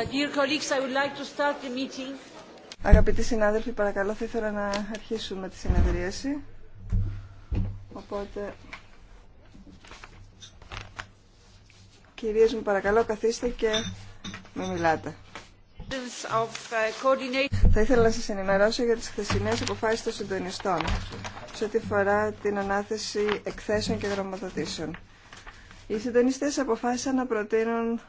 Uh, Αγαπητοί συνάδελφοι, παρακαλώ θα ήθελα να αρχίσουμε τη συνεδρίαση. Οπότε, κυρίες μου παρακαλώ καθίστε και με μιλάτε. Uh, θα ήθελα να σας ενημερώσω για τις χθεσινές αποφάσεις των συντονιστών σε ό,τι φορά την ανάθεση εκθέσεων και δρομοδοτήσεων. Οι συντονιστές αποφάσισαν να προτείνουν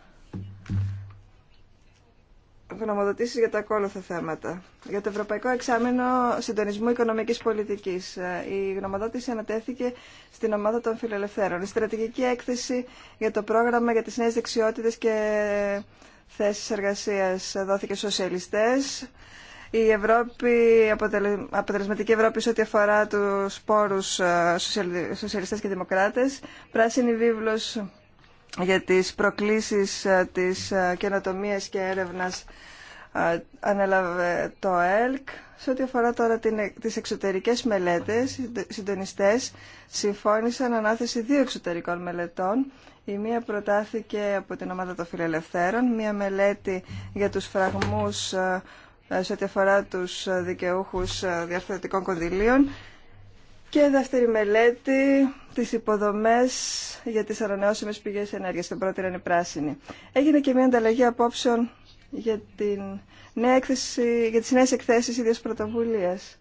γνωμοδοτήσεις για τα ακόλουθα θέματα. Για το Ευρωπαϊκό Εξάμεινο Συντονισμού Οικονομικής Πολιτικής. Ε, η γνωμοδότηση ανατέθηκε στην ομάδα των φιλελευθέρων. Η στρατηγική έκθεση για το πρόγραμμα για τις νέες δεξιότητες και θέσει εργασία δόθηκε στους σοσιαλιστές. Η Ευρώπη, αποτελεσματική Ευρώπη σε ό,τι αφορά του πόρου ε, σοσιαλιστέ και δημοκράτε, Πράσινη βίβλο για τις προκλήσεις ε, της καινοτομίας και έρευνας ανέλαβε το ΕΛΚ. Σε ό,τι αφορά τώρα την, ε, τις εξωτερικές μελέτες, οι συντονιστές συμφώνησαν ανάθεση δύο εξωτερικών μελετών. Η μία προτάθηκε από την ομάδα των φιλελευθέρων, μία μελέτη για τους φραγμούς ε, σε ό,τι αφορά τους ε, δικαιούχους διαρθρωτικών κονδυλίων και δεύτερη μελέτη, τις υποδομές για τις ανανεώσιμες πηγές ενέργειας, την ήταν η πράσινη Έγινε και μια ανταλλαγή απόψεων για, την νέα έκθεση, για τις νέες εκθέσεις ίδιας πρωτοβουλίας.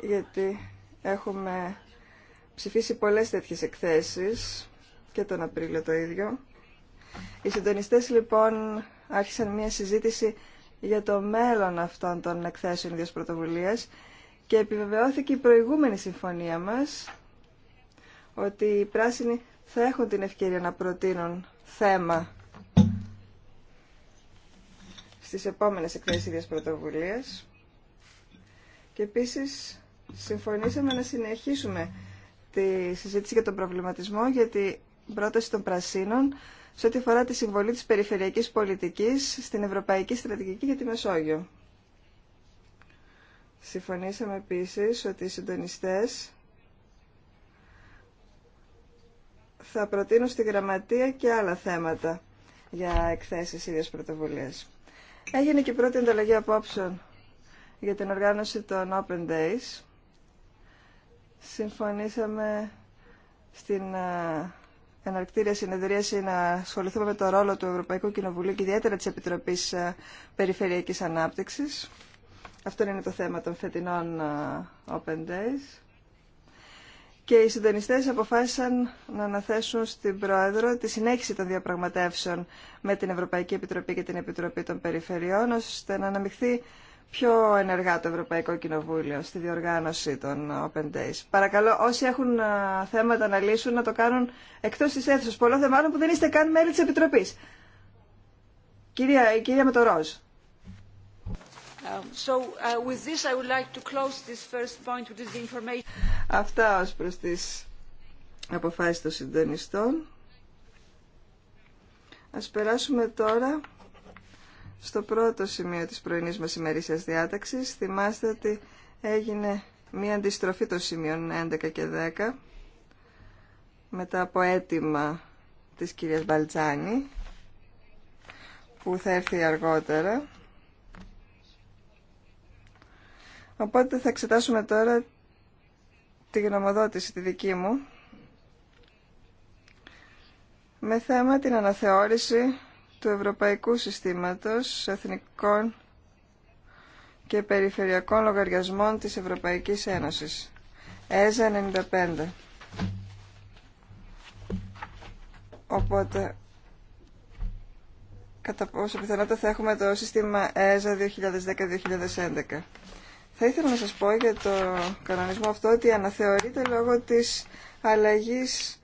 Γιατί έχουμε ψηφίσει πολλές τέτοιες εκθέσεις και τον Απρίλιο το ίδιο. Οι συντονιστές λοιπόν άρχισαν μια συζήτηση για το μέλλον αυτών των εκθέσεων ίδιας πρωτοβουλίας και επιβεβαιώθηκε η προηγούμενη συμφωνία μας ότι οι πράσινοι θα έχουν την ευκαιρία να προτείνουν θέμα στις επόμενες εκθέσεις ίδιας πρωτοβουλίας και επίσης συμφωνήσαμε να συνεχίσουμε τη συζήτηση για τον προβληματισμό για την πρόταση των πρασίνων σε ό,τι αφορά τη συμβολή της περιφερειακής πολιτικής στην Ευρωπαϊκή Στρατηγική για τη Μεσόγειο. Συμφωνήσαμε επίσης ότι οι συντονιστές θα προτείνω στη Γραμματεία και άλλα θέματα για εκθέσεις ίδιες πρωτοβουλίες. Έγινε και η πρώτη ανταλλαγή απόψεων για την οργάνωση των Open Days. Συμφωνήσαμε στην εναρκτήρια συνεδρίαση να ασχοληθούμε με το ρόλο του Ευρωπαϊκού Κοινοβουλίου και ιδιαίτερα της Επιτροπής Περιφερειακής Ανάπτυξης. Αυτό είναι το θέμα των φετινών Open Days και οι συντονιστέ αποφάσισαν να αναθέσουν στην Πρόεδρο τη συνέχιση των διαπραγματεύσεων με την Ευρωπαϊκή Επιτροπή και την Επιτροπή των Περιφερειών, ώστε να αναμειχθεί πιο ενεργά το Ευρωπαϊκό Κοινοβούλιο στη διοργάνωση των Open Days. Παρακαλώ, όσοι έχουν θέματα να λύσουν, να το κάνουν εκτός της αίθουσας. Πολλό θεμάτων που δεν είστε καν μέλη τη επιτροπή. Κυρία, κυρία Αυτά ως προς τις αποφάσεις των συντονιστών. Ας περάσουμε τώρα στο πρώτο σημείο της πρωινής μας ημερήσιας διάταξης. Θυμάστε ότι έγινε μία αντιστροφή των σημείων 11 και 10 μετά από αίτημα της κυρίας Μπαλτζάνη που θα έρθει αργότερα. Οπότε θα εξετάσουμε τώρα τη γνωμοδότηση τη δική μου με θέμα την αναθεώρηση του Ευρωπαϊκού Συστήματος Εθνικών και Περιφερειακών Λογαριασμών της Ευρωπαϊκής Ένωσης. ΕΖΑ 95. Οπότε, κατά πόσο πιθανότητα θα έχουμε το σύστημα ΕΖΑ 2010-2011. Θα ήθελα να σας πω για το κανονισμό αυτό ότι αναθεωρείται λόγω της αλλαγής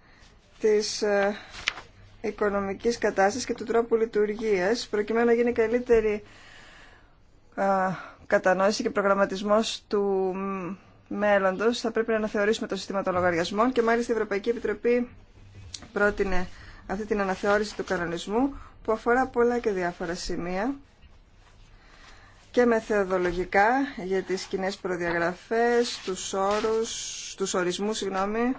της ε, οικονομικής κατάστασης και του τρόπου λειτουργίας προκειμένου να γίνει καλύτερη ε, κατανόηση και προγραμματισμός του μέλλοντος θα πρέπει να αναθεωρήσουμε το σύστημα των λογαριασμών και μάλιστα η Ευρωπαϊκή Επιτροπή πρότεινε αυτή την αναθεώρηση του κανονισμού που αφορά πολλά και διάφορα σημεία και μεθεοδολογικά για τις κοινέ προδιαγραφές, τους όρους, τους ορισμούς, συγγνώμη,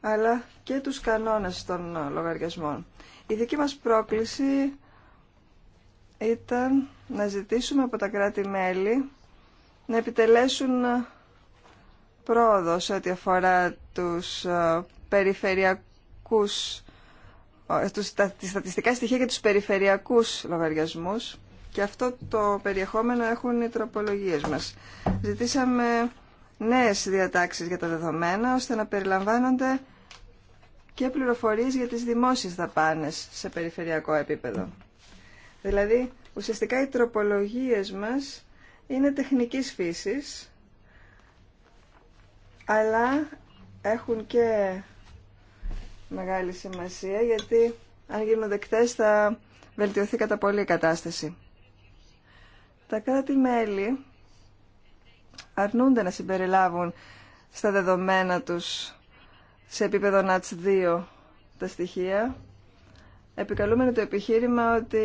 αλλά και τους κανόνες των λογαριασμών. Η δική μας πρόκληση ήταν να ζητήσουμε από τα κράτη-μέλη να επιτελέσουν πρόοδο σε ό,τι αφορά τους ε, περιφερειακούς, ε, τις στατιστικά στοιχεία και τους περιφερειακούς λογαριασμούς και αυτό το περιεχόμενο έχουν οι τροπολογίες μας. Ζητήσαμε νέες διατάξεις για τα δεδομένα, ώστε να περιλαμβάνονται και πληροφορίες για τις δημόσιες δαπάνες σε περιφερειακό επίπεδο. Δηλαδή, ουσιαστικά οι τροπολογίες μας είναι τεχνικής φύσης, αλλά έχουν και μεγάλη σημασία, γιατί αν γίνονται δεκτές θα βελτιωθεί κατά πολύ η κατάσταση. Τα κράτη-μέλη αρνούνται να συμπεριλάβουν στα δεδομένα τους σε επίπεδο NATS 2 τα στοιχεία, επικαλούμενοι το επιχείρημα ότι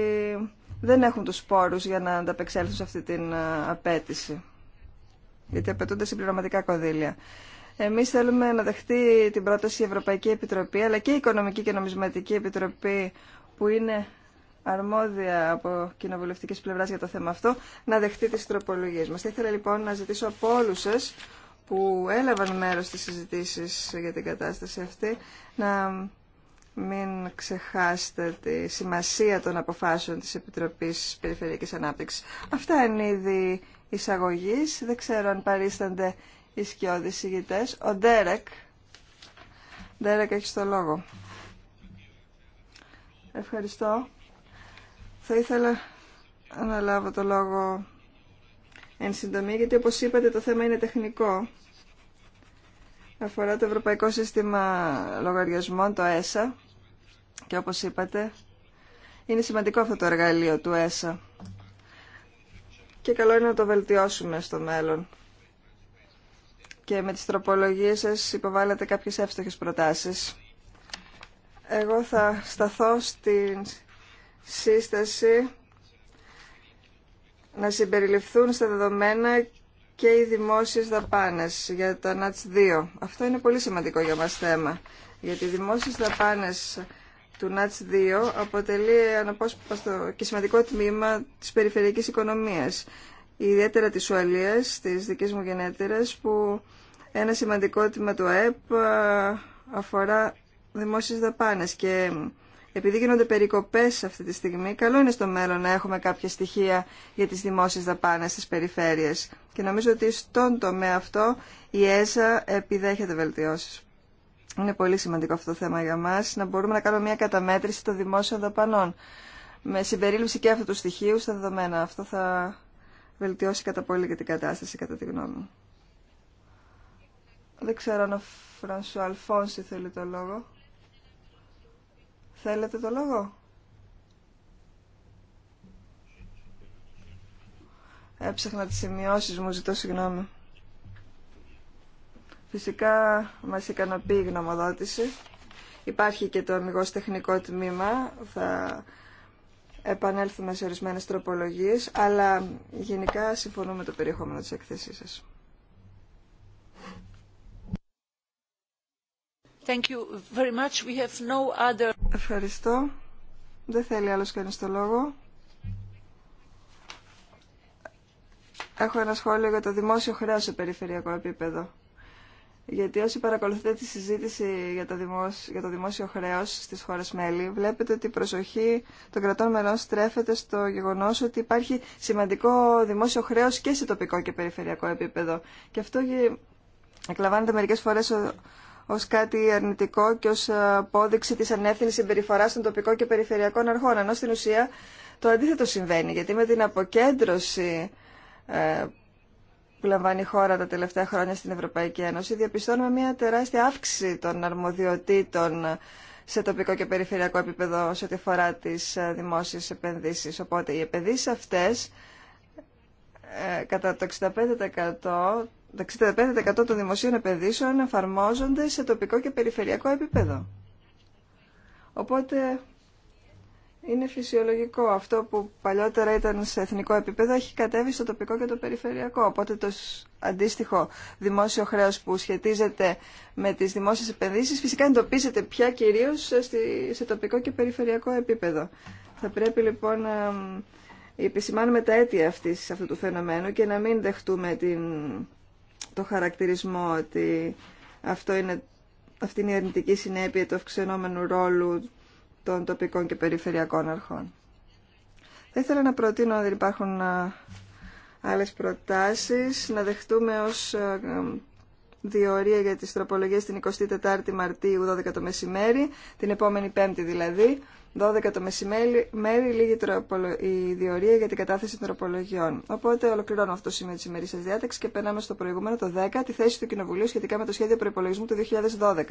δεν έχουν τους πόρους για να ανταπεξέλθουν σε αυτή την απέτηση, γιατί απαιτούνται συμπληρωματικά κονδύλια. Εμείς θέλουμε να δεχτεί την πρόταση η Ευρωπαϊκή Επιτροπή, αλλά και η Οικονομική και Νομισματική Επιτροπή, που είναι αρμόδια από κοινοβουλευτική πλευρά για το θέμα αυτό, να δεχτεί τι τροπολογίε μα. Θα ήθελα λοιπόν να ζητήσω από όλου σα που έλαβαν μέρο στι συζητήσει για την κατάσταση αυτή να μην ξεχάσετε τη σημασία των αποφάσεων της Επιτροπής Περιφερειακής Ανάπτυξης. Αυτά είναι ήδη εισαγωγής. Δεν ξέρω αν παρίστανται οι σκιώδεις ηγητές. Ο Ντέρεκ. Ντέρεκ, το λόγο. Ευχαριστώ. Θα ήθελα να λάβω το λόγο εν συντομή, γιατί όπως είπατε το θέμα είναι τεχνικό. Αφορά το Ευρωπαϊκό Σύστημα Λογαριασμών, το ΕΣΑ, και όπως είπατε, είναι σημαντικό αυτό το εργαλείο του ΕΣΑ. Και καλό είναι να το βελτιώσουμε στο μέλλον. Και με τις τροπολογίες σας υποβάλλατε κάποιες εύστοχες προτάσεις. Εγώ θα σταθώ στην σύσταση να συμπεριληφθούν στα δεδομένα και οι δημόσιες δαπάνες για το ΝΑΤΣ 2. Αυτό είναι πολύ σημαντικό για μας θέμα, γιατί οι δημόσιες δαπάνες του ΝΑΤΣ 2 αποτελεί αναπόσπαστο και σημαντικό τμήμα της περιφερειακής οικονομίας, ιδιαίτερα της Ουαλίας, της δικής μου γενέτερας, που ένα σημαντικό τμήμα του ΑΕΠ ε, αφορά δημόσιες δαπάνες και επειδή γίνονται περικοπές αυτή τη στιγμή, καλό είναι στο μέλλον να έχουμε κάποια στοιχεία για τις δημόσιες δαπάνες στις περιφέρειες. Και νομίζω ότι στον τομέα αυτό η ΕΣΑ επιδέχεται βελτιώσεις. Είναι πολύ σημαντικό αυτό το θέμα για μας, να μπορούμε να κάνουμε μια καταμέτρηση των δημόσιων δαπανών. Με συμπερίληψη και αυτού του στοιχείου στα δεδομένα. Αυτό θα βελτιώσει κατά πολύ και την κατάσταση, κατά τη γνώμη μου. Δεν ξέρω αν ο Φρανσου θέλει το λόγο. Θέλετε το λόγο. Έψαχνα τις σημειώσεις μου, ζητώ συγγνώμη. Φυσικά μας ικανοποιεί η γνωμοδότηση. Υπάρχει και το αμυγός τεχνικό τμήμα, θα επανέλθουμε σε ορισμένες τροπολογίες, αλλά γενικά συμφωνούμε το περιεχόμενο της εκθέσής σας. Thank you very much. We have no other... Ευχαριστώ. Δεν θέλει άλλος κανείς το λόγο. Έχω ένα σχόλιο για το δημόσιο χρέος σε περιφερειακό επίπεδο. Γιατί όσοι παρακολουθείτε τη συζήτηση για το, δημόσιο, για το δημόσιο χρέος στις χώρες μέλη, βλέπετε ότι η προσοχή των κρατών μελών στρέφεται στο γεγονός ότι υπάρχει σημαντικό δημόσιο χρέος και σε τοπικό και περιφερειακό επίπεδο. Και αυτό εκλαμβάνεται μερικές φορές ως κάτι αρνητικό και ως ε, απόδειξη της ανεύθυνης συμπεριφοράς των τοπικών και περιφερειακών αρχών. Ενώ στην ουσία το αντίθετο συμβαίνει, γιατί με την αποκέντρωση ε, που λαμβάνει η χώρα τα τελευταία χρόνια στην Ευρωπαϊκή Ένωση, διαπιστώνουμε μια τεράστια αύξηση των αρμοδιοτήτων σε τοπικό και περιφερειακό επίπεδο σε ό,τι αφορά τις ε, δημόσιες επενδύσεις. Οπότε οι επενδύσεις αυτές κατά το 65% το 65% των δημοσίων επενδύσεων εφαρμόζονται σε τοπικό και περιφερειακό επίπεδο. Οπότε είναι φυσιολογικό. Αυτό που παλιότερα ήταν σε εθνικό επίπεδο έχει κατέβει στο τοπικό και το περιφερειακό. Οπότε το αντίστοιχο δημόσιο χρέος που σχετίζεται με τις δημόσιες επενδύσεις φυσικά εντοπίζεται πια κυρίως σε τοπικό και περιφερειακό επίπεδο. Θα πρέπει λοιπόν να επισημάνουμε τα αίτια αυτής, αυτού του φαινομένου και να μην δεχτούμε την το χαρακτηρισμό ότι αυτό είναι, αυτή είναι η αρνητική συνέπεια του αυξανόμενου ρόλου των τοπικών και περιφερειακών αρχών. Θα ήθελα να προτείνω, αν δεν υπάρχουν άλλες προτάσεις, να δεχτούμε ως διορία για τις τροπολογίες την 24η Μαρτίου 12 το μεσημέρι, την επόμενη Πέμπτη δηλαδή, 12 το μεσημέρι λίγη τροπολο... η διορία για την κατάθεση των τροπολογιών. Οπότε ολοκληρώνω αυτό το σημείο τη ημερήσια διάταξη και περνάμε στο προηγούμενο, το 10, τη θέση του Κοινοβουλίου σχετικά με το σχέδιο προπολογισμού του 2012.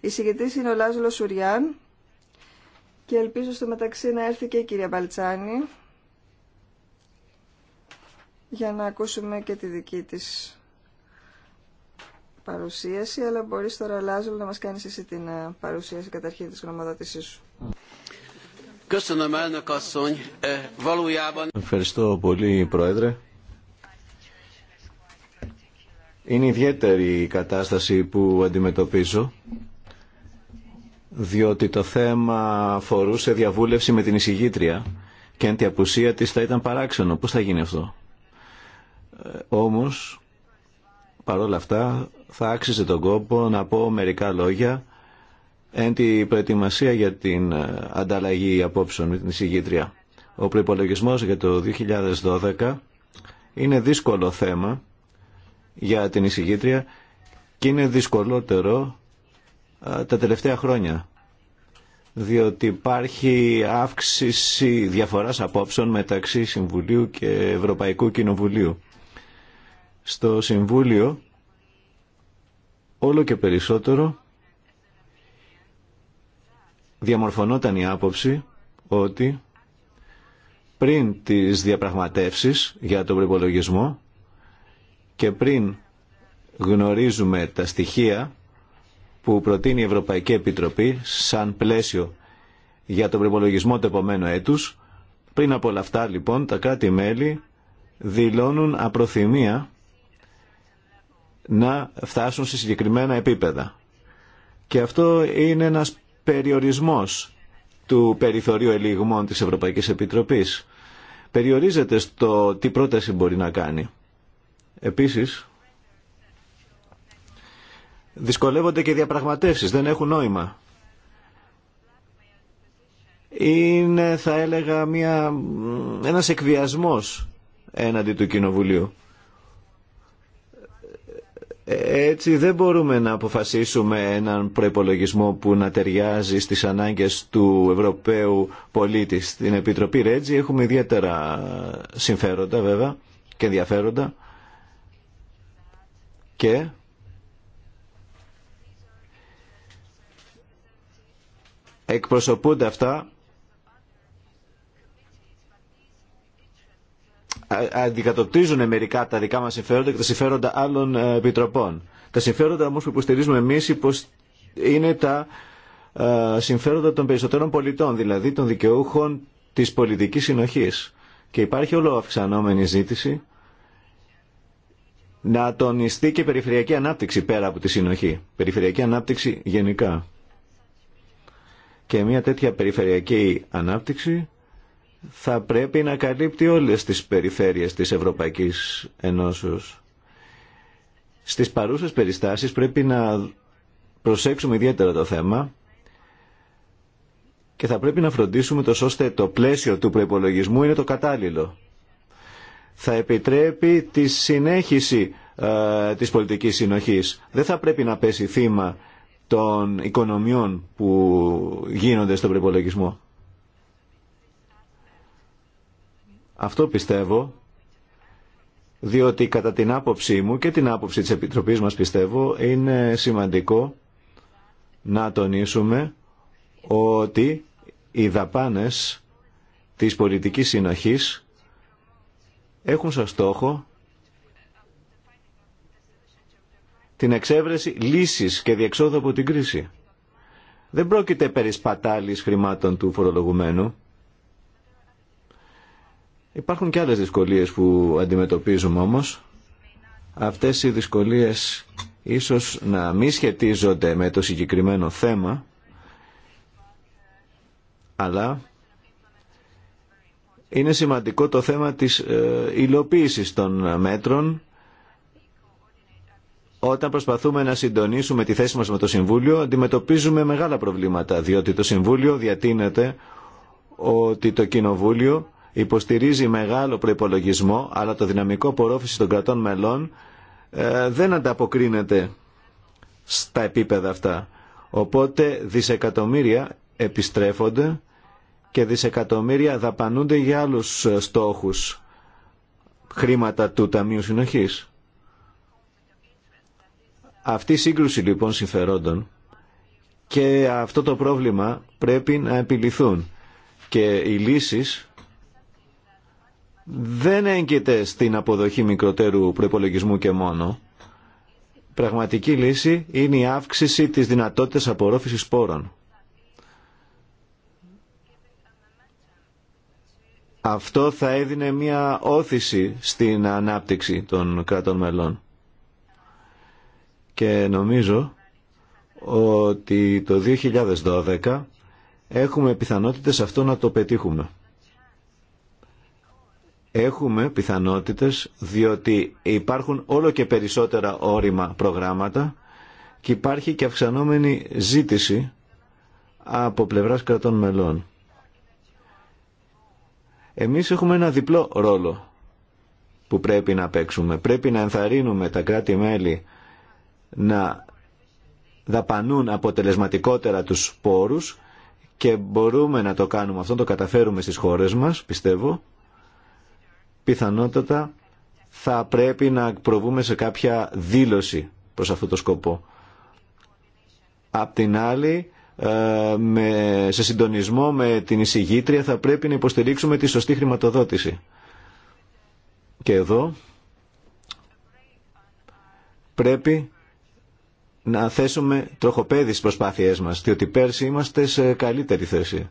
Η συγκεκριτή είναι ο Λάζλο Σουριάν και ελπίζω στο μεταξύ να έρθει και η κυρία Μπαλτσάνη για να ακούσουμε και τη δική τη παρουσίαση, αλλά μπορεί τώρα Λάζουλ να μας κάνει εσύ την ε, παρουσίαση καταρχήν της γνωμοδότησής σου. Eh, Ευχαριστώ πολύ, Πρόεδρε. Είναι ιδιαίτερη η κατάσταση που αντιμετωπίζω, διότι το θέμα αφορούσε διαβούλευση με την εισηγήτρια και αν τη απουσία της θα ήταν παράξενο. Πώς θα γίνει αυτό. Ε, όμως, παρόλα αυτά, θα άξιζε τον κόπο να πω μερικά λόγια εν τη προετοιμασία για την ε, ανταλλαγή απόψεων με την εισηγήτρια. Ο προπολογισμό για το 2012 είναι δύσκολο θέμα για την εισηγήτρια και είναι δυσκολότερο ε, τα τελευταία χρόνια διότι υπάρχει αύξηση διαφοράς απόψεων μεταξύ Συμβουλίου και Ευρωπαϊκού Κοινοβουλίου. Στο Συμβούλιο όλο και περισσότερο διαμορφωνόταν η άποψη ότι πριν τις διαπραγματεύσεις για τον προπολογισμό και πριν γνωρίζουμε τα στοιχεία που προτείνει η Ευρωπαϊκή Επιτροπή σαν πλαίσιο για τον προπολογισμό του επόμενου έτους. Πριν από όλα αυτά λοιπόν τα κράτη-μέλη δηλώνουν απροθυμία να φτάσουν σε συγκεκριμένα επίπεδα. Και αυτό είναι ένας περιορισμός του περιθωρίου ελιγμών της Ευρωπαϊκής Επιτροπής. Περιορίζεται στο τι πρόταση μπορεί να κάνει. Επίσης, δυσκολεύονται και διαπραγματεύσεις, δεν έχουν νόημα. Είναι, θα έλεγα, μια, ένας εκβιασμός έναντι του Κοινοβουλίου. Έτσι δεν μπορούμε να αποφασίσουμε έναν προπολογισμό που να ταιριάζει στις ανάγκες του Ευρωπαίου πολίτη. Στην Επιτροπή Ρέτζη έχουμε ιδιαίτερα συμφέροντα βέβαια και ενδιαφέροντα και εκπροσωπούνται αυτά αντικατοπτρίζουν μερικά τα δικά μας συμφέροντα και τα συμφέροντα άλλων ε, επιτροπών. Τα συμφέροντα όμως που υποστηρίζουμε εμείς είναι τα ε, συμφέροντα των περισσότερων πολιτών, δηλαδή των δικαιούχων της πολιτική συνοχής. Και υπάρχει όλο αυξανόμενη ζήτηση να τονιστεί και περιφερειακή ανάπτυξη πέρα από τη συνοχή. Περιφερειακή ανάπτυξη γενικά. Και μια τέτοια περιφερειακή ανάπτυξη θα πρέπει να καλύπτει όλες τις περιφέρειες της Ευρωπαϊκής Ενώσεως. Στις παρούσες περιστάσεις πρέπει να προσέξουμε ιδιαίτερα το θέμα και θα πρέπει να φροντίσουμε το ώστε το πλαίσιο του προϋπολογισμού είναι το κατάλληλο. Θα επιτρέπει τη συνέχιση ε, της πολιτικής συνοχής. Δεν θα πρέπει να πέσει θύμα των οικονομιών που γίνονται στον προϋπολογισμό. Αυτό πιστεύω, διότι κατά την άποψή μου και την άποψη της Επιτροπής μας πιστεύω είναι σημαντικό να τονίσουμε ότι οι δαπάνες της πολιτικής συνοχής έχουν σαν στόχο την εξέβρεση λύσης και διεξόδου από την κρίση. Δεν πρόκειται περί σπατάλης χρημάτων του φορολογουμένου. Υπάρχουν και άλλες δυσκολίες που αντιμετωπίζουμε όμως. Αυτές οι δυσκολίες ίσως να μην σχετίζονται με το συγκεκριμένο θέμα, αλλά είναι σημαντικό το θέμα της ε, υλοποίησης των μέτρων όταν προσπαθούμε να συντονίσουμε τη θέση μας με το Συμβούλιο, αντιμετωπίζουμε μεγάλα προβλήματα, διότι το Συμβούλιο διατείνεται ότι το Κοινοβούλιο υποστηρίζει μεγάλο προπολογισμό, αλλά το δυναμικό πορόφηση των κρατών μελών ε, δεν ανταποκρίνεται στα επίπεδα αυτά. Οπότε δισεκατομμύρια επιστρέφονται και δισεκατομμύρια δαπανούνται για άλλους στόχους χρήματα του Ταμείου Συνοχής. Αυτή η σύγκρουση λοιπόν συμφερόντων και αυτό το πρόβλημα πρέπει να επιληθούν και οι λύσεις δεν έγκυται στην αποδοχή μικροτέρου προπολογισμού και μόνο. Πραγματική λύση είναι η αύξηση της δυνατότητας απορρόφησης σπόρων. Αυτό θα έδινε μια όθηση στην ανάπτυξη των κρατών μελών. Και νομίζω ότι το 2012 έχουμε πιθανότητες αυτό να το πετύχουμε έχουμε πιθανότητες διότι υπάρχουν όλο και περισσότερα όρημα προγράμματα και υπάρχει και αυξανόμενη ζήτηση από πλευράς κρατών μελών. Εμείς έχουμε ένα διπλό ρόλο που πρέπει να παίξουμε. Πρέπει να ενθαρρύνουμε τα κράτη-μέλη να δαπανούν αποτελεσματικότερα τους πόρους και μπορούμε να το κάνουμε αυτό, το καταφέρουμε στις χώρες μας, πιστεύω, πιθανότατα θα πρέπει να προβούμε σε κάποια δήλωση προς αυτό το σκοπό. Απ' την άλλη, ε, με, σε συντονισμό με την εισηγήτρια θα πρέπει να υποστηρίξουμε τη σωστή χρηματοδότηση. Και εδώ πρέπει να θέσουμε τροχοπέδι στις προσπάθειές μας, διότι πέρσι είμαστε σε καλύτερη θέση.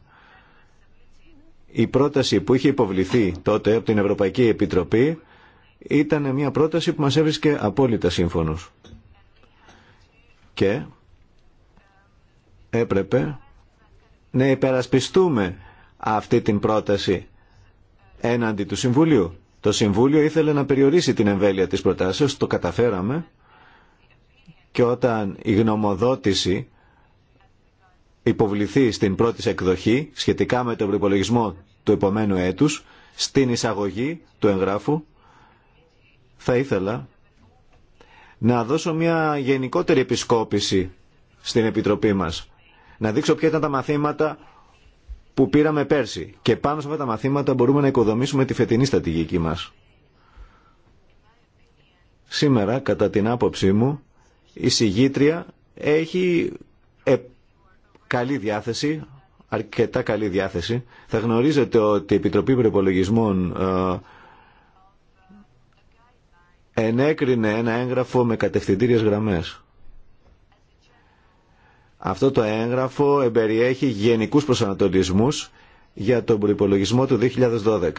Η πρόταση που είχε υποβληθεί τότε από την Ευρωπαϊκή Επιτροπή ήταν μια πρόταση που μας έβρισκε απόλυτα σύμφωνος. Και έπρεπε να υπερασπιστούμε αυτή την πρόταση έναντι του Συμβουλίου. Το Συμβούλιο ήθελε να περιορίσει την εμβέλεια της προτάσεως, το καταφέραμε και όταν η γνωμοδότηση υποβληθεί στην πρώτη εκδοχή σχετικά με τον προπολογισμό του επομένου έτους στην εισαγωγή του εγγράφου θα ήθελα να δώσω μια γενικότερη επισκόπηση στην Επιτροπή μας. Να δείξω ποια ήταν τα μαθήματα που πήραμε πέρσι και πάνω σε αυτά τα μαθήματα μπορούμε να οικοδομήσουμε τη φετινή στρατηγική μας. Σήμερα, κατά την άποψή μου, η συγγήτρια έχει καλή διάθεση, αρκετά καλή διάθεση. Θα γνωρίζετε ότι η Επιτροπή Προπολογισμών ε, ενέκρινε ένα έγγραφο με κατευθυντήριες γραμμές. Αυτό το έγγραφο εμπεριέχει γενικούς προσανατολισμούς για τον προϋπολογισμό του 2012.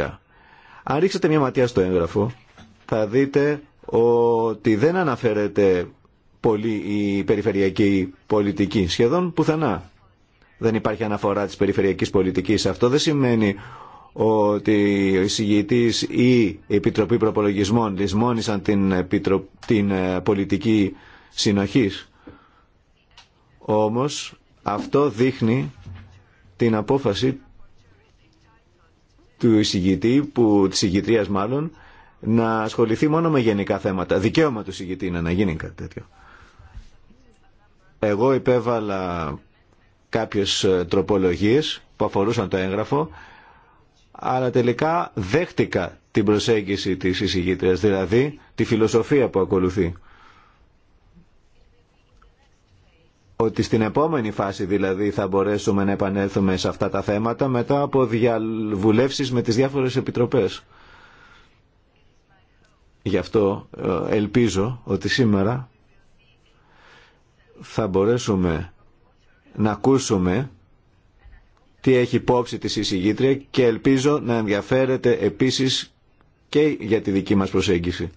Αν ρίξετε μια ματιά στο έγγραφο, θα δείτε ότι δεν αναφέρεται πολύ η περιφερειακή πολιτική, σχεδόν πουθενά δεν υπάρχει αναφορά της περιφερειακής πολιτικής. Αυτό δεν σημαίνει ότι ο εισηγητής ή η Επιτροπή Προπολογισμών λησμόνισαν την, την ε, πολιτική συνοχής. Όμως αυτό δείχνει την απόφαση του εισηγητή, που, της εισηγητρίας μάλλον, να ασχοληθεί μόνο με γενικά θέματα. Δικαίωμα του εισηγητή είναι να γίνει κάτι τέτοιο. Εγώ υπέβαλα κάποιες ε, τροπολογίες που αφορούσαν το έγγραφο, αλλά τελικά δέχτηκα την προσέγγιση της εισηγήτριας, δηλαδή τη φιλοσοφία που ακολουθεί. Ότι στην επόμενη φάση δηλαδή θα μπορέσουμε να επανέλθουμε σε αυτά τα θέματα μετά από διαβουλεύσεις με τις διάφορες επιτροπές. Γι' αυτό ε, ελπίζω ότι σήμερα θα μπορέσουμε να ακούσουμε τι έχει υπόψη τη εισηγήτρια και ελπίζω να ενδιαφέρεται επίσης και για τη δική μας προσέγγιση.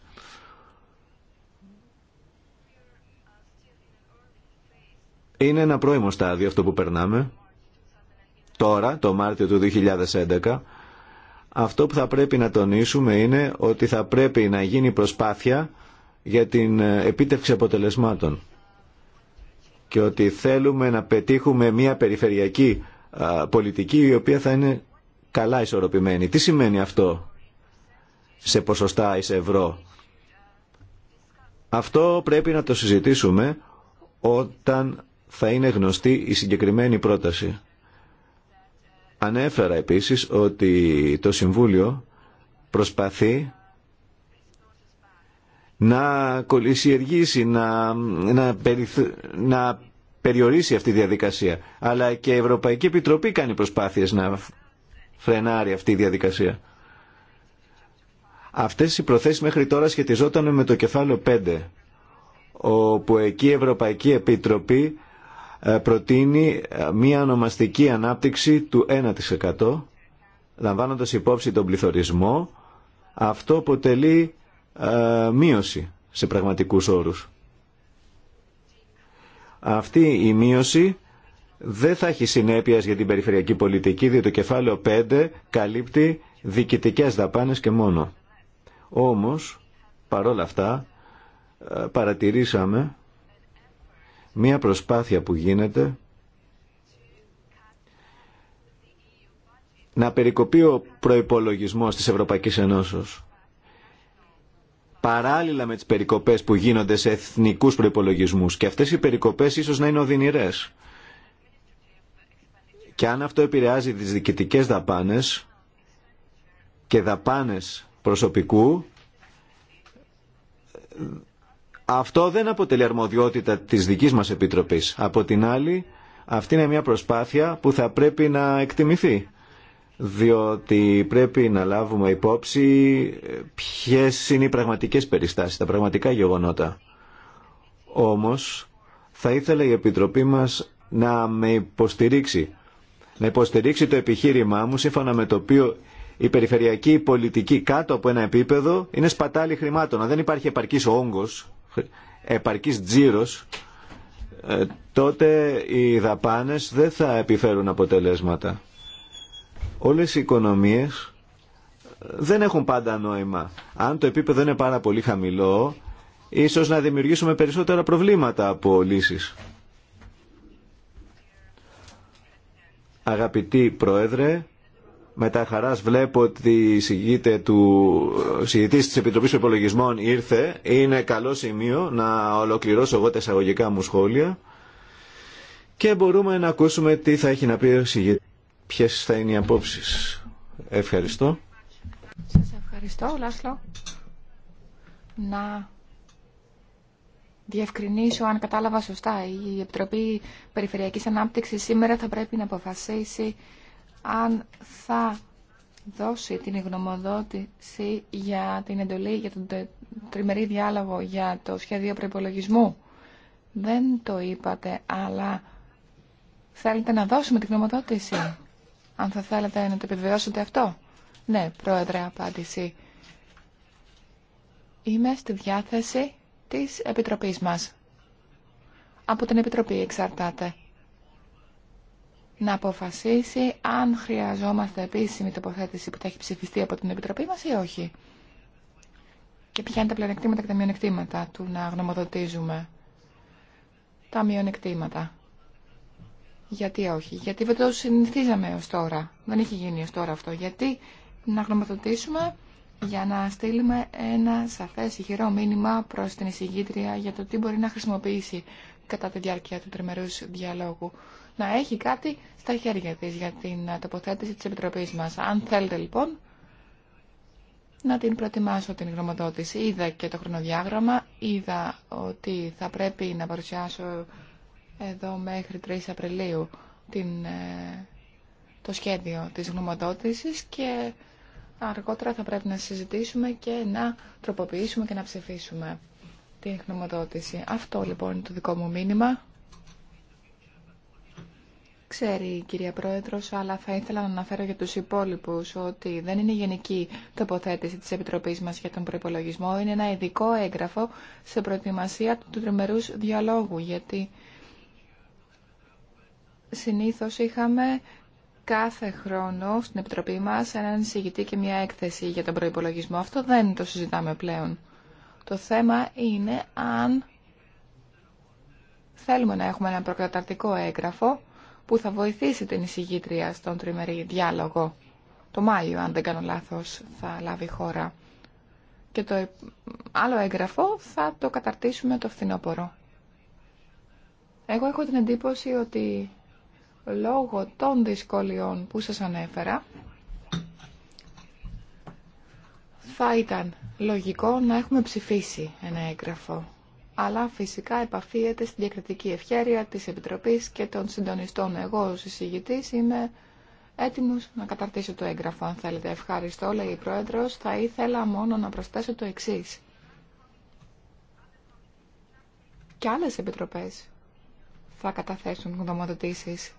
Είναι ένα πρώιμο στάδιο αυτό που περνάμε. Τώρα, το Μάρτιο του 2011, αυτό που θα πρέπει να τονίσουμε είναι ότι θα πρέπει να γίνει προσπάθεια για την επίτευξη αποτελεσμάτων και ότι θέλουμε να πετύχουμε μια περιφερειακή πολιτική η οποία θα είναι καλά ισορροπημένη. Τι σημαίνει αυτό σε ποσοστά ή σε ευρώ. Αυτό πρέπει να το συζητήσουμε όταν θα είναι γνωστή η συγκεκριμένη πρόταση. Ανέφερα επίσης ότι το Συμβούλιο προσπαθεί να κολλησιεργήσει, να, να, περιορίσει αυτή τη διαδικασία. Αλλά και η Ευρωπαϊκή Επιτροπή κάνει προσπάθειες να φρενάρει αυτή η διαδικασία. Αυτές οι προθέσεις μέχρι τώρα σχετιζόταν με το κεφάλαιο 5, όπου εκεί η Ευρωπαϊκή Επιτροπή ε, προτείνει ε, μία ονομαστική ανάπτυξη του 1%, λαμβάνοντας υπόψη τον πληθωρισμό. Αυτό αποτελεί ε, μείωση σε πραγματικούς όρους. Αυτή η μείωση δεν θα έχει συνέπεια για την περιφερειακή πολιτική, διότι το κεφάλαιο 5 καλύπτει διοικητικές δαπάνες και μόνο. Όμως, παρόλα αυτά, ε, παρατηρήσαμε μία προσπάθεια που γίνεται να περικοπεί ο προϋπολογισμός της Ευρωπαϊκής Ενώσεως παράλληλα με τις περικοπές που γίνονται σε εθνικούς προϋπολογισμούς και αυτές οι περικοπές ίσως να είναι οδυνηρές. Και αν αυτό επηρεάζει τις διοικητικές δαπάνες και δαπάνες προσωπικού, αυτό δεν αποτελεί αρμοδιότητα της δικής μας Επιτροπής. Από την άλλη, αυτή είναι μια προσπάθεια που θα πρέπει να εκτιμηθεί διότι πρέπει να λάβουμε υπόψη ε, ποιες είναι οι πραγματικές περιστάσεις, τα πραγματικά γεγονότα. Όμως θα ήθελε η Επιτροπή μας να με υποστηρίξει, να υποστηρίξει το επιχείρημά μου σύμφωνα με το οποίο η περιφερειακή πολιτική κάτω από ένα επίπεδο είναι σπατάλη χρημάτων. Αν δεν υπάρχει επαρκής όγκος, επαρκής τζίρος, ε, τότε οι δαπάνες δεν θα επιφέρουν αποτελέσματα. Όλες οι οικονομίες δεν έχουν πάντα νόημα. Αν το επίπεδο είναι πάρα πολύ χαμηλό, ίσως να δημιουργήσουμε περισσότερα προβλήματα από λύσεις. Αγαπητοί Πρόεδρε, με τα χαράς βλέπω ότι η του συγγητής της Επιτροπής Υπολογισμών ήρθε. Είναι καλό σημείο να ολοκληρώσω εγώ τα εισαγωγικά μου σχόλια και μπορούμε να ακούσουμε τι θα έχει να πει ο συγγητής ποιες θα είναι οι απόψεις. Ευχαριστώ. Σας ευχαριστώ, Λάσλο. Να διευκρινίσω αν κατάλαβα σωστά. Η Επιτροπή Περιφερειακής Ανάπτυξης σήμερα θα πρέπει να αποφασίσει αν θα δώσει την γνωμοδότηση για την εντολή, για τον τριμερή διάλογο για το σχέδιο προπολογισμού. Δεν το είπατε, αλλά θέλετε να δώσουμε την γνωμοδότηση. Αν θα θέλετε να το επιβεβαιώσετε αυτό. Ναι, Πρόεδρε, απάντηση. Είμαι στη διάθεση της Επιτροπής μας. Από την Επιτροπή εξαρτάται. Να αποφασίσει αν χρειαζόμαστε επίσημη τοποθέτηση που θα έχει ψηφιστεί από την Επιτροπή μας ή όχι. Και ποια είναι τα πλεονεκτήματα και τα μειονεκτήματα του να γνωμοδοτίζουμε. Τα μειονεκτήματα. Γιατί όχι, γιατί δεν το συνηθίζαμε ως τώρα, δεν έχει γίνει ως τώρα αυτό. Γιατί να γνωματοτήσουμε για να στείλουμε ένα σαφές ηχηρό μήνυμα προς την εισηγήτρια για το τι μπορεί να χρησιμοποιήσει κατά τη διάρκεια του τριμερούς διαλόγου. Να έχει κάτι στα χέρια της για την τοποθέτηση της Επιτροπής μας. Αν θέλετε λοιπόν να την προετοιμάσω την γνωμοδότηση. Είδα και το χρονοδιάγραμμα, είδα ότι θα πρέπει να παρουσιάσω εδώ μέχρι 3 Απριλίου την, ε, το σχέδιο της γνωμοδότησης και αργότερα θα πρέπει να συζητήσουμε και να τροποποιήσουμε και να ψηφίσουμε την γνωμοδότηση. Αυτό λοιπόν είναι το δικό μου μήνυμα. Ξέρει η κυρία Πρόεδρος, αλλά θα ήθελα να αναφέρω για τους υπόλοιπους ότι δεν είναι γενική τοποθέτηση της Επιτροπής μας για τον προϋπολογισμό. Είναι ένα ειδικό έγγραφο σε προετοιμασία του τριμερούς διαλόγου, γιατί συνήθως είχαμε κάθε χρόνο στην Επιτροπή μας έναν εισηγητή και μια έκθεση για τον προϋπολογισμό. Αυτό δεν το συζητάμε πλέον. Το θέμα είναι αν θέλουμε να έχουμε ένα προκαταρτικό έγγραφο που θα βοηθήσει την εισηγήτρια στον τριμερή διάλογο. Το Μάιο, αν δεν κάνω λάθος, θα λάβει χώρα. Και το άλλο έγγραφο θα το καταρτήσουμε το φθινόπωρο. Εγώ έχω την εντύπωση ότι λόγω των δυσκολιών που σας ανέφερα, θα ήταν λογικό να έχουμε ψηφίσει ένα έγγραφο. Αλλά φυσικά επαφίεται στην διακριτική ευχέρεια της Επιτροπής και των συντονιστών. Εγώ ως εισηγητής είμαι έτοιμος να καταρτήσω το έγγραφο, αν θέλετε. Ευχαριστώ, λέει η Πρόεδρος. Θα ήθελα μόνο να προσθέσω το εξής. Και άλλες επιτροπές θα καταθέσουν γνωμοδοτήσεις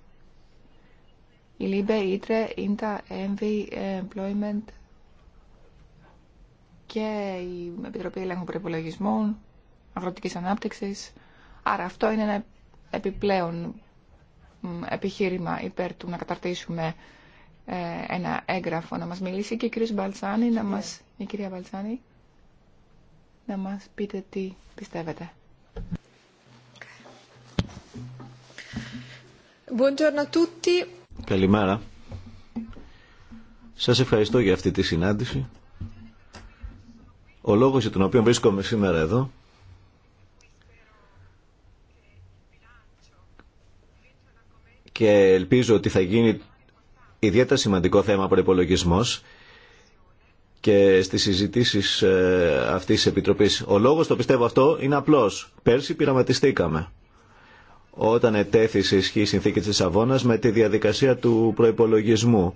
η ΛΥΜΠΕ, ήτρε ΙΤΡΕ, ΙΝΤΑ, ε, Employment και η Επιτροπή Ελέγχου Προπολογισμών, Αγροτικής Ανάπτυξης. Άρα αυτό είναι ένα επιπλέον επιχείρημα υπέρ του να καταρτήσουμε ε, ένα έγγραφο να μας μιλήσει και η κυρία Μπαλτσάνη να μας, η κυρία Μπαλτσάνη, να μας πείτε τι πιστεύετε. Buongiorno a tutti. Καλημέρα. Σας ευχαριστώ για αυτή τη συνάντηση. Ο λόγος για τον οποίο βρίσκομαι σήμερα εδώ και ελπίζω ότι θα γίνει ιδιαίτερα σημαντικό θέμα προπολογισμό και στις συζητήσεις ε, αυτής της Επιτροπής. Ο λόγος, το πιστεύω αυτό, είναι απλός. Πέρσι πειραματιστήκαμε όταν ετέθησε ισχύ η συνθήκη της Σαββόνας με τη διαδικασία του προϋπολογισμού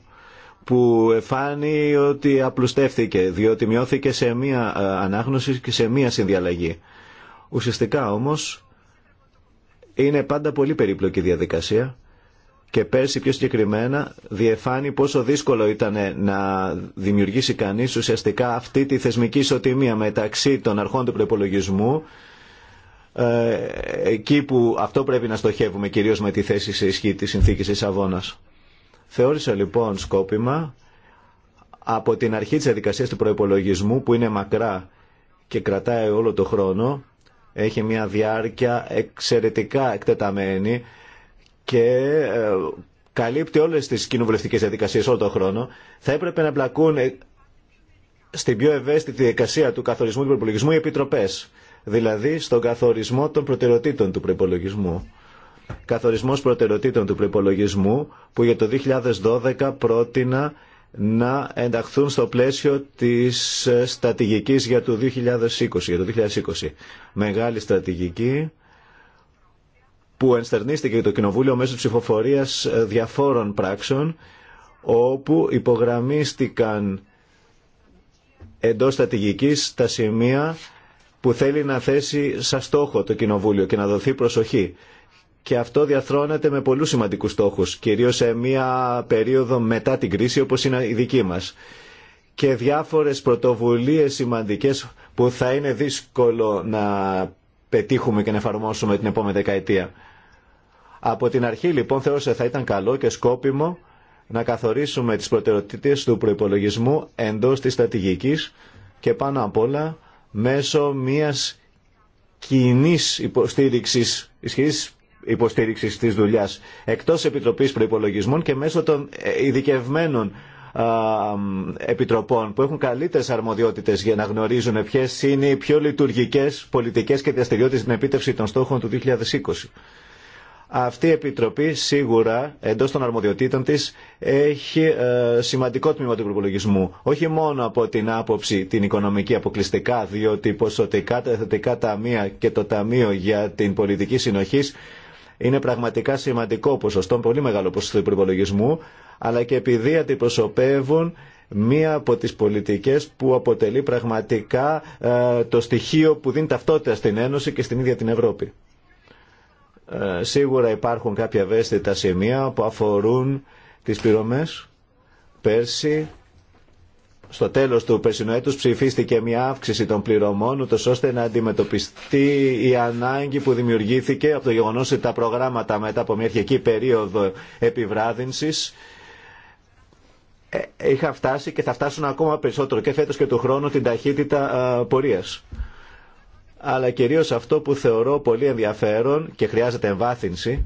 που εφάνει ότι απλουστεύθηκε διότι μειώθηκε σε μία ε, ανάγνωση και σε μία συνδιαλλαγή. Ουσιαστικά όμως είναι πάντα πολύ περίπλοκη διαδικασία και πέρσι πιο συγκεκριμένα διεφάνει πόσο δύσκολο ήταν να δημιουργήσει κανείς ουσιαστικά αυτή τη θεσμική ισοτιμία μεταξύ των αρχών του προπολογισμού ε, εκεί που αυτό πρέπει να στοχεύουμε κυρίως με τη θέση σε ισχύ της συνθήκης Αβώνας. Θεώρησα λοιπόν σκόπιμα από την αρχή της διαδικασίας του προϋπολογισμού που είναι μακρά και κρατάει όλο το χρόνο, έχει μια διάρκεια εξαιρετικά εκτεταμένη και ε, καλύπτει όλες τις κοινοβουλευτικές διαδικασίες όλο τον χρόνο, θα έπρεπε να μπλακούν στην πιο ευαίσθητη διαδικασία του καθορισμού του προπολογισμού οι επιτροπές δηλαδή στον καθορισμό των προτεραιοτήτων του προπολογισμού. Καθορισμός προτεραιοτήτων του προπολογισμού που για το 2012 πρότεινα να ενταχθούν στο πλαίσιο της στρατηγικής για το 2020. Για το 2020. Μεγάλη στρατηγική που ενστερνίστηκε το Κοινοβούλιο μέσω ψηφοφορίας διαφόρων πράξεων όπου υπογραμμίστηκαν εντός στρατηγικής τα σημεία που θέλει να θέσει σαν στόχο το Κοινοβούλιο και να δοθεί προσοχή. Και αυτό διαθρώνεται με πολλούς σημαντικούς στόχους, κυρίως σε μια περίοδο μετά την κρίση όπως είναι η δική μας. Και διάφορες πρωτοβουλίες σημαντικές που θα είναι δύσκολο να πετύχουμε και να εφαρμόσουμε την επόμενη δεκαετία. Από την αρχή λοιπόν ότι θα ήταν καλό και σκόπιμο να καθορίσουμε τις προτεραιότητες του προϋπολογισμού εντός της στρατηγικής και πάνω απ' όλα μέσω μιας κοινή υποστήριξης, ισχύς υποστήριξης της δουλειάς, εκτός Επιτροπής Προϋπολογισμών και μέσω των ε, ειδικευμένων επιτροπών που έχουν καλύτερε αρμοδιότητες για να γνωρίζουν ποιες είναι οι πιο λειτουργικές πολιτικές και διαστηριότητε στην επίτευξη των στόχων του 2020. Αυτή η Επιτροπή σίγουρα εντό των αρμοδιοτήτων τη έχει ε, σημαντικό τμήμα του προπολογισμού. Όχι μόνο από την άποψη την οικονομική αποκλειστικά, διότι ποσοτικά τα εθετικά ταμεία και το Ταμείο για την Πολιτική Συνοχή είναι πραγματικά σημαντικό ποσοστό, πολύ μεγάλο ποσοστό του προπολογισμού, αλλά και επειδή αντιπροσωπεύουν μία από τις πολιτικές που αποτελεί πραγματικά ε, το στοιχείο που δίνει ταυτότητα στην Ένωση και στην ίδια την Ευρώπη. Ε, σίγουρα υπάρχουν κάποια ευαίσθητα σημεία που αφορούν τις πληρωμές. Πέρσι, στο τέλος του περσινού έτους, ψηφίστηκε μια αύξηση των πληρωμών, ούτως ώστε να αντιμετωπιστεί η ανάγκη που δημιουργήθηκε από το γεγονός ότι τα προγράμματα μετά από μια αρχική περίοδο επιβράδυνσης ε, είχαν φτάσει και θα φτάσουν ακόμα περισσότερο και φέτος και του χρόνου την ταχύτητα ε, πορείας αλλά κυρίως αυτό που θεωρώ πολύ ενδιαφέρον και χρειάζεται εμβάθυνση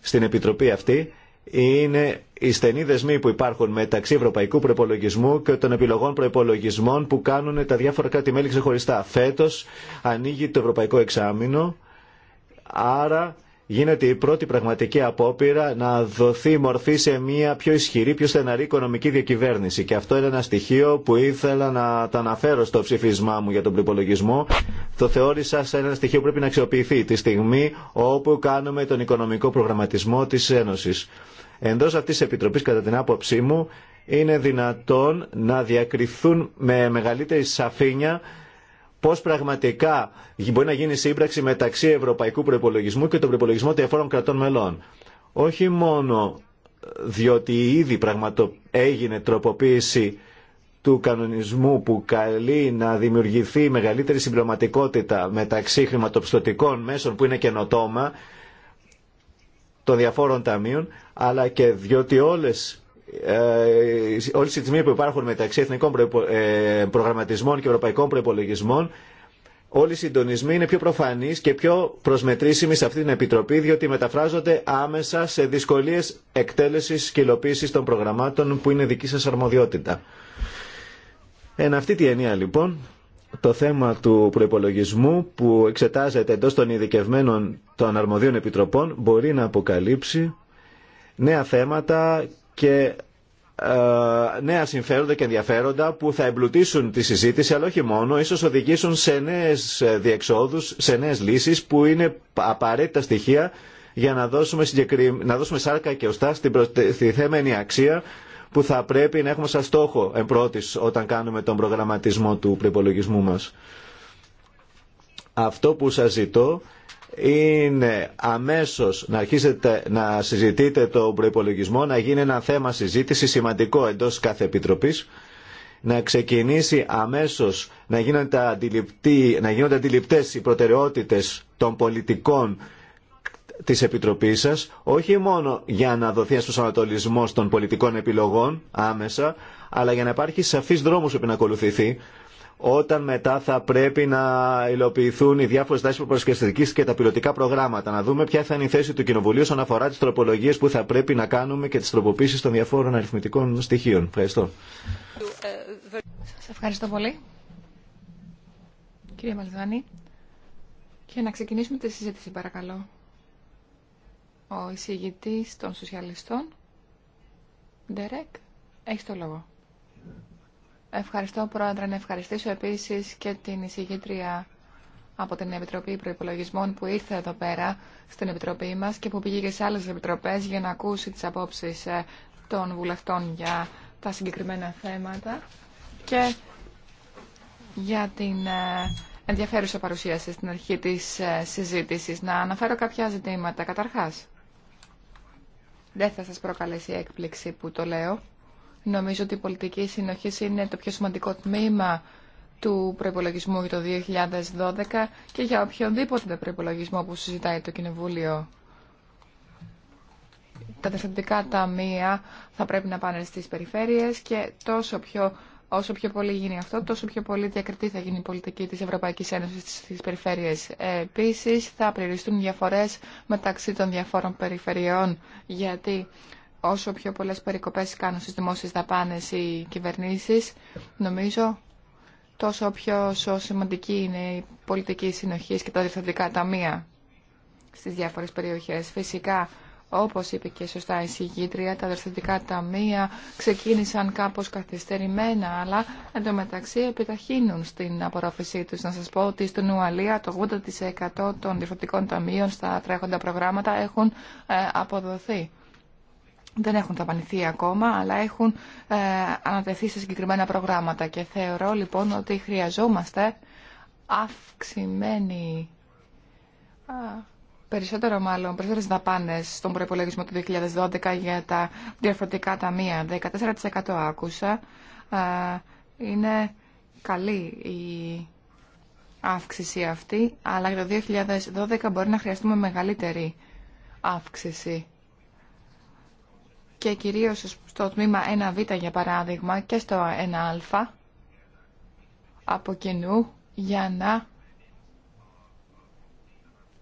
στην Επιτροπή αυτή είναι οι στενοί δεσμοί που υπάρχουν μεταξύ ευρωπαϊκού προπολογισμού και των επιλογών προπολογισμών που κάνουν τα διάφορα κράτη-μέλη ξεχωριστά. Φέτος ανοίγει το ευρωπαϊκό εξάμεινο, άρα γίνεται η πρώτη πραγματική απόπειρα να δοθεί μορφή σε μια πιο ισχυρή, πιο στεναρή οικονομική διακυβέρνηση. Και αυτό είναι ένα στοιχείο που ήθελα να τα αναφέρω στο ψηφισμά μου για τον προπολογισμό. Το θεώρησα σαν ένα στοιχείο που πρέπει να αξιοποιηθεί τη στιγμή όπου κάνουμε τον οικονομικό προγραμματισμό τη Ένωση. Εντό αυτή τη επιτροπή κατά την άποψή μου, είναι δυνατόν να διακριθούν με μεγαλύτερη σαφήνεια Πώ πραγματικά μπορεί να γίνει σύμπραξη μεταξύ ευρωπαϊκού προπολογισμού και των προπολογισμών διαφόρων κρατών μελών. Όχι μόνο διότι ήδη πραγματο... έγινε τροποποίηση του κανονισμού που καλεί να δημιουργηθεί μεγαλύτερη συμπληρωματικότητα μεταξύ χρηματοπιστωτικών μέσων που είναι καινοτόμα των διαφόρων ταμείων, αλλά και διότι όλες όλοι οι συντηροί που υπάρχουν μεταξύ εθνικών ε, προγραμματισμών και ευρωπαϊκών προπολογισμών, όλοι οι συντονισμοί είναι πιο προφανείς και πιο προσμετρήσιμοι σε αυτή την Επιτροπή, διότι μεταφράζονται άμεσα σε δυσκολίες εκτέλεσης και υλοποίησης των προγραμμάτων που είναι δική σας αρμοδιότητα. Εν αυτή τη ενία λοιπόν, το θέμα του προπολογισμού που εξετάζεται εντός των ειδικευμένων των αρμοδίων επιτροπών μπορεί να αποκαλύψει νέα θέματα και ε, νέα συμφέροντα και ενδιαφέροντα που θα εμπλουτίσουν τη συζήτηση αλλά όχι μόνο, ίσως οδηγήσουν σε νέες ε, διεξόδους, σε νέες λύσεις που είναι απαραίτητα στοιχεία για να δώσουμε, συγκεκρι... να δώσουμε σάρκα και οστά στην προστιθέμενη αξία που θα πρέπει να έχουμε σαν στόχο εν πρώτης όταν κάνουμε τον προγραμματισμό του προπολογισμού μας. Αυτό που σας ζητώ είναι αμέσως να αρχίσετε να συζητείτε τον προϋπολογισμό, να γίνει ένα θέμα συζήτηση σημαντικό εντός κάθε επιτροπής, να ξεκινήσει αμέσως να γίνονται, αντιληπτοί, να γίνονται αντιληπτές οι προτεραιότητες των πολιτικών της Επιτροπής σας, όχι μόνο για να δοθεί στους ανατολισμούς των πολιτικών επιλογών άμεσα, αλλά για να υπάρχει σαφής δρόμος που να ακολουθηθεί, όταν μετά θα πρέπει να υλοποιηθούν οι διάφορε τάσει προπαρασκευαστική και τα πιλωτικά προγράμματα. Να δούμε ποια θα είναι η θέση του Κοινοβουλίου όσον αφορά τι τροπολογίε που θα πρέπει να κάνουμε και τι τροποποίησει των διαφόρων αριθμητικών στοιχείων. Ευχαριστώ. Σα ευχαριστώ πολύ. Κύριε Μαλδάνη, και να ξεκινήσουμε τη συζήτηση παρακαλώ. Ο εισηγητή των σοσιαλιστών, Ντερεκ, έχει το λόγο. Ευχαριστώ, Πρόεδρε, να ευχαριστήσω επίσης και την εισηγήτρια από την Επιτροπή Προπολογισμών που ήρθε εδώ πέρα στην Επιτροπή μας και που πήγε και σε άλλες επιτροπές για να ακούσει τις απόψει ε, των βουλευτών για τα συγκεκριμένα θέματα και για την ε, ενδιαφέρουσα παρουσίαση στην αρχή τη ε, συζήτησης. Να αναφέρω κάποια ζητήματα. Καταρχάς, δεν θα σας προκαλέσει έκπληξη που το λέω, Νομίζω ότι η πολιτική συνοχή είναι το πιο σημαντικό τμήμα του προπολογισμού για το 2012 και για οποιονδήποτε προπολογισμό που συζητάει το Κοινοβούλιο. Τα διευθυντικά ταμεία θα πρέπει να πάνε στις περιφέρειες και τόσο πιο, όσο πιο πολύ γίνει αυτό, τόσο πιο πολύ διακριτή θα γίνει η πολιτική της Ευρωπαϊκής Ένωσης στις περιφέρειες. Ε, επίσης, θα περιοριστούν διαφορές μεταξύ των διαφόρων περιφερειών, γιατί όσο πιο πολλές περικοπές κάνουν στις δημόσιες δαπάνες οι κυβερνήσεις, νομίζω τόσο πιο σημαντική είναι η πολιτική συνοχή και τα διευθυντικά ταμεία στις διάφορες περιοχές. Φυσικά, όπως είπε και σωστά η συγγήτρια, τα διευθυντικά ταμεία ξεκίνησαν κάπως καθυστερημένα, αλλά εντωμεταξύ επιταχύνουν στην απορρόφησή τους. Να σας πω ότι στην Ουαλία το 80% των διευθυντικών ταμείων στα τρέχοντα προγράμματα έχουν ε, αποδοθεί δεν έχουν ταπανηθεί ακόμα, αλλά έχουν ε, ανατεθεί σε συγκεκριμένα προγράμματα. Και θεωρώ λοιπόν ότι χρειαζόμαστε αυξημένη, περισσότερο μάλλον, περισσότερες δαπάνες στον προπολογισμό του 2012 για τα διαφορετικά ταμεία. 14% άκουσα. είναι καλή η αύξηση αυτή, αλλά για το 2012 μπορεί να χρειαστούμε μεγαλύτερη αύξηση και κυρίως στο τμήμα 1β για παράδειγμα και στο 1α από κοινού για να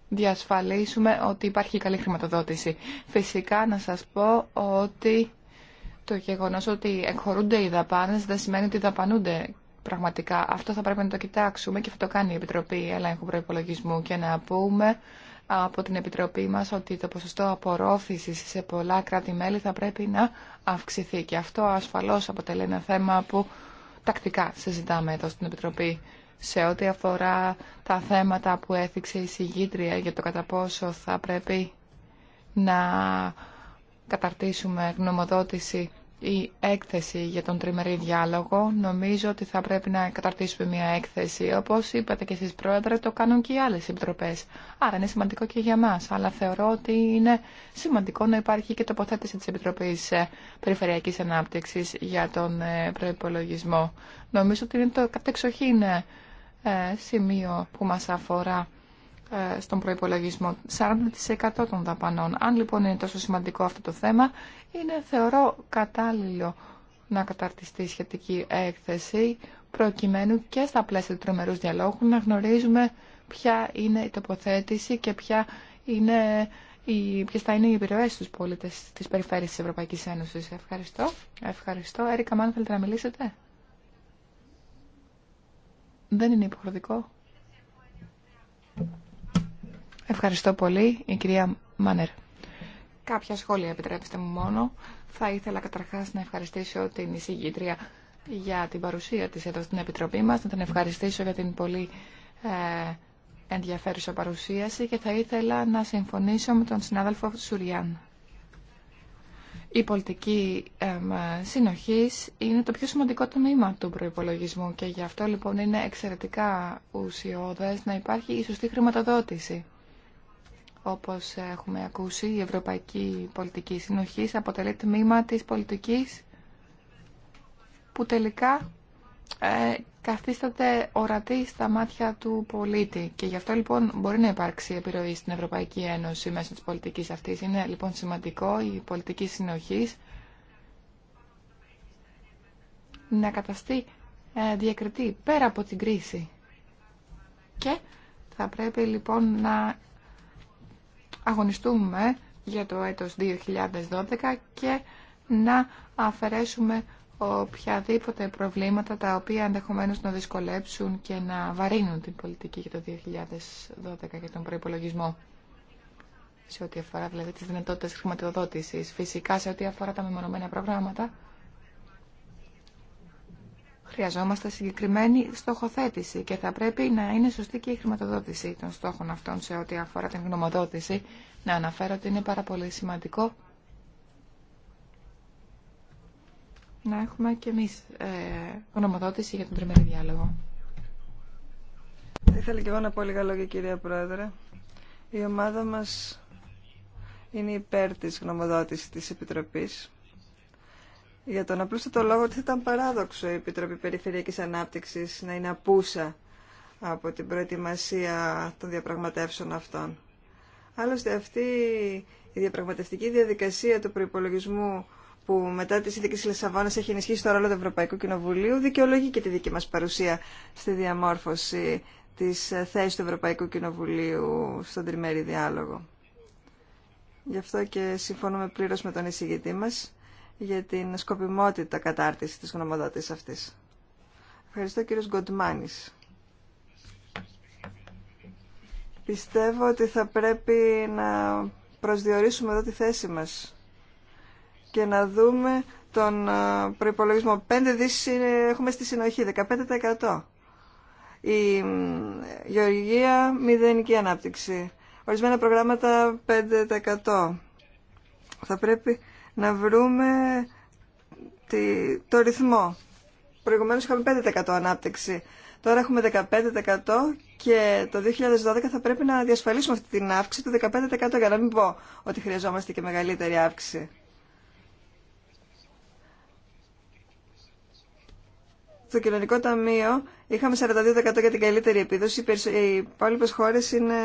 διασφαλίσουμε ότι υπάρχει καλή χρηματοδότηση. Φυσικά να σας πω ότι το γεγονός ότι εκχωρούνται οι δαπάνες δεν σημαίνει ότι δαπανούνται πραγματικά. Αυτό θα πρέπει να το κοιτάξουμε και θα το κάνει η Επιτροπή Ελέγχου Προϋπολογισμού και να πούμε από την Επιτροπή μας ότι το ποσοστό απορρόφησης σε πολλά κράτη-μέλη θα πρέπει να αυξηθεί και αυτό ασφαλώς αποτελεί ένα θέμα που τακτικά συζητάμε εδώ στην Επιτροπή σε ό,τι αφορά τα θέματα που έθιξε η συγγήτρια για το κατά πόσο θα πρέπει να καταρτήσουμε γνωμοδότηση η έκθεση για τον τριμερή διάλογο. Νομίζω ότι θα πρέπει να καταρτήσουμε μια έκθεση. Όπως είπατε και εσείς πρόεδρε, το κάνουν και οι άλλες επιτροπές. Άρα είναι σημαντικό και για μας. Αλλά θεωρώ ότι είναι σημαντικό να υπάρχει και τοποθέτηση της Επιτροπής ε, Περιφερειακής Ανάπτυξης για τον ε, προϋπολογισμό. Νομίζω ότι είναι το κατεξοχήν ε, σημείο που μας αφορά ε, στον προϋπολογισμό, 40% των δαπανών. Αν λοιπόν είναι τόσο σημαντικό αυτό το θέμα, είναι θεωρώ κατάλληλο να καταρτιστεί σχετική έκθεση, προκειμένου και στα πλαίσια του τρομερούς διαλόγου να γνωρίζουμε ποια είναι η τοποθέτηση και ποια είναι οι, ποιες θα είναι οι επιρροές στους πολίτες της περιφέρειας της Ευρωπαϊκής Ένωσης. Ευχαριστώ. Ευχαριστώ. Έρικα Μάν, θέλετε να μιλήσετε. Δεν είναι υποχρεωτικό. Ευχαριστώ πολύ, η κυρία Μάνερ. Κάποια σχόλια επιτρέψτε μου μόνο. Θα ήθελα καταρχάς να ευχαριστήσω την εισηγήτρια για την παρουσία της εδώ στην Επιτροπή μας, να την ευχαριστήσω για την πολύ ε, ενδιαφέρουσα παρουσίαση και θα ήθελα να συμφωνήσω με τον συνάδελφο Σουριάν. Η πολιτική ε, συνοχής είναι το πιο σημαντικό τμήμα του προϋπολογισμού και γι' αυτό λοιπόν είναι εξαιρετικά ουσιώδες να υπάρχει η σωστή χρηματοδότηση. Όπως έχουμε ακούσει, η Ευρωπαϊκή Πολιτική Συνοχή αποτελεί τμήμα της πολιτικής που τελικά ε, καθίσταται ορατή στα μάτια του πολίτη. Και γι' αυτό λοιπόν μπορεί να υπάρξει επιρροή στην Ευρωπαϊκή Ένωση μέσω της πολιτικής αυτής. Είναι λοιπόν σημαντικό η πολιτική συνοχή να καταστεί ε, διακριτή πέρα από την κρίση. Και θα πρέπει λοιπόν να αγωνιστούμε για το έτος 2012 και να αφαιρέσουμε οποιαδήποτε προβλήματα τα οποία ενδεχομένως να δυσκολέψουν και να βαρύνουν την πολιτική για το 2012 και τον προϋπολογισμό σε ό,τι αφορά δηλαδή τις δυνατότητες χρηματοδότησης. Φυσικά σε ό,τι αφορά τα μεμονωμένα προγράμματα Χρειαζόμαστε συγκεκριμένη στοχοθέτηση και θα πρέπει να είναι σωστή και η χρηματοδότηση των στόχων αυτών σε ό,τι αφορά την γνωμοδότηση. Να αναφέρω ότι είναι πάρα πολύ σημαντικό να έχουμε και εμείς ε, γνωμοδότηση για τον τριμερή διάλογο. Θα ήθελα και εγώ να πω λίγα λόγια, κυρία Πρόεδρε. Η ομάδα μας είναι υπέρ της γνωμοδότησης της Επιτροπής για τον απλούστατο λόγο ότι θα ήταν παράδοξο η Επιτροπή Περιφερειακής Ανάπτυξης να είναι απούσα από την προετοιμασία των διαπραγματεύσεων αυτών. Άλλωστε αυτή η διαπραγματευτική διαδικασία του προϋπολογισμού που μετά τη συνθήκη τη Λισαβόνα έχει ενισχύσει το ρόλο του Ευρωπαϊκού Κοινοβουλίου δικαιολογεί και τη δική μα παρουσία στη διαμόρφωση της θέσης του Ευρωπαϊκού Κοινοβουλίου στον τριμερή διάλογο. Γι' αυτό και συμφωνούμε πλήρω με τον εισηγητή μα για την σκοπιμότητα κατάρτισης της γνωμοδότησης αυτής. Ευχαριστώ κύριος Γκοντμάνης. Πιστεύω ότι θα πρέπει να προσδιορίσουμε εδώ τη θέση μας και να δούμε τον ε, προϋπολογισμό. 5 δις έχουμε στη συνοχή, 15%. Η γεωργία, μηδενική ανάπτυξη. Ορισμένα προγράμματα 5%. Θα πρέπει να βρούμε το ρυθμό. Προηγουμένως είχαμε 5% ανάπτυξη. Τώρα έχουμε 15% και το 2012 θα πρέπει να διασφαλίσουμε αυτή την αύξηση του 15% για να μην πω ότι χρειαζόμαστε και μεγαλύτερη αύξηση. Το Κοινωνικό Ταμείο Είχαμε 42% για την καλύτερη επίδοση. Οι υπόλοιπε χώρε είναι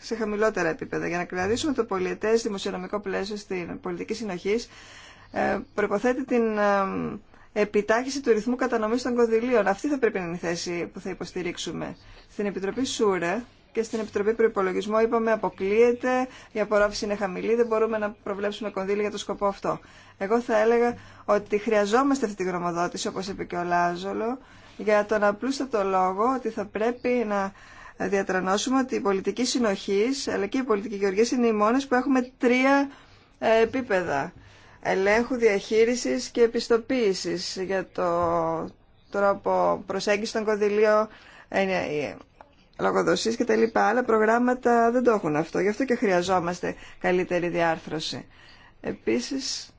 σε χαμηλότερα επίπεδα. Για να κρατήσουμε το πολιετέ δημοσιονομικό πλαίσιο στην πολιτική συνοχή, ε, προποθέτει την ε, επιτάχυση του ρυθμού κατανομής των κονδυλίων. Αυτή θα πρέπει να είναι η θέση που θα υποστηρίξουμε. Στην Επιτροπή ΣΟΥΡΕ και στην Επιτροπή Προπολογισμού είπαμε αποκλείεται, η απορρόφηση είναι χαμηλή, δεν μπορούμε να προβλέψουμε κονδύλια για το σκοπό αυτό. Εγώ θα έλεγα ότι χρειαζόμαστε αυτή τη γνωμοδότηση, όπω είπε και ο Λάζολο, για τον απλούστατο λόγο ότι θα πρέπει να διατρανώσουμε ότι η πολιτική συνοχής αλλά και η πολιτική γεωργία είναι οι μόνες που έχουμε τρία ε, επίπεδα ελέγχου, διαχείρισης και επιστοποίησης για το τρόπο προσέγγιση των κονδυλίων ε, λογοδοσίες και τα λοιπά. Άλλα προγράμματα δεν το έχουν αυτό. Γι' αυτό και χρειαζόμαστε καλύτερη διάρθρωση. Επίσης,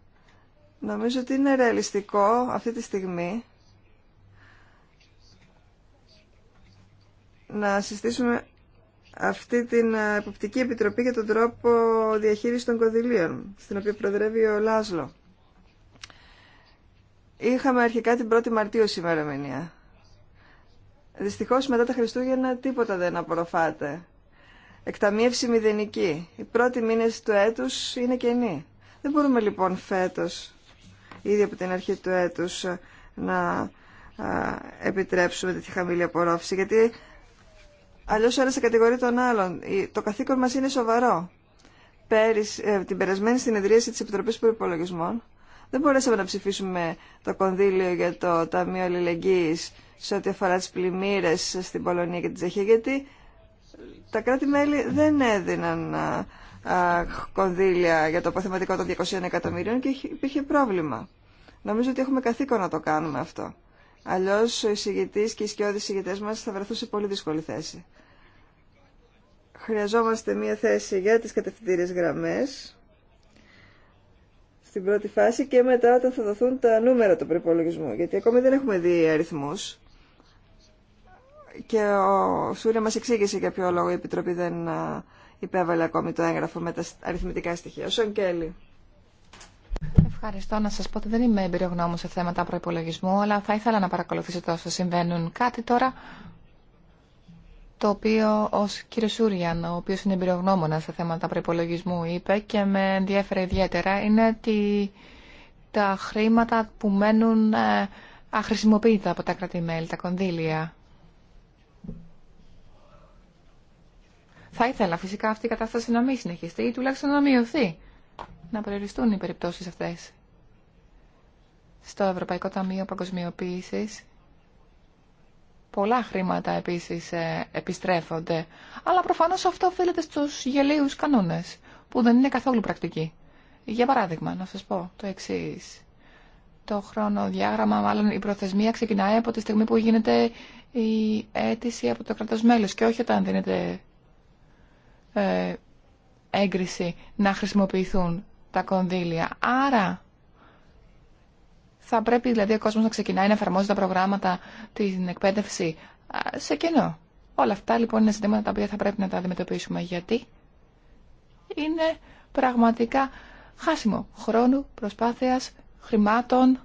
νομίζω ότι είναι ρεαλιστικό αυτή τη στιγμή να συστήσουμε αυτή την ε, Εποπτική Επιτροπή για τον τρόπο διαχείριση των κονδυλίων, στην οποία προδρεύει ο Λάσλο. Είχαμε αρχικά την 1η Μαρτίου σήμερα μηνία. Δυστυχώς μετά τα Χριστούγεννα τίποτα δεν απορροφάται. Εκταμίευση μηδενική. Οι πρώτοι μήνες του έτους είναι κενή. Δεν μπορούμε λοιπόν φέτος, ήδη από την αρχή του έτους, να επιτρέψουμε τη χαμηλή απορρόφηση, γιατί Αλλιώς ο σε κατηγορεί τον άλλον. Το καθήκον μας είναι σοβαρό. Πέρυσι, ε, την περασμένη συνεδρίαση της Επιτροπής προπολογισμών. δεν μπορέσαμε να ψηφίσουμε το κονδύλιο για το Ταμείο Αλληλεγγύης σε ό,τι αφορά τις πλημμύρες στην Πολωνία και την Τσεχία γιατί τα κράτη-μέλη δεν έδιναν α, κονδύλια για το αποθεματικό των 200 εκατομμυρίων και υπήρχε πρόβλημα. Νομίζω ότι έχουμε καθήκον να το κάνουμε αυτό. Αλλιώ ο εισηγητή και οι σκιώδει εισηγητές μας θα βρεθούν σε πολύ δύσκολη θέση. Χρειαζόμαστε μία θέση για τις κατευθυντήριες γραμμές στην πρώτη φάση και μετά όταν θα δοθούν τα νούμερα του προπολογισμού. Γιατί ακόμη δεν έχουμε δει αριθμού. Και ο Σούρια μα εξήγησε για ποιο λόγο η Επιτροπή δεν υπέβαλε ακόμη το έγγραφο με τα αριθμητικά στοιχεία. Κέλλη. Ευχαριστώ να σας πω ότι δεν είμαι εμπειρογνώμου σε θέματα προπολογισμού, αλλά θα ήθελα να παρακολουθήσω όσο συμβαίνουν κάτι τώρα, το οποίο ο κύριο Σούριαν, ο οποίος είναι εμπειρογνώμονα σε θέματα προπολογισμού, είπε και με ενδιαφέρει ιδιαίτερα, είναι ότι τα χρήματα που μένουν ε, αχρησιμοποιητά από τα κρατημέλη, τα κονδύλια. Θα ήθελα φυσικά αυτή η κατάσταση να μην συνεχιστεί ή τουλάχιστον να μειωθεί να περιοριστούν οι περιπτώσεις αυτές. Στο Ευρωπαϊκό Ταμείο Παγκοσμιοποίησης πολλά χρήματα επίσης ε, επιστρέφονται, αλλά προφανώς αυτό οφείλεται στους γελίους κανόνες, που δεν είναι καθόλου πρακτικοί. Για παράδειγμα, να σας πω το εξής. Το χρονοδιάγραμμα, μάλλον η προθεσμία ξεκινάει από τη στιγμή που γίνεται η αίτηση από το κρατός μέλος και όχι όταν δίνεται ε, έγκριση να χρησιμοποιηθούν τα κονδύλια. Άρα θα πρέπει δηλαδή ο κόσμος να ξεκινάει να εφαρμόζει τα προγράμματα, την εκπαίδευση σε κενό. Όλα αυτά λοιπόν είναι ζητήματα τα οποία θα πρέπει να τα αντιμετωπίσουμε γιατί είναι πραγματικά χάσιμο χρόνου, προσπάθειας, χρημάτων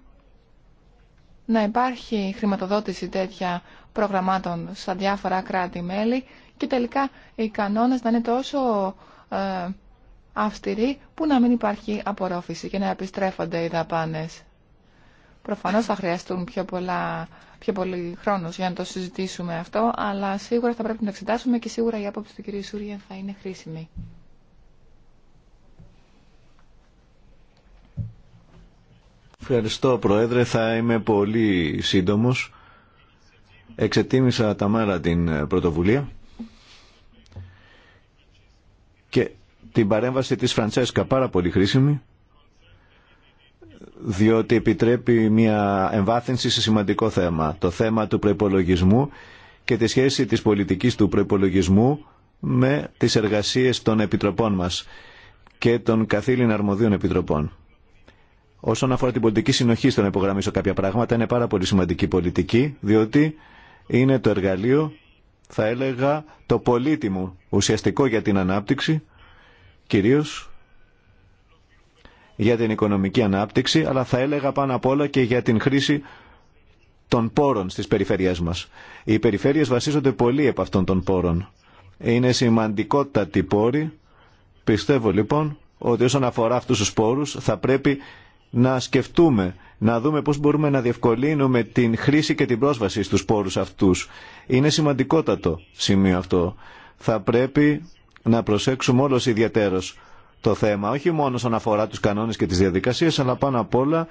να υπάρχει χρηματοδότηση τέτοια προγραμμάτων στα διάφορα κράτη-μέλη και τελικά οι κανόνες να είναι τόσο ε, αυστηρή που να μην υπάρχει απορρόφηση και να επιστρέφονται οι δαπάνες. Προφανώς θα χρειαστούν πιο, πολλά, πιο πολύ χρόνος για να το συζητήσουμε αυτό, αλλά σίγουρα θα πρέπει να εξετάσουμε και σίγουρα η άποψη του κ. Σούρια θα είναι χρήσιμη. Ευχαριστώ Πρόεδρε, θα είμαι πολύ σύντομος. Εξετίμησα τα μέρα την πρωτοβουλία και την παρέμβαση της Φραντσέσκα πάρα πολύ χρήσιμη διότι επιτρέπει μια εμβάθυνση σε σημαντικό θέμα, το θέμα του προϋπολογισμού και τη σχέση της πολιτικής του προϋπολογισμού με τις εργασίες των επιτροπών μας και των καθήλων αρμοδίων επιτροπών. Όσον αφορά την πολιτική συνοχή, στο να υπογραμμίσω κάποια πράγματα, είναι πάρα πολύ σημαντική πολιτική, διότι είναι το εργαλείο, θα έλεγα, το πολύτιμο, ουσιαστικό για την ανάπτυξη, κυρίως για την οικονομική ανάπτυξη, αλλά θα έλεγα πάνω απ' όλα και για την χρήση των πόρων στις περιφέρειές μας. Οι περιφέρειες βασίζονται πολύ από αυτών των πόρων. Είναι σημαντικότατη πόρη. Πιστεύω λοιπόν ότι όσον αφορά αυτούς τους πόρους θα πρέπει να σκεφτούμε, να δούμε πώς μπορούμε να διευκολύνουμε την χρήση και την πρόσβαση στους πόρους αυτούς. Είναι σημαντικότατο σημείο αυτό. Θα πρέπει να προσέξουμε όλο ιδιαίτερο το θέμα, όχι μόνο όσον αφορά του κανόνε και τι διαδικασίε, αλλά πάνω απ' όλα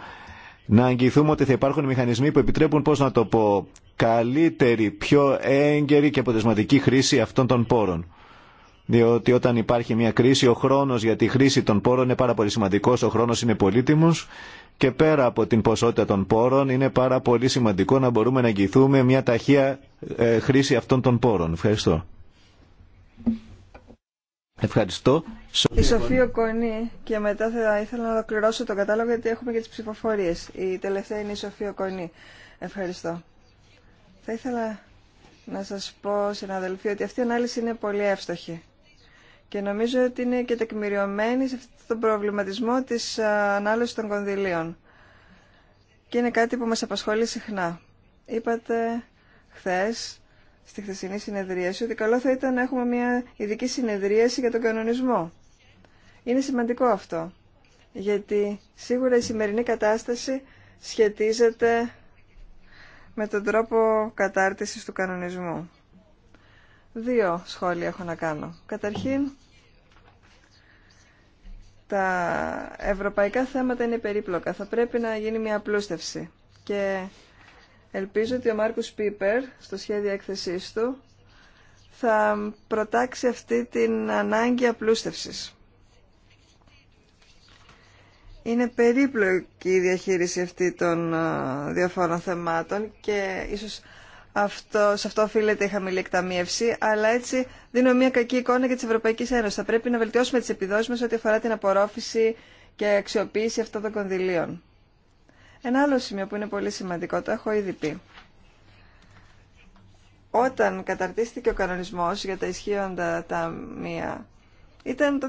να αγγιθούμε ότι θα υπάρχουν μηχανισμοί που επιτρέπουν, πώ να το πω, καλύτερη, πιο έγκαιρη και αποτελεσματική χρήση αυτών των πόρων. Διότι όταν υπάρχει μια κρίση, ο χρόνο για τη χρήση των πόρων είναι πάρα πολύ σημαντικό, ο χρόνο είναι πολύτιμο, και πέρα από την ποσότητα των πόρων είναι πάρα πολύ σημαντικό να μπορούμε να εγγυηθούμε μια ταχεία ε, χρήση αυτών των πόρων. Ευχαριστώ. Ευχαριστώ. Η Σοφία Κονή και μετά θα ήθελα να ολοκληρώσω τον κατάλογο γιατί έχουμε και τις ψηφοφορίες. Η τελευταία είναι η Σοφία Κονή. Ευχαριστώ. Θα ήθελα να σας πω, συναδελφοί, ότι αυτή η ανάλυση είναι πολύ εύστοχη. Και νομίζω ότι είναι και τεκμηριωμένη σε αυτόν τον προβληματισμό της ανάλυσης των κονδυλίων. Και είναι κάτι που μας απασχολεί συχνά. Είπατε χθες στη χθεσινή συνεδρίαση ότι καλό θα ήταν να έχουμε μια ειδική συνεδρίαση για τον κανονισμό. Είναι σημαντικό αυτό, γιατί σίγουρα η σημερινή κατάσταση σχετίζεται με τον τρόπο κατάρτισης του κανονισμού. Δύο σχόλια έχω να κάνω. Καταρχήν, τα ευρωπαϊκά θέματα είναι περίπλοκα. Θα πρέπει να γίνει μια απλούστευση. Και Ελπίζω ότι ο Μάρκος Πίπερ στο σχέδιο έκθεσής του θα προτάξει αυτή την ανάγκη απλούστευσης. Είναι περίπλοκη η διαχείριση αυτή των διαφόρων θεμάτων και ίσως αυτό, σε αυτό οφείλεται η χαμηλή εκταμίευση, αλλά έτσι δίνω μια κακή εικόνα για τη Ευρωπαϊκή Ένωση. Θα πρέπει να βελτιώσουμε τι επιδόσεις μα ό,τι αφορά την απορρόφηση και αξιοποίηση αυτών των κονδυλίων. Ένα άλλο σημείο που είναι πολύ σημαντικό, το έχω ήδη πει. Όταν καταρτίστηκε ο κανονισμός για τα ισχύοντα ταμεία, ήταν το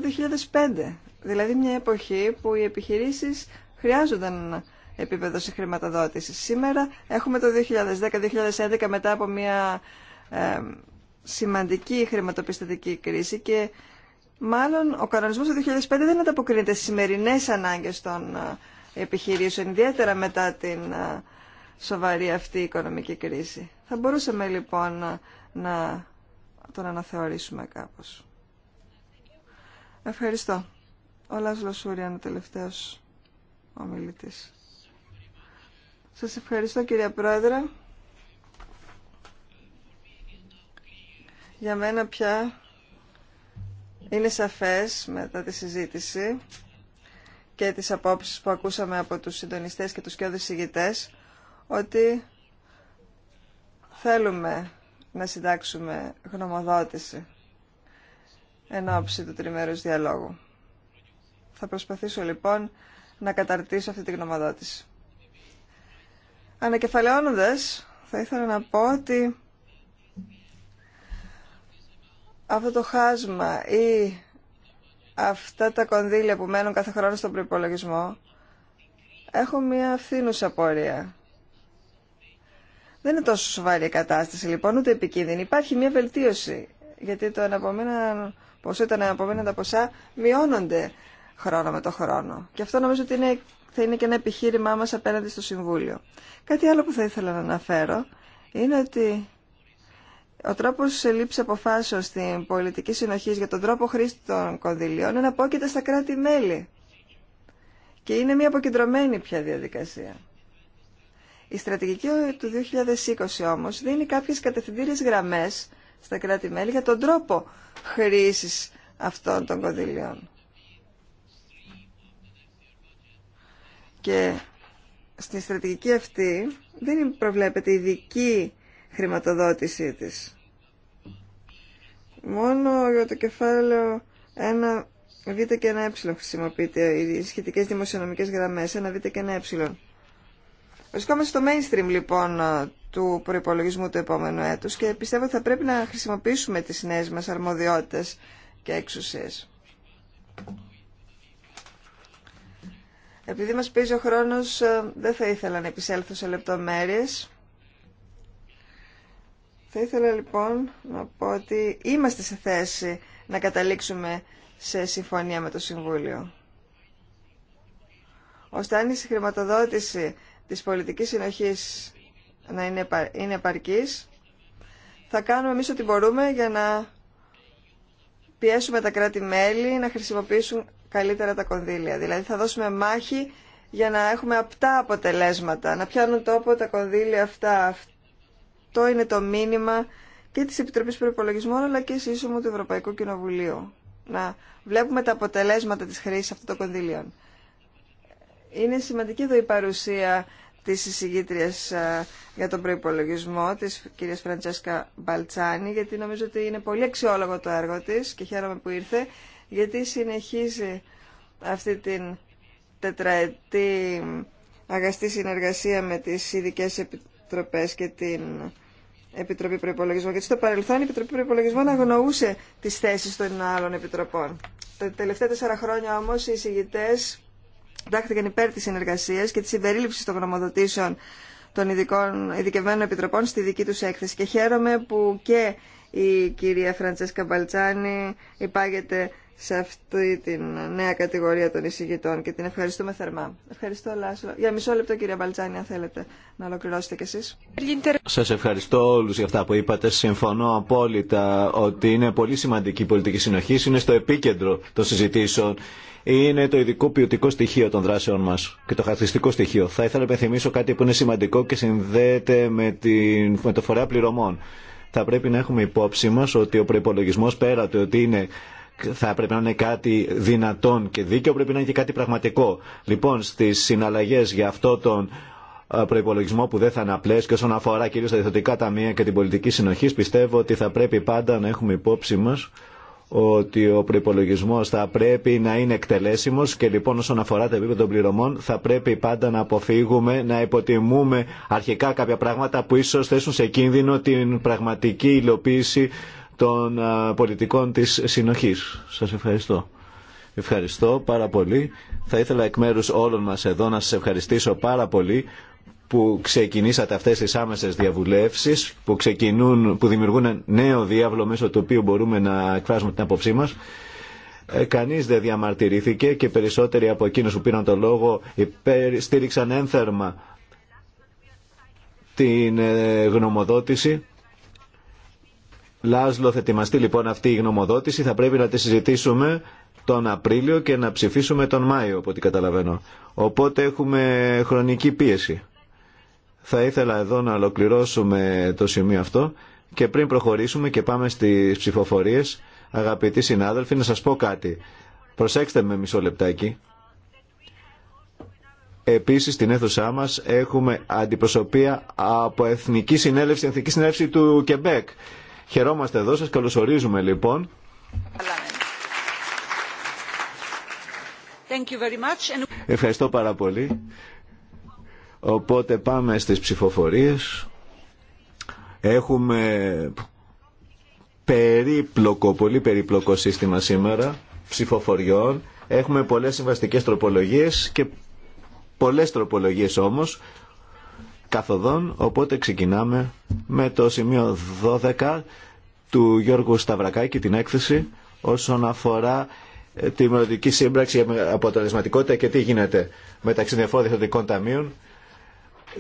2005, δηλαδή μια εποχή που οι επιχειρήσεις χρειάζονταν επίπεδο σε χρηματοδότηση. Σήμερα έχουμε το 2010-2011 μετά από μια σημαντική χρηματοπιστωτική κρίση και μάλλον ο κανονισμός του 2005 δεν ανταποκρίνεται στις σημερινές ανάγκες των επιχειρήσεων, ιδιαίτερα μετά την σοβαρή αυτή οικονομική κρίση. Θα μπορούσαμε λοιπόν να, να τον αναθεωρήσουμε κάπως. Ευχαριστώ. Ο Λάσλο Σούριαν, ο τελευταίος ομιλητής. Σας ευχαριστώ κυρία Πρόεδρε. Για μένα πια είναι σαφές μετά τη συζήτηση και τις απόψεις που ακούσαμε από τους συντονιστές και τους κοιόδους ηγητές ότι θέλουμε να συντάξουμε γνωμοδότηση εν ώψη του τριμέρους διαλόγου. Θα προσπαθήσω λοιπόν να καταρτήσω αυτή τη γνωμοδότηση. Ανακεφαλαιώνοντας, θα ήθελα να πω ότι αυτό το χάσμα ή αυτά τα κονδύλια που μένουν κάθε χρόνο στον προπολογισμό, έχουν μια φθήνουσα πορεία. Δεν είναι τόσο σοβαρή η κατάσταση λοιπόν, ούτε επικίνδυνη. Υπάρχει μια βελτίωση, γιατί το ήταν ποσό, τα ποσά μειώνονται χρόνο με το χρόνο. Και αυτό νομίζω ότι είναι, θα είναι και ένα επιχείρημά μας απέναντι στο Συμβούλιο. Κάτι άλλο που θα ήθελα να αναφέρω είναι ότι ο τρόπο λήψη αποφάσεων στην πολιτική συνοχή για τον τρόπο χρήση των κονδυλίων εναπόκειται στα κράτη-μέλη. Και είναι μια αποκεντρωμένη πια διαδικασία. Η στρατηγική του 2020 όμως δίνει κάποιε κατευθυντήριες γραμμές στα κράτη-μέλη για τον τρόπο χρήση αυτών των κονδυλίων. Και στη στρατηγική αυτή δεν προβλέπεται ειδική χρηματοδότησή της. Μόνο για το κεφάλαιο ένα Β και 1 ε χρησιμοποιείται οι σχετικές δημοσιονομικές γραμμές ένα Β και 1 ε. Βρισκόμαστε στο mainstream λοιπόν του προπολογισμού του επόμενου έτους και πιστεύω ότι θα πρέπει να χρησιμοποιήσουμε τις νέες μας αρμοδιότητες και εξουσίες. Επειδή μας πίζει ο χρόνος, ε, δεν θα ήθελα να επισέλθω σε λεπτομέρειες. Θα ήθελα λοιπόν να πω ότι είμαστε σε θέση να καταλήξουμε σε συμφωνία με το Συμβούλιο. Ώστε αν η συγχρηματοδότηση της πολιτικής συνοχής να είναι, είναι επαρκής, θα κάνουμε εμείς ό,τι μπορούμε για να πιέσουμε τα κράτη-μέλη να χρησιμοποιήσουν καλύτερα τα κονδύλια. Δηλαδή θα δώσουμε μάχη για να έχουμε απτά αποτελέσματα, να πιάνουν τόπο τα κονδύλια αυτά, αυτό είναι το μήνυμα και της Επιτροπής Προπολογισμών αλλά και σύσσωμου του Ευρωπαϊκού Κοινοβουλίου. Να βλέπουμε τα αποτελέσματα της χρήσης αυτών των κονδύλιων. Είναι σημαντική εδώ η παρουσία της εισηγήτριας για τον προϋπολογισμό, της κυρίας Φραντσέσκα Μπαλτσάνη, γιατί νομίζω ότι είναι πολύ αξιόλογο το έργο της και χαίρομαι που ήρθε, γιατί συνεχίζει αυτή την τετραετή αγαστή συνεργασία με τις ειδικέ επιτροπές και την Επιτροπή προπολογισμού. Γιατί στο παρελθόν η Επιτροπή Προπολογισμών αγνοούσε τι θέσει των άλλων επιτροπών. Τα τελευταία τέσσερα χρόνια όμω οι εισηγητέ τάχθηκαν υπέρ τη συνεργασία και τη συμπερίληψη των γνωμοδοτήσεων των ειδικών, ειδικευμένων επιτροπών στη δική του έκθεση. Και χαίρομαι που και η κυρία Φραντσέσκα Μπαλτσάνη υπάγεται σε αυτή την νέα κατηγορία των εισηγητών και την ευχαριστούμε θερμά. Ευχαριστώ, Λάσλο. Για μισό λεπτό, κύριε Μπαλτσάνη, αν θέλετε να ολοκληρώσετε κι εσείς. Σας ευχαριστώ όλους για αυτά που είπατε. Συμφωνώ απόλυτα ότι είναι πολύ σημαντική η πολιτική συνοχή. Είναι στο επίκεντρο των συζητήσεων. Είναι το ειδικό ποιοτικό στοιχείο των δράσεών μα και το χαρακτηριστικό στοιχείο. Θα ήθελα να υπενθυμίσω κάτι που είναι σημαντικό και συνδέεται με, την, με το φορέα πληρωμών. Θα πρέπει να έχουμε υπόψη μα ότι ο προπολογισμό πέρα του ότι είναι θα πρέπει να είναι κάτι δυνατόν και δίκαιο, πρέπει να είναι και κάτι πραγματικό. Λοιπόν, στι συναλλαγέ για αυτό τον ε, προπολογισμό που δεν θα απλέ και όσον αφορά κυρίω τα διεθντικά ταμεία και την πολιτική συνοχή, πιστεύω ότι θα πρέπει πάντα να έχουμε υπόψη μα ότι ο προπολογισμό θα πρέπει να είναι εκτελέσιμο και λοιπόν όσον αφορά τα επίπεδα των πληρωμών θα πρέπει πάντα να αποφύγουμε να υποτιμούμε αρχικά κάποια πράγματα που ίσω θέσουν σε κίνδυνο την πραγματική υλοποίηση των πολιτικών της συνοχής. Σας ευχαριστώ. Ευχαριστώ πάρα πολύ. Θα ήθελα εκ μέρους όλων μας εδώ να σας ευχαριστήσω πάρα πολύ που ξεκινήσατε αυτές τις άμεσες διαβουλεύσεις, που, ξεκινούν, που δημιουργούν νέο διάβλο μέσω του οποίου μπορούμε να εκφράσουμε την απόψή μας. Ε, κανείς δεν διαμαρτυρήθηκε και περισσότεροι από εκείνους που πήραν το λόγο στήριξαν ένθερμα την ε, γνωμοδότηση Λάσλο, θα ετοιμαστεί λοιπόν αυτή η γνωμοδότηση, θα πρέπει να τη συζητήσουμε τον Απρίλιο και να ψηφίσουμε τον Μάιο, από ό,τι καταλαβαίνω. Οπότε έχουμε χρονική πίεση. Θα ήθελα εδώ να ολοκληρώσουμε το σημείο αυτό και πριν προχωρήσουμε και πάμε στις ψηφοφορίες, αγαπητοί συνάδελφοι, να σας πω κάτι. Προσέξτε με μισό λεπτάκι. Επίσης στην αίθουσά μας έχουμε αντιπροσωπεία από Εθνική Συνέλευση, Εθνική Συνέλευση του Κεμπέκ Χαιρόμαστε εδώ, σας καλωσορίζουμε λοιπόν. Ευχαριστώ πάρα πολύ. Οπότε πάμε στις ψηφοφορίες. Έχουμε περίπλοκο, πολύ περίπλοκο σύστημα σήμερα ψηφοφοριών. Έχουμε πολλές συμβαστικές τροπολογίες και πολλές τροπολογίες όμως καθοδόν, οπότε ξεκινάμε με το σημείο 12 του Γιώργου Σταυρακάκη, την έκθεση, όσον αφορά ε, τη μελλοντική σύμπραξη αποτελεσματικότητα και τι γίνεται μεταξύ διαφόρων διευθυντικών ταμείων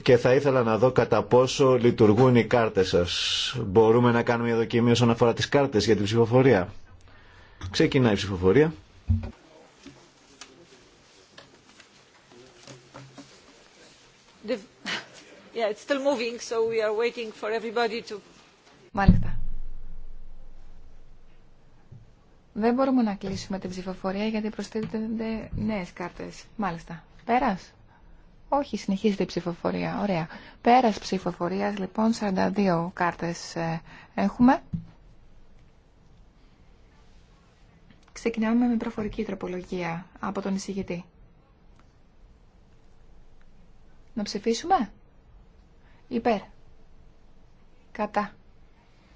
και θα ήθελα να δω κατά πόσο λειτουργούν οι κάρτες σας. Μπορούμε να κάνουμε μια δοκιμή όσον αφορά τις κάρτες για την ψηφοφορία. Ξεκινάει η ψηφοφορία. Μάλιστα. Δεν μπορούμε να κλείσουμε την ψηφοφορία γιατί προσθέτονται νέες κάρτες. Μάλιστα. Πέρας. Όχι, συνεχίζεται η ψηφοφορία. Ωραία. Πέρας ψηφοφορίας, λοιπόν, 42 κάρτες ε, έχουμε. Ξεκινάμε με προφορική τροπολογία από τον εισηγητή. Να ψηφίσουμε. Υπέρ. Κατά.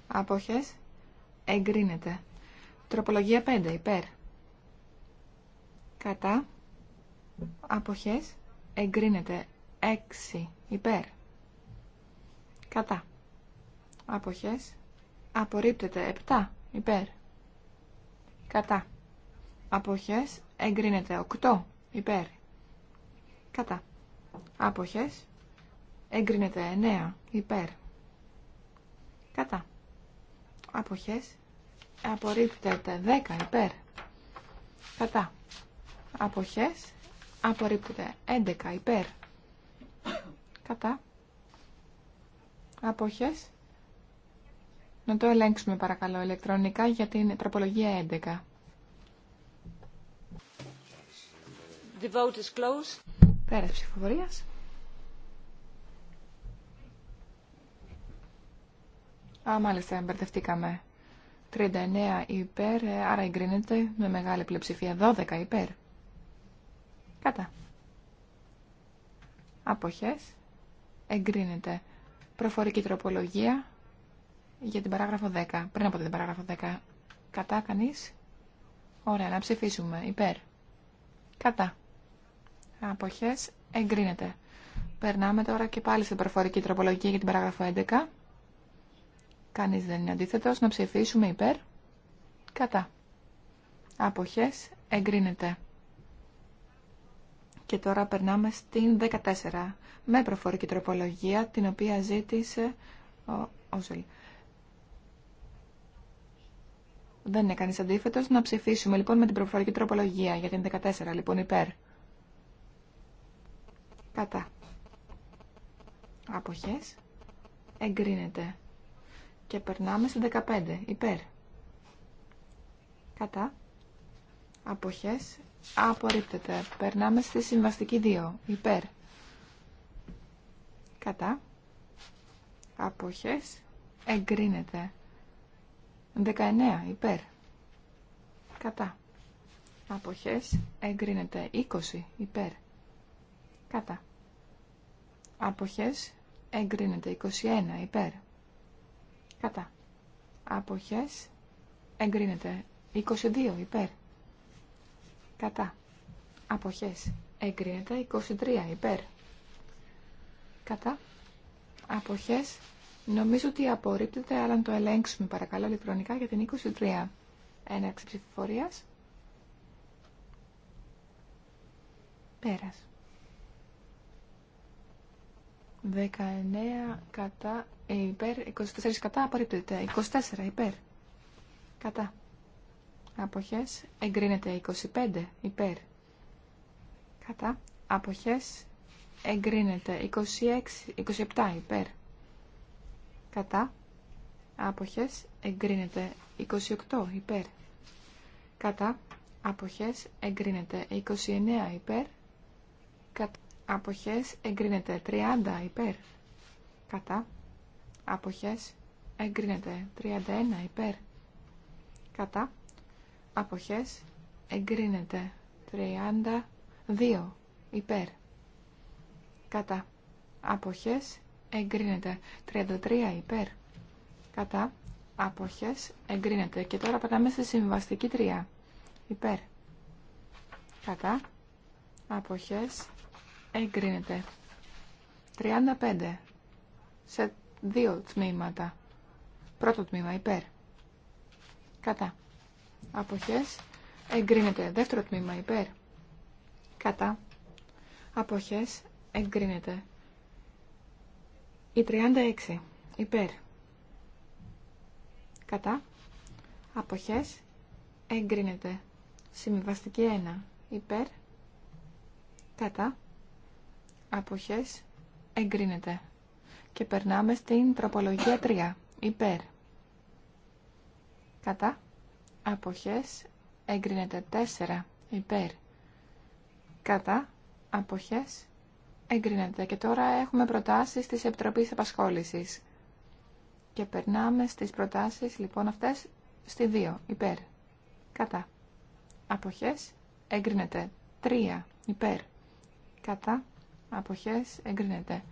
Αποχές. Εγκρίνεται. Τροπολογία 5. Υπέρ. Κατά. Αποχές. Εγκρίνεται. 6. Υπέρ. Κατά. Αποχές. Απορρίπτεται. 7. Υπέρ. Κατά. Αποχές. Εγκρίνεται. 8. Υπέρ. Κατά. Άποχες. Εγκρίνεται 9 υπέρ. Κατά. Αποχές. Απορρίπτεται 10 υπέρ. Κατά. Αποχές. Απορρίπτεται 11 υπέρ. Κατά. Αποχές. Να το ελέγξουμε παρακαλώ ηλεκτρονικά για την τροπολογία 11. The vote is closed. Πέρας ψηφοφορίας. Α, μάλιστα, μπερδευτήκαμε. 39 υπέρ, ε, άρα εγκρίνεται με μεγάλη πλειοψηφία. 12 υπέρ. Κατά. Αποχές. Εγκρίνεται. Προφορική τροπολογία για την παράγραφο 10. Πριν από την παράγραφο 10. Κατά κανείς. Ωραία, να ψηφίσουμε. Υπέρ. Κατά. Αποχές. Εγκρίνεται. Περνάμε τώρα και πάλι στην προφορική τροπολογία για την παράγραφο 11. Κανείς δεν είναι αντίθετος. Να ψηφίσουμε υπέρ. Κατά. Αποχές εγκρίνεται. Και τώρα περνάμε στην 14. Με προφορική τροπολογία την οποία ζήτησε ο Όζελ. Δεν είναι κανείς αντίθετος. Να ψηφίσουμε λοιπόν με την προφορική τροπολογία για την 14 λοιπόν υπέρ. Κατά. Αποχές εγκρίνεται. Και περνάμε στην 15. Υπέρ. Κατά. Αποχές. Απορρίπτεται. Περνάμε στη συμβαστική 2. Υπέρ. Κατά. Αποχές. Εγκρίνεται. 19. Υπέρ. Κατά. Αποχές. Εγκρίνεται. 20. Υπέρ. Κατά. Αποχές. Εγκρίνεται. 21. Υπέρ. Κατά. Αποχές. Εγκρίνεται. 22 υπέρ. Κατά. Αποχές. Εγκρίνεται. 23 υπέρ. Κατά. Αποχές. Νομίζω ότι απορρίπτεται, αλλά να το ελέγξουμε παρακαλώ ηλεκτρονικά για την 23. έναξη ψηφοφορίας. Πέρας. 19 κατά, ε, υπέρ, 24 κατά, απορρίπτεται. 24 υπέρ, κατά. Αποχές, εγκρίνεται. 25 υπέρ, κατά. Αποχές, εγκρίνεται. 26, 27 υπέρ, κατά. Αποχές, εγκρίνεται. 28 υπέρ, κατά. Αποχές, εγκρίνεται. 29 υπέρ, κατά αποχές εγκρίνεται 30 υπέρ κατά αποχές εγκρίνεται 31 υπέρ κατά αποχές εγκρίνεται 32 υπέρ κατά αποχές εγκρίνεται 33 υπέρ κατά αποχές εγκρίνεται και τώρα πατάμε στη συμβαστική 3 υπέρ κατά αποχές εγκρίνεται. 35 σε δύο τμήματα. Πρώτο τμήμα υπέρ. Κατά. Αποχές. Εγκρίνεται. Δεύτερο τμήμα υπέρ. Κατά. Αποχές. Εγκρίνεται. Η 36 υπέρ. Κατά. Αποχές. Εγκρίνεται. Συμβιβαστική 1 υπέρ. Κατά αποχές εγκρίνεται. Και περνάμε στην τροπολογία 3. Υπέρ. Κατά. Αποχές εγκρίνεται 4. Υπέρ. Κατά. Αποχές εγκρίνεται. Και τώρα έχουμε προτάσεις της Επιτροπής Απασχόλησης. Και περνάμε στις προτάσεις λοιπόν αυτές στη 2. Υπέρ. Κατά. Αποχές εγκρίνεται 3. Υπέρ. Κατά αποχές εγκρίνεται.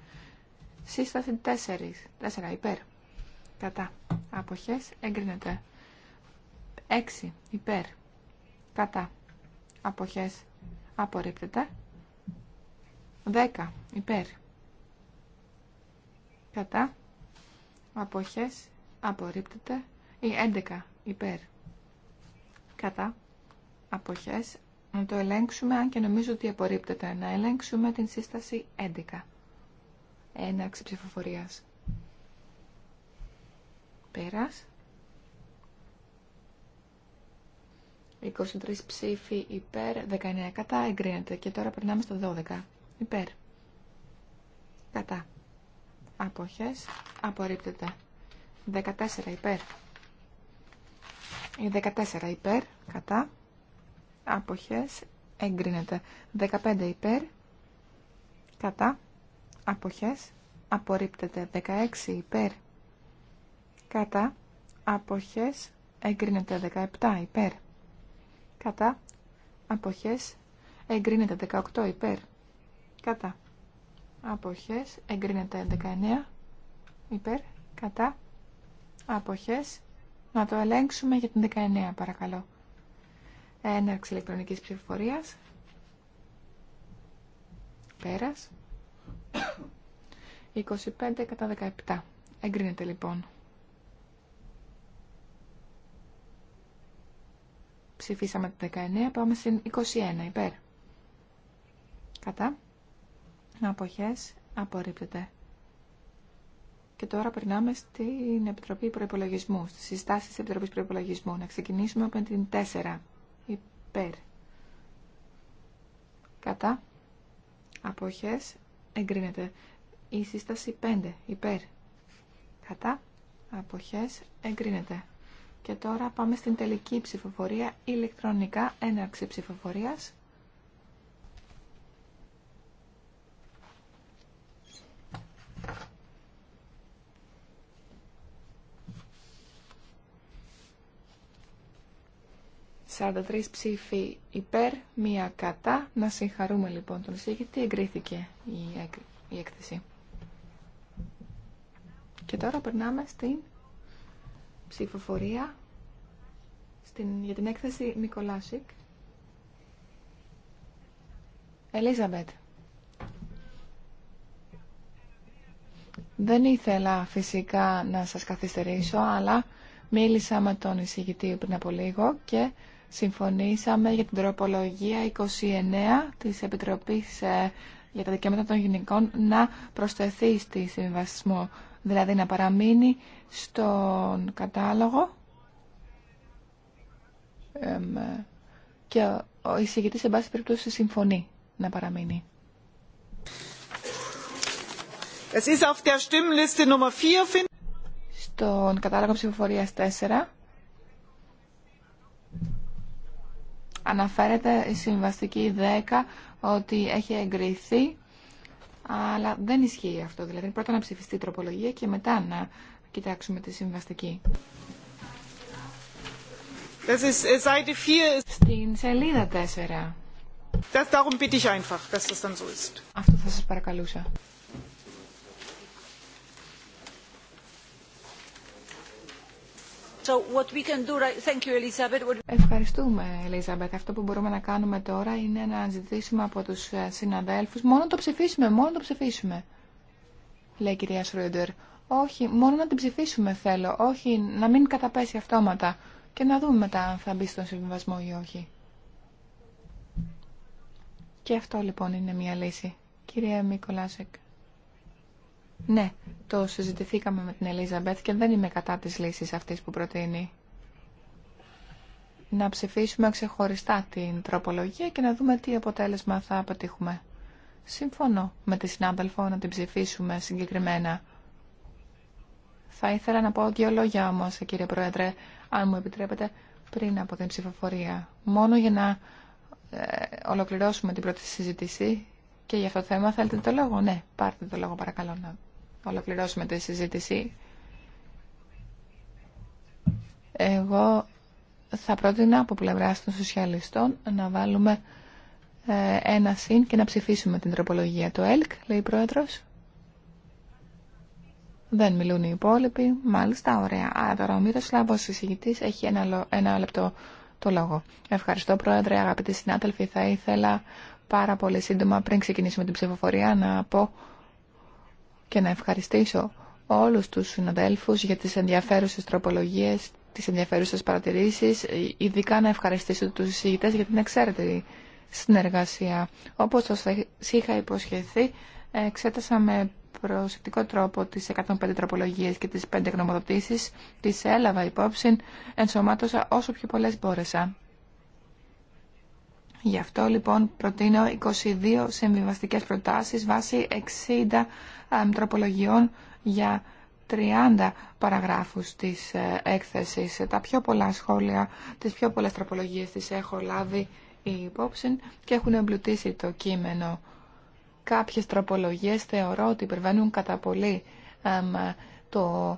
Σύσταση 4, 4 υπέρ, κατά, αποχές εγκρίνεται. 6 υπέρ, κατά, αποχές απορρίπτεται. 10 υπέρ, κατά, αποχές απορρίπτεται. Ή 11 υπέρ, κατά, αποχές να το ελέγξουμε, αν και νομίζω ότι απορρίπτεται. Να ελέγξουμε την σύσταση 11. Έναρξη ψηφοφορία. Πέρας. 23 ψήφοι υπέρ, 19 κατά, εγκρίνεται. Και τώρα περνάμε στο 12. Υπέρ. Κατά. Αποχές. Απορρίπτεται. 14 υπέρ. 14 υπέρ, κατά αποχές εγκρίνεται. 15 υπέρ, κατά, αποχές απορρίπτεται. 16 υπέρ, κατά, αποχές εγκρίνεται. 17 υπέρ, κατά, αποχές εγκρίνεται. 18 υπέρ, κατά, αποχές εγκρίνεται. 19 υπέρ, κατά, αποχές να το ελέγξουμε για την 19 παρακαλώ. Έναρξη ηλεκτρονικής ψηφοφορίας. Πέρας. 25 κατά 17. Εγκρίνεται λοιπόν. Ψηφίσαμε το 19, πάμε στην 21, υπέρ. Κατά. Αποχές, απορρίπτεται. Και τώρα περνάμε στην Επιτροπή Προπολογισμού, στι συστάσει της Επιτροπής Προπολογισμού. Να ξεκινήσουμε από την 4. Κατά. Αποχές εγκρίνεται. Η σύσταση 5 υπέρ. Κατά. Αποχές εγκρίνεται. Και τώρα πάμε στην τελική ψηφοφορία ηλεκτρονικά έναρξη ψηφοφορίας. 43 ψήφοι υπέρ, μία κατά. Να συγχαρούμε λοιπόν τον εισηγητή. Εγκρίθηκε η έκθεση. Και τώρα περνάμε στην ψηφοφορία στην, για την έκθεση Μικολάσικ. Ελίζαμπετ. Δεν ήθελα φυσικά να σας καθυστερήσω, αλλά μίλησα με τον εισηγητή πριν από λίγο και συμφωνήσαμε για την τροπολογία 29 της Επιτροπής ε, για τα Δικαιώματα των Γυναικών να προσθεθεί στη συμβασμό, δηλαδή να παραμείνει στον κατάλογο ε, και ο εισηγητής, σε πάση περιπτώσει, συμφωνεί να παραμείνει. Στον κατάλογο ψηφοφορίας 4 Αναφέρεται η συμβαστική 10 ότι έχει εγκριθεί, αλλά δεν ισχύει αυτό. Δηλαδή πρώτα να ψηφιστεί η τροπολογία και μετά να κοιτάξουμε τη συμβαστική. ist äh, Seite 4. Στην σελίδα 4. Das, darum bitte ich einfach, dass das dann so ist. Αυτό θα σας παρακαλούσα. Ευχαριστούμε, Ελίζαμπετ. Αυτό που μπορούμε να κάνουμε τώρα είναι να ζητήσουμε από τους ε, συναδέλφους μόνο το ψηφίσουμε, μόνο το ψηφίσουμε, λέει η κυρία Σρούντερ. Όχι, μόνο να την ψηφίσουμε θέλω, όχι να μην καταπέσει αυτόματα και να δούμε μετά αν θα μπει στον συμβιβασμό ή όχι. Και αυτό λοιπόν είναι μια λύση. Κυρία Μικολάσεκ. Ναι, το συζητηθήκαμε με την Ελίζα Μπέθ και δεν είμαι κατά της λύσης αυτής που προτείνει. Να ψηφίσουμε ξεχωριστά την τροπολογία και να δούμε τι αποτέλεσμα θα πετύχουμε. Συμφωνώ με τη συνάδελφο να την ψηφίσουμε συγκεκριμένα. Θα ήθελα να πω δύο λόγια όμως, κύριε Πρόεδρε, αν μου επιτρέπετε, πριν από την ψηφοφορία. Μόνο για να ε, ολοκληρώσουμε την πρώτη συζήτηση και για αυτό το θέμα θέλετε το λόγο. Ναι, πάρτε το λόγο παρακαλώ ολοκληρώσουμε τη συζήτηση. Εγώ θα πρότεινα από πλευρά των σοσιαλιστών να βάλουμε ε, ένα συν και να ψηφίσουμε την τροπολογία. του ΕΛΚ, λέει η Πρόεδρος. Δεν μιλούν οι υπόλοιποι. Μάλιστα, ωραία. Άρα τώρα ο λάβος συζητητής έχει ένα, ένα λεπτό το λόγο. Ευχαριστώ Πρόεδρε, αγαπητοί συνάδελφοι. Θα ήθελα πάρα πολύ σύντομα πριν ξεκινήσουμε την ψηφοφορία να πω και να ευχαριστήσω όλους τους συναδέλφους για τις ενδιαφέρουσες τροπολογίες, τις ενδιαφέρουσες παρατηρήσεις, ειδικά να ευχαριστήσω τους συζητητές για την εξαίρετη συνεργασία. Όπως σας είχα υποσχεθεί, εξέτασα με προσεκτικό τρόπο τις 105 τροπολογίες και τις 5 γνωμοδοτήσεις, τις έλαβα υπόψη, ενσωμάτωσα όσο πιο πολλές μπόρεσα. Γι' αυτό λοιπόν προτείνω 22 συμβιβαστικές προτάσεις βάσει 60 τροπολογιών για 30 παραγράφους της ε, έκθεσης. Τα πιο πολλά σχόλια, τις πιο πολλές τροπολογίες τις έχω λάβει η υπόψη και έχουν εμπλουτίσει το κείμενο. Κάποιες τροπολογίες θεωρώ ότι υπερβαίνουν κατά πολύ το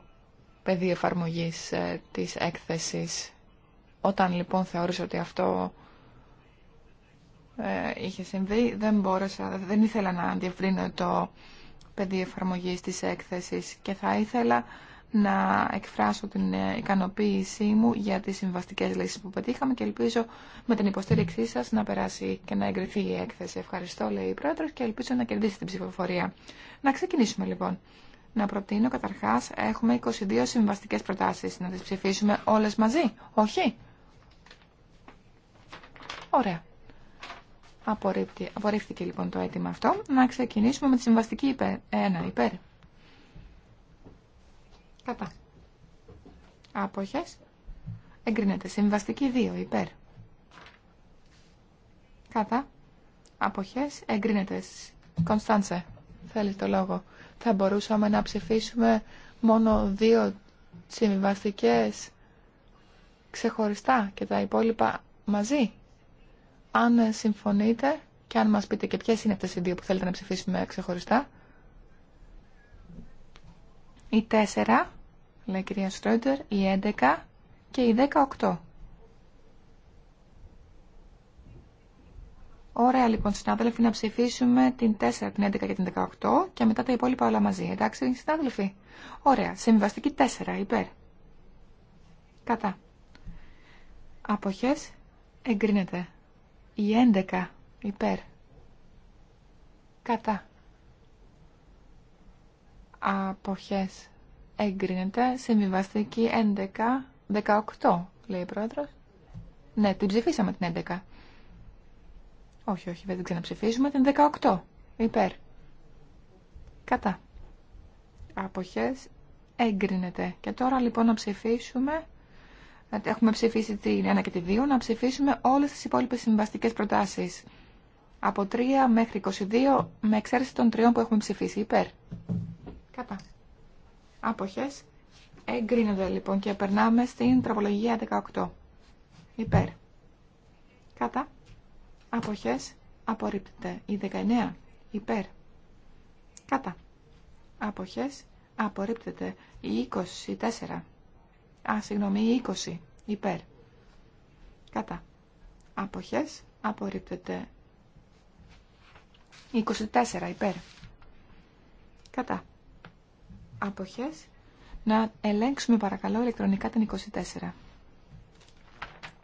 πεδίο εφαρμογής ε, της έκθεσης. Όταν λοιπόν θεώρησα ότι αυτό ε, είχε συμβεί. Δεν μπόρεσα, δεν ήθελα να διευρύνω το πεδίο εφαρμογή τη έκθεση. και θα ήθελα να εκφράσω την ικανοποίησή μου για τις συμβαστικές λύσεις που πετύχαμε και ελπίζω με την υποστήριξή σας να περάσει και να εγκριθεί η έκθεση. Ευχαριστώ, λέει η Πρόεδρος, και ελπίζω να κερδίσει την ψηφοφορία. Να ξεκινήσουμε λοιπόν. Να προτείνω καταρχάς, έχουμε 22 συμβαστικές προτάσεις. Να τις ψηφίσουμε όλες μαζί, όχι? Ωραία. Απορρίφθηκε λοιπόν το αίτημα αυτό. Να ξεκινήσουμε με τη συμβαστική υπέρ. Ένα υπέρ. Κατά. Άποχες. Εγκρίνεται. Συμβαστική 2 υπέρ. Κατά. Άποχες. Εγκρίνεται. Κωνσταντσε. Θέλει το λόγο. Θα μπορούσαμε να ψηφίσουμε μόνο δύο συμβαστικές ξεχωριστά και τα υπόλοιπα μαζί. Αν συμφωνείτε και αν μας πείτε και ποιες είναι αυτές οι δύο που θέλετε να ψηφίσουμε ξεχωριστά. Η 4, λέει η κυρία Στρόντερ, η 11 και η 18. Ωραία λοιπόν συνάδελφοι να ψηφίσουμε την 4, την 11 και την 18 και μετά τα υπόλοιπα όλα μαζί. Εντάξει συνάδελφοι. Ωραία. Συμβαστική 4 υπέρ. Κατά. Αποχές εγκρίνεται. Η 11 υπέρ. Κατά. Αποχές εγκρίνεται. Συμβιβαστική 11. 18 λέει η Ναι, την ψηφίσαμε την 11. Όχι, όχι, δεν την ξαναψηφίζουμε. Την 18 υπέρ. Κατά. Αποχές εγκρίνεται. Και τώρα λοιπόν να ψηφίσουμε έχουμε ψηφίσει την 1 και τη 2, να ψηφίσουμε όλες τις υπόλοιπες συμβαστικές προτάσεις. Από 3 μέχρι 22, με εξαίρεση των τριών που έχουμε ψηφίσει. Υπέρ. Κατά. Άποχες. Εγκρίνονται λοιπόν και περνάμε στην τροπολογία 18. Υπέρ. Κατά. Αποχές. Απορρίπτεται. Η 19. Υπέρ. Κατά. Αποχές. Απορρίπτεται. Η 24. Α, συγγνώμη, 20 υπέρ. Κατά. Αποχές απορρίπτεται. 24 υπέρ. Κατά. Αποχές. Να ελέγξουμε παρακαλώ ηλεκτρονικά την 24.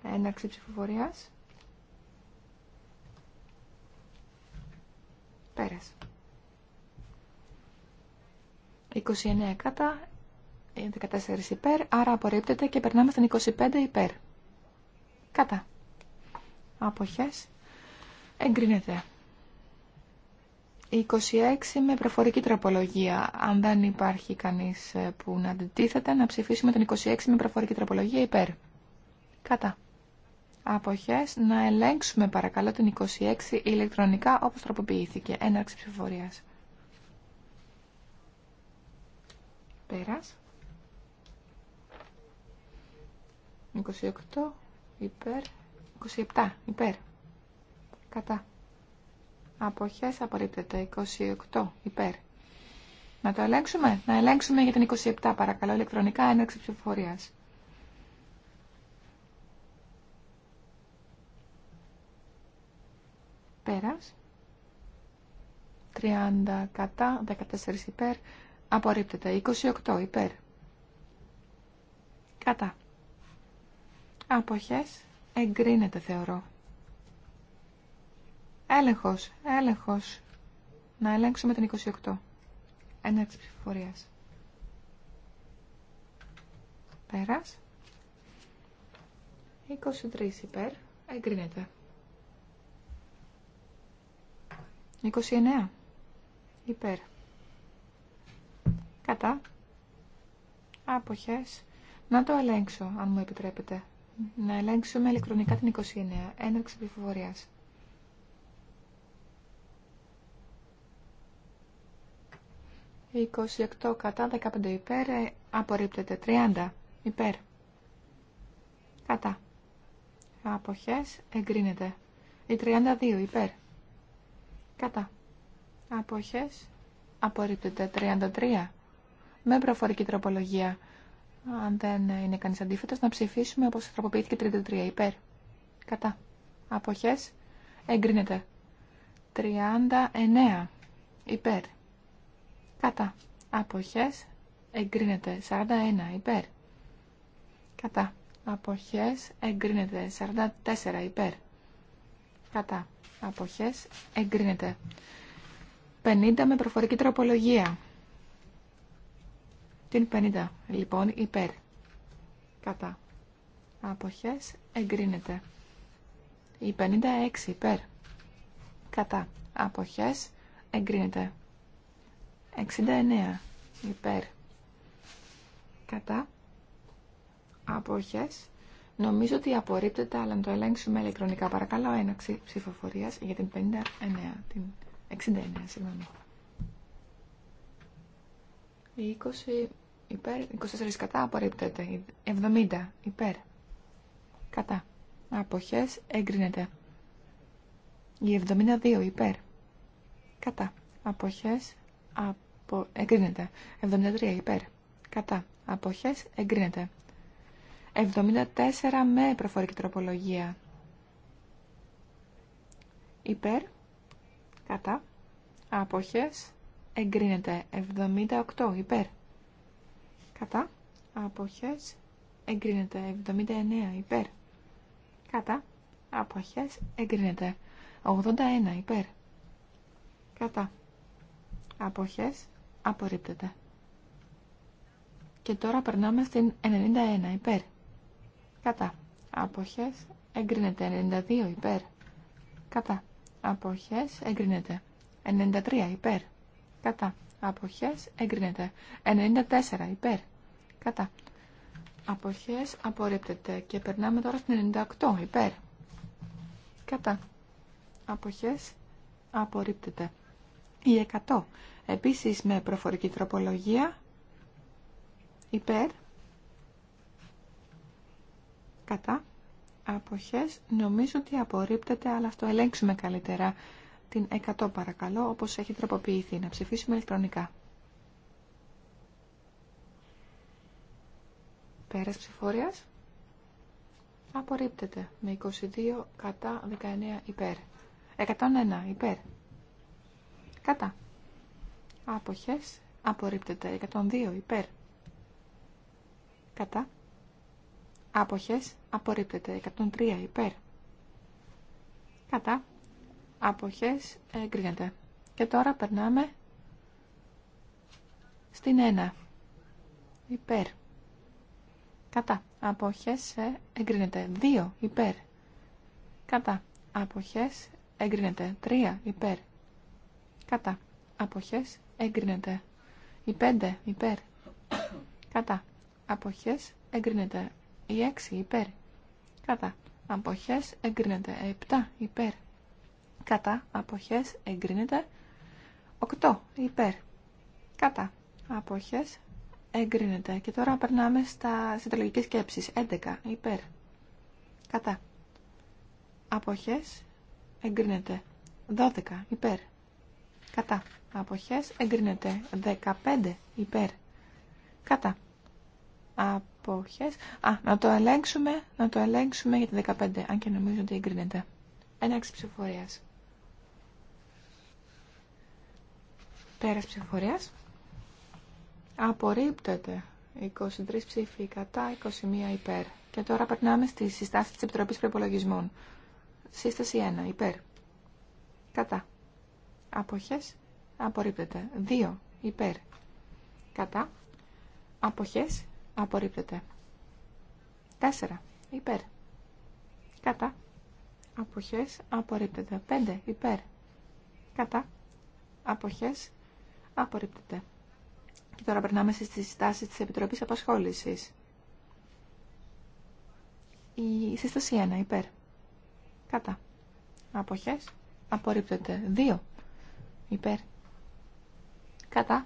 Έναρξη ψηφοφορίας. Πέρασε. 29 κατά, 14 υπέρ, άρα απορρίπτεται και περνάμε στην 25 υπέρ. Κατά. Αποχές. Εγκρίνεται. 26 με προφορική τροπολογία. Αν δεν υπάρχει κανείς ε, που να αντιτίθεται, να ψηφίσουμε τον 26 με προφορική τροπολογία υπέρ. Κατά. Αποχές. Να ελέγξουμε παρακαλώ την 26 ηλεκτρονικά όπως τροποποιήθηκε. Έναρξη ψηφοφορίας. Πέρας. 28 υπέρ 27 υπέρ κατά αποχές απορρίπτεται 28 υπέρ να το ελέγξουμε να ελέγξουμε για την 27 παρακαλώ ηλεκτρονικά έναρξη ψηφοφορίας πέρας 30 κατά 14 υπέρ απορρίπτεται 28 υπέρ κατά Αποχές εγκρίνεται θεωρώ. Έλεγχος, έλεγχος. Να ελέγξουμε την 28. Έναρξη ψηφοφορίας. Πέρας. 23 υπέρ. Εγκρίνεται. 29 υπέρ. Κατά. Άποχες. Να το ελέγξω, αν μου επιτρέπετε. Να ελέγξουμε ηλεκτρονικά την 29. Έναρξη πληροφορία. Η 28 κατά 15 υπέρ ε, απορρίπτεται. 30 υπέρ. Κατά. Αποχέ, εγκρίνεται. Η 32 υπέρ. Κατά. Αποχές απορρίπτεται. 33 με προφορική τροπολογία αν δεν είναι κανείς αντίθετος, να ψηφίσουμε όπως τροποποιήθηκε 33 υπέρ. Κατά. Αποχές. Εγκρίνεται. 39 υπέρ. Κατά. Αποχές. Εγκρίνεται. 41 υπέρ. Κατά. Αποχές. Εγκρίνεται. 44 υπέρ. Κατά. Αποχές. Εγκρίνεται. 50 με προφορική τροπολογία. Την 50 λοιπόν υπέρ. Κατά. Αποχές εγκρίνεται. Η 56 υπέρ. Κατά. Αποχές εγκρίνεται. 69 υπέρ. Κατά. Αποχές. Νομίζω ότι απορρίπτεται, αλλά να το ελέγξουμε ηλεκτρονικά. Παρακαλώ, έναξη ψηφοφορία για την 59. Την 69, συγγνώμη. 20 υπέρ, 24 κατά, απορρίπτεται. 70 υπέρ, κατά. Αποχές, έγκρινεται. Η 72 υπέρ, κατά. Αποχές, απο... εγκρίνεται. 73 υπέρ, κατά. Αποχές, εγκρίνεται. 74 με προφορική τροπολογία. Υπέρ, κατά. Αποχές, εγκρίνεται. 78 υπέρ, Κατά. Αποχές. Εγκρίνεται. 79 υπέρ. Κατά. Αποχές. Εγκρίνεται. 81 υπέρ. Κατά. Αποχές. Απορρίπτεται. Και τώρα περνάμε στην 91 υπέρ. Κατά. Αποχές. Εγκρίνεται. 92 υπέρ. Κατά. Αποχές. Εγκρίνεται. 93 υπέρ. Κατά. Αποχές εγκρίνεται. 94 υπέρ. Κατά. Αποχές απορρίπτεται. Και περνάμε τώρα στην 98. Υπέρ. Κατά. Αποχές απορρίπτεται. Η 100. Επίσης με προφορική τροπολογία. Υπέρ. Κατά. Αποχές. Νομίζω ότι απορρίπτεται, αλλά αυτό ελέγξουμε καλύτερα. Την 100 παρακαλώ, όπως έχει τροποποιηθεί. Να ψηφίσουμε ηλεκτρονικά. Πέρας ψηφορίας. Απορρίπτεται με 22 κατά 19 υπέρ. 101 υπέρ. Κατά. Άποχες. Απορρίπτεται 102 υπέρ. Κατά. Άποχες. Απορρίπτεται 103 υπέρ. Κατά. Άποχες. Εγκρίνεται. Και τώρα περνάμε στην 1. Υπέρ. Κατά. Αποχές ε, εγκρίνεται. 2 υπέρ. Κατά. Αποχές εγκρίνεται. 3 υπέρ. Κατά. Αποχές εγκρίνεται. Η 5 υπέρ. Κατά. Αποχές εγκρίνεται. Η 6 υπέρ. Κατά. Αποχές εγκρίνεται. 7 υπέρ. Κατά. Αποχές εγκρίνεται. 8 υπέρ. Κατά. Αποχές εγκρίνεται. Και τώρα περνάμε στα συνταλλογικέ σκέψει. 11. Υπέρ. Κατά. Απόχε. Εγκρίνεται. 12. Υπέρ. Κατά. Αποχέ. Εγκρίνεται. 15. Υπέρ. Κατά. Αποχέ. Α, να το ελέγξουμε, να το ελέγξουμε για τα 15, αν και νομίζω ότι εγκρίνεται. Έναξη ψηφοφορίας. Πέρας ψηφοφορία. Απορρίπτεται. 23 ψήφοι κατά, 21 υπέρ. Και τώρα περνάμε στη συστάση της Επιτροπής Προπολογισμών. Σύσταση 1. Υπέρ. Κατά. Αποχές. Απορρίπτεται. 2. Υπέρ. Κατά. Αποχές. Απορρίπτεται. 4. Υπέρ. Κατά. Αποχές. Απορρίπτεται. 5. Υπέρ. Κατά. Αποχές. Απορρίπτεται. Και τώρα περνάμε στις συστάσεις της Επιτροπής Απασχόλησης. Η συστασία 1 υπέρ. Κατά. Αποχές. Απορρίπτεται. 2 υπέρ. Κατά.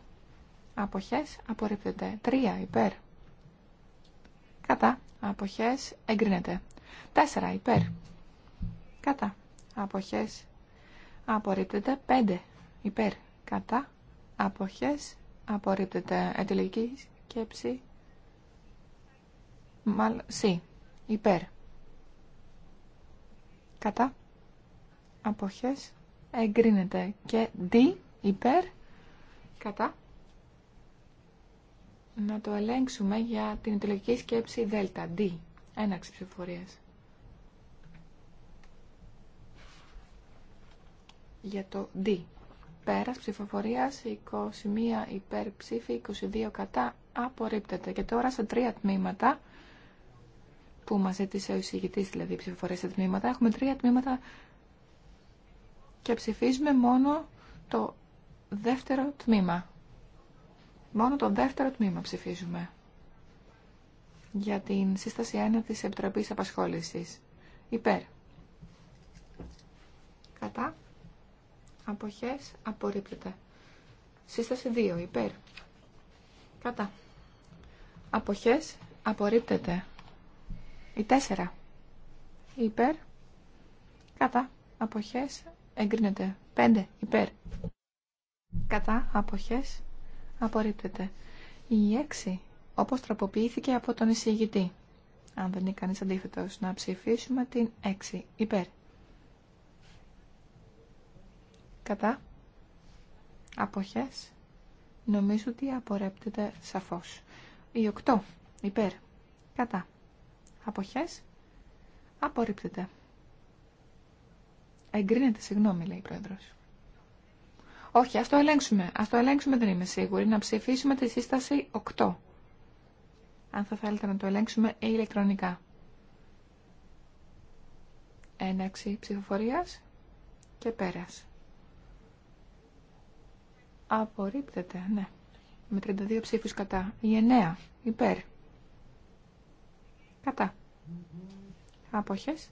Αποχές. Απορρίπτεται. 3 υπέρ. Κατά. Αποχές. Εγκρίνεται. 4 υπέρ. Κατά. Αποχές. Απορρίπτεται. 5 υπέρ. Κατά. Αποχές Απορρίπτεται αιτιολογική σκέψη. Μάλλον, σι. Υπέρ. Κατά. Αποχές. Εγκρίνεται. Και δι. Υπέρ. Κατά. Να το ελέγξουμε για την αιτιολογική σκέψη δέλτα. Δι. Έναξη ψηφοφορίας. Για το δι. Πέρας ψηφοφορίας 21 υπέρ ψήφι, 22 κατά απορρίπτεται. Και τώρα σε τρία τμήματα που μας ζήτησε ο εισηγητής, δηλαδή ψηφοφορία σε τμήματα. Έχουμε τρία τμήματα και ψηφίζουμε μόνο το δεύτερο τμήμα. Μόνο το δεύτερο τμήμα ψηφίζουμε για την σύσταση 1 της Επιτροπής Απασχόλησης. Υπέρ. Κατά αποχές απορρίπτεται. Σύσταση 2 υπέρ. Κατά. Αποχές απορρίπτεται. Η 4 υπέρ. Κατά. Αποχές εγκρίνεται. 5 υπέρ. Κατά. Αποχές απορρίπτεται. Η 6 όπως τροποποιήθηκε από τον εισηγητή. Αν δεν είναι κανείς αντίθετος να ψηφίσουμε την 6 υπέρ. Κατά. Αποχές. Νομίζω ότι απορρέπτεται σαφώς. Η 8. Υπέρ. Κατά. Αποχές. Απορρίπτεται. Εγκρίνεται, συγγνώμη, λέει η Πρόεδρος. Όχι, ας το ελέγξουμε. Ας το ελέγξουμε, δεν είμαι σίγουρη. Να ψηφίσουμε τη σύσταση 8. Αν θα θέλετε να το ελέγξουμε ηλεκτρονικά. Έναξη ψηφοφορίας και πέρας. Απορρίπτεται, ναι. Με 32 ψήφους κατά. Η 9. Υπέρ. Κατά. Άποχες.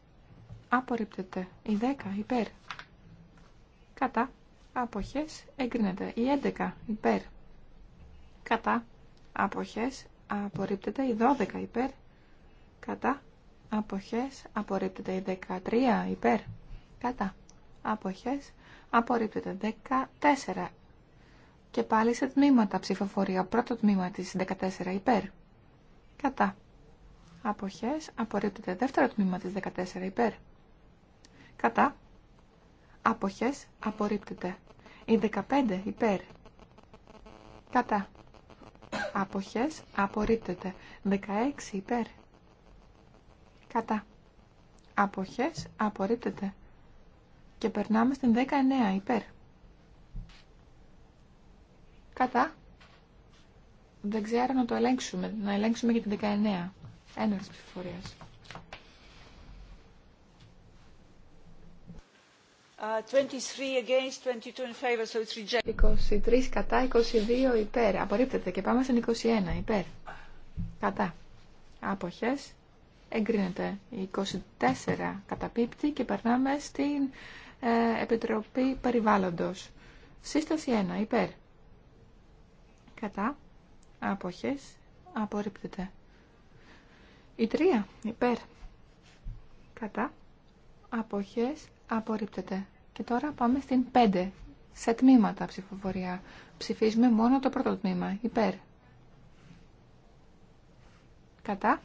Απορρίπτεται. Η 10. Υπέρ. Κατά. Άποχες. Εγκρίνεται. Η 11. Υπέρ. Κατά. Άποχες. Απορρίπτεται. Η 12. Υπέρ. Κατά. Αποχές. Απορρίπτεται. Η 13. Υπέρ. Κατά. Αποχές. Απορρίπτεται. 14. Και πάλι σε τμήματα ψηφοφορία. Πρώτο τμήμα της 14 υπέρ. Κατά. Αποχές. Απορρίπτεται. Δεύτερο τμήμα της 14 υπέρ. Κατά. Αποχές. Απορρίπτεται. Η 15 υπέρ. Κατά. Αποχές. Απορρίπτεται. 16 υπέρ. Κατά. Αποχές. Απορρίπτεται. Και περνάμε στην 19 υπέρ. Κατά. Δεν ξέρω να το ελέγξουμε. Να ελέγξουμε για την 19. Έναρξη ψηφοφορία. Uh, 23, 23 κατά, 22 υπέρ. Απορρίπτεται και πάμε στην 21 υπέρ. Κατά. Άποχες. Εγκρίνεται. 24 καταπίπτει και περνάμε στην ε, Επιτροπή Περιβάλλοντος. Σύσταση 1 υπέρ κατά, αποχές, απορρίπτεται. Η 3 υπέρ, κατά, αποχές, απορρίπτεται. Και τώρα πάμε στην πέντε. σε τμήματα ψηφοφορία. Ψηφίζουμε μόνο το πρώτο τμήμα, υπέρ. Κατά,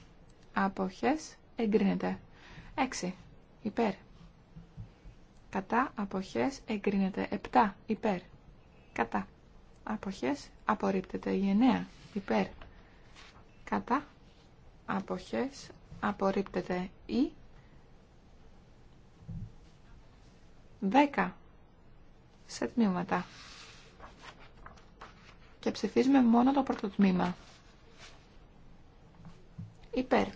αποχές, εγκρίνεται. 6. Υπέρ. Κατά αποχές εγκρίνεται. 7. Υπέρ. Κατά αποχές απορρίπτεται. Η 9 υπέρ κατά αποχές απορρίπτεται. Η 10 σε τμήματα. Και ψηφίζουμε μόνο το πρώτο τμήμα. Υπέρ.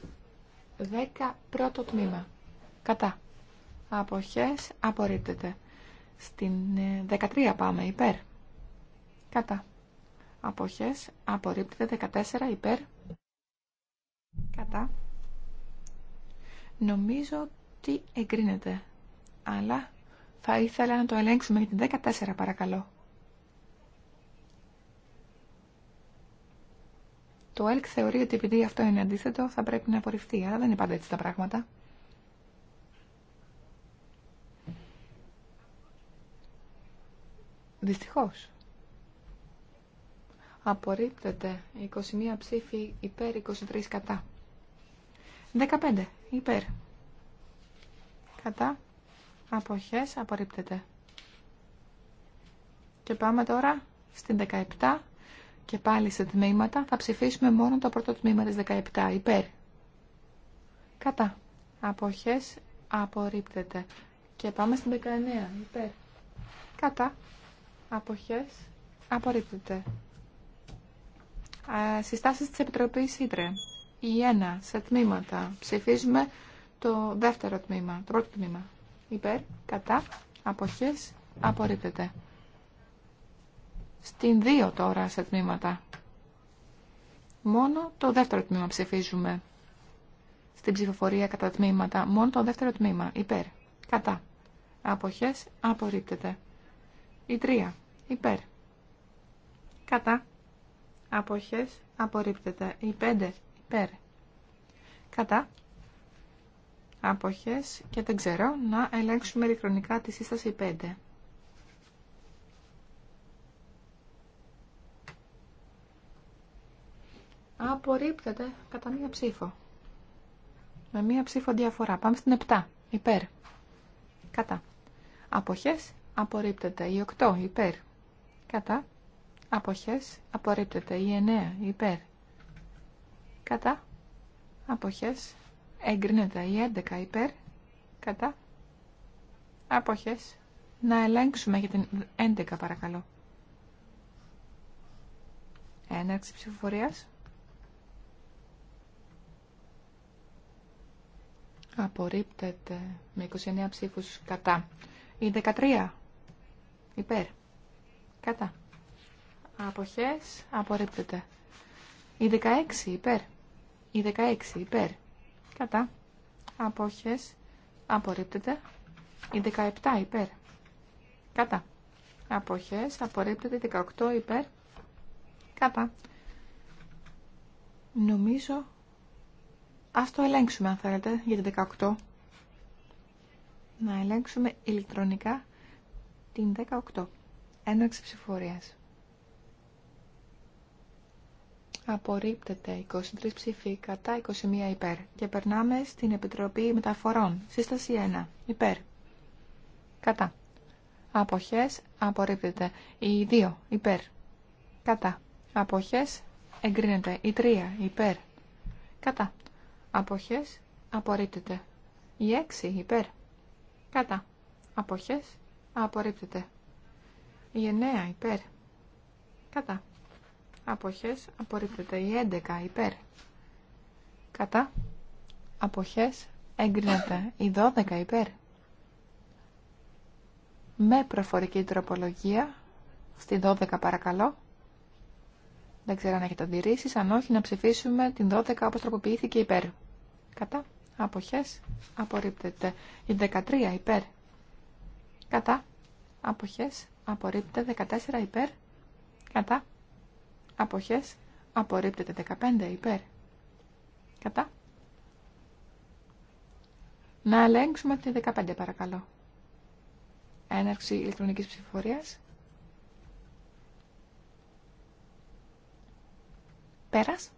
10 πρώτο τμήμα. Κατά. Αποχές απορρίπτεται. Στην 13 ε, πάμε. Υπέρ. Κατά. Αποχές απορρίπτεται 14 υπέρ. Κατά. Νομίζω ότι εγκρίνεται. Αλλά θα ήθελα να το ελέγξουμε για την 14 παρακαλώ. Το ΕΛΚ θεωρεί ότι επειδή αυτό είναι αντίθετο θα πρέπει να απορριφθεί, αλλά δεν είναι πάντα έτσι τα πράγματα. Δυστυχώς απορρίπτεται 21 ψήφοι υπέρ 23 κατά 15 υπέρ κατά αποχές απορρίπτεται και πάμε τώρα στην 17 και πάλι σε τμήματα θα ψηφίσουμε μόνο το πρώτο τμήμα της 17 υπέρ κατά αποχές απορρίπτεται και πάμε στην 19 υπέρ κατά αποχές απορρίπτεται συστάσεις της Επιτροπής Ήτρε. Η ένα, σε τμήματα. Ψηφίζουμε το δεύτερο τμήμα, το πρώτο τμήμα. Υπέρ, κατά, αποχές, απορρίπτεται. Στην δύο τώρα σε τμήματα. Μόνο το δεύτερο τμήμα ψηφίζουμε. Στην ψηφοφορία κατά τμήματα, μόνο το δεύτερο τμήμα. Υπέρ, κατά, αποχές, απορρίπτεται. Η τρία, υπέρ, κατά, αποχές απορρίπτεται. Η 5 υπέρ κατά αποχές και δεν ξέρω να ελέγξουμε ηλεκτρονικά τη σύσταση 5. Απορρίπτεται κατά μία ψήφο. Με μία ψήφο διαφορά. Πάμε στην 7. Υπέρ. Κατά. Αποχές. Απορρίπτεται. Η 8. Υπέρ. Κατά. Αποχές απορρίπτεται. Η 9 υπέρ. Κατά. Αποχές εγκρίνεται. Η 11 υπέρ. Κατά. Αποχές. Να ελέγξουμε για την 11 παρακαλώ. Έναρξη ψηφοφορίας. Απορρίπτεται με 29 ψήφους κατά. Η 13 υπέρ. Κατά. Αποχές απορρίπτεται. Η 16 υπέρ. Η 16 υπέρ. Κατά. Απόχες. Απορρίπτεται. Η 17 υπέρ. Κατά. Απόχες. Απορρίπτεται. Η 18 υπέρ. Κατά. Νομίζω... Ας το ελέγξουμε αν θέλετε για την 18. Να ελέγξουμε ηλεκτρονικά την 18. Ένα ψηφορίας. Απορρίπτεται 23 ψήφοι κατά 21 υπέρ. Και περνάμε στην Επιτροπή Μεταφορών. Σύσταση 1. Υπέρ. Κατά. Αποχές. Απορρίπτεται. Η 2. Υπέρ. Κατά. Αποχές. Εγκρίνεται. Η 3. Υπέρ. Κατά. Αποχές. Απορρίπτεται. Η 6. Υπέρ. Κατά. Αποχές. Απορρίπτεται. Η 9. Υπέρ. Κατά αποχές απορρίπτεται. Η 11 υπέρ κατά αποχές εγκρίνεται. Η 12 υπέρ με προφορική τροπολογία στη 12 παρακαλώ. Δεν ξέρω αν έχετε αντιρρήσει. Αν όχι, να ψηφίσουμε την 12 όπως τροποποιήθηκε υπέρ. Κατά. Αποχές. Απορρίπτεται. Η 13 υπέρ. Κατά. Αποχές. Απορρίπτεται. 14 υπέρ. Κατά. Αποχές. Απορρίπτεται 15 υπέρ. Κατά. Να ελέγξουμε τη 15 παρακαλώ. Έναρξη ηλεκτρονικής ψηφοφορίας. Πέρας.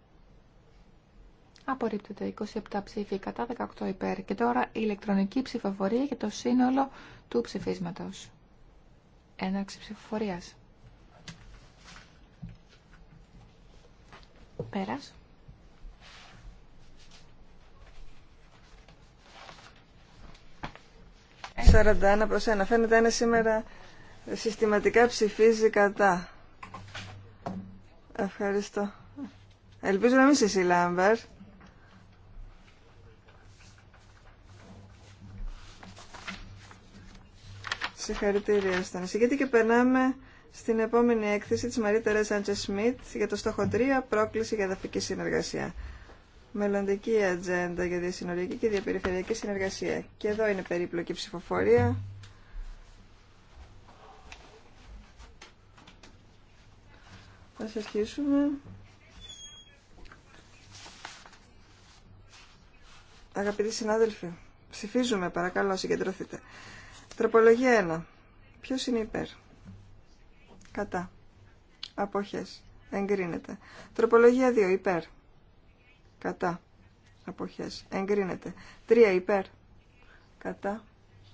Απορρίπτεται 27 ψήφια. κατά 18 υπέρ. Και τώρα η ηλεκτρονική ψηφοφορία για το σύνολο του ψηφίσματος. Έναρξη ψηφοφορίας. Πέρας. «41 προς 1». Φαίνεται ένα σήμερα συστηματικά ψηφίζει κατά. Ευχαριστώ. Ελπίζω να μην είσαι εσύ, Λάμπερ. Συγχαρητήρια στον εισηγητή και περνάμε στην επόμενη έκθεση της Μαρία Τερέζα Άντζε Σμιτ για το στόχο 3 πρόκληση για δαφική συνεργασία. Μελλοντική ατζέντα για διασυνοριακή και διαπεριφερειακή συνεργασία. Και εδώ είναι περίπλοκη ψηφοφορία. Ας αρχίσουμε. Αγαπητοί συνάδελφοι, ψηφίζουμε παρακαλώ, συγκεντρωθείτε. Τροπολογία 1. Ποιος είναι υπέρ. Κατά. Αποχές. Εγκρίνεται. Τροπολογία 2. Υπέρ. Κατά. Αποχές. Εγκρίνεται. 3. Υπέρ. Κατά.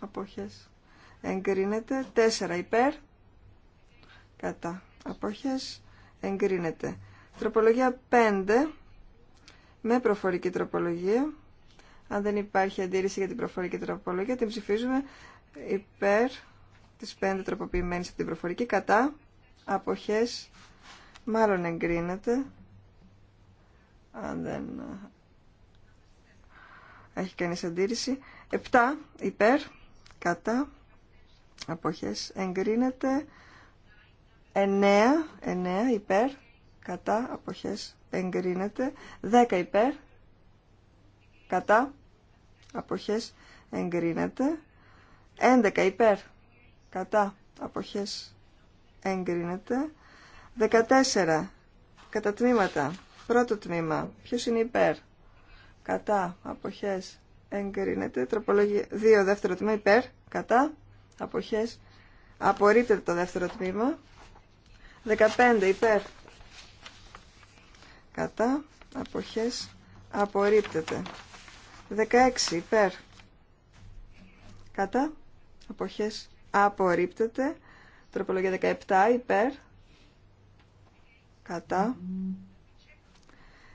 Αποχές. Εγκρίνεται. 4. Υπέρ. Κατά. Αποχές. Εγκρίνεται. Τροπολογία 5. Με προφορική τροπολογία. Αν δεν υπάρχει αντίρρηση για την προφορική τροπολογία, την ψηφίζουμε υπέρ της 5 τροποποιημένης από την προφορική κατά αποχές μάλλον εγκρίνεται αν δεν ε, έχει κανείς αντίρρηση 7 υπέρ κατά αποχές εγκρίνεται 9 9 υπέρ κατά αποχές εγκρίνεται 10 υπέρ κατά αποχές εγκρίνεται 11 υπέρ κατά αποχές εγκρίνεται. 14. Κατά τμήματα. Πρώτο τμήμα. Ποιο είναι υπέρ. Κατά. απόχέ. Εγκρίνεται. Τροπολογία 2. Δεύτερο τμήμα. Υπέρ. Κατά. αποχέ. Απορρίπτεται το δεύτερο τμήμα. 15. Υπέρ. Κατά. απόχέ. Απορρίπτεται. 16. Υπέρ. Κατά. Αποχές. Απορρίπτεται. Τροπολογία 17 υπέρ. Κατά.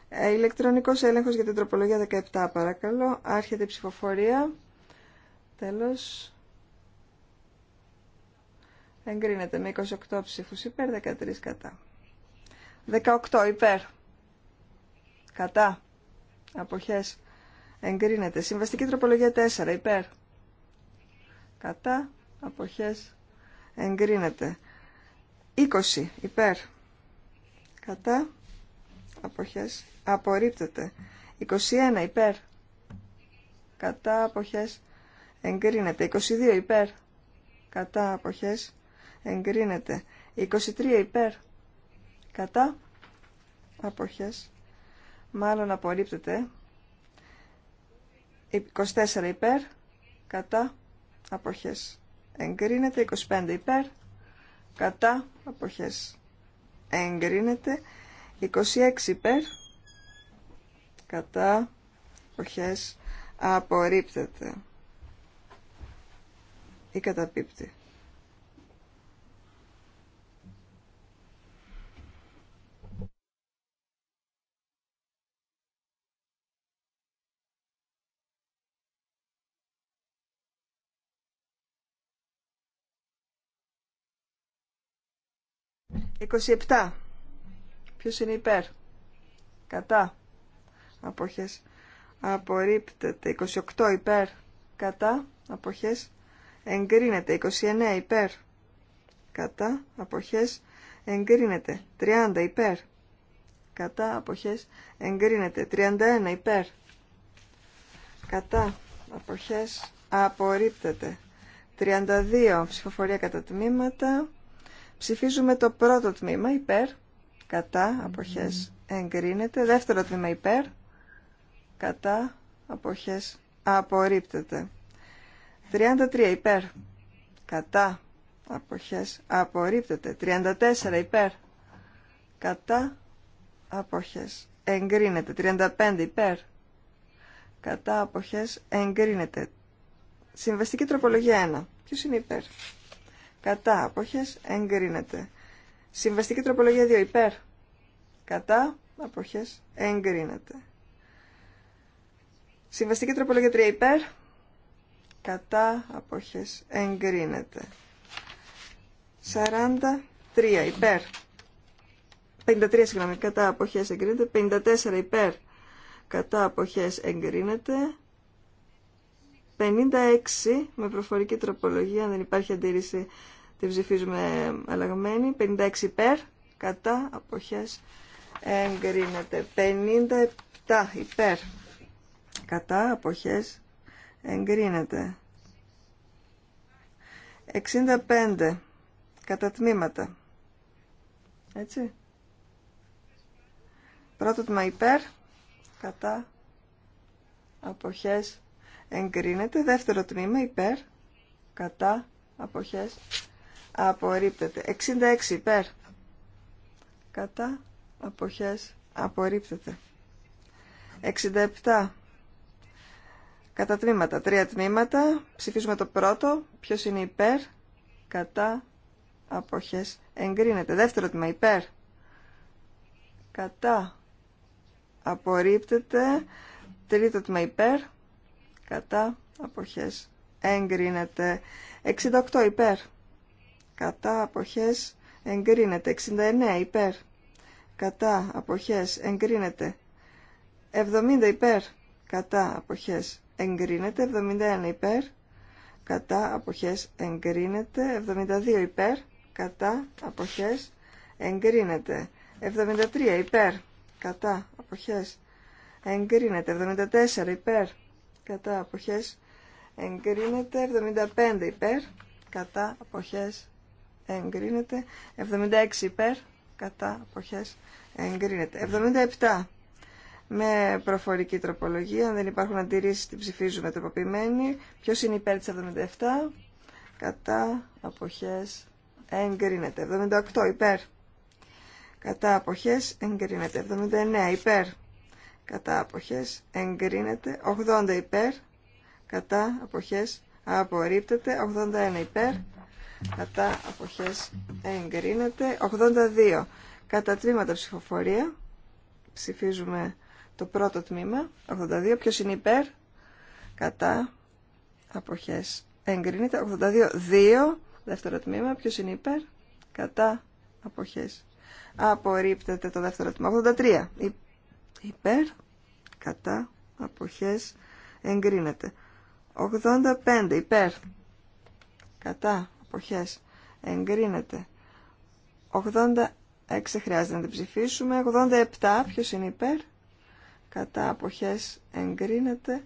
Ε, ηλεκτρονικός έλεγχος για την τροπολογία 17 παρακαλώ. Άρχεται η ψηφοφορία. Τέλος. Εγκρίνεται με 28 ψήφους υπέρ, 13 κατά. 18 υπέρ. Κατά. Αποχές. Εγκρίνεται. Συμβαστική τροπολογία 4 υπέρ. Κατά. Αποχές εγκρίνεται. 20 υπέρ κατά αποχές απορρίπτεται. 21 υπέρ κατά αποχές εγκρίνεται. 22 υπέρ κατά αποχές εγκρίνεται. 23 υπέρ κατά αποχές μάλλον απορρίπτεται. 24 υπέρ κατά αποχές εγκρίνεται 25 υπέρ κατά αποχές εγκρίνεται 26 υπέρ κατά αποχές απορρίπτεται ή καταπίπτει 27. Ποιος είναι υπέρ. Κατά. Αποχές. Απορρίπτεται. 28 υπέρ. Κατά. Αποχές. Εγκρίνεται. 29 υπέρ. Κατά. Αποχές. Εγκρίνεται. 30 υπέρ. Κατά. Αποχές. Εγκρίνεται. 31 υπέρ. Κατά. Αποχές. Απορρίπτεται. 32 ψηφοφορία κατά τμήματα. Ψηφίζουμε το πρώτο τμήμα υπέρ, κατά, αποχές, εγκρίνεται. Δεύτερο τμήμα υπέρ, κατά, αποχές, απορρίπτεται. 33 υπέρ, κατά, αποχές, απορρίπτεται. 34 υπέρ, κατά, αποχές, εγκρίνεται. 35 υπέρ, κατά, αποχές, εγκρίνεται. Συμβαστική τροπολογία 1. Ποιος είναι υπέρ κατά αποχές εγκρίνεται. Συμβαστική τροπολογία 2 υπέρ κατά αποχές εγκρίνεται. Συμβαστική τροπολογία 3 υπέρ κατά αποχές εγκρίνεται. 43 υπέρ 53 συγγνώμη κατά αποχές εγκρίνεται. 54 υπέρ κατά αποχές εγκρίνεται. 56 με προφορική τροπολογία, αν δεν υπάρχει αντίρρηση τη ψηφίζουμε αλλαγμένη. 56 υπέρ, κατά, αποχές, εγκρίνεται. 57 υπέρ, κατά, αποχές, εγκρίνεται. 65 κατά τμήματα. Έτσι. Πρώτο τμήμα υπέρ, κατά, αποχές, εγκρίνεται. Δεύτερο τμήμα υπέρ, κατά, αποχές, απορρίπτεται. 66 υπέρ, κατά, αποχές, απορρίπτεται. 67 κατά τμήματα. Τρία τμήματα. Ψηφίζουμε το πρώτο. Ποιος είναι υπέρ, κατά, αποχές, εγκρίνεται. Δεύτερο τμήμα υπέρ, κατά, απορρίπτεται. Τρίτο τμήμα υπέρ, κατά αποχές εγκρίνεται 68 υπέρ κατά αποχές εγκρίνεται 69 υπέρ κατά αποχές εγκρίνεται 70 υπέρ κατά αποχές εγκρίνεται 71 υπέρ κατά αποχές εγκρίνεται 72 υπέρ κατά αποχές εγκρίνεται 73 υπέρ κατά αποχές εγκρίνεται 74 υπέρ κατά αποχές εγκρίνεται 75 υπέρ κατά αποχές εγκρίνεται 76 υπέρ κατά αποχές εγκρίνεται 77 με προφορική τροπολογία αν δεν υπάρχουν αντιρρήσεις την ψηφίζουμε τροποποιημένη ποιος είναι υπέρ της 77 κατά αποχές εγκρίνεται 78 υπέρ κατά αποχές εγκρίνεται 79 υπέρ κατά αποχές εγκρίνεται 80 υπέρ κατά αποχές απορρίπτεται 81 υπέρ κατά αποχές εγκρίνεται 82 κατά τμήματα ψηφοφορία ψηφίζουμε το πρώτο τμήμα 82 ποιος είναι υπέρ κατά αποχές εγκρίνεται 82 2 δεύτερο τμήμα ποιος είναι υπέρ κατά αποχές απορρίπτεται το δεύτερο τμήμα 83 υπέρ κατά αποχές εγκρίνεται 85 υπέρ κατά αποχές εγκρίνεται 86 χρειάζεται να την ψηφίσουμε 87 ποιος είναι υπέρ κατά αποχές εγκρίνεται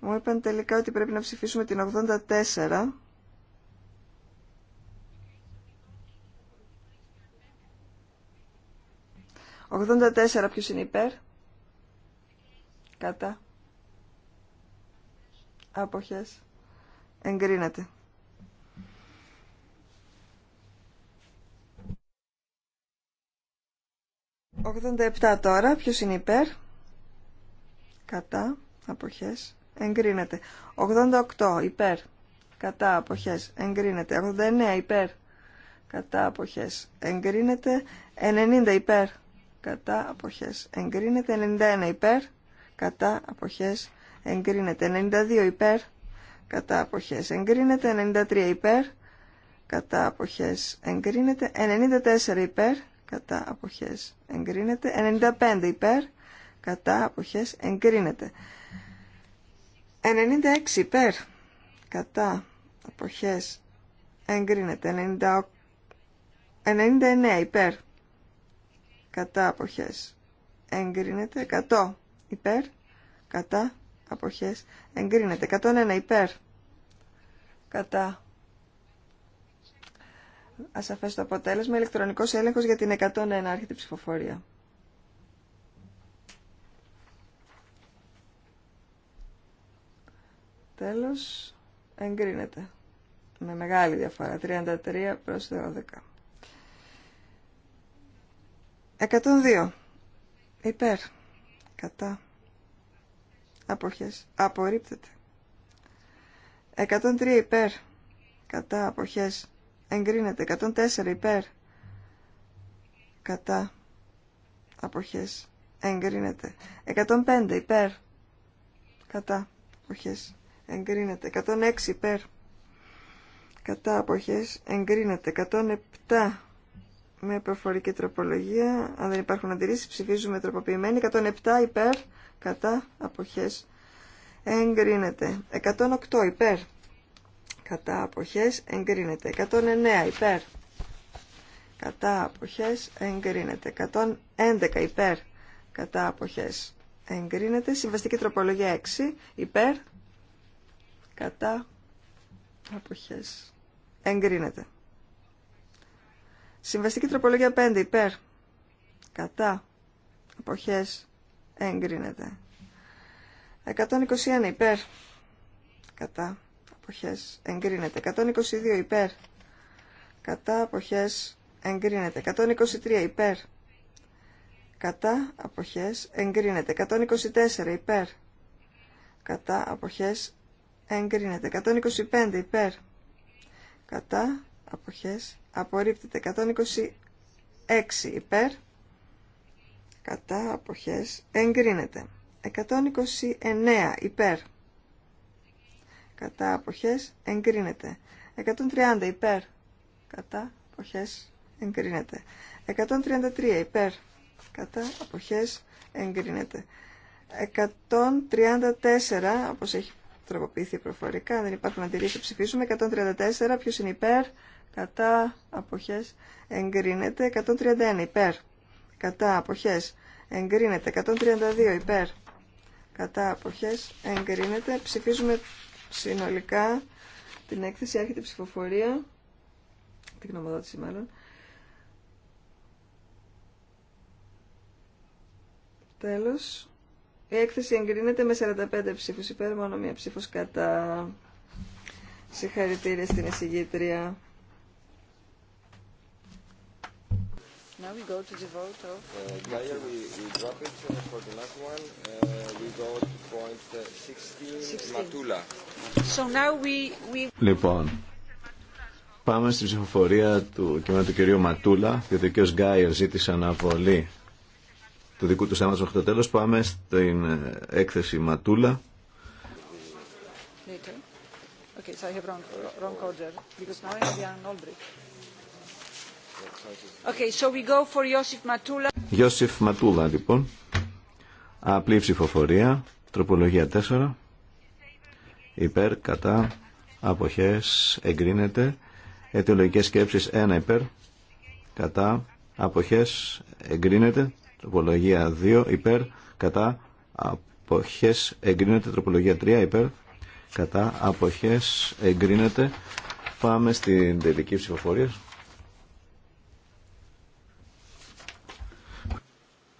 Μου είπαν τελικά ότι πρέπει να ψηφίσουμε την 84 84 ποιος είναι υπέρ. Κατά. Αποχές. Εγκρίνεται. «87 τώρα, ποιος είναι υπέρ» «Κατά, αποχές, εγκρίνεται» «88 υπέρ» «Κατά, αποχές, εγκρίνεται» «89 υπέρ» «Κατά, αποχές, εγκρίνεται» «90 υπέρ» κατά αποχές εγκρίνεται 91 υπέρ κατά αποχές εγκρίνεται 92 υπέρ κατά αποχές εγκρίνεται 93 υπέρ κατά αποχές εγκρίνεται 94 υπέρ κατά αποχές εγκρίνεται 95 υπέρ κατά αποχές εγκρίνεται 96 υπέρ κατά αποχές εγκρίνεται 90, 99 υπέρ κατά αποχές εγκρίνεται 100 υπέρ κατά αποχές εγκρίνεται 101 υπέρ κατά ασαφές το αποτέλεσμα ηλεκτρονικός έλεγχος για την 101 άρχεται ψηφοφορία τέλος εγκρίνεται με μεγάλη διαφορά 33 προς 12 102. Υπέρ. Κατά. Αποχές. Απορρίπτεται. 103 υπέρ. Κατά. Αποχές. Εγκρίνεται. 104 υπέρ. Κατά. Αποχές. Εγκρίνεται. 105 υπέρ. Κατά. Αποχές. Εγκρίνεται. 106 υπέρ. Κατά. Αποχές. Εγκρίνεται. 107 με προφορική τροπολογία. Αν δεν υπάρχουν αντιρρήσει. ψηφίζουμε τροποποιημένοι. 107 υπέρ, κατά, αποχές, εγκρίνεται. 108 υπέρ, κατά, αποχές, εγκρίνεται. 109 υπέρ, κατά, αποχές, εγκρίνεται. 111 υπέρ, κατά, αποχές, εγκρίνεται. Συμβαστική τροπολογία 6 υπέρ, κατά, αποχές, εγκρίνεται. Συμβαστική τροπολογία 5 υπέρ. Κατά. Αποχές. Εγκρίνεται. 121 υπέρ. Κατά. Αποχές. Εγκρίνεται. 122 υπέρ. Κατά. Αποχές. Εγκρίνεται. 123 υπέρ. Κατά. Αποχές. Εγκρίνεται. 124 υπέρ. Κατά. Αποχές. Εγκρίνεται. 125 υπέρ. Κατά. Αποχές απορρίπτεται 126 υπέρ κατά αποχές εγκρίνεται 129 υπέρ κατά αποχές εγκρίνεται 130 υπέρ κατά αποχές εγκρίνεται 133 υπέρ κατά αποχές εγκρίνεται 134 όπως έχει τροποποιηθεί προφορικά δεν υπάρχουν αντιρρήσεις ψηφίσουμε. 134 ποιος είναι υπέρ κατά αποχές εγκρίνεται 131 υπέρ κατά αποχές εγκρίνεται 132 υπέρ κατά αποχές εγκρίνεται ψηφίζουμε συνολικά την έκθεση έρχεται ψηφοφορία την γνωμοδότηση μάλλον τέλος η έκθεση εγκρίνεται με 45 ψήφους υπέρ μόνο μία ψήφος κατά συγχαρητήρια στην εισηγήτρια Now we go to the vote of... Maria, uh, we drop it for the last one. Uh, we go to point 16, uh, Matula. So now we... Λοιπόν, πάμε στη ψηφοφορία του κειμένου του κυρίου Ματούλα, γιατί ο κ. Γκάιερ ζήτησε αναβολή του δικού του στάματος μέχρι το τέλος. Πάμε στην ε, έκθεση Ματούλα. Okay, so I have wrong, wrong order, because now I have Jan Olbrich. Okay, so we go for Matula. Ματούλα, λοιπόν. Απλή ψηφοφορία. Τροπολογία 4. Υπέρ, κατά, αποχές, εγκρίνεται. Αιτιολογικές σκέψεις 1 υπέρ, κατά, αποχές, εγκρίνεται. Τροπολογία 2 υπέρ, κατά, αποχές, εγκρίνεται. Τροπολογία 3 υπέρ, κατά, αποχές, εγκρίνεται. Πάμε στην τελική ψηφοφορία.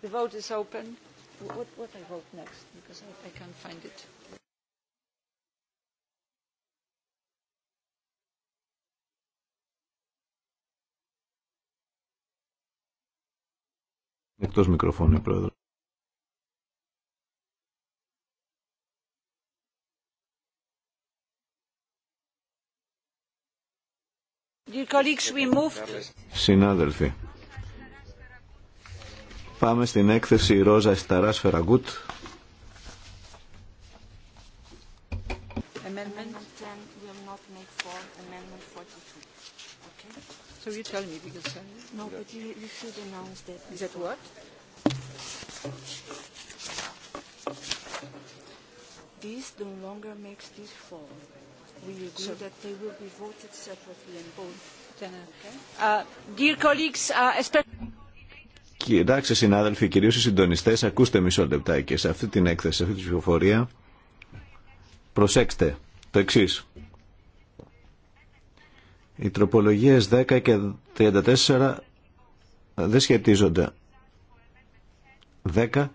The vote is open. What, what I vote next? Because I, I can't find it. Εκτός μικροφώνου, πρόεδρε. Συνάδελφοι, Πάμε στην έκθεση Ρόζα Ισταράς Φεραγκούτ. So you tell me because no, but you, you should announce that. Is that what? This no longer makes this fall. We agree that they will be voted separately and both. Then, okay. uh, dear colleagues, uh, especially. Κοιτάξτε συνάδελφοι, κυρίως οι συντονιστές, ακούστε μισό λεπτάκι σε αυτή την έκθεση, σε αυτή τη ψηφοφορία. Προσέξτε το εξή. Οι τροπολογίες 10 και 34 δεν σχετίζονται. 10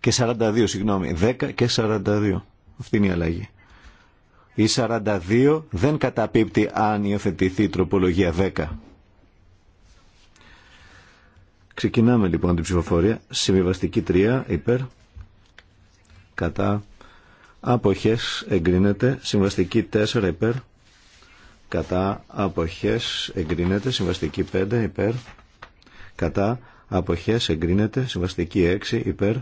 και 42, συγγνώμη. 10 και 42. Αυτή είναι η αλλαγή. Η 42 δεν καταπίπτει αν υιοθετηθεί η τροπολογία 10. Ξεκινάμε λοιπόν την ψηφοφορία. Συμβιβαστική 3 υπέρ κατά αποχές εγκρίνεται. Συμβαστική 4 υπέρ κατά αποχές εγκρίνεται. Συμβαστική 5 υπέρ κατά αποχές εγκρίνεται. Συμβαστική 6 υπέρ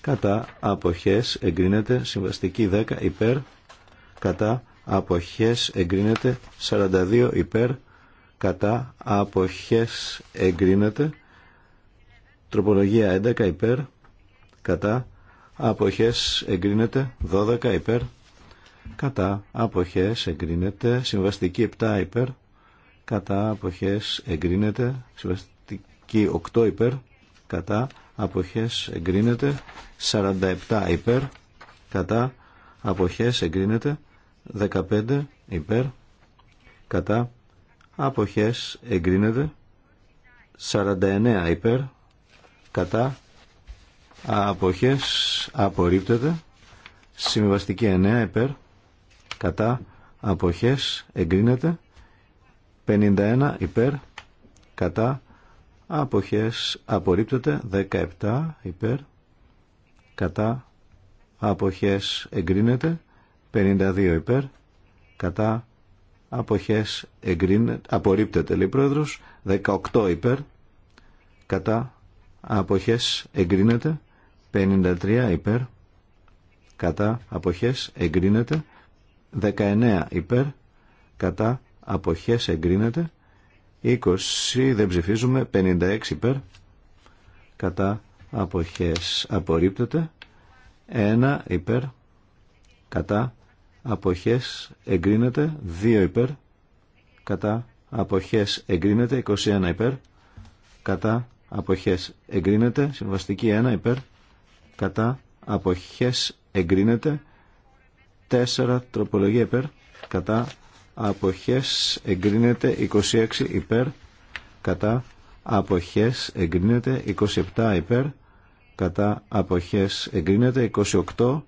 κατά αποχές εγκρίνεται. Συμβαστική 10 υπέρ κατά αποχές εγκρίνεται. 42 υπέρ κατά αποχές εγκρίνεται. Τροπολογία 11 υπέρ, κατά, αποχές εγκρίνεται. 12 υπέρ, κατά, αποχές εγκρίνεται. Συμβαστική 7 υπέρ, κατά, αποχές εγκρίνεται. Συμβαστική 8 υπέρ, κατά, αποχές εγκρίνεται. 47 υπέρ, κατά, αποχές εγκρίνεται. 15 υπέρ, κατά, αποχές εγκρίνεται. 49 υπέρ, κατά αποχές απορρίπτεται συμβιβαστική 9 υπέρ κατά αποχές εγκρίνεται 51 υπέρ κατά αποχές απορρίπτεται 17 υπέρ κατά αποχές εγκρίνεται 52 υπέρ κατά αποχές εγκρίνεται απορρίπτεται λέει πρόεδρος 18 υπέρ κατά αποχές εγκρίνεται 53 υπέρ κατά αποχές εγκρίνεται 19 υπέρ κατά αποχές εγκρίνεται 20 δεν ψηφίζουμε 56 υπέρ κατά αποχές απορρίπτεται 1 υπέρ κατά αποχές εγκρίνεται 2 υπέρ κατά αποχές εγκρίνεται 21 υπέρ κατά αποχές εγκρίνεται. Συμβαστική 1 υπέρ κατά αποχές εγκρίνεται. 4 τροπολογία υπέρ κατά αποχές εγκρίνεται. 26 υπέρ κατά αποχές εγκρίνεται. 27 υπέρ κατά αποχές εγκρίνεται. 28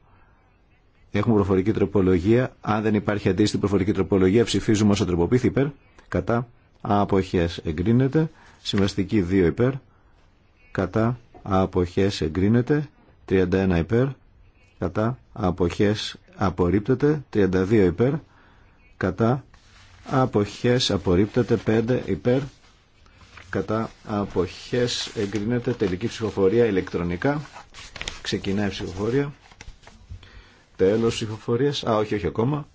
Έχουμε προφορική τροπολογία. Αν δεν υπάρχει αντίστοιχη προφορική τροπολογία, ψηφίζουμε όσο τροποποιήθη υπέρ. Κατά. Αποχές εγκρίνεται. Συμβαστική 2 υπέρ κατά αποχές εγκρίνεται 31 υπέρ κατά αποχές απορρίπτεται 32 υπέρ κατά αποχές απορρίπτεται 5 υπέρ κατά αποχές εγκρίνεται τελική ψηφοφορία ηλεκτρονικά ξεκινάει η ψηφοφορία τέλος ψηφοφορίας α όχι όχι ακόμα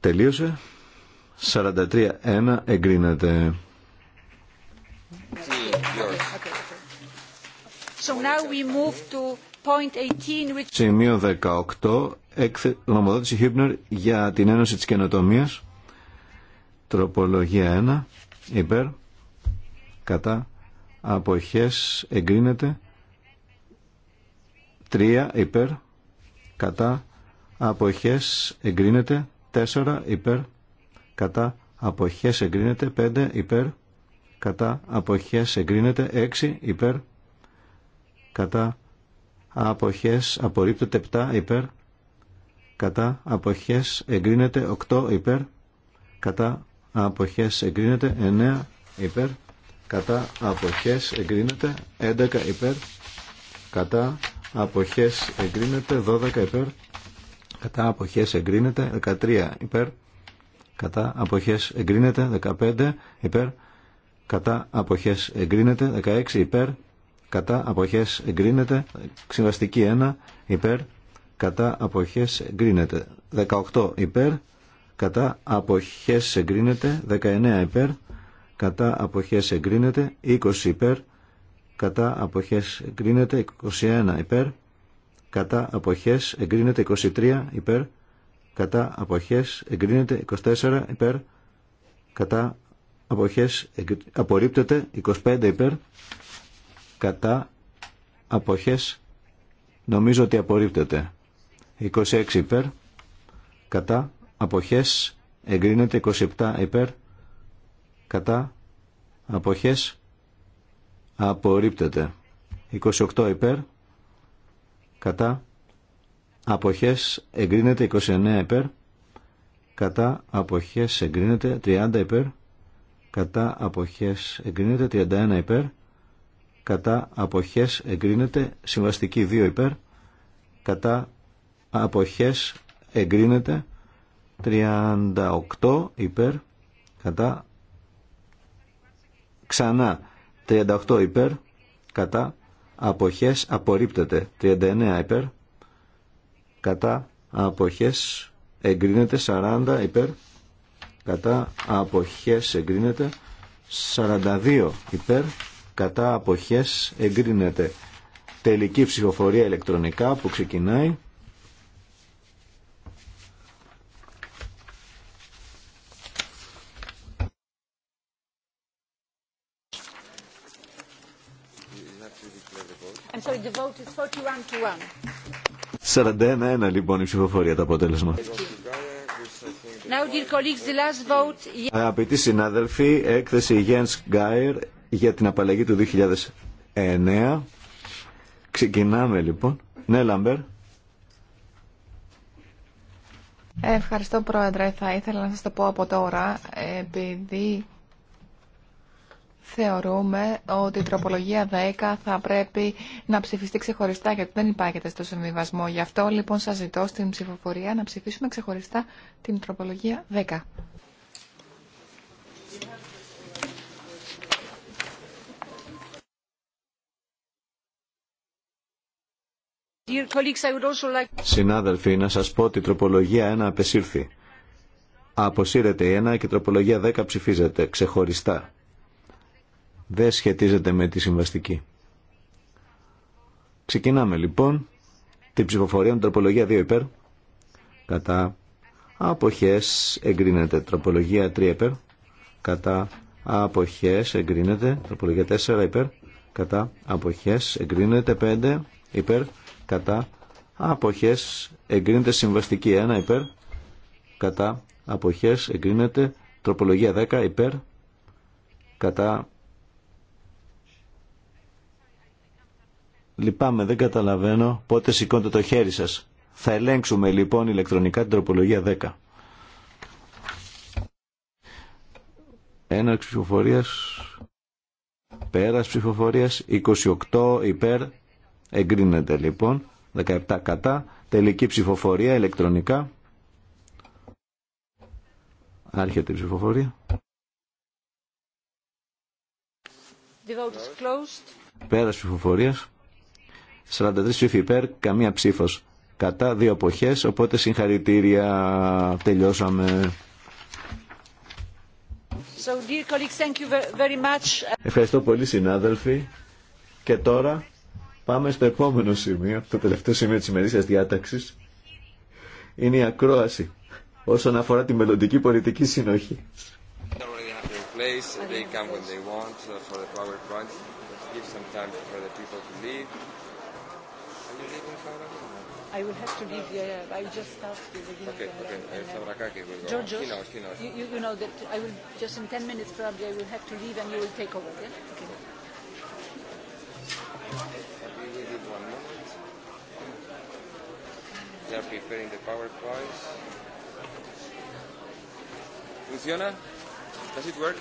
τελείωσε 43-1 εγκρίνεται 18, Σημείο 18, έκθε... Χίπνερ για την Ένωση της Καινοτομίας, τροπολογία 1, υπέρ, κατά, αποχές, εγκρίνεται, 3, υπέρ, κατά, αποχές, εγκρίνεται, 4, υπέρ, κατά, αποχές, εγκρίνεται, 5, υπέρ, κατά, αποχές, εγκρίνεται, 6, υπέρ, κατά αποχές απορρίπτεται 7 υπέρ κατά αποχές εγκρίνεται 8 υπέρ κατά αποχές εγκρίνεται 9 υπέρ κατά αποχές εγκρίνεται 11 υπέρ κατά αποχές εγκρίνεται 12 υπέρ κατά αποχές εγκρίνεται 13 υπέρ κατά αποχές εγκρίνεται 15 υπέρ κατά αποχές εγκρίνεται 16 υπέρ κατά αποχές εγκρίνεται. Συμβαστική 1 υπέρ κατά αποχές εγκρίνεται. 18 υπέρ κατά αποχές εγκρίνεται. 19 υπέρ κατά αποχές εγκρίνεται. 20 υπέρ κατά αποχές εγκρίνεται. 21 υπέρ κατά αποχές εγκρίνεται. 23 υπέρ κατά αποχές εγκρίνεται. 24 υπέρ κατά αποχές απορρίπτεται. 25 υπέρ κατά αποχές νομίζω ότι απορρίπτεται 26 υπέρ κατά αποχές εγκρίνεται 27 υπέρ κατά αποχές απορρίπτεται 28 υπέρ κατά αποχές εγκρίνεται 29 υπέρ κατά αποχές εγκρίνεται 30 υπέρ κατά αποχές εγκρίνεται 31 υπέρ κατά αποχές εγκρίνεται συμβαστική 2 υπέρ κατά αποχές εγκρίνεται 38 υπέρ κατά ξανά 38 υπέρ κατά αποχές απορρίπτεται 39 υπέρ κατά αποχές εγκρίνεται 40 υπέρ κατά αποχές εγκρίνεται 42 υπέρ κατά αποχές εγκρίνεται. Τελική ψηφοφορία ηλεκτρονικά που ξεκινάει. So 41 1. 41-1 λοιπόν η ψηφοφορία το αποτέλεσμα. Now, dear colleagues, the last vote... Αγαπητοί συνάδελφοι, έκθεση Jens Geier για την απαλλαγή του 2009. Ξεκινάμε λοιπόν. Ναι, Λαμπέρ. Ε, ευχαριστώ Πρόεδρε. Θα ήθελα να σας το πω από τώρα, επειδή θεωρούμε ότι η τροπολογία 10 θα πρέπει να ψηφιστεί ξεχωριστά γιατί δεν υπάρχεται στο συμβιβασμό. Γι' αυτό λοιπόν σας ζητώ στην ψηφοφορία να ψηφίσουμε ξεχωριστά την τροπολογία 10. Συνάδελφοι, να σας πω ότι η τροπολογία 1 απεσύρθη. Αποσύρεται η 1 και η τροπολογία 10 ψηφίζεται ξεχωριστά. Δεν σχετίζεται με τη συμβαστική. Ξεκινάμε λοιπόν την ψηφοφορία με τροπολογία 2 υπέρ. Κατά αποχές εγκρίνεται τροπολογία 3 υπέρ. Κατά αποχές εγκρίνεται τροπολογία 4 υπέρ. Κατά αποχές εγκρίνεται 5 υπέρ κατά αποχές εγκρίνεται συμβαστική 1 υπέρ κατά αποχές εγκρίνεται τροπολογία 10 υπέρ κατά Λυπάμαι, δεν καταλαβαίνω πότε σηκώνετε το χέρι σας. Θα ελέγξουμε λοιπόν ηλεκτρονικά την τροπολογία 10. Έναρξη ψηφοφορίας, πέρας ψηφοφορίας, 28 υπέρ, Εγκρίνεται λοιπόν. 17 κατά. Τελική ψηφοφορία ηλεκτρονικά. Άρχεται η ψηφοφορία. The Πέρας ψηφοφορίας. 43 ψήφοι υπέρ, καμία ψήφος κατά, δύο αποχές, οπότε συγχαρητήρια, τελειώσαμε. So, dear thank you very much. Ευχαριστώ πολύ συνάδελφοι και τώρα Πάμε στο επόμενο σημείο, το τελευταίο σημείο της ημερήσιας διάταξης. Είναι η ακρόαση όσον αφορά τη μελλοντική πολιτική συνοχή. I will have to leave. I just start the beginning. Okay, okay. And, Georgios, you, you know that I will just in 10 minutes probably I will have to leave and you will take over. Yeah? Okay. They are preparing the power PowerPoints. ¿Funciona? Does it work?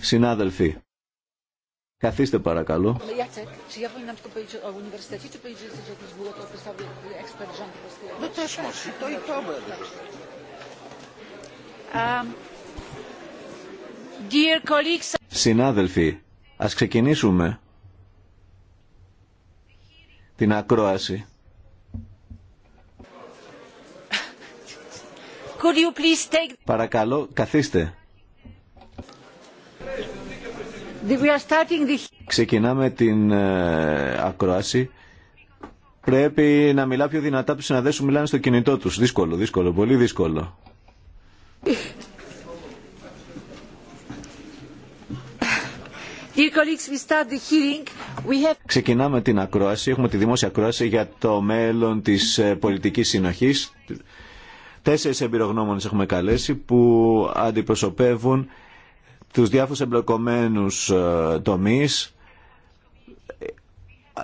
Συνάδελφοι, καθίστε παρακαλώ. dear colleagues. Συνάδελφοι, ας ξεκινήσουμε την ακρόαση. Παρακαλώ, καθίστε. Ξεκινάμε την ε, ακρόαση. Πρέπει να μιλά πιο δυνατά του συναδέλφου που μιλάνε στο κινητό του. Δύσκολο, δύσκολο, πολύ δύσκολο. Ξεκινάμε την ακρόαση. Έχουμε τη δημόσια ακρόαση για το μέλλον της ε, πολιτικής συνοχής Τέσσερις εμπειρογνώμονες έχουμε καλέσει που αντιπροσωπεύουν τους διάφορους εμπλοκομένους ε, τομείς.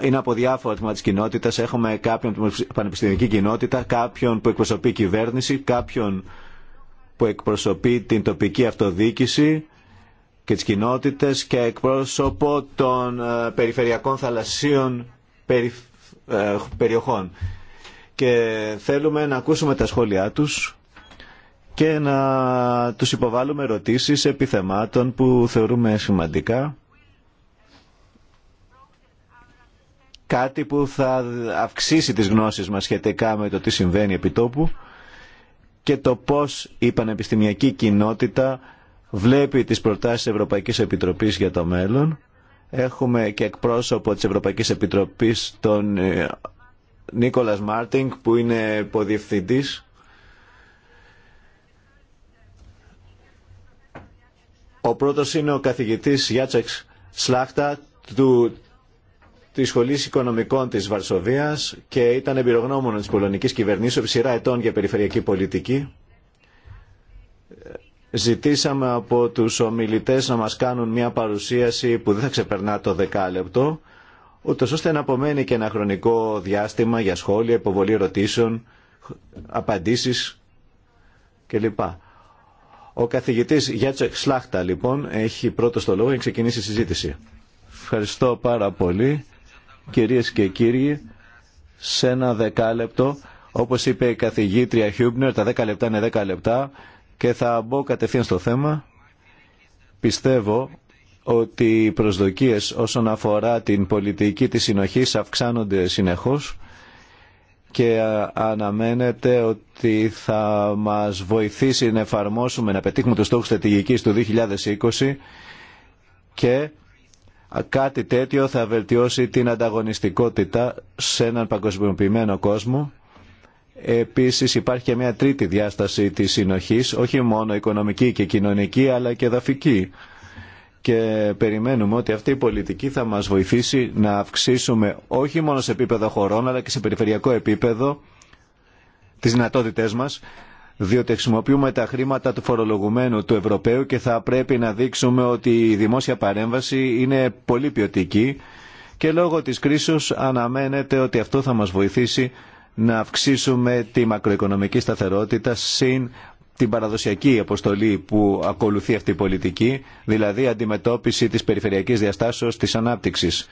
Είναι από διάφορα τμήματα τη κοινότητας. Έχουμε κάποιον από την πανεπιστημιακή κοινότητα, κάποιον που εκπροσωπεί κυβέρνηση, κάποιον που εκπροσωπεί την τοπική αυτοδιοίκηση και τις κοινότητες και εκπρόσωπο των ε, περιφερειακών θαλασσίων ε, περιοχών και θέλουμε να ακούσουμε τα σχόλιά τους και να τους υποβάλουμε ερωτήσεις επιθεμάτων που θεωρούμε σημαντικά. Κάτι που θα αυξήσει τις γνώσεις μας σχετικά με το τι συμβαίνει επί τόπου και το πώς η πανεπιστημιακή κοινότητα βλέπει τις προτάσεις της Ευρωπαϊκής Επιτροπής για το μέλλον. Έχουμε και εκπρόσωπο της Ευρωπαϊκής Επιτροπής των ε, Νίκολας Μάρτινγκ που είναι υποδιευθυντής Ο πρώτος είναι ο καθηγητής Γιάτσεξ Σλάχτα του, της Σχολής Οικονομικών της Βαρσοβίας και ήταν εμπειρογνώμονα της πολωνικής κυβερνήσεως σειρά ετών για περιφερειακή πολιτική. Ζητήσαμε από τους ομιλητές να μας κάνουν μια παρουσίαση που δεν θα ξεπερνά το δεκάλεπτο ούτω ώστε να απομένει και ένα χρονικό διάστημα για σχόλια, υποβολή ερωτήσεων, απαντήσεις κλπ. Ο καθηγητής Γιάτσεκ Σλάχτα λοιπόν έχει πρώτο το λόγο για να ξεκινήσει η συζήτηση. Ευχαριστώ πάρα πολύ κυρίες και κύριοι σε ένα δεκάλεπτο όπως είπε η καθηγήτρια Χιούμπνερ τα δέκα λεπτά είναι δέκα λεπτά και θα μπω κατευθείαν στο θέμα πιστεύω ότι οι προσδοκίες όσον αφορά την πολιτική της συνοχής αυξάνονται συνεχώς και αναμένεται ότι θα μας βοηθήσει να εφαρμόσουμε, να πετύχουμε τους στόχους στρατηγικής του 2020 και κάτι τέτοιο θα βελτιώσει την ανταγωνιστικότητα σε έναν παγκοσμιοποιημένο κόσμο. Επίσης υπάρχει και μια τρίτη διάσταση της συνοχής, όχι μόνο οικονομική και κοινωνική αλλά και δαφική και περιμένουμε ότι αυτή η πολιτική θα μας βοηθήσει να αυξήσουμε όχι μόνο σε επίπεδο χωρών αλλά και σε περιφερειακό επίπεδο τις δυνατότητές μας διότι χρησιμοποιούμε τα χρήματα του φορολογουμένου του Ευρωπαίου και θα πρέπει να δείξουμε ότι η δημόσια παρέμβαση είναι πολύ ποιοτική και λόγω της κρίσης αναμένεται ότι αυτό θα μας βοηθήσει να αυξήσουμε τη μακροοικονομική σταθερότητα συν την παραδοσιακή αποστολή που ακολουθεί αυτή η πολιτική, δηλαδή αντιμετώπιση της περιφερειακής διαστάσεως της ανάπτυξης.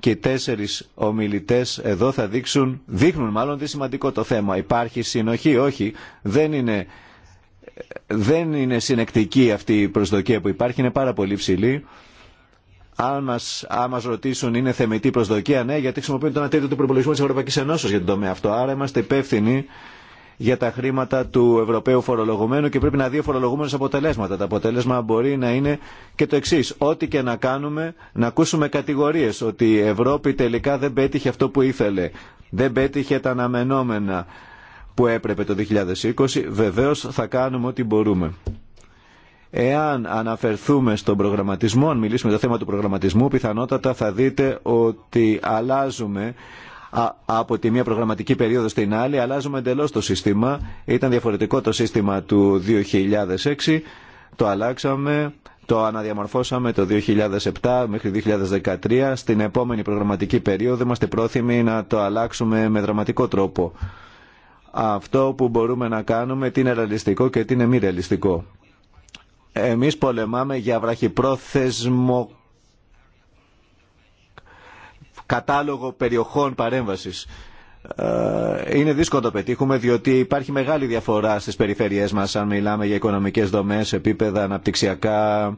Και οι τέσσερις ομιλητές εδώ θα δείξουν, δείχνουν μάλλον τι σημαντικό το θέμα. Υπάρχει συνοχή, όχι, δεν είναι, δεν είναι συνεκτική αυτή η προσδοκία που υπάρχει, είναι πάρα πολύ ψηλή. Αν μας, ρωτήσουν είναι θεμητή προσδοκία, ναι, γιατί χρησιμοποιούν το 1 του προπολογισμού της Ευρωπαϊκής για τον τομέα αυτό. Άρα είμαστε υπεύθυνοι για τα χρήματα του Ευρωπαίου φορολογουμένου και πρέπει να δει ο φορολογούμενος αποτελέσματα. Το αποτέλεσμα μπορεί να είναι και το εξή. Ό,τι και να κάνουμε, να ακούσουμε κατηγορίε ότι η Ευρώπη τελικά δεν πέτυχε αυτό που ήθελε. Δεν πέτυχε τα αναμενόμενα που έπρεπε το 2020. Βεβαίω θα κάνουμε ό,τι μπορούμε. Εάν αναφερθούμε στον προγραμματισμό, αν μιλήσουμε για το θέμα του προγραμματισμού, πιθανότατα θα δείτε ότι αλλάζουμε από τη μία προγραμματική περίοδο στην άλλη. Αλλάζουμε εντελώ το σύστημα. Ήταν διαφορετικό το σύστημα του 2006. Το αλλάξαμε, το αναδιαμορφώσαμε το 2007 μέχρι 2013. Στην επόμενη προγραμματική περίοδο είμαστε πρόθυμοι να το αλλάξουμε με δραματικό τρόπο. Αυτό που μπορούμε να κάνουμε, τι είναι ρεαλιστικό και τι είναι μη ρεαλιστικό. Εμείς πολεμάμε για βραχυπρόθεσμο κατάλογο περιοχών παρέμβασης. Ε, είναι δύσκολο να το πετύχουμε διότι υπάρχει μεγάλη διαφορά στις περιφέρειές μας αν μιλάμε για οικονομικές δομές, επίπεδα αναπτυξιακά,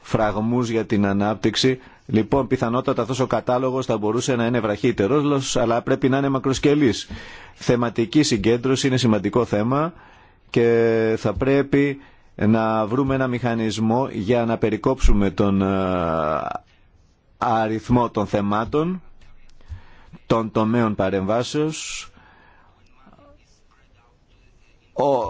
φραγμούς για την ανάπτυξη. Λοιπόν, πιθανότατα αυτός ο κατάλογος θα μπορούσε να είναι βραχύτερος, αλλά πρέπει να είναι μακροσκελής. Θεματική συγκέντρωση είναι σημαντικό θέμα και θα πρέπει να βρούμε ένα μηχανισμό για να περικόψουμε τον ε, αριθμό των θεμάτων, των τομέων παρεμβάσεως,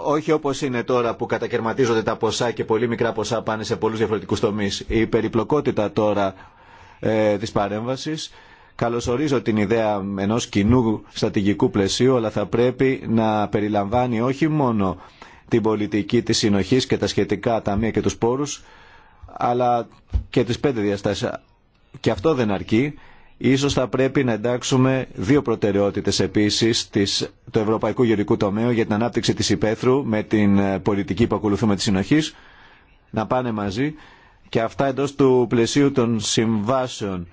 όχι όπως είναι τώρα που κατακαιρματίζονται τα ποσά και πολύ μικρά ποσά πάνε σε πολλούς διαφορετικούς τομείς. Η περιπλοκότητα τώρα ε, της παρέμβασης. Καλωσορίζω την ιδέα ενός κοινού στατηγικού πλαισίου, αλλά θα πρέπει να περιλαμβάνει όχι μόνο την πολιτική της συνοχής και τα σχετικά ταμεία και τους πόρους, αλλά και τις πέντε διαστάσεις και αυτό δεν αρκεί. Ίσως θα πρέπει να εντάξουμε δύο προτεραιότητες επίσης της, του Ευρωπαϊκού Γεωργικού Τομέα για την ανάπτυξη της υπαίθρου με την ε, πολιτική που ακολουθούμε της συνοχής να πάνε μαζί και αυτά εντός του πλαισίου των συμβάσεων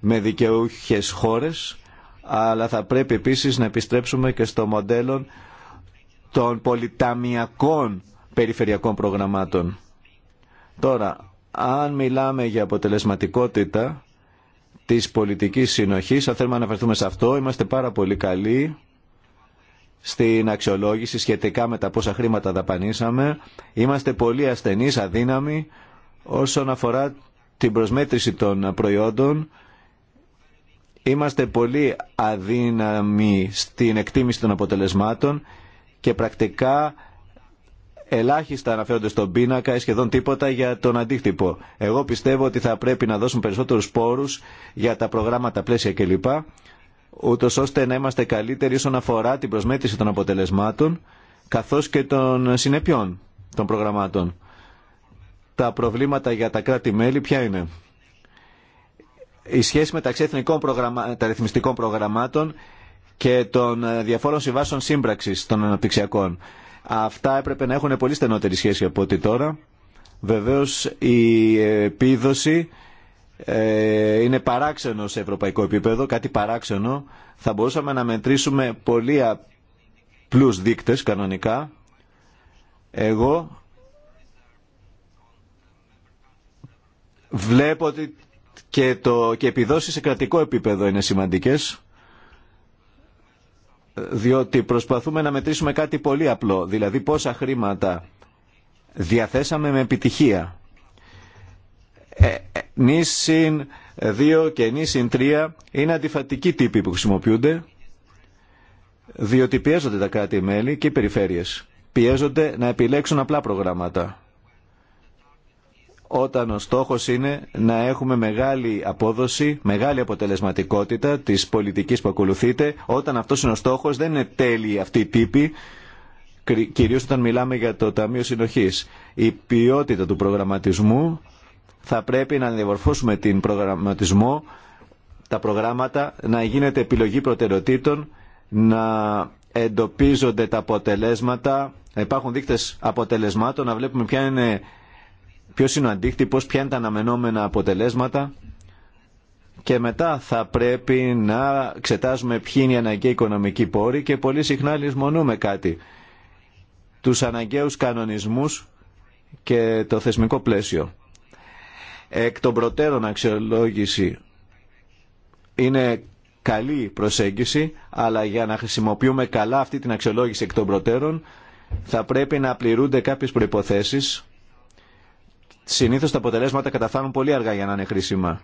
με δικαιούχες χώρες αλλά θα πρέπει επίσης να επιστρέψουμε και στο μοντέλο των πολυταμιακών περιφερειακών προγραμμάτων. Τώρα, αν μιλάμε για αποτελεσματικότητα της πολιτικής συνοχής, αν θέλουμε να αναφερθούμε σε αυτό, είμαστε πάρα πολύ καλοί στην αξιολόγηση σχετικά με τα πόσα χρήματα δαπανίσαμε. Είμαστε πολύ ασθενείς, αδύναμοι όσον αφορά την προσμέτρηση των προϊόντων. Είμαστε πολύ αδύναμοι στην εκτίμηση των αποτελεσμάτων και πρακτικά Ελάχιστα αναφέρονται στον πίνακα ή σχεδόν τίποτα για τον αντίκτυπο. Εγώ πιστεύω ότι θα πρέπει να δώσουν περισσότερους πόρους για τα προγράμματα πλαίσια κλπ. ούτω ώστε να είμαστε καλύτεροι όσον αφορά την προσμέτρηση των αποτελεσμάτων καθώς και των συνεπειών των προγραμμάτων. Τα προβλήματα για τα κράτη-μέλη ποια είναι. Η σχέση μεταξύ εθνικών προγραμμα... ρυθμιστικών προγραμμάτων και των ε, διαφόρων συμβάσεων σύμπραξης των αναπτυξιακών. Αυτά έπρεπε να έχουν πολύ στενότερη σχέση από ό,τι τώρα. Βεβαίως η επίδοση ε, είναι παράξενο σε ευρωπαϊκό επίπεδο, κάτι παράξενο. Θα μπορούσαμε να μετρήσουμε πολύ απλούς δείκτες κανονικά. Εγώ βλέπω ότι και, το, και επιδόσεις σε κρατικό επίπεδο είναι σημαντικές διότι προσπαθούμε να μετρήσουμε κάτι πολύ απλό, δηλαδή πόσα χρήματα διαθέσαμε με επιτυχία. Ε, ε νήσιν 2 και νήσιν 3 είναι αντιφατικοί τύποι που χρησιμοποιούνται, διότι πιέζονται τα κράτη-μέλη και οι περιφέρειες. Πιέζονται να επιλέξουν απλά προγράμματα όταν ο στόχος είναι να έχουμε μεγάλη απόδοση, μεγάλη αποτελεσματικότητα της πολιτικής που ακολουθείτε, όταν αυτός είναι ο στόχος δεν είναι τέλειοι αυτοί οι τύποι, κυρίως όταν μιλάμε για το Ταμείο Συνοχής. Η ποιότητα του προγραμματισμού θα πρέπει να διαμορφώσουμε την προγραμματισμό, τα προγράμματα, να γίνεται επιλογή προτεραιοτήτων, να εντοπίζονται τα αποτελέσματα, να υπάρχουν δείκτες αποτελεσμάτων, να βλέπουμε ποια είναι Ποιο είναι ο αντίκτυπο, ποια είναι τα αναμενόμενα αποτελέσματα και μετά θα πρέπει να εξετάζουμε ποιοι είναι οι αναγκαίοι οικονομικοί πόροι και πολύ συχνά λησμονούμε κάτι. Τους αναγκαίους κανονισμούς και το θεσμικό πλαίσιο. Εκ των προτέρων αξιολόγηση είναι καλή προσέγγιση, αλλά για να χρησιμοποιούμε καλά αυτή την αξιολόγηση εκ των προτέρων θα πρέπει να πληρούνται κάποιες προϋποθέσεις Συνήθω τα αποτελέσματα καταφάνουν πολύ αργά για να είναι χρήσιμα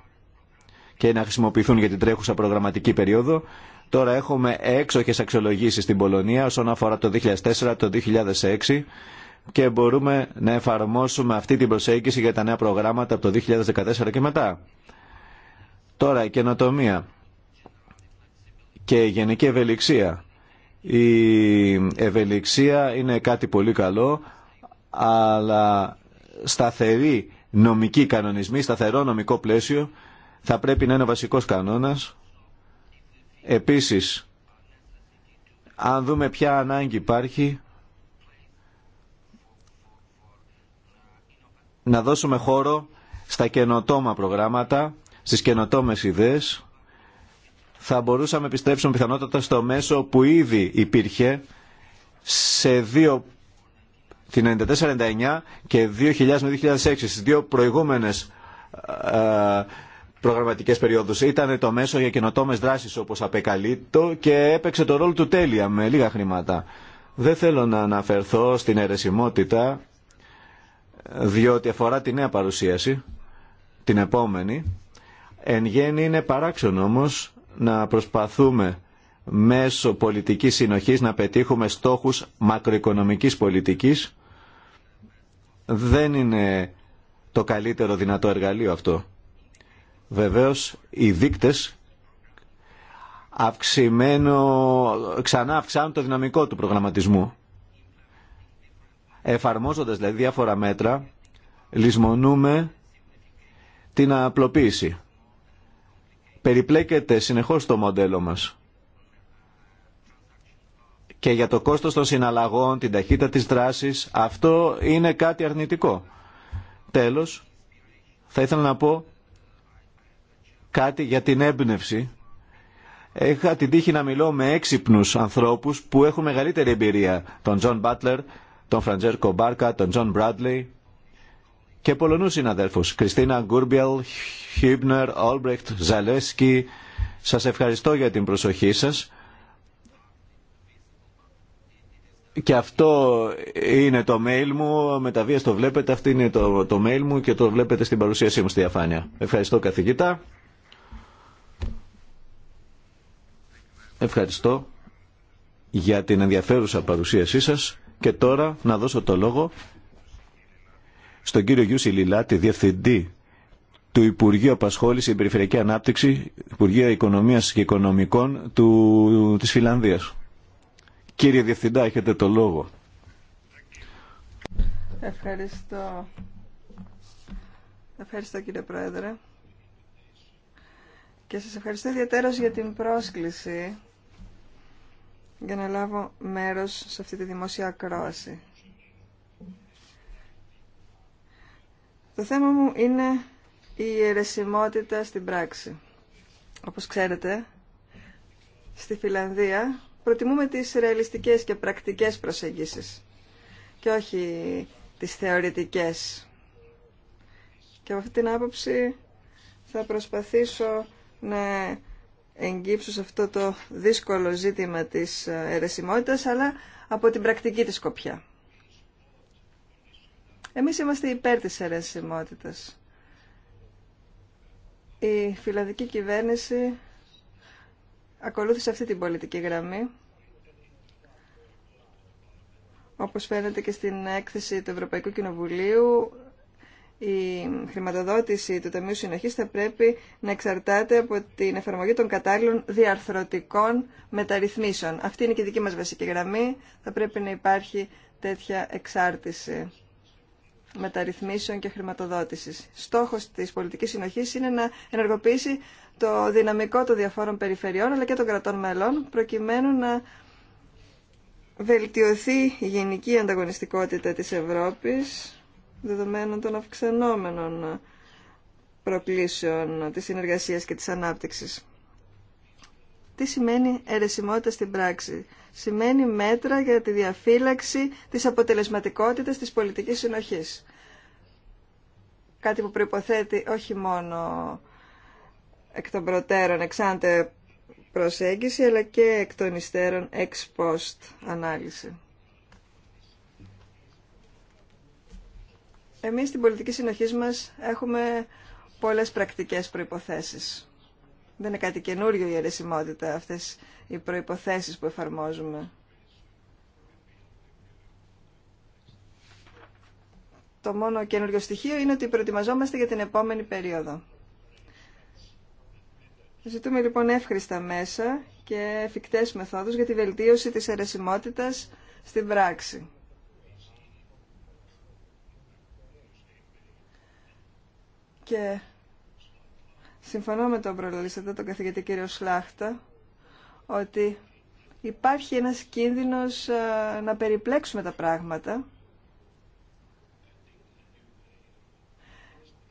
και να χρησιμοποιηθούν για την τρέχουσα προγραμματική περίοδο. Τώρα έχουμε έξοχε αξιολογήσει στην Πολωνία όσον αφορά το 2004, το 2006 και μπορούμε να εφαρμόσουμε αυτή την προσέγγιση για τα νέα προγράμματα από το 2014 και μετά. Τώρα η καινοτομία και η γενική ευελιξία. Η ευελιξία είναι κάτι πολύ καλό, αλλά σταθεροί νομικοί κανονισμοί, σταθερό νομικό πλαίσιο θα πρέπει να είναι ο βασικός κανόνας. Επίσης, αν δούμε ποια ανάγκη υπάρχει, να δώσουμε χώρο στα καινοτόμα προγράμματα, στις καινοτόμες ιδέες, θα μπορούσαμε να επιστρέψουμε πιθανότατα στο μέσο που ήδη υπήρχε σε δύο την 94-99 και 2000-2006, στις δύο προηγούμενες ε, προγραμματικές περιόδους. Ήταν το μέσο για καινοτόμες δράσεις όπως απεκαλύπτω και έπαιξε το ρόλο του τέλεια με λίγα χρήματα. Δεν θέλω να αναφερθώ στην αιρεσιμότητα διότι αφορά τη νέα παρουσίαση, την επόμενη. Εν γέννη είναι παράξενο όμως να προσπαθούμε μέσω πολιτικής συνοχής να πετύχουμε στόχους μακροοικονομικής πολιτικής δεν είναι το καλύτερο δυνατό εργαλείο αυτό. Βεβαίως οι δείκτες αυξημένο, ξανά αυξάνουν το δυναμικό του προγραμματισμού. Εφαρμόζοντας δηλαδή διάφορα μέτρα, λησμονούμε την απλοποίηση. Περιπλέκεται συνεχώς το μοντέλο μας και για το κόστος των συναλλαγών, την ταχύτητα της δράσης, αυτό είναι κάτι αρνητικό. Τέλος, θα ήθελα να πω κάτι για την έμπνευση. Έχα την τύχη να μιλώ με έξυπνους ανθρώπους που έχουν μεγαλύτερη εμπειρία. Τον Τζον Μπάτλερ, τον Φραντζέρ Κομπάρκα, τον Τζον Μπράντλεϊ και πολλούς συναδέλφους. Κριστίνα Γκούρμπιαλ, Χίμπνερ, Όλμπρεχτ, Ζαλέσκι. Σας ευχαριστώ για την προσοχή σας Και αυτό είναι το mail μου, με τα το βλέπετε, αυτό είναι το, το mail μου και το βλέπετε στην παρουσίασή μου στη διαφάνεια. Ευχαριστώ καθηγητά. Ευχαριστώ για την ενδιαφέρουσα παρουσίασή σας και τώρα να δώσω το λόγο στον κύριο Γιούση Λιλάτη, Διευθυντή του Υπουργείου Απασχόληση και Περιφερειακή Ανάπτυξη, Υπουργείου Οικονομίας και Οικονομικών του, της Φιλανδίας. Κύριε Διευθυντά, έχετε το λόγο. Ευχαριστώ. Ευχαριστώ κύριε Πρόεδρε. Και σας ευχαριστώ ιδιαίτερως για την πρόσκληση για να λάβω μέρος σε αυτή τη δημόσια ακρόαση. Το θέμα μου είναι η ερεσιμότητα στην πράξη. Όπως ξέρετε, στη Φιλανδία προτιμούμε τις ρεαλιστικές και πρακτικές προσεγγίσεις και όχι τις θεωρητικές. Και από αυτή την άποψη θα προσπαθήσω να εγγύψω σε αυτό το δύσκολο ζήτημα της αιρεσιμότητας, αλλά από την πρακτική της κοπιά. Εμείς είμαστε υπέρ της αιρεσιμότητας. Η φιλανδική κυβέρνηση ακολούθησε αυτή την πολιτική γραμμή όπως φαίνεται και στην έκθεση του Ευρωπαϊκού Κοινοβουλίου, η χρηματοδότηση του Ταμείου Συνοχής θα πρέπει να εξαρτάται από την εφαρμογή των κατάλληλων διαρθρωτικών μεταρρυθμίσεων. Αυτή είναι και η δική μας βασική γραμμή. Θα πρέπει να υπάρχει τέτοια εξάρτηση μεταρρυθμίσεων και χρηματοδότησης. Στόχος της πολιτικής συνοχής είναι να ενεργοποιήσει το δυναμικό των διαφόρων περιφερειών αλλά και των κρατών μελών προκειμένου να βελτιωθεί η γενική ανταγωνιστικότητα της Ευρώπης δεδομένων των αυξανόμενων προκλήσεων της συνεργασίας και της ανάπτυξης. Τι σημαίνει αιρεσιμότητα στην πράξη. Σημαίνει μέτρα για τη διαφύλαξη της αποτελεσματικότητας της πολιτικής συνοχής. Κάτι που προϋποθέτει όχι μόνο εκ των προτέρων εξάντε προσέγγιση αλλά και εκ των υστέρων ex post ανάλυση. Εμείς στην πολιτική συνοχή μας έχουμε πολλές πρακτικές προϋποθέσεις. Δεν είναι κάτι καινούριο η αρισιμότητα αυτές οι προϋποθέσεις που εφαρμόζουμε. Το μόνο καινούριο στοιχείο είναι ότι προετοιμαζόμαστε για την επόμενη περίοδο. Ζητούμε λοιπόν εύχριστα μέσα και εφικτές μεθόδους για τη βελτίωση της αιρεσιμότητας στην πράξη. Και συμφωνώ με τον προλαλήσατε, τον καθηγητή κύριο Σλάχτα, ότι υπάρχει ένας κίνδυνος ε, να περιπλέξουμε τα πράγματα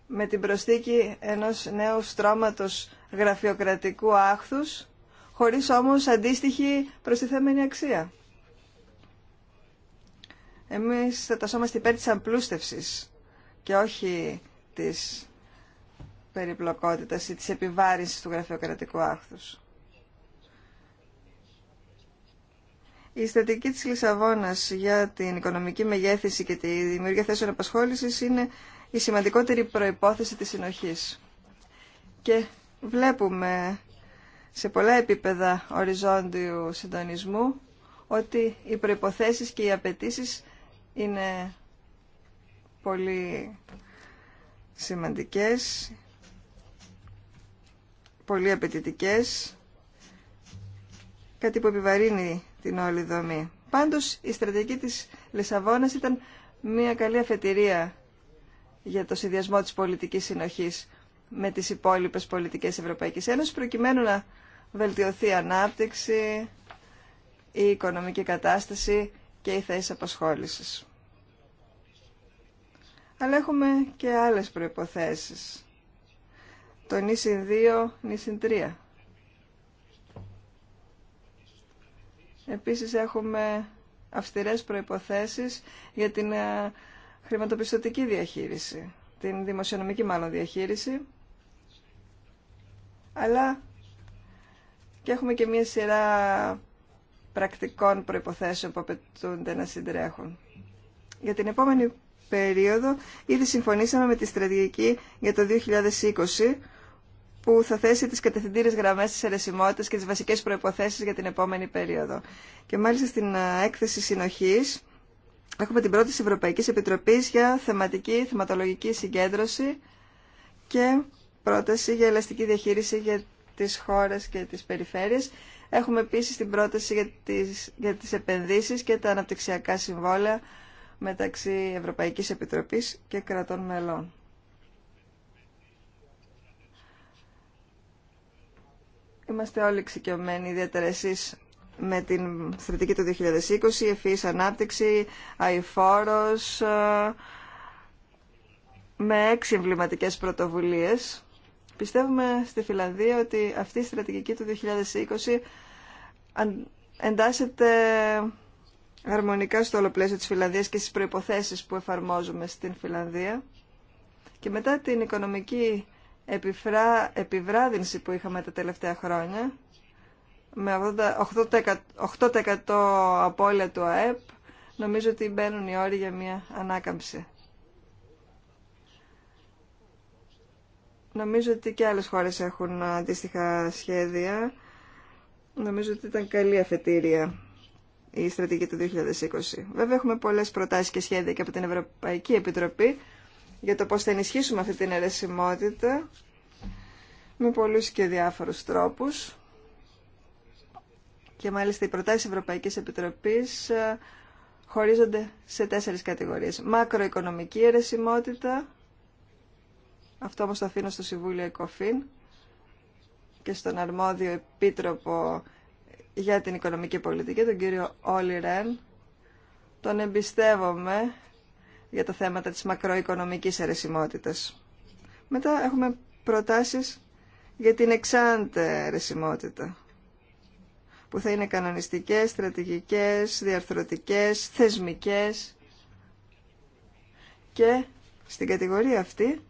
με την προσθήκη ενός νέου στρώματος γραφειοκρατικού άχθους, χωρίς όμως αντίστοιχη προστιθέμενη αξία. Εμείς θα τασόμαστε υπέρ της απλούστευσης και όχι της περιπλοκότητας ή της επιβάρυνσης του γραφειοκρατικού άχθους. Η στατική της Λισαβόνας για την οικονομική μεγέθυνση και τη δημιουργία θέσεων απασχόλησης είναι η σημαντικότερη προϋπόθεση της συνοχής. Και βλέπουμε σε πολλά επίπεδα οριζόντιου συντονισμού ότι οι προϋποθέσεις και οι απαιτήσει είναι πολύ σημαντικές, πολύ απαιτητικέ, κάτι που επιβαρύνει την όλη δομή. Πάντως η στρατηγική της Λισαβόνας ήταν μια καλή αφετηρία για το συνδυασμό της πολιτικής συνοχής με τις υπόλοιπες πολιτικές Ευρωπαϊκής Ένωσης προκειμένου να βελτιωθεί η ανάπτυξη, η οικονομική κατάσταση και οι θέσει απασχόλησης. Αλλά έχουμε και άλλες προϋποθέσεις. Το νησιν 2, νησιν 3. Επίσης έχουμε αυστηρές προϋποθέσεις για την ε, χρηματοπιστωτική διαχείριση, την δημοσιονομική μάλλον διαχείριση, αλλά και έχουμε και μία σειρά πρακτικών προϋποθέσεων που απαιτούνται να συντρέχουν. Για την επόμενη περίοδο ήδη συμφωνήσαμε με τη στρατηγική για το 2020 που θα θέσει τις κατευθυντήρες γραμμές της αιρεσιμότητας και τις βασικές προϋποθέσεις για την επόμενη περίοδο. Και μάλιστα στην έκθεση συνοχής έχουμε την πρώτη Ευρωπαϊκής Επιτροπής για θεματική θεματολογική συγκέντρωση και πρόταση για ελαστική διαχείριση για τις χώρες και τις περιφέρειες. Έχουμε επίσης την πρόταση για τις, για τις επενδύσεις και τα αναπτυξιακά συμβόλαια μεταξύ Ευρωπαϊκής Επιτροπής και κρατών μελών. Είμαστε όλοι εξοικειωμένοι, ιδιαίτερα εσεί με την στρατηγική του 2020, ευφύης ανάπτυξη, αηφόρος, ε, με έξι εμβληματικέ πρωτοβουλίες Πιστεύουμε στη Φιλανδία ότι αυτή η στρατηγική του 2020 εντάσσεται αρμονικά στο όλο πλαίσιο της Φιλανδίας και στις προϋποθέσεις που εφαρμόζουμε στην Φιλανδία. Και μετά την οικονομική επιβράδυνση που είχαμε τα τελευταία χρόνια, με 8%, 8 απώλεια του ΑΕΠ, νομίζω ότι μπαίνουν οι όροι για μια ανάκαμψη. Νομίζω ότι και άλλες χώρες έχουν αντίστοιχα σχέδια. Νομίζω ότι ήταν καλή αφετήρια η στρατηγική του 2020. Βέβαια έχουμε πολλές προτάσεις και σχέδια και από την Ευρωπαϊκή Επιτροπή για το πώς θα ενισχύσουμε αυτή την αιρεσιμότητα με πολλούς και διάφορους τρόπους. Και μάλιστα οι προτάσεις Ευρωπαϊκής Επιτροπής ε, χωρίζονται σε τέσσερις κατηγορίες. Μακροοικονομική αιρεσιμότητα, αυτό όμως το αφήνω στο Συμβούλιο ΕΚΟΦΗΝ και στον αρμόδιο επίτροπο για την οικονομική πολιτική, τον κύριο Όλι Ρεν. Τον εμπιστεύομαι για τα θέματα της μακροοικονομικής αιρεσιμότητας. Μετά έχουμε προτάσεις για την εξάντε αιρεσιμότητα, που θα είναι κανονιστικές, στρατηγικές, διαρθρωτικές, θεσμικές και στην κατηγορία αυτή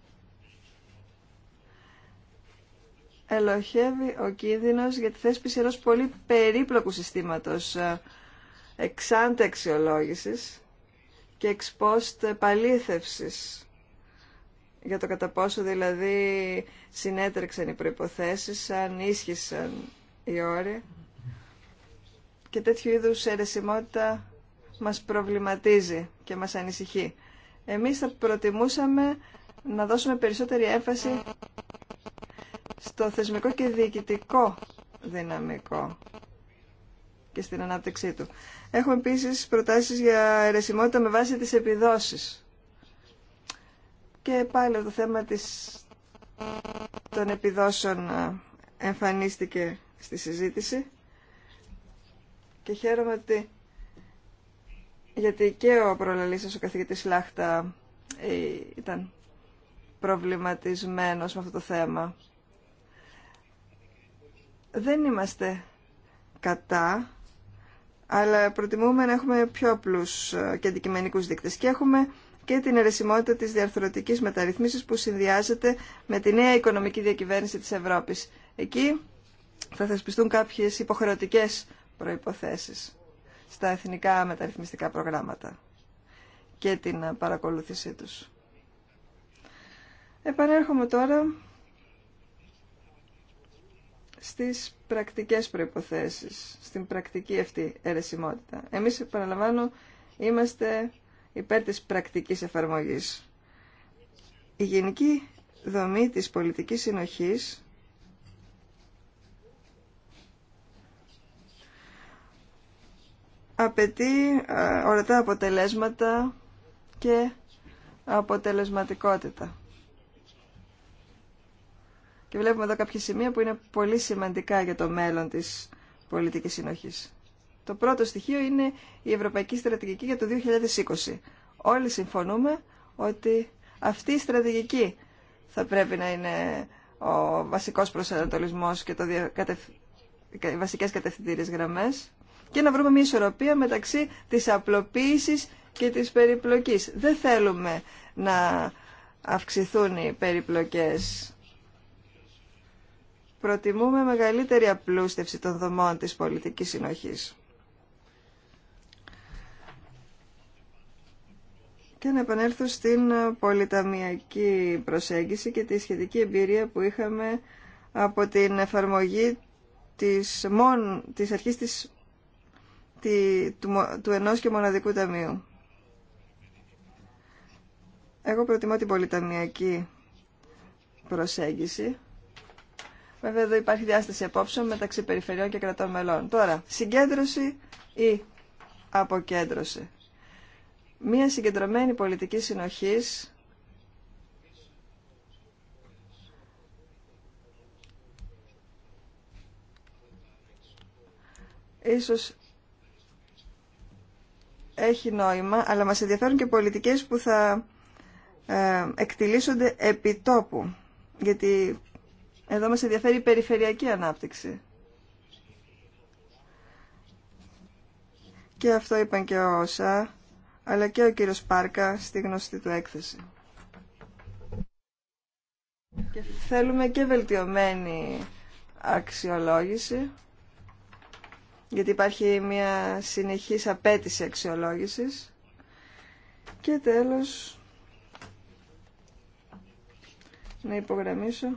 ελοχεύει ο κίνδυνος για τη θέσπιση ενός πολύ περίπλοκου συστήματος ε, εξάντε και εξπόστ επαλήθευσης για το κατά πόσο δηλαδή συνέτρεξαν οι προϋποθέσεις, αν οι όροι και τέτοιου είδους αιρεσιμότητα μας προβληματίζει και μας ανησυχεί. Εμείς θα προτιμούσαμε να δώσουμε περισσότερη έμφαση στο θεσμικό και διοικητικό δυναμικό και στην ανάπτυξή του. Έχουμε επίσης προτάσεις για αιρεσιμότητα με βάση τις επιδόσεις. Και πάλι το θέμα της... των επιδόσεων ε, εμφανίστηκε στη συζήτηση και χαίρομαι ότι γιατί και ο προλαλής σας, ο καθηγητής Λάχτα, ε, ήταν προβληματισμένος με αυτό το θέμα δεν είμαστε κατά, αλλά προτιμούμε να έχουμε πιο απλούς ε, και αντικειμενικούς δείκτες. Και έχουμε και την αιρεσιμότητα της διαρθρωτικής μεταρρυθμίσης που συνδυάζεται με τη νέα οικονομική διακυβέρνηση της Ευρώπης. Εκεί θα θεσπιστούν κάποιες υποχρεωτικές προϋποθέσεις στα εθνικά μεταρρυθμιστικά προγράμματα και την παρακολούθησή τους. Επανέρχομαι τώρα στις πρακτικές προϋποθέσεις, στην πρακτική αυτή αιρεσιμότητα. Εμείς, παραλαμβάνω, είμαστε υπέρ της πρακτικής εφαρμογής. Η γενική δομή της πολιτικής συνοχής απαιτεί ε, ορατά αποτελέσματα και αποτελεσματικότητα. Και βλέπουμε εδώ κάποια σημεία που είναι πολύ σημαντικά για το μέλλον της πολιτικής συνοχής. Το πρώτο στοιχείο είναι η Ευρωπαϊκή Στρατηγική για το 2020. Όλοι συμφωνούμε ότι αυτή η στρατηγική θα πρέπει να είναι ο βασικός προσανατολισμός και το οι βασικές κατευθυντήριες γραμμές και να βρούμε μια ισορροπία μεταξύ της απλοποίησης και της περιπλοκής. Δεν θέλουμε να αυξηθούν οι περιπλοκές προτιμούμε μεγαλύτερη απλούστευση των δομών της πολιτικής συνοχής. Και να επανέλθω στην πολυταμιακή προσέγγιση και τη σχετική εμπειρία που είχαμε από την εφαρμογή της, μον, της αρχής της, τη, του, του ενός και μοναδικού ταμείου. Εγώ προτιμώ την πολυταμιακή προσέγγιση Βέβαια εδώ υπάρχει διάσταση απόψεων μεταξύ περιφερειών και κρατών μελών. Τώρα, συγκέντρωση ή αποκέντρωση. Μία συγκεντρωμένη πολιτική συνοχής ίσως έχει νόημα, αλλά μας ενδιαφέρουν και πολιτικές που θα ε, εκτιλήσονται επί τόπου. Γιατί εδώ μας ενδιαφέρει η περιφερειακή ανάπτυξη. Και αυτό είπαν και ο ΩΣΑ, αλλά και ο κύριος Πάρκα στη γνωστή του έκθεση. Και θέλουμε και βελτιωμένη αξιολόγηση, γιατί υπάρχει μια συνεχής απέτηση αξιολόγησης. Και τέλος, να υπογραμμίσω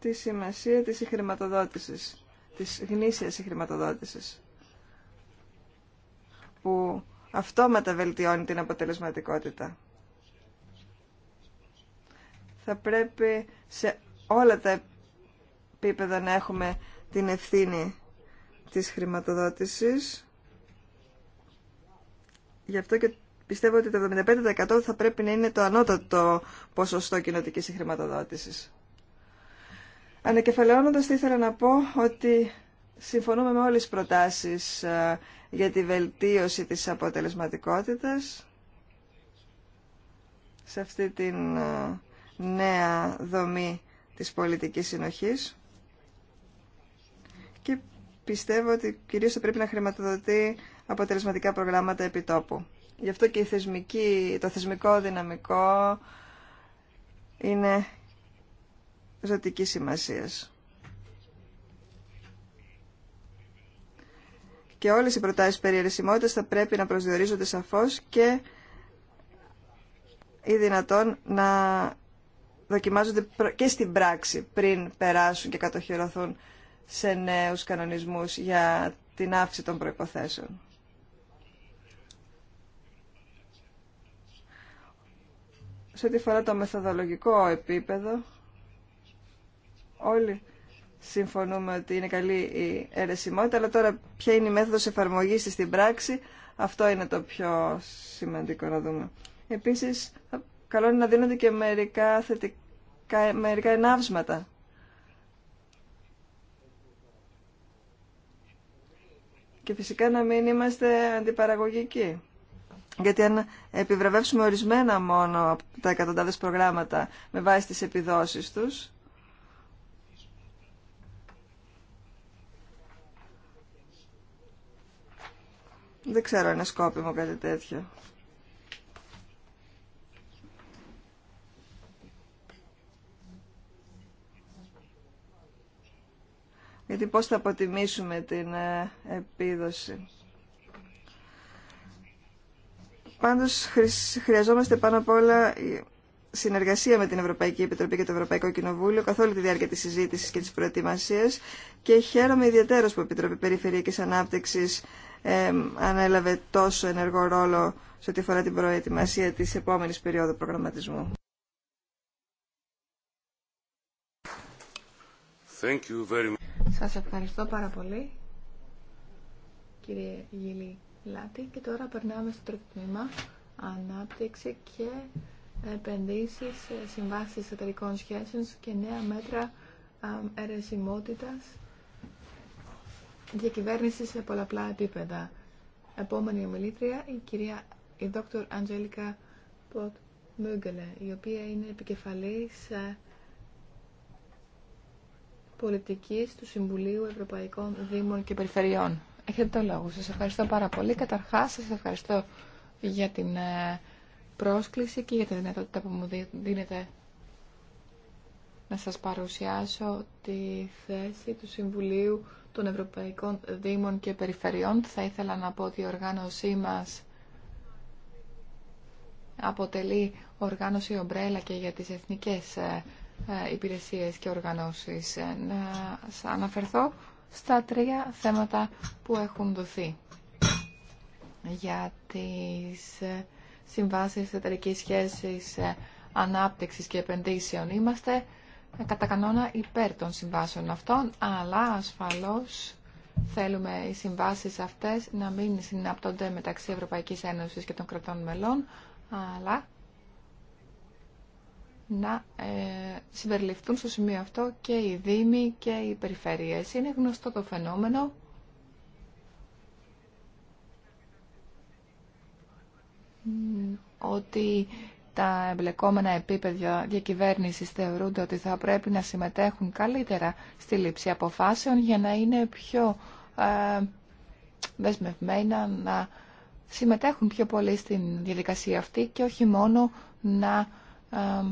τη σημασία της χρηματοδότησης, της γνήσιας χρηματοδότησης, που αυτόματα βελτιώνει την αποτελεσματικότητα. Θα πρέπει σε όλα τα επίπεδα να έχουμε την ευθύνη της χρηματοδότησης. Γι' αυτό και πιστεύω ότι το 75% θα πρέπει να είναι το ανώτατο ποσοστό κοινοτικής χρηματοδότησης. Ανακεφαλαιώνοντας, ήθελα να πω ότι συμφωνούμε με όλες τις προτάσεις ε, για τη βελτίωση της αποτελεσματικότητας σε αυτή την ε, νέα δομή της πολιτικής συνοχής και πιστεύω ότι κυρίως θα πρέπει να χρηματοδοτεί αποτελεσματικά προγράμματα επιτόπου. Γι' αυτό και θεσμική, το θεσμικό δυναμικό είναι ζωτική σημασία. Και όλες οι προτάσεις περί θα πρέπει να προσδιορίζονται σαφώς και ή δυνατόν να δοκιμάζονται και στην πράξη πριν περάσουν και κατοχυρωθούν σε νέους κανονισμούς για την αύξηση των προϋποθέσεων. Σε ό,τι φορά το μεθοδολογικό επίπεδο, όλοι συμφωνούμε ότι είναι καλή η αιρεσιμότητα, αλλά τώρα ποια είναι η μέθοδος εφαρμογής της στην πράξη, αυτό είναι το πιο σημαντικό να δούμε. Επίσης, καλό είναι να δίνονται και μερικά, θετικά, μερικά ενάυσματα. Και φυσικά να μην είμαστε αντιπαραγωγικοί. Γιατί αν επιβραβεύσουμε ορισμένα μόνο τα εκατοντάδες προγράμματα με βάση τις επιδόσεις τους, Δεν ξέρω ένα είναι σκόπιμο κάτι τέτοιο. Γιατί πώς θα αποτιμήσουμε την ε, επίδοση. Πάντως χρειαζόμαστε πάνω απ' όλα συνεργασία με την Ευρωπαϊκή Επιτροπή και το Ευρωπαϊκό Κοινοβούλιο καθ' όλη τη διάρκεια της συζήτησης και της προετοιμασίας και χαίρομαι ιδιαίτερως που η Επιτροπή Περιφερειακής Ανάπτυξης ανέλαβε τόσο ενεργό ρόλο σε ό,τι αφορά την προετοιμασία της επόμενης περίοδου προγραμματισμού. Thank you very much. Σας ευχαριστώ πάρα πολύ, κύριε Γιλή Λάτη. Και τώρα περνάμε στο τρίτο τμήμα, ανάπτυξη και επενδύσεις, συμβάσεις εταιρικών σχέσεων και νέα μέτρα αιρεσιμότητας διακυβέρνηση σε πολλαπλά επίπεδα. Επόμενη ομιλήτρια, η κυρία η δόκτωρ Αντζέλικα Ποτ Μούγκελε, η οποία είναι επικεφαλής ε, πολιτικής του Συμβουλίου Ευρωπαϊκών Δήμων και Περιφερειών. Έχετε το λόγο. Σας ευχαριστώ πάρα πολύ. Καταρχάς, σας ευχαριστώ για την ε, πρόσκληση και για τη δυνατότητα που μου δίνετε να σας παρουσιάσω τη θέση του Συμβουλίου των Ευρωπαϊκών Δήμων και Περιφερειών. Θα ήθελα να πω ότι η οργάνωσή μας αποτελεί οργάνωση ομπρέλα και για τις εθνικές ε, ε, υπηρεσίες και οργανώσεις. Ε, να αναφερθώ στα τρία θέματα που έχουν δοθεί για τις συμβάσεις εταιρικής σχέσης ανάπτυξης και επενδύσεων. Είμαστε κατά κανόνα υπέρ των συμβάσεων αυτών, αλλά ασφαλώς θέλουμε οι συμβάσεις αυτές να μην συναπτώνται μεταξύ Ευρωπαϊκής Ένωσης και των κρατών μελών, αλλά να ε, συμπεριληφθούν στο σημείο αυτό και οι δήμοι και οι περιφέρειες. Είναι γνωστό το φαινόμενο. ότι τα εμπλεκόμενα επίπεδα διακυβέρνηση θεωρούνται ότι θα πρέπει να συμμετέχουν καλύτερα στη λήψη αποφάσεων για να είναι πιο ε, δεσμευμένα, να συμμετέχουν πιο πολύ στην διαδικασία αυτή και όχι μόνο να ε,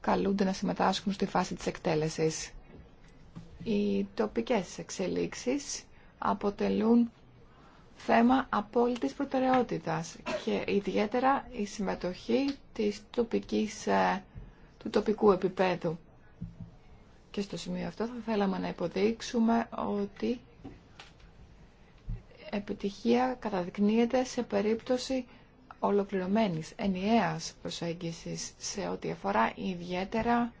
καλούνται να συμμετάσχουν στη φάση της εκτέλεσης. Οι τοπικές εξελίξεις αποτελούν θέμα απόλυτης προτεραιότητας και ιδιαίτερα η συμμετοχή της τοπικής, ε, του τοπικού επίπεδου. Και στο σημείο αυτό θα θέλαμε να υποδείξουμε ότι επιτυχία καταδεικνύεται σε περίπτωση ολοκληρωμένης ενιαίας προσέγγισης σε ό,τι αφορά ιδιαίτερα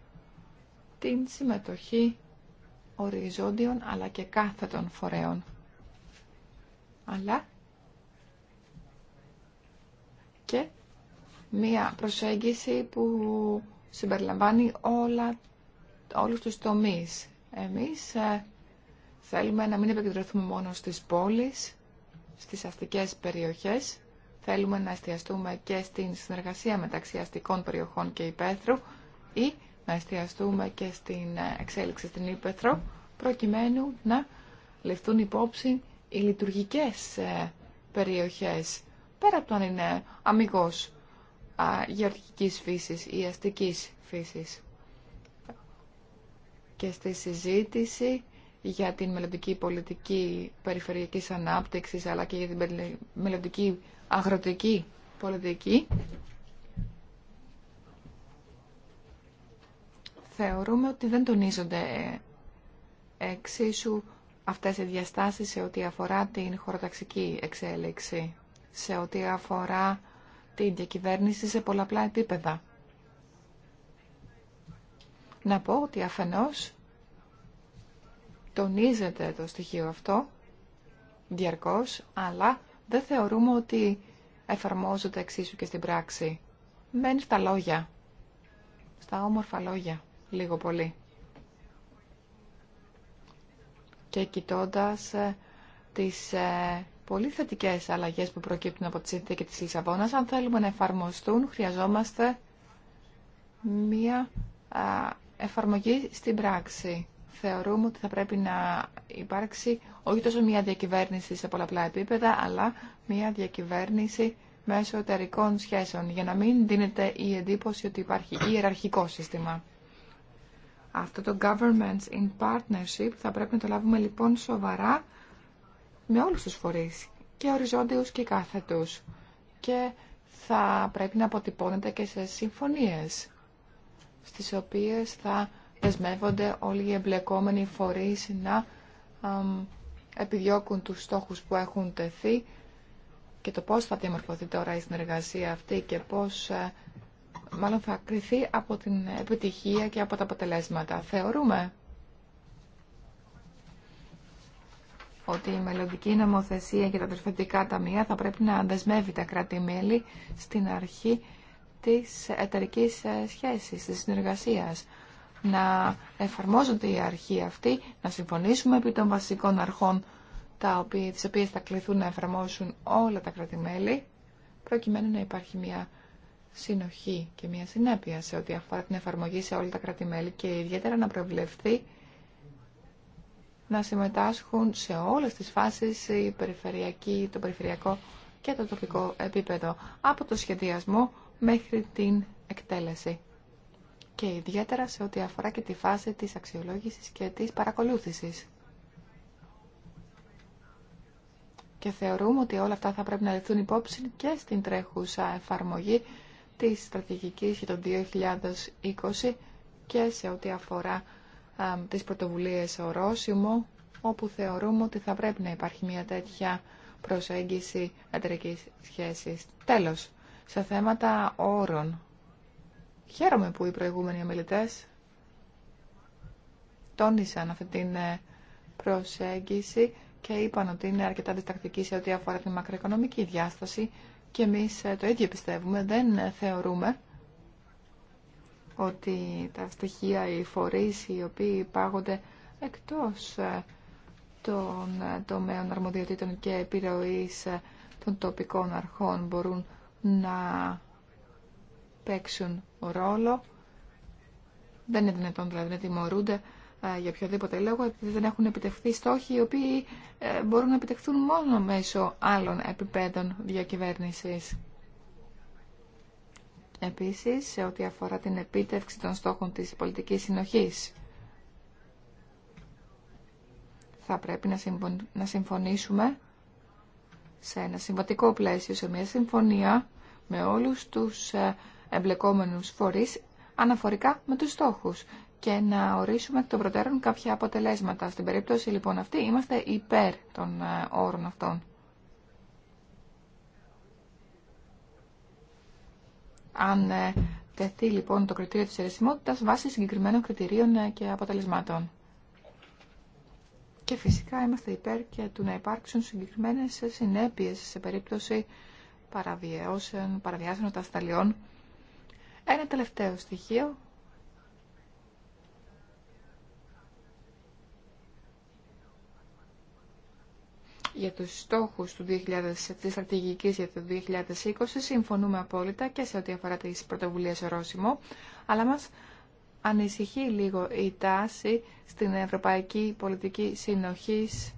την συμμετοχή οριζόντιων αλλά και κάθετων φορέων αλλά και μία προσέγγιση που συμπεριλαμβάνει όλα, όλους τους τομείς. Εμείς ε, θέλουμε να μην επικεντρωθούμε μόνο στις πόλεις, στις αστικές περιοχές. Θέλουμε να εστιαστούμε και στην συνεργασία μεταξύ αστικών περιοχών και υπαίθρου ή να εστιαστούμε και στην ε, εξέλιξη στην υπαίθρο προκειμένου να ληφθούν υπόψη οι λειτουργικές ε, περιοχές, πέρα από το αν είναι αμυγός γεωργικής φύσης ή αστικής φύσης. Και στη συζήτηση για την μελλοντική πολιτική περιφερειακής ανάπτυξης αλλά και για την μελλοντική αγροτική πολιτική θεωρούμε ότι δεν τονίζονται ε, εξίσου αυτές οι διαστάσεις σε ό,τι αφορά την χωροταξική εξέλιξη, σε ό,τι αφορά την διακυβέρνηση σε πολλαπλά επίπεδα. Να πω ότι αφενός τονίζεται το στοιχείο αυτό διαρκώς, αλλά δεν θεωρούμε ότι εφαρμόζονται εξίσου και στην πράξη. Μένει στα λόγια, στα όμορφα λόγια, λίγο πολύ. και κοιτώντας ε, τις ε, πολύ θετικέ αλλαγές που προκύπτουν από τη συνθήκη της Λισαβόνας, αν θέλουμε να εφαρμοστούν, χρειαζόμαστε μία εφαρμογή στην πράξη. Θεωρούμε ότι θα πρέπει να υπάρξει όχι τόσο μία διακυβέρνηση σε πολλαπλά επίπεδα, αλλά μία διακυβέρνηση μέσω εταιρικών σχέσεων, για να μην δίνεται η εντύπωση ότι υπάρχει ιεραρχικό σύστημα. Αυτό το government in partnership θα πρέπει να το λάβουμε λοιπόν σοβαρά με όλους τους φορείς και οριζόντιους και κάθετους και θα πρέπει να αποτυπώνεται και σε συμφωνίες στις οποίες θα δεσμεύονται όλοι οι εμπλεκόμενοι φορείς να επιδιώκουν τους στόχους που έχουν τεθεί και το πώς θα διαμορφωθεί τώρα η συνεργασία αυτή και πώς ε, μάλλον θα κριθεί από την επιτυχία και από τα αποτελέσματα. Θεωρούμε ότι η μελλοντική νομοθεσία και τα τροφεντικά ταμεία θα πρέπει να αντασμεύει τα κράτη-μέλη στην αρχή της εταιρικής ε, σχέσης, της συνεργασίας. Να εφαρμόζονται η αρχή αυτή, να συμφωνήσουμε επί των βασικών αρχών τα οποία, τις οποίες θα κληθούν να εφαρμόσουν όλα τα κράτη-μέλη, προκειμένου να υπάρχει μια συνοχή και μια συνέπεια σε ό,τι αφορά την εφαρμογή σε όλα τα κράτη-μέλη και ιδιαίτερα να προβλεφθεί να συμμετάσχουν σε όλες τις φάσεις η περιφερειακή, το περιφερειακό και το τοπικό επίπεδο από το σχεδιασμό μέχρι την εκτέλεση και ιδιαίτερα σε ό,τι αφορά και τη φάση της αξιολόγησης και της παρακολούθησης. Και θεωρούμε ότι όλα αυτά θα πρέπει να λεφτούν υπόψη και στην τρέχουσα εφαρμογή της στρατηγικής για το 2020 και σε ό,τι αφορά α, τις πρωτοβουλίες ορόσημο, όπου θεωρούμε ότι θα πρέπει να υπάρχει μια τέτοια προσέγγιση εταιρικής σχέσης. Τέλος, σε θέματα όρων. Χαίρομαι που οι προηγούμενοι ομιλητές τόνισαν αυτή την ε, προσέγγιση και είπαν ότι είναι αρκετά διστακτική σε ό,τι αφορά την μακροοικονομική διάσταση και εμείς ε, το ίδιο πιστεύουμε, δεν ε, θεωρούμε ότι τα στοιχεία, οι φορείς οι οποίοι πάγονται εκτός ε, των τομέων αρμοδιοτήτων και επιρροής των τοπικών αρχών μπορούν να παίξουν ρόλο. Δεν είναι δυνατόν δηλαδή να τιμωρούνται ε, για οποιοδήποτε λόγο, επειδή δεν έχουν επιτευχθεί στόχοι οι οποίοι ε, μπορούν να επιτευχθούν μόνο μέσω άλλων επιπέδων διακυβέρνησης. Επίσης, σε ό,τι αφορά την επίτευξη των στόχων της πολιτικής συνοχής, θα πρέπει να συμφωνήσουμε σε ένα συμβατικό πλαίσιο, σε μια συμφωνία με όλους τους ε, εμπλεκόμενους φορείς αναφορικά με τους στόχους και να ορίσουμε εκ των προτέρων κάποια αποτελέσματα. Στην περίπτωση λοιπόν αυτή είμαστε υπέρ των ε, όρων αυτών. Αν ε, τεθεί λοιπόν το κριτήριο της αιρεσιμότητας βάσει συγκεκριμένων κριτηρίων ε, και αποτελεσμάτων. Και φυσικά είμαστε υπέρ και του να υπάρξουν συγκεκριμένες συνέπειες σε περίπτωση παραβιάσεων, παραβιάσεων τασταλιών. Ένα τελευταίο στοιχείο για τους στόχους του 2000, της στρατηγικής για το 2020 συμφωνούμε απόλυτα και σε ό,τι αφορά τις πρωτοβουλίες ορόσημο, αλλά μας ανησυχεί λίγο η τάση στην Ευρωπαϊκή Πολιτική Συνοχής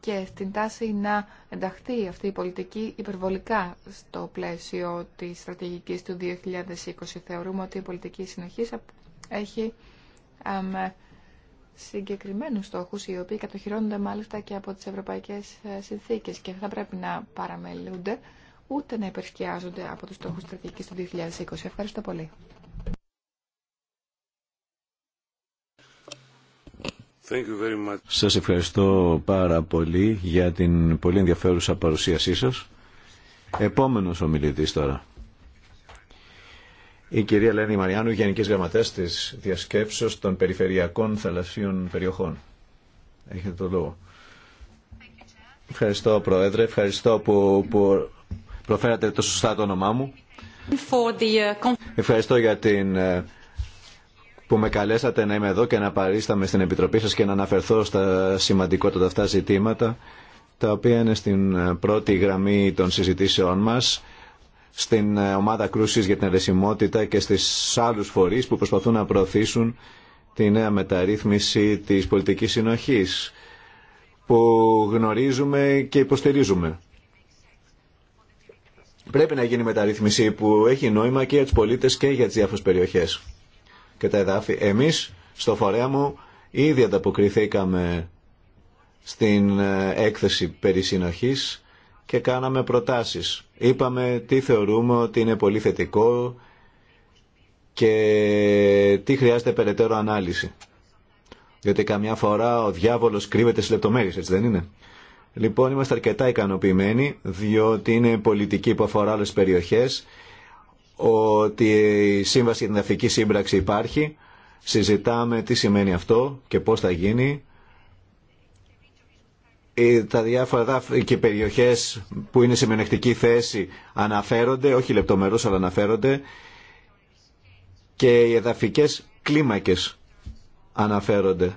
και στην τάση να ενταχθεί αυτή η πολιτική υπερβολικά στο πλαίσιο της στρατηγικής του 2020. Θεωρούμε ότι η πολιτική συνοχής έχει συγκεκριμένους στόχους, οι οποίοι κατοχυρώνονται μάλιστα και από τις ευρωπαϊκές ε, συνθήκες και θα πρέπει να παραμελούνται, ούτε να υπερσκιάζονται από τους στόχους στρατηγικής του 2020. Ευχαριστώ πολύ. Σας ευχαριστώ πάρα πολύ για την πολύ ενδιαφέρουσα παρουσίασή σας. Επόμενος ομιλητής τώρα η κυρία Ελένη Μαριάνου, Γενικής Γραμματέας της Διασκέψεως των Περιφερειακών Θαλασσίων Περιοχών. Έχετε το λόγο. Ευχαριστώ, Πρόεδρε. Ευχαριστώ που, που προφέρατε το σωστά το όνομά μου. Uh, Ευχαριστώ για την ε, που με καλέσατε να είμαι εδώ και να παρίσταμε στην Επιτροπή σας και να αναφερθώ στα σημαντικότατα αυτά ζητήματα, τα οποία είναι στην ε, πρώτη γραμμή των συζητήσεών μας στην ε, ομάδα κρούσης για την αρεσιμότητα και στις άλλους φορείς που προσπαθούν να προωθήσουν τη νέα μεταρρύθμιση της πολιτικής συνοχής που γνωρίζουμε και υποστηρίζουμε. Πρέπει να γίνει μεταρρύθμιση που έχει νόημα και για τους πολίτες και για τις διάφορες περιοχές και τα εδάφη. Εμείς στο φορέα μου ήδη ανταποκριθήκαμε στην ε, έκθεση περί και κάναμε προτάσεις Είπαμε τι θεωρούμε ότι είναι πολύ θετικό και τι χρειάζεται περαιτέρω ανάλυση. Διότι καμιά φορά ο διάβολος κρύβεται στις λεπτομέρειες, έτσι δεν είναι. Λοιπόν, είμαστε αρκετά ικανοποιημένοι, διότι είναι πολιτική που αφορά άλλες περιοχές, ότι η Σύμβαση για την Αφρική Σύμπραξη υπάρχει, συζητάμε τι σημαίνει αυτό και πώς θα γίνει ε, τα διάφορα και περιοχές που είναι σε μενεκτική θέση αναφέρονται, όχι λεπτομερώς αλλά αναφέρονται και οι εδαφικές κλίμακες αναφέρονται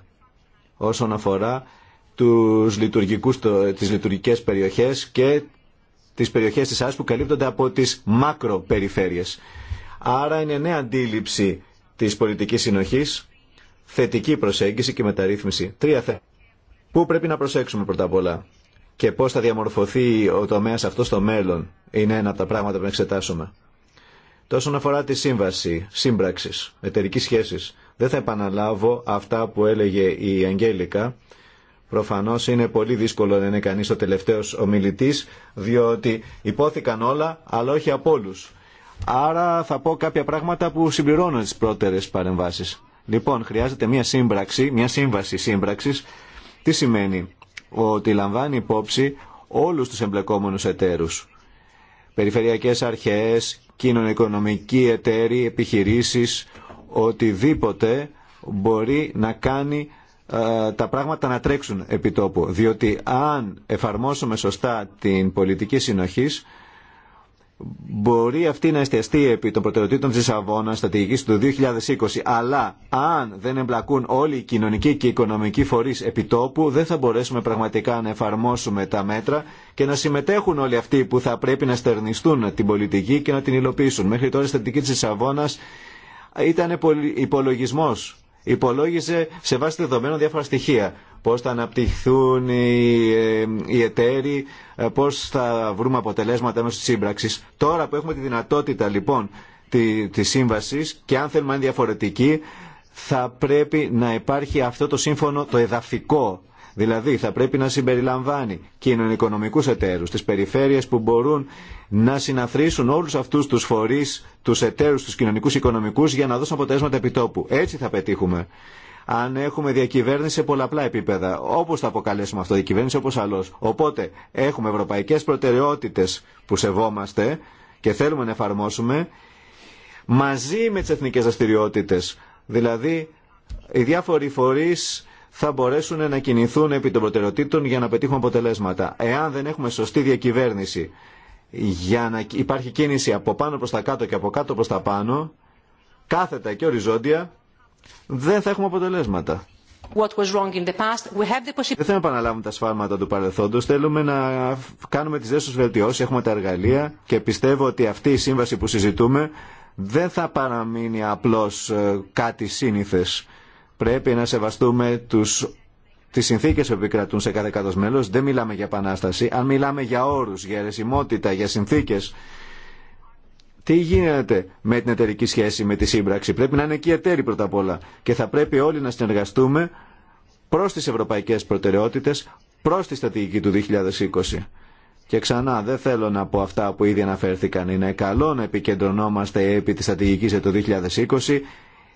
όσον αφορά τους λειτουργικούς, το, τις λειτουργικές περιοχές και τις περιοχές της ΑΣ που καλύπτονται από τις μακροπεριφέρειες. Άρα είναι νέα αντίληψη της πολιτικής συνοχής, θετική προσέγγιση και μεταρρύθμιση. Τρία θέματα. Πού πρέπει να προσέξουμε πρώτα απ' όλα και πώς θα διαμορφωθεί ο τομέας αυτό στο μέλλον είναι ένα από τα πράγματα που εξετάσουμε. Τόσο αφορά τη σύμβαση, σύμπραξης, εταιρική σχέση, δεν θα επαναλάβω αυτά που έλεγε η Αγγέλικα. Προφανώς είναι πολύ δύσκολο να είναι κανεί ο τελευταίο ομιλητή, διότι υπόθηκαν όλα, αλλά όχι από όλου. Άρα θα πω κάποια πράγματα που συμπληρώνουν τις πρώτερες παρεμβάσει. Λοιπόν, χρειάζεται μια σύμπραξη, μια σύμβαση σύμπραξης, τι σημαίνει ότι λαμβάνει υπόψη όλους τους εμπλεκόμενους εταίρους. Περιφερειακές αρχές, κοινωνικονομικοί εταίροι, επιχειρήσεις, οτιδήποτε μπορεί να κάνει ε, τα πράγματα να τρέξουν επί τόπου. Διότι αν εφαρμόσουμε σωστά την πολιτική συνοχής, μπορεί αυτή να εστιαστεί επί των προτεραιοτήτων της Αβώνας στρατηγικής του 2020, αλλά αν δεν εμπλακούν όλοι οι κοινωνικοί και οικονομικοί φορείς επιτόπου, δεν θα μπορέσουμε πραγματικά να εφαρμόσουμε τα μέτρα και να συμμετέχουν όλοι αυτοί που θα πρέπει να στερνιστούν την πολιτική και να την υλοποιήσουν. Μέχρι τώρα η στρατηγική της ήταν υπολογισμός υπολόγιζε σε βάση δεδομένων διάφορα στοιχεία. Πώς θα αναπτυχθούν οι, ε, οι εταίροι, ε, πώς θα βρούμε αποτελέσματα μέσω της σύμπραξης. Τώρα που έχουμε τη δυνατότητα λοιπόν τη, της σύμβασης και αν θέλουμε να είναι διαφορετική, θα πρέπει να υπάρχει αυτό το σύμφωνο το εδαφικό Δηλαδή θα πρέπει να συμπεριλαμβάνει κοινωνικονομικούς εταίρους, τις περιφέρειες που μπορούν να συναθρήσουν όλους αυτούς τους φορείς, τους εταίρους, τους κοινωνικούς οικονομικούς για να δώσουν αποτελέσματα επιτόπου. Έτσι θα πετύχουμε. Αν έχουμε διακυβέρνηση σε πολλαπλά επίπεδα, όπως θα αποκαλέσουμε αυτό, διακυβέρνηση όπως αλλώς. Οπότε έχουμε ευρωπαϊκές προτεραιότητες που σεβόμαστε και θέλουμε να εφαρμόσουμε μαζί με τις εθνικές δραστηριότητε. Δηλαδή, οι διάφοροι φορείς θα μπορέσουν να κινηθούν επί των προτεραιοτήτων για να πετύχουν αποτελέσματα. Εάν δεν έχουμε σωστή διακυβέρνηση για να υπάρχει κίνηση από πάνω προς τα κάτω και από κάτω προς τα πάνω, κάθετα και οριζόντια, δεν θα έχουμε αποτελέσματα. What was wrong in the past. We have the Δεν θέλουμε να επαναλάβουμε τα σφάλματα του παρελθόντος. Θέλουμε να κάνουμε τις δέσμε βελτιώσει. Έχουμε τα εργαλεία και πιστεύω ότι αυτή η σύμβαση που συζητούμε δεν θα παραμείνει απλώ ε, κάτι σύνηθες. Πρέπει να σεβαστούμε τους τι συνθήκε που επικρατούν σε κάθε κράτο μέλος. Δεν μιλάμε για επανάσταση. Αν μιλάμε για όρου, για αιρεσιμότητα, για συνθήκες... Τι γίνεται με την εταιρική σχέση, με τη σύμπραξη. Πρέπει να είναι εκεί εταίροι πρώτα απ' όλα. Και θα πρέπει όλοι να συνεργαστούμε προ τι ευρωπαϊκέ προτεραιότητες, προ τη στρατηγική του 2020. Και ξανά, δεν θέλω να πω αυτά που ήδη αναφέρθηκαν. Είναι καλό να επικεντρωνόμαστε επί τη στρατηγικής του 2020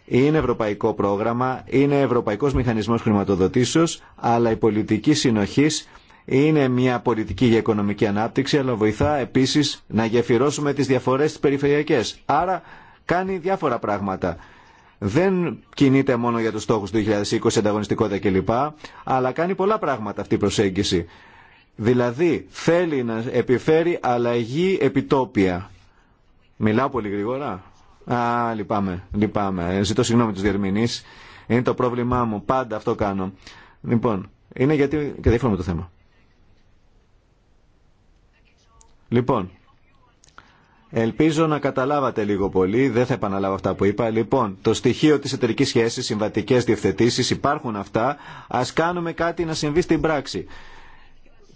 είναι ευρωπαϊκό πρόγραμμα, είναι ευρωπαϊκός μηχανισμός χρηματοδοτήσεως, αλλά η πολιτική συνοχής είναι μια πολιτική για οικονομική ανάπτυξη, αλλά βοηθά επίσης να γεφυρώσουμε τις διαφορές τις περιφερειακές. Άρα κάνει διάφορα πράγματα. Δεν κινείται μόνο για τους στόχους του 2020, ανταγωνιστικότητα κλπ, αλλά κάνει πολλά πράγματα αυτή η προσέγγιση. Δηλαδή θέλει να επιφέρει αλλαγή επιτόπια. Μιλάω πολύ γρήγορα. Α, λυπάμαι, λυπάμαι. Ζητώ συγγνώμη του διερμηνείς. Είναι το πρόβλημά μου. Πάντα αυτό κάνω. Λοιπόν, είναι γιατί και δεν το θέμα. Λοιπόν, ελπίζω να καταλάβατε λίγο πολύ, δεν θα επαναλάβω αυτά που είπα. Λοιπόν, το στοιχείο της εταιρική σχέσης, συμβατικές διευθετήσεις, υπάρχουν αυτά. Ας κάνουμε κάτι να συμβεί στην πράξη.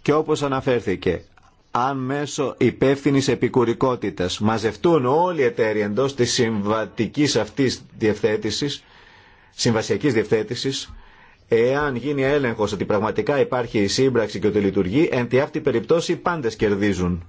Και όπως αναφέρθηκε, αν μέσω υπεύθυνη επικουρικότητα μαζευτούν όλοι οι εταίροι εντό τη συμβατική αυτή διευθέτηση, συμβασιακή διευθέτηση, εάν γίνει έλεγχο ότι πραγματικά υπάρχει η σύμπραξη και ότι λειτουργεί, εν τη αυτή περιπτώσει πάντε κερδίζουν.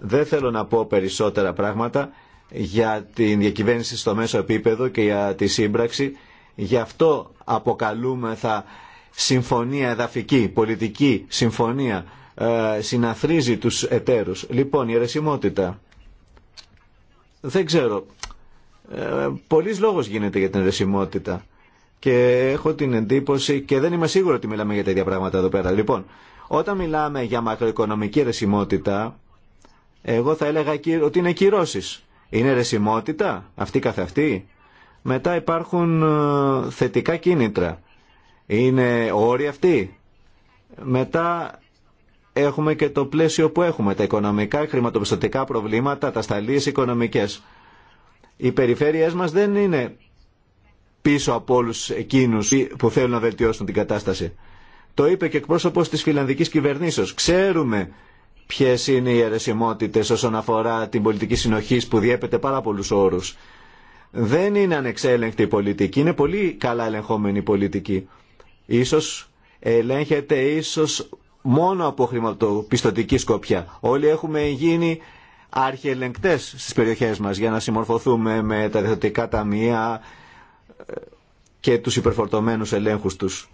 Δεν θέλω να πω περισσότερα πράγματα για την διακυβέρνηση στο μέσο επίπεδο και για τη σύμπραξη. Γι' αυτό αποκαλούμεθα συμφωνία εδαφική, πολιτική συμφωνία ε, συναθρίζει τους εταίρους. Λοιπόν, η αιρεσιμότητα. Δεν ξέρω. Ε, Πολλοί λόγος γίνεται για την αιρεσιμότητα. Και έχω την εντύπωση και δεν είμαι σίγουρο ότι μιλάμε για τέτοια πράγματα εδώ πέρα. Λοιπόν, όταν μιλάμε για μακροοικονομική αιρεσιμότητα, εγώ θα έλεγα ότι είναι κυρώσει. Είναι αιρεσιμότητα αυτή καθ' αυτή. Μετά υπάρχουν ε, θετικά κίνητρα. Είναι όροι αυτοί. Μετά έχουμε και το πλαίσιο που έχουμε, τα οικονομικά, χρηματοπιστωτικά προβλήματα, τα σταλίες οικονομικές. Οι περιφέρειές μας δεν είναι πίσω από όλους εκείνους που θέλουν να βελτιώσουν την κατάσταση. Το είπε και εκπρόσωπο τη φιλανδική κυβερνήσεω. Ξέρουμε ποιε είναι οι αιρεσιμότητε όσον αφορά την πολιτική συνοχή που διέπεται πάρα πολλού όρου. Δεν είναι ανεξέλεγκτη η πολιτική, είναι πολύ καλά ελεγχόμενη η πολιτική. Ίσως ελέγχεται ίσω μόνο από χρηματοπιστωτική σκοπιά. Όλοι έχουμε γίνει αρχιελεγκτές στις περιοχές μας για να συμμορφωθούμε με τα τα ταμεία ε, και τους υπερφορτωμένους ελέγχους τους.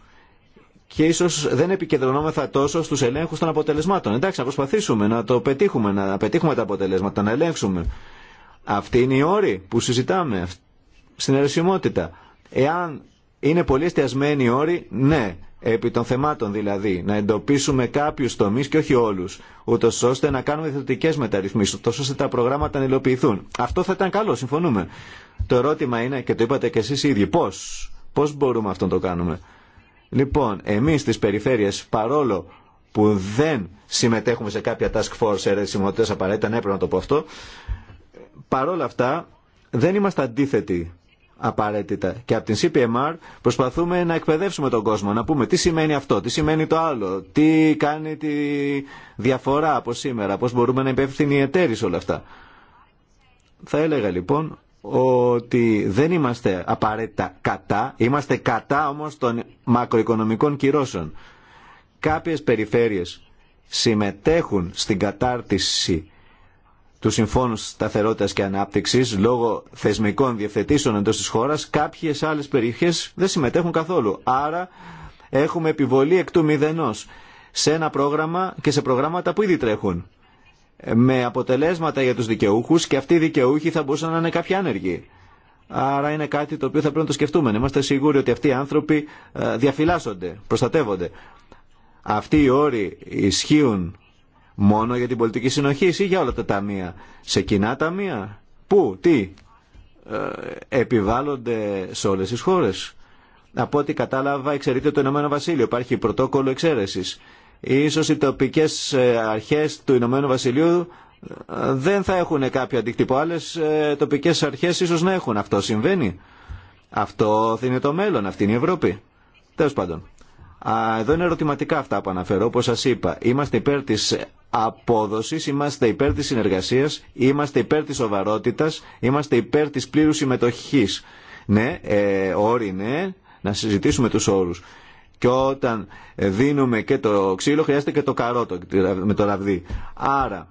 Και ίσως δεν επικεντρωνόμεθα τόσο στους ελέγχους των αποτελεσμάτων. Εντάξει, να προσπαθήσουμε να το πετύχουμε, να πετύχουμε τα αποτελέσματα, να ελέγξουμε. Αυτή είναι η όρη που συζητάμε στην αιρεσιμότητα. Εάν είναι πολύ εστιασμένη η όρη, ναι, επί των θεμάτων δηλαδή, να εντοπίσουμε κάποιου τομεί και όχι όλου, ούτω ώστε να κάνουμε θετικέ μεταρρυθμίσει, ούτω ώστε τα προγράμματα να υλοποιηθούν. Αυτό θα ήταν καλό, συμφωνούμε. Το ερώτημα είναι, και το είπατε κι εσεί ίδιοι, πώ. πώς μπορούμε αυτό να το κάνουμε. Λοιπόν, εμεί στι περιφέρειε, παρόλο που δεν συμμετέχουμε σε κάποια task force ερεσιμότητε απαραίτητα, ναι, έπρεπε να το πω αυτό, παρόλα αυτά δεν είμαστε αντίθετοι απαραίτητα. Και από την CPMR προσπαθούμε να εκπαιδεύσουμε τον κόσμο, να πούμε τι σημαίνει αυτό, τι σημαίνει το άλλο, τι κάνει τη διαφορά από σήμερα, πώς μπορούμε να υπεύθυνοι εταίροι όλα αυτά. Θα έλεγα λοιπόν ότι δεν είμαστε απαραίτητα κατά, είμαστε κατά όμως των μακροοικονομικών κυρώσεων. Κάποιες περιφέρειες συμμετέχουν στην κατάρτιση του Συμφώνου σταθερότητα και ανάπτυξη λόγω θεσμικών διευθετήσεων εντό τη χώρα κάποιε άλλε περιοχέ δεν συμμετέχουν καθόλου. Άρα έχουμε επιβολή εκ του μηδενός σε ένα πρόγραμμα και σε προγράμματα που ήδη τρέχουν με αποτελέσματα για του δικαιούχου και αυτοί οι δικαιούχοι θα μπορούσαν να είναι κάποιοι άνεργοι. Άρα είναι κάτι το οποίο θα πρέπει να το σκεφτούμε. Είμαστε σίγουροι ότι αυτοί οι άνθρωποι ε, διαφυλάσσονται, προστατεύονται. Αυτοί οι όροι ισχύουν Μόνο για την πολιτική συνοχή ή για όλα τα ταμεία. Σε κοινά ταμεία. Πού, τι. Ε, επιβάλλονται σε όλες τις χώρες. Από ό,τι κατάλαβα εξαιρείται το Ηνωμένο Βασίλειο. Υπάρχει πρωτόκολλο εξαίρεσης. Ίσως οι τοπικές ε, αρχές του Ηνωμένου Βασιλείου ε, δεν θα έχουν κάποιο αντίκτυπο. Άλλες ε, τοπικές αρχές ίσως να έχουν. Αυτό συμβαίνει. Αυτό είναι το μέλλον. Αυτή είναι η Ευρώπη. Τέλος πάντων. Εδώ είναι ερωτηματικά αυτά που αναφέρω. Όπως σας είπα, είμαστε υπέρ Απόδοση είμαστε υπέρ τη συνεργασία, είμαστε υπέρ τη σοβαρότητα, είμαστε υπέρ τη πλήρου συμμετοχή. Ναι, ε, όροι ναι, να συζητήσουμε τους όρου. Και όταν δίνουμε και το ξύλο χρειάζεται και το καρότο με το ραβδί. Άρα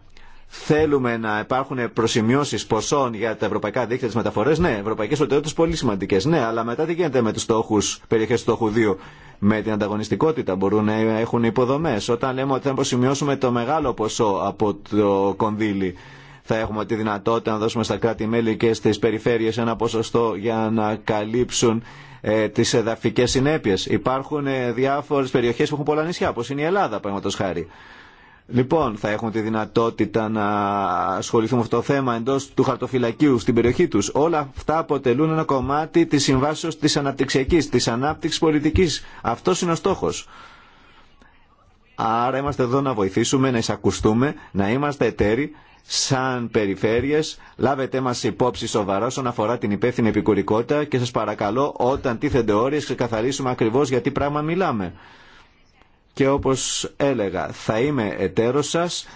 Θέλουμε να υπάρχουν προσημειώσει ποσών για τα ευρωπαϊκά δίκτυα τη μεταφορέ. Ναι, ευρωπαϊκέ προτεραιότητε πολύ σημαντικέ. Ναι, αλλά μετά τι γίνεται με του στόχου, περιοχέ του στόχου 2. Με την ανταγωνιστικότητα μπορούν να έχουν υποδομέ. Όταν λέμε ότι θα προσημειώσουμε το μεγάλο ποσό από το κονδύλι, θα έχουμε τη δυνατότητα να δώσουμε στα κράτη-μέλη και στι περιφέρειε ένα ποσοστό για να καλύψουν ε, τι εδαφικέ συνέπειε. Υπάρχουν ε, διάφορε περιοχέ που έχουν πολλά νησιά, όπω είναι η Ελλάδα, παραδείγματο χάρη. Λοιπόν, θα έχουν τη δυνατότητα να ασχοληθούν με αυτό το θέμα εντό του χαρτοφυλακίου στην περιοχή του. Όλα αυτά αποτελούν ένα κομμάτι τη συμβάσεω τη αναπτυξιακή, τη ανάπτυξη πολιτική. Αυτό είναι ο στόχο. Άρα είμαστε εδώ να βοηθήσουμε, να εισακουστούμε, να είμαστε εταίροι σαν περιφέρειες. Λάβετε μα υπόψη σοβαρά όσον αφορά την υπεύθυνη επικουρικότητα και σα παρακαλώ όταν τίθενται όρια ξεκαθαρίσουμε ακριβώ γιατί πράγμα μιλάμε και όπως έλεγα θα είμαι εταίρος σας,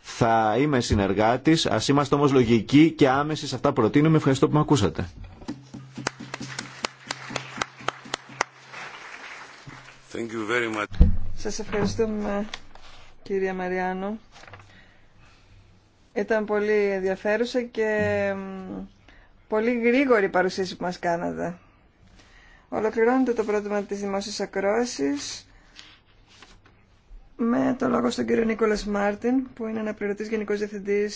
θα είμαι συνεργάτης, ας είμαστε όμως λογικοί και άμεση σε αυτά προτείνουμε. Ευχαριστώ που με ακούσατε. Thank Σας ευχαριστούμε κυρία Μαριάνο. Ήταν πολύ ενδιαφέρουσα και πολύ γρήγορη η παρουσίαση που μας κάνατε. Ολοκληρώνεται το πρόγραμμα της δημόσιας ακρόασης με το λόγο στον κύριο Νίκολας Μάρτιν, που είναι αναπληρωτής Γενικός Διευθυντή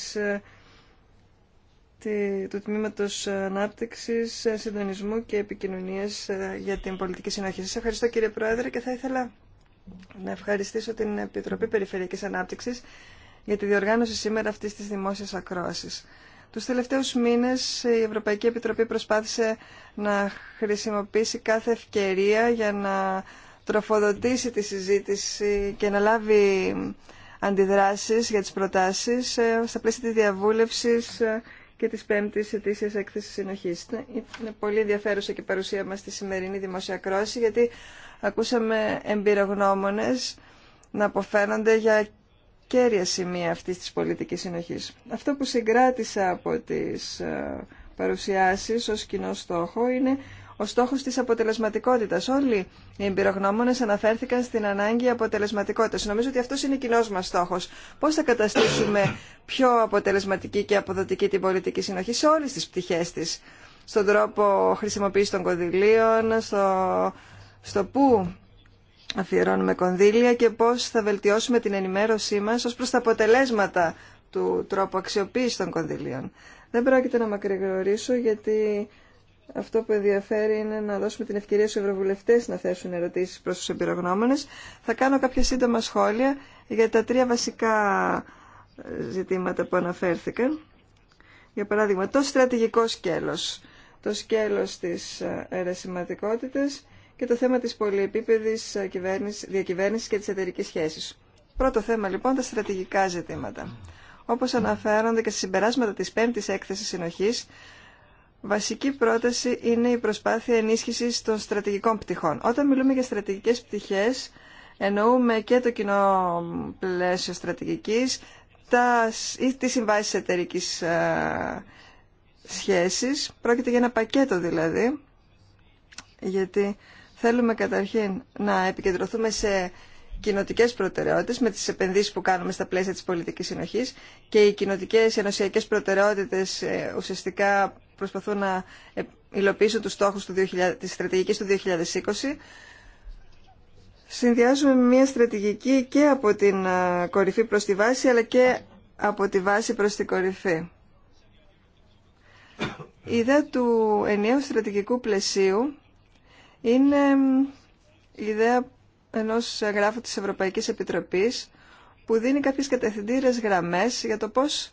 ε, του Τμήματος ανάπτυξη, ε, Συντονισμού και επικοινωνία ε, για την Πολιτική Συνοχή. Σα. ευχαριστώ κύριε Πρόεδρε και θα ήθελα να ευχαριστήσω την Επιτροπή Περιφερειακής Ανάπτυξης για τη διοργάνωση σήμερα αυτής της δημόσιας ακρόαση. Του τελευταίου μήνε η Ευρωπαϊκή Επιτροπή προσπάθησε να χρησιμοποιήσει κάθε ευκαιρία για να τροφοδοτήσει τη συζήτηση και να λάβει αντιδράσεις για τις προτάσεις ε, στα πλαίσια της διαβούλευσης ε, και της πέμπτης ετήσιας έκθεσης συνοχής. Είναι πολύ ενδιαφέρουσα και η παρουσία μας στη σημερινή κρόση γιατί ακούσαμε εμπειρογνώμονες να αποφαίνονται για κέρια σημεία αυτής της πολιτικής συνοχής. Αυτό που συγκράτησα από τις ε, παρουσιάσεις ως κοινό στόχο είναι ο στόχος της αποτελεσματικότητας. Όλοι οι εμπειρογνώμονες αναφέρθηκαν στην ανάγκη αποτελεσματικότητας. Νομίζω ότι αυτό είναι κοινό μας στόχος. Πώς θα καταστήσουμε πιο αποτελεσματική και αποδοτική την πολιτική συνοχή σε όλες τις πτυχές της. Στον τρόπο χρησιμοποίηση των κονδυλίων, στο, στο πού αφιερώνουμε κονδύλια και πώς θα βελτιώσουμε την ενημέρωσή μας ως προς τα αποτελέσματα του τρόπου αξιοποίησης των κονδυλίων. Δεν πρόκειται να μακρηγορήσω γιατί αυτό που ενδιαφέρει είναι να δώσουμε την ευκαιρία στους ευρωβουλευτές να θέσουν ερωτήσεις προς τους εμπειρογνώμονες. Θα κάνω κάποια σύντομα σχόλια για τα τρία βασικά ε, ζητήματα που αναφέρθηκαν. Για παράδειγμα, το στρατηγικό σκέλος, το σκέλος της ε, αιρεσιματικότητας και το θέμα της πολυεπίπεδης ε, διακυβέρνησης και της εταιρική σχέσης. Πρώτο θέμα λοιπόν, τα στρατηγικά ζητήματα. Όπως αναφέρονται και στις συμπεράσματα της πέμπτης έκθεσης συνοχής, βασική πρόταση είναι η προσπάθεια ενίσχυση των στρατηγικών πτυχών. Όταν μιλούμε για στρατηγικέ πτυχέ, εννοούμε και το κοινό πλαίσιο στρατηγική ή τι συμβάσεις εταιρική ε, σχέσης. Πρόκειται για ένα πακέτο δηλαδή, γιατί θέλουμε καταρχήν να επικεντρωθούμε σε κοινοτικές προτεραιότητες με τις επενδύσεις που κάνουμε στα πλαίσια της πολιτικής συνοχής και οι κοινοτικές ενωσιακές προτεραιότητες ε, ουσιαστικά προσπαθώ να υλοποιήσουν τους στόχους του 2000, της στρατηγικής του 2020 συνδυάζουμε μια στρατηγική και από την ε, κορυφή προς τη βάση αλλά και από τη βάση προς την κορυφή. Η ιδέα του ενιαίου στρατηγικού πλαισίου είναι η ιδέα ενός γράφου της Ευρωπαϊκής Επιτροπής που δίνει κάποιες κατευθυντήρες γραμμές για το πώς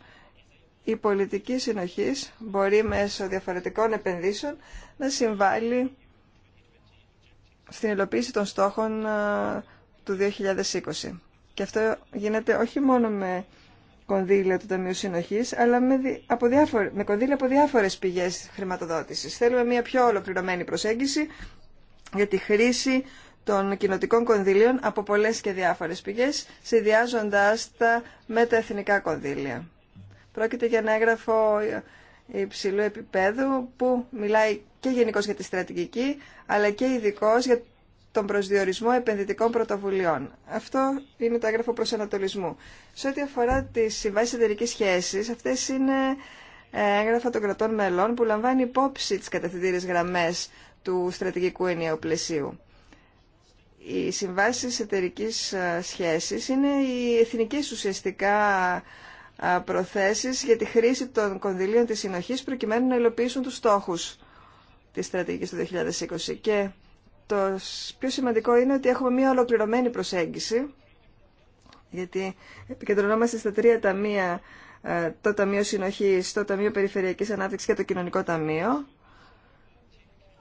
η πολιτική συνοχής μπορεί μέσω διαφορετικών επενδύσεων να συμβάλλει στην υλοποίηση των στόχων του 2020. Και αυτό γίνεται όχι μόνο με κονδύλια του Ταμείου Συνοχής, αλλά με, από διάφορε, με κονδύλια από διάφορες πηγές χρηματοδότησης. Θέλουμε μια πιο ολοκληρωμένη προσέγγιση για τη χρήση των κοινοτικών κονδυλίων από πολλές και διάφορες πηγές, συνδυάζοντάς τα με τα εθνικά κονδύλια. Πρόκειται για ένα έγγραφο υψηλού επίπεδου που μιλάει και γενικώ για τη στρατηγική αλλά και ειδικώ για τον προσδιορισμό επενδυτικών πρωτοβουλειών. Αυτό είναι το έγγραφο ανατολισμού. Σε ό,τι αφορά τι συμβάσει εταιρική σχέση, αυτέ είναι ε, έγγραφα των κρατών μελών που λαμβάνει υπόψη τι κατευθυντήριε γραμμέ του στρατηγικού ενιαίου πλαισίου. Οι συμβάσει εταιρική ε, σχέση είναι οι εθνικέ ουσιαστικά προθέσεις για τη χρήση των κονδυλίων της συνοχής προκειμένου να υλοποιήσουν τους στόχους της στρατηγικής του 2020. Και το πιο σημαντικό είναι ότι έχουμε μια ολοκληρωμένη προσέγγιση γιατί επικεντρωνόμαστε στα τρία ταμεία, το Ταμείο Συνοχής, το Ταμείο Περιφερειακής Ανάπτυξης και το Κοινωνικό Ταμείο,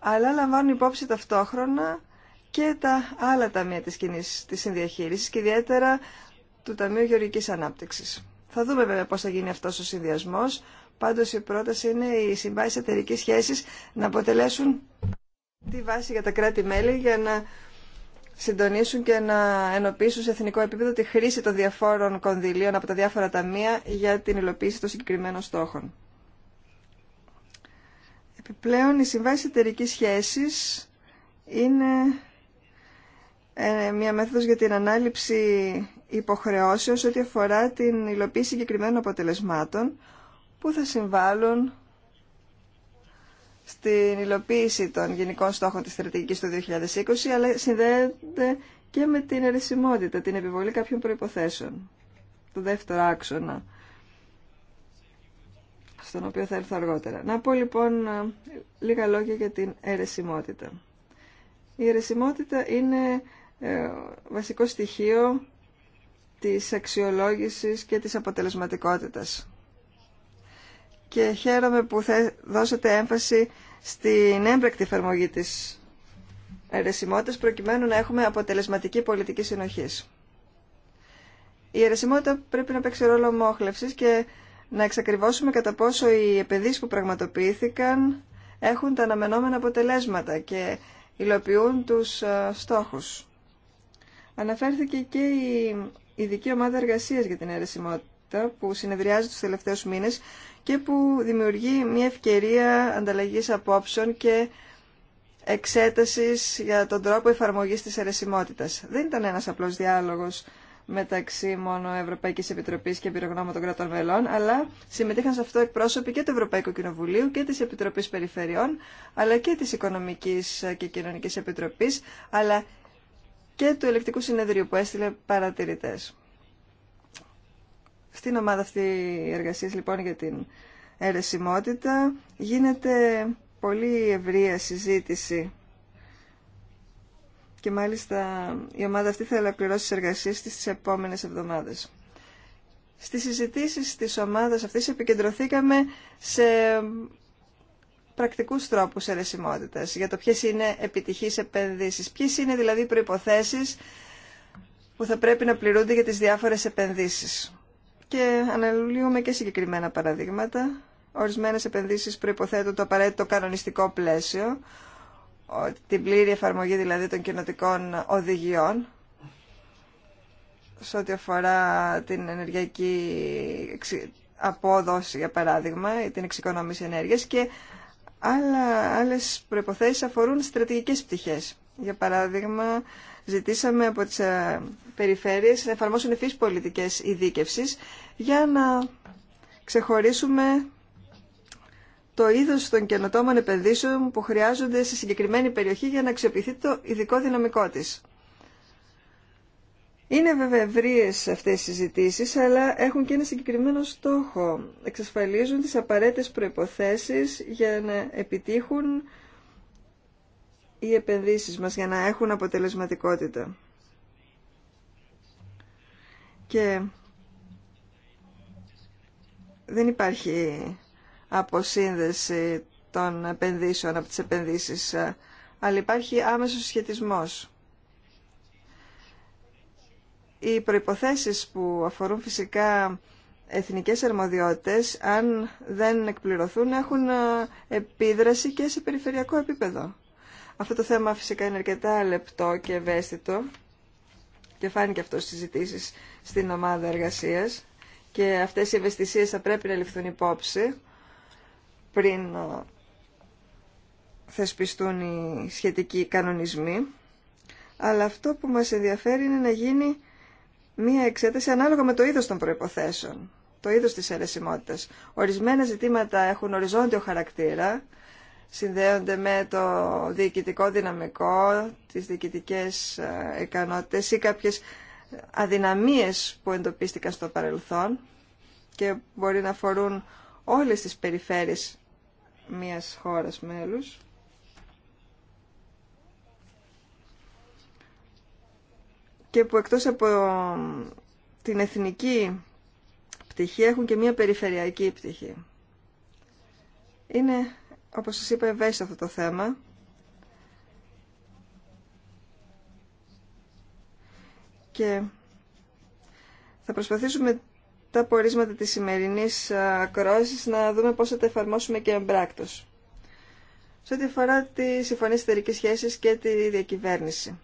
αλλά λαμβάνουν υπόψη ταυτόχρονα και τα άλλα ταμεία της κοινής της συνδιαχείρισης και ιδιαίτερα του Ταμείου Γεωργικής Ανάπτυξης. Θα δούμε βέβαια πώς θα γίνει αυτός ο συνδυασμός. Πάντως η πρόταση είναι οι συμβάσεις εταιρικής σχέσης να αποτελέσουν τη βάση για τα κράτη-μέλη για να συντονίσουν και να ενοποιήσουν σε εθνικό επίπεδο τη χρήση των διαφόρων κονδυλίων από τα διάφορα ταμεία για την υλοποίηση των συγκεκριμένων στόχων. Επιπλέον, οι συμβάσει εταιρική σχέση είναι ε, μια μέθοδος για την ανάληψη υποχρεώσει ό,τι αφορά την υλοποίηση συγκεκριμένων αποτελεσμάτων που θα συμβάλλουν στην υλοποίηση των γενικών στόχων της στρατηγικής του 2020 αλλά συνδέεται και με την αιρεσιμότητα, την επιβολή κάποιων προϋποθέσεων. Το δεύτερο άξονα, στον οποίο θα έρθω αργότερα. Να πω λοιπόν λίγα λόγια για την αιρεσιμότητα. Η αιρεσιμότητα είναι ε, βασικό στοιχείο της αξιολόγησης και της αποτελεσματικότητας. Και χαίρομαι που θα δώσετε έμφαση στην έμπρακτη εφαρμογή της αιρεσιμότητας προκειμένου να έχουμε αποτελεσματική πολιτική συνοχής. Η αιρεσιμότητα πρέπει να παίξει ρόλο μόχλευσης και να εξακριβώσουμε κατά πόσο οι επενδύσεις που πραγματοποιήθηκαν έχουν τα αναμενόμενα αποτελέσματα και υλοποιούν τους ε, στόχους. Αναφέρθηκε και η ειδική ομάδα εργασίας για την αιρεσιμότητα που συνεδριάζει τους τελευταίους μήνες και που δημιουργεί μια ευκαιρία ανταλλαγής απόψεων και εξέτασης για τον τρόπο εφαρμογής της αιρεσιμότητας. Δεν ήταν ένας απλός διάλογος μεταξύ μόνο Ευρωπαϊκής Επιτροπής και Εμπειρογνώμα των Κρατών Μελών, αλλά συμμετείχαν σε αυτό εκπρόσωποι και του Ευρωπαϊκού Κοινοβουλίου και της Επιτροπής Περιφερειών, αλλά και της Οικονομικής και Κοινωνικής Επιτροπής, αλλά και του ελεκτικού συνεδρίου που έστειλε παρατηρητές. Στην ομάδα αυτή εργασίας λοιπόν για την αιρεσιμότητα γίνεται πολύ ευρεία συζήτηση και μάλιστα η ομάδα αυτή θα ολοκληρώσει τις εργασίες της τις επόμενες εβδομάδες. Στις συζητήσεις της ομάδας αυτής επικεντρωθήκαμε σε πρακτικούς τρόπους αιρεσιμότητας, για το ποιες είναι επιτυχείς επενδύσεις. Ποιες είναι δηλαδή οι προϋποθέσεις που θα πρέπει να πληρούνται για τις διάφορες επενδύσεις. Και αναλύουμε και συγκεκριμένα παραδείγματα. Ορισμένες επενδύσεις προϋποθέτουν το απαραίτητο κανονιστικό πλαίσιο, την πλήρη εφαρμογή δηλαδή των κοινοτικών οδηγιών, σε ό,τι αφορά την ενεργειακή απόδοση, για παράδειγμα, την εξοικονόμηση ενέργειας και αλλά άλλες προϋποθέσεις αφορούν στρατηγικές πτυχές. Για παράδειγμα, ζητήσαμε από τις ε, περιφέρειες να εφαρμόσουν εφής πολιτικές ειδίκευσης για να ξεχωρίσουμε το είδος των καινοτόμων επενδύσεων που χρειάζονται σε συγκεκριμένη περιοχή για να αξιοποιηθεί το ειδικό δυναμικό της. Είναι βέβαια ευρείε αυτέ οι συζητήσει, αλλά έχουν και ένα συγκεκριμένο στόχο. Εξασφαλίζουν τι απαραίτητε προποθέσει για να επιτύχουν οι επενδύσεις μας για να έχουν αποτελεσματικότητα. Και δεν υπάρχει αποσύνδεση των επενδύσεων από τις επενδύσεις, αλλά υπάρχει άμεσος σχετισμός. Οι προϋποθέσεις που αφορούν φυσικά εθνικές αρμοδιότητες, αν δεν εκπληρωθούν, έχουν ε, επίδραση και σε περιφερειακό επίπεδο. Αυτό το θέμα φυσικά είναι αρκετά λεπτό και ευαίσθητο και φάνηκε αυτό στις συζητήσεις στην ομάδα εργασίας και αυτές οι ευαισθησίες θα πρέπει να ληφθούν υπόψη πριν ε, θεσπιστούν οι σχετικοί κανονισμοί. Αλλά αυτό που μας ενδιαφέρει είναι να γίνει μία εξέταση ανάλογα με το είδος των προϋποθέσεων, το είδος της αιρεσιμότητας. Ορισμένα ζητήματα έχουν οριζόντιο χαρακτήρα, συνδέονται με το διοικητικό δυναμικό, τις διοικητικές ε, ικανότητες ή κάποιες αδυναμίες που εντοπίστηκαν στο παρελθόν και μπορεί να αφορούν όλες τις περιφέρειες μιας χώρας μέλους. και που εκτός από την εθνική πτυχή έχουν και μια περιφερειακή πτυχή. Είναι, όπως σας είπα, ευαίσθητο αυτό το θέμα. Και θα προσπαθήσουμε τα πορίσματα της σημερινής ακρόασης να δούμε πώς θα τα εφαρμόσουμε και εμπράκτος. Σε ό,τι αφορά τη Συμφωνία Εταιρικής Σχέσης και τη διακυβέρνηση.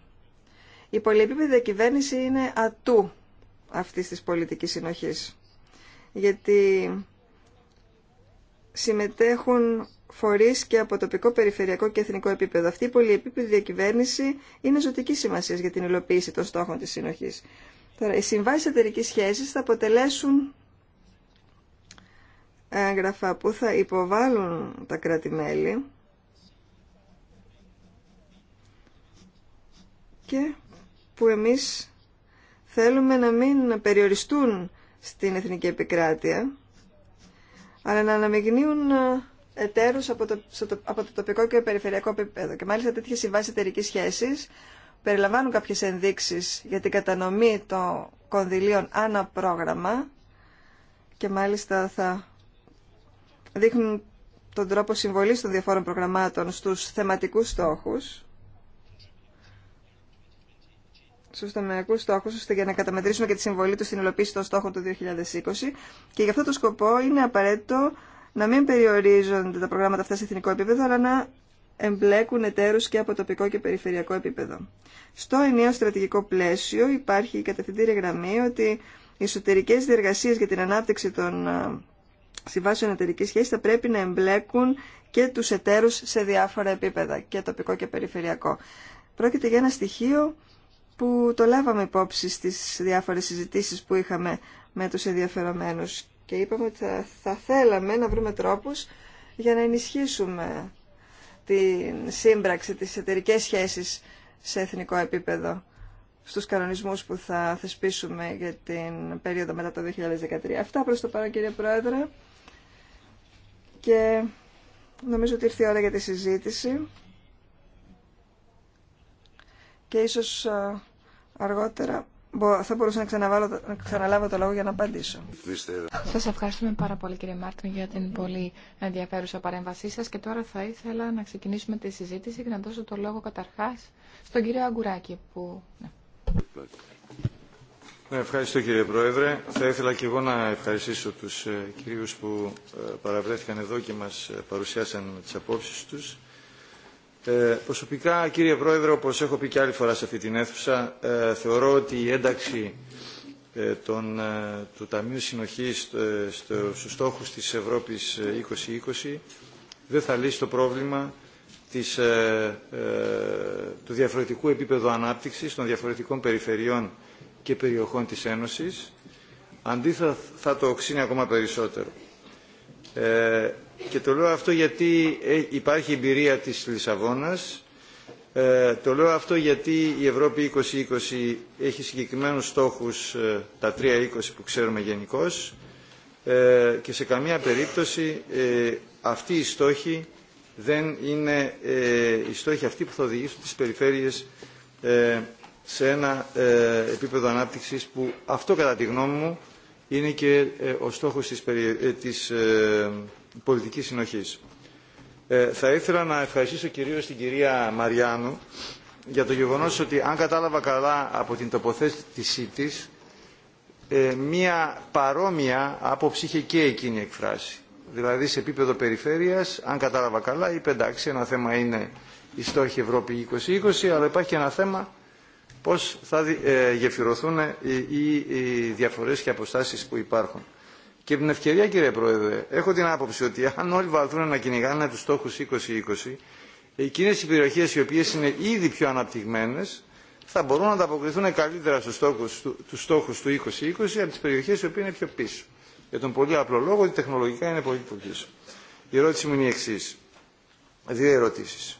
Η πολυεπίπεδη διακυβέρνηση είναι ατού αυτή τη πολιτική συνοχή. Γιατί συμμετέχουν φορείς και από τοπικό, περιφερειακό και εθνικό επίπεδο. Αυτή η πολυεπίπεδη διακυβέρνηση είναι ζωτική σημασία για την υλοποίηση των στόχων της συνοχή. Τώρα, οι συμβάσει εταιρική σχέση θα αποτελέσουν έγγραφα που θα υποβάλουν τα κράτη-μέλη και που εμείς θέλουμε να μην περιοριστούν στην εθνική επικράτεια, αλλά να αναμειγνύουν ε, εταίρους από το, από το τοπικό και περιφερειακό επίπεδο. Και μάλιστα τέτοιες συμβάσεις εταιρικής σχέσης περιλαμβάνουν κάποιες ενδείξεις για την κατανομή των κονδυλίων ανά πρόγραμμα και μάλιστα θα δείχνουν τον τρόπο συμβολής των διαφόρων προγραμμάτων στους θεματικούς στόχους στους στόχου στόχους, ώστε για να καταμετρήσουμε και τη συμβολή του στην υλοποίηση των στόχων του 2020 και γι' αυτό το σκοπό είναι απαραίτητο να μην περιορίζονται τα προγράμματα αυτά σε εθνικό επίπεδο, αλλά να εμπλέκουν εταίρους και από τοπικό και περιφερειακό επίπεδο. Στο ενιαίο στρατηγικό πλαίσιο υπάρχει η κατευθυντήρια γραμμή ότι οι εσωτερικές διεργασίες για την ανάπτυξη των ε, συμβάσεων εταιρική σχέση θα πρέπει να εμπλέκουν και τους εταίρους σε διάφορα επίπεδα, και τοπικό και περιφερειακό. Πρόκειται για ένα στοιχείο που το λάβαμε υπόψη στις διάφορες συζητήσεις που είχαμε με τους ενδιαφερομένους και είπαμε ότι θα, θέλαμε να βρούμε τρόπους για να ενισχύσουμε την σύμπραξη, τις εταιρικέ σχέσεις σε εθνικό επίπεδο στους κανονισμούς που θα θεσπίσουμε για την περίοδο μετά το 2013. Αυτά προς το παρόν κύριε Πρόεδρε και νομίζω ότι ήρθε η ώρα για τη συζήτηση και ίσως αργότερα θα μπορούσα να, ξαναβάλω, να ξαναλάβω το λόγο για να απαντήσω. Σας ευχαριστούμε πάρα πολύ κύριε Μάρτιν για την πολύ ενδιαφέρουσα παρέμβασή σας και τώρα θα ήθελα να ξεκινήσουμε τη συζήτηση και να δώσω το λόγο καταρχάς στον κύριο Αγκουράκη που... Ναι. Ναι, ευχαριστώ κύριε Πρόεδρε. Θα ήθελα και εγώ να ευχαριστήσω τους ε, κυρίους που ε, παραβρέθηκαν εδώ και μας ε, παρουσιάσαν τις απόψεις τους. Ε, προσωπικά, κύριε Πρόεδρε, όπως έχω πει και άλλη φορά σε αυτή την αίθουσα, ε, θεωρώ ότι η ένταξη ε, ε, του Ταμείου Συνοχής στο, στους στόχους της Ευρώπης 2020 δεν θα λύσει το πρόβλημα της, του διαφορετικού επίπεδου ανάπτυξης των διαφορετικών περιφερειών και περιοχών της Ένωσης. Αντίθετα, θα το οξύνει ακόμα περισσότερο και το λέω αυτό γιατί ε, υπάρχει εμπειρία της Λισαβόνας ε, το λέω αυτό γιατί η Ευρώπη 2020 έχει συγκεκριμένους στόχους ε, τα 3-20 που ξέρουμε γενικώ και σε καμία περίπτωση αυτή η στόχοι δεν είναι η στόχη αυτή που θα οδηγήσουν τις περιφέρειες σε ένα επίπεδο ανάπτυξης που αυτό κατά τη γνώμη μου είναι και ο στόχος της πολιτικής συνοχής. Ε, θα ήθελα να ευχαριστήσω κυρίως την κυρία Μαριάνου για το γεγονός ότι αν κατάλαβα καλά από την τοποθέτησή της ε, μία παρόμοια άποψη είχε και εκείνη εκφράση. Δηλαδή σε επίπεδο περιφέρειας, αν κατάλαβα καλά, είπε εντάξει ένα θέμα είναι η στόχη Ευρώπη 2020, αλλά υπάρχει και ένα θέμα πώς θα ε, γεφυρωθούν οι, οι, οι διαφορές και αποστάσεις που υπάρχουν. Και την ευκαιρία κύριε Πρόεδρε, έχω την άποψη ότι αν όλοι βαλθούν να κυνηγάνε του στόχους 2020, εκείνε οι περιοχέ οι οποίε είναι ήδη πιο αναπτυγμένες θα μπορούν να ανταποκριθούν καλύτερα στους στόχους, του στόχους του 2020 από τι περιοχέ οι οποίε είναι πιο πίσω. Για τον πολύ απλό λόγο ότι τεχνολογικά είναι πολύ πιο πίσω. Η ερώτηση μου είναι η εξή. Δύο ερωτήσει.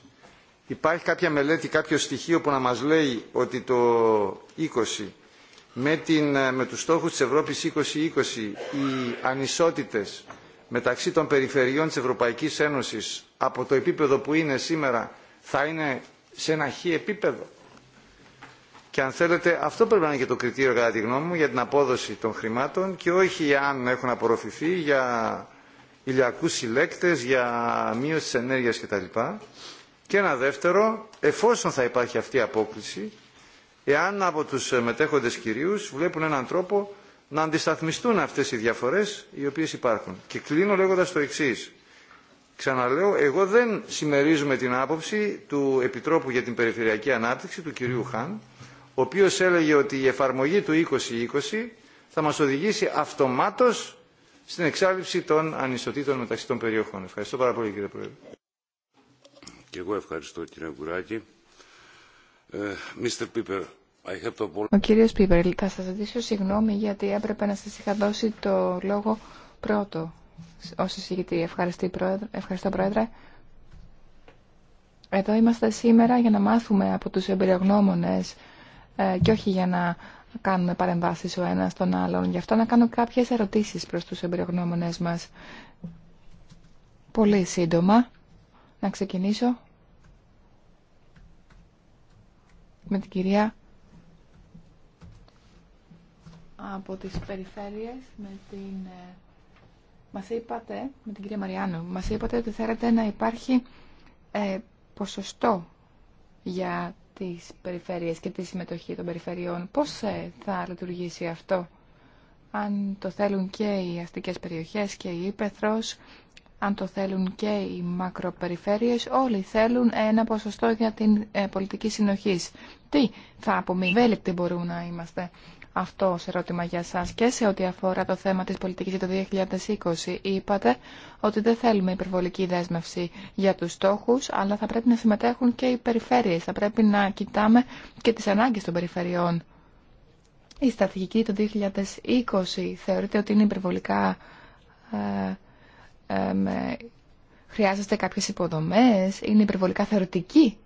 Υπάρχει κάποια μελέτη, κάποιο στοιχείο που να μα λέει ότι το 20 ε, με, τους στόχους της Ευρώπης 2020 οι ανισότητες μεταξύ των περιφερειών της Ευρωπαϊκής Ένωσης από το επίπεδο που είναι σήμερα θα είναι σε ένα χι επίπεδο. Και αν θέλετε αυτό πρέπει να είναι και το κριτήριο κατά τη γνώμη μου για την απόδοση των χρημάτων και όχι αν έχουν απορροφηθεί για ηλιακούς συλλέκτες, για μείωση της ενέργειας κτλ. Και ένα δεύτερο, εφόσον θα υπάρχει αυτή η απόκληση, εάν από τους μετέχοντες κυρίους βλέπουν έναν τρόπο να αντισταθμιστούν αυτές οι διαφορές οι οποίες υπάρχουν. Και κλείνω λέγοντας το εξή. Ξαναλέω, εγώ δεν συμμερίζομαι την άποψη του Επιτρόπου για την Περιφερειακή Ανάπτυξη, του κυρίου Χαν, ο οποίος έλεγε ότι η εφαρμογή του 2020 θα μας οδηγήσει αυτομάτως στην εξάλληψη των ανισοτήτων μεταξύ των περιοχών. Ευχαριστώ πάρα πολύ κύριε Πρόεδρε. Και εγώ ευχαριστώ κύριε Γκουράκη. Ε, Mr. Piper, ο κύριος Πίπερ, θα σας ζητήσω συγγνώμη γιατί έπρεπε να σας είχα δώσει το λόγο πρώτο ως εισηγητή. Ευχαριστώ πρόεδρε. Εδώ είμαστε σήμερα για να μάθουμε από τους εμπειρογνώμονες ε, και όχι για να κάνουμε παρεμβάσεις ο ένας τον άλλον. Γι' αυτό να κάνω κάποιες ερωτήσεις προς τους εμπειρογνώμονες μας. Πολύ σύντομα. Να ξεκινήσω με την κυρία από τις περιφέρειες με την... Ε, μας είπατε, με την κυρία Μαριάνου, μας είπατε ότι θέλετε να υπάρχει ε, ποσοστό για τις περιφέρειες και τη συμμετοχή των περιφερειών. Πώς ε, θα λειτουργήσει αυτό, αν το θέλουν και οι αστικές περιοχές και η Ήπεθρος, αν το θέλουν και οι μακροπεριφέρειες, όλοι θέλουν ένα ποσοστό για την ε, πολιτική συνοχής. Τι θα βέλεκτοι μπορούν να είμαστε αυτό σε ερώτημα για σας και σε ό,τι αφορά το θέμα της πολιτικής για το 2020. Είπατε ότι δεν θέλουμε υπερβολική δέσμευση για τους στόχους, αλλά θα πρέπει να συμμετέχουν και οι περιφέρειες. Θα πρέπει να κοιτάμε και τις ανάγκες των περιφερειών. Η στρατηγική το 2020 θεωρείται ότι είναι υπερβολικά... Ε, ε, χρειάζεστε κάποιες υποδομές, είναι υπερβολικά θεωρητική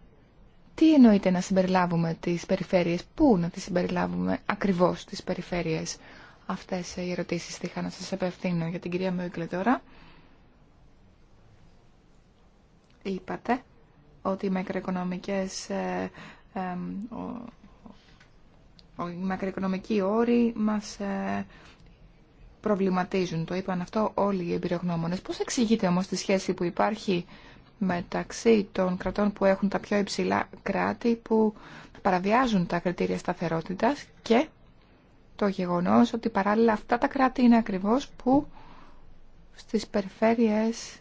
τι εννοείται να συμπεριλάβουμε τις περιφέρειες, πού να τις συμπεριλάβουμε ακριβώς τις περιφέρειες. Αυτές οι ερωτήσεις είχα να σας απευθύνω για την κυρία Μιούγκλε τώρα. Είπατε ότι οι μακροοικονομικές ε, ε, μακροοικονομικοί όροι μας ε, προβληματίζουν. Το είπαν αυτό όλοι οι εμπειρογνώμονες. Πώς εξηγείτε όμως τη σχέση που υπάρχει μεταξύ των κρατών που έχουν τα πιο υψηλά κράτη που παραβιάζουν τα κριτήρια σταθερότητας και το γεγονός ότι παράλληλα αυτά τα κράτη είναι ακριβώς που στις περιφέρειες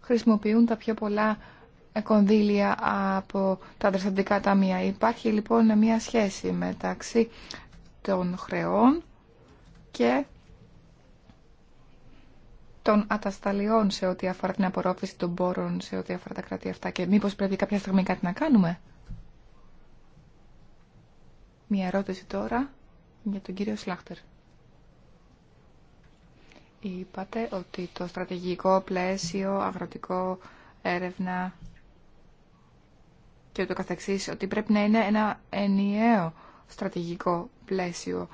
χρησιμοποιούν τα πιο πολλά κονδύλια από τα δραστατικά ταμεία. Υπάρχει λοιπόν μια σχέση μεταξύ των χρεών και των ατασταλιών σε ό,τι αφορά την απορρόφηση των πόρων, σε ό,τι αφορά τα κράτη αυτά και μήπως πρέπει κάποια στιγμή κάτι να κάνουμε. Μία ερώτηση τώρα για τον κύριο Σλάχτερ. Είπατε ότι το στρατηγικό πλαίσιο, αγροτικό έρευνα και το καθεξής, ότι πρέπει να είναι ένα ενιαίο στρατηγικό πλαίσιο.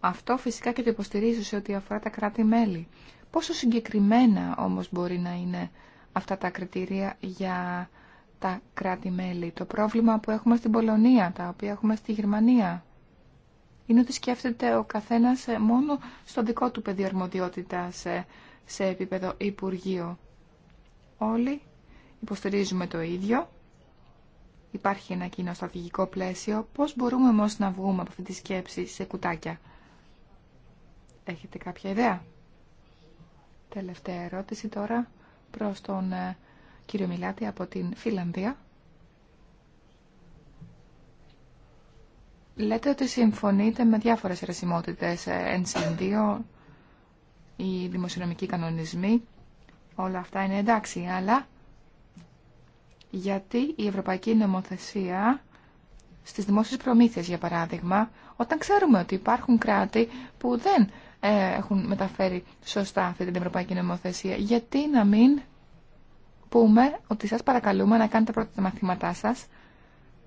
Αυτό φυσικά και το υποστηρίζω σε ό,τι αφορά τα κράτη-μέλη. Πόσο συγκεκριμένα όμως μπορεί να είναι αυτά τα κριτήρια για τα κράτη-μέλη. Το πρόβλημα που έχουμε στην Πολωνία, τα οποία έχουμε στη Γερμανία, είναι ότι σκέφτεται ο καθένας ε, μόνο στο δικό του πεδίο σε, σε επίπεδο υπουργείο. Όλοι υποστηρίζουμε το ίδιο. Υπάρχει ένα κοινό στρατηγικό πλαίσιο. Πώς μπορούμε όμως να βγούμε από αυτή τη σκέψη σε κουτάκια. Έχετε κάποια ιδέα. Τελευταία ερώτηση τώρα προς τον ε, κύριο Μιλάτη από την Φιλανδία. Λέτε ότι συμφωνείτε με διάφορες ε, εν NCN2, οι δημοσιονομικοί κανονισμοί, όλα αυτά είναι εντάξει, αλλά γιατί η Ευρωπαϊκή Νομοθεσία στις δημόσιες προμήθειες, για παράδειγμα, όταν ξέρουμε ότι υπάρχουν κράτη που δεν ε, έχουν μεταφέρει σωστά αυτή την ευρωπαϊκή νομοθεσία. Γιατί να μην πούμε ότι σας παρακαλούμε να κάνετε πρώτα τα μαθήματά σας,